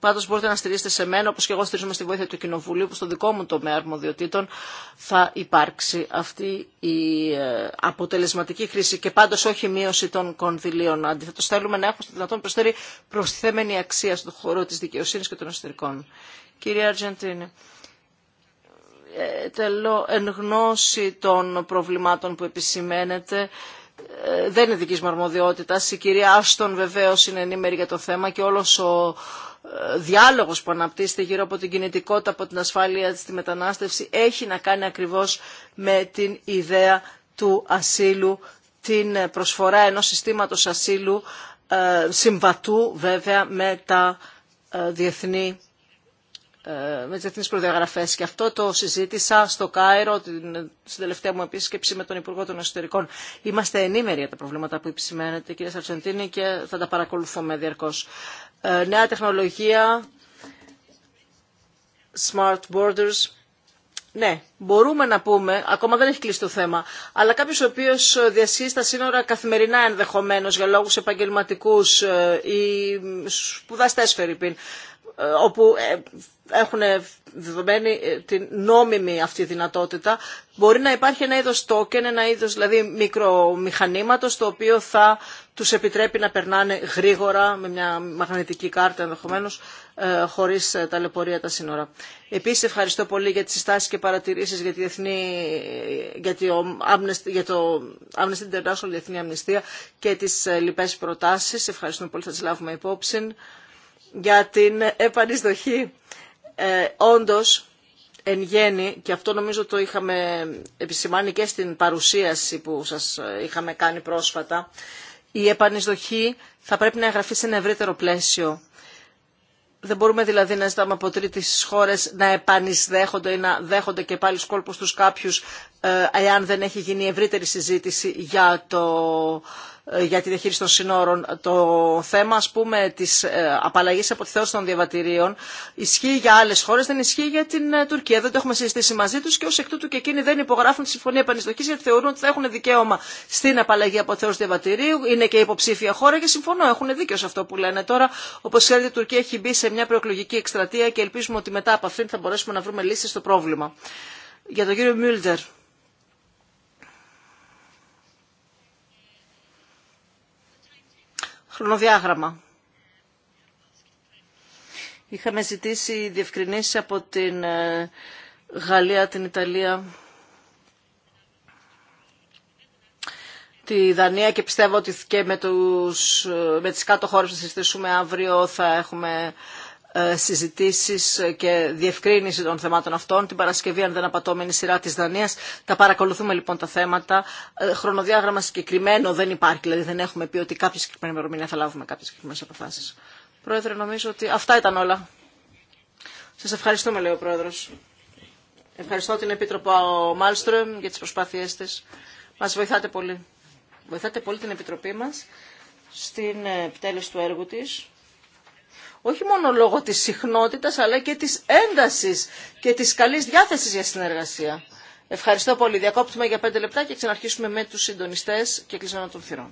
Πάντω μπορείτε να στηρίζετε σε μένα, όπω και εγώ στηρίζομαι στη βοήθεια του Κοινοβουλίου, που στο δικό μου τομέα αρμοδιοτήτων θα υπάρξει αυτή η ε, αποτελεσματική χρήση και πάντω όχι μείωση των κονδυλίων. Αντίθετο, θέλουμε να έχουμε στο δυνατόν προσθέτει προστιθέμενη αξία στον χώρο τη δικαιοσύνη και των εσωτερικών. Κύριε Αργεντίνη ε, εν γνώση των προβλημάτων που επισημαίνεται ε, δεν είναι δική μου αρμοδιότητα. Η κυρία Άστον βεβαίω είναι ενήμερη για το θέμα και όλο ο ε, διάλογο που αναπτύσσεται γύρω από την κινητικότητα, από την ασφάλεια, τη μετανάστευση έχει να κάνει ακριβώ με την ιδέα του ασύλου, την προσφορά ενό συστήματο ασύλου ε, συμβατού βέβαια με τα διεθνή ε, με τι διεθνεί προδιαγραφέ. Και αυτό το συζήτησα στο Κάιρο την, στην τελευταία μου επίσκεψη με τον Υπουργό των Εσωτερικών. Είμαστε ενήμεροι για τα προβλήματα που επισημαίνετε, κυρία Σαρτσεντίνη, και θα τα παρακολουθούμε διαρκώ. Ε, νέα τεχνολογία, smart borders. Ναι, μπορούμε να πούμε, ακόμα δεν έχει κλείσει το θέμα, αλλά κάποιο ο οποίο διασχίζει τα σύνορα καθημερινά ενδεχομένω για λόγου επαγγελματικού ε, ή σπουδαστέ φερρυπίν, όπου ε, έχουν δεδομένη ε, την νόμιμη αυτή δυνατότητα, μπορεί να υπάρχει ένα είδος token, ένα είδος δηλαδή μικρομηχανήματος, το οποίο θα τους επιτρέπει να περνάνε γρήγορα με μια μαγνητική κάρτα ενδεχομένως ε, χωρίς ταλαιπωρία τα σύνορα. Επίσης ευχαριστώ πολύ για τις συστάσεις και παρατηρήσεις για, τη διεθνή, για, το Amnesty, για το Amnesty International Διεθνή Αμνηστία και τις λοιπές προτάσεις. Ευχαριστούμε πολύ, θα τις λάβουμε υπόψη για την επανεισδοχή. Ε, όντως, εν γέννη, και αυτό νομίζω το είχαμε επισημάνει και στην παρουσίαση που σας ε, είχαμε κάνει πρόσφατα, η επανεισδοχή θα πρέπει να εγγραφεί σε ένα ευρύτερο πλαίσιο. Δεν μπορούμε δηλαδή να ζητάμε από τρίτε χώρε να επανεισδέχονται ή να δέχονται και πάλι σκόλπου του κάποιου, ε, εάν δεν έχει γίνει ευρύτερη συζήτηση για το ε, για τη διαχείριση των συνόρων. Το θέμα, ας πούμε, της ε, απαλλαγής από τη θέωση των διαβατηρίων ισχύει για άλλες χώρες, δεν ισχύει για την ε, Τουρκία. Δεν το έχουμε συζητήσει μαζί τους και ως εκ τούτου και εκείνοι δεν υπογράφουν τη Συμφωνία Επανιστοχής γιατί θεωρούν ότι θα έχουν δικαίωμα στην απαλλαγή από τη θεώρηση διαβατηρίου. Είναι και υποψήφια χώρα και συμφωνώ, έχουν δίκιο σε αυτό που λένε τώρα. Όπως ξέρετε, η Τουρκία έχει μπει σε μια προεκλογική εκστρατεία και ελπίζουμε ότι μετά από αυτήν θα μπορέσουμε να βρούμε λύσει στο πρόβλημα. Για τον κύριο Μιούλτερ. Χρονοδιάγραμμα. Είχαμε ζητήσει διευκρινήσει από την ε, Γαλλία, την Ιταλία, τη Δανία και πιστεύω ότι και με, τους, ε, με τις κάτω χώρες που θα συζητήσουμε αύριο θα έχουμε ε, συζητήσει και διευκρίνηση των θεμάτων αυτών. Την Παρασκευή, αν δεν απατώμενη σειρά τη Δανία. Τα παρακολουθούμε λοιπόν τα θέματα. Ε, χρονοδιάγραμμα συγκεκριμένο δεν υπάρχει, δηλαδή δεν έχουμε πει ότι κάποια συγκεκριμένη ημερομηνία θα λάβουμε κάποιε συγκεκριμένε αποφάσει. Πρόεδρε, νομίζω ότι αυτά ήταν όλα. Σα ευχαριστούμε, λέει ο Πρόεδρος. Ευχαριστώ την Επίτροπο Μάλστρομ για τι προσπάθειε τη. Μα βοηθάτε πολύ. Βοηθάτε πολύ την Επιτροπή μα στην επιτέλεση του έργου της όχι μόνο λόγω της συχνότητας αλλά και της έντασης και της καλής διάθεσης για συνεργασία. Ευχαριστώ πολύ. Διακόπτουμε για πέντε λεπτά και ξαναρχίσουμε με τους συντονιστές και κλεισμένο των θυρών.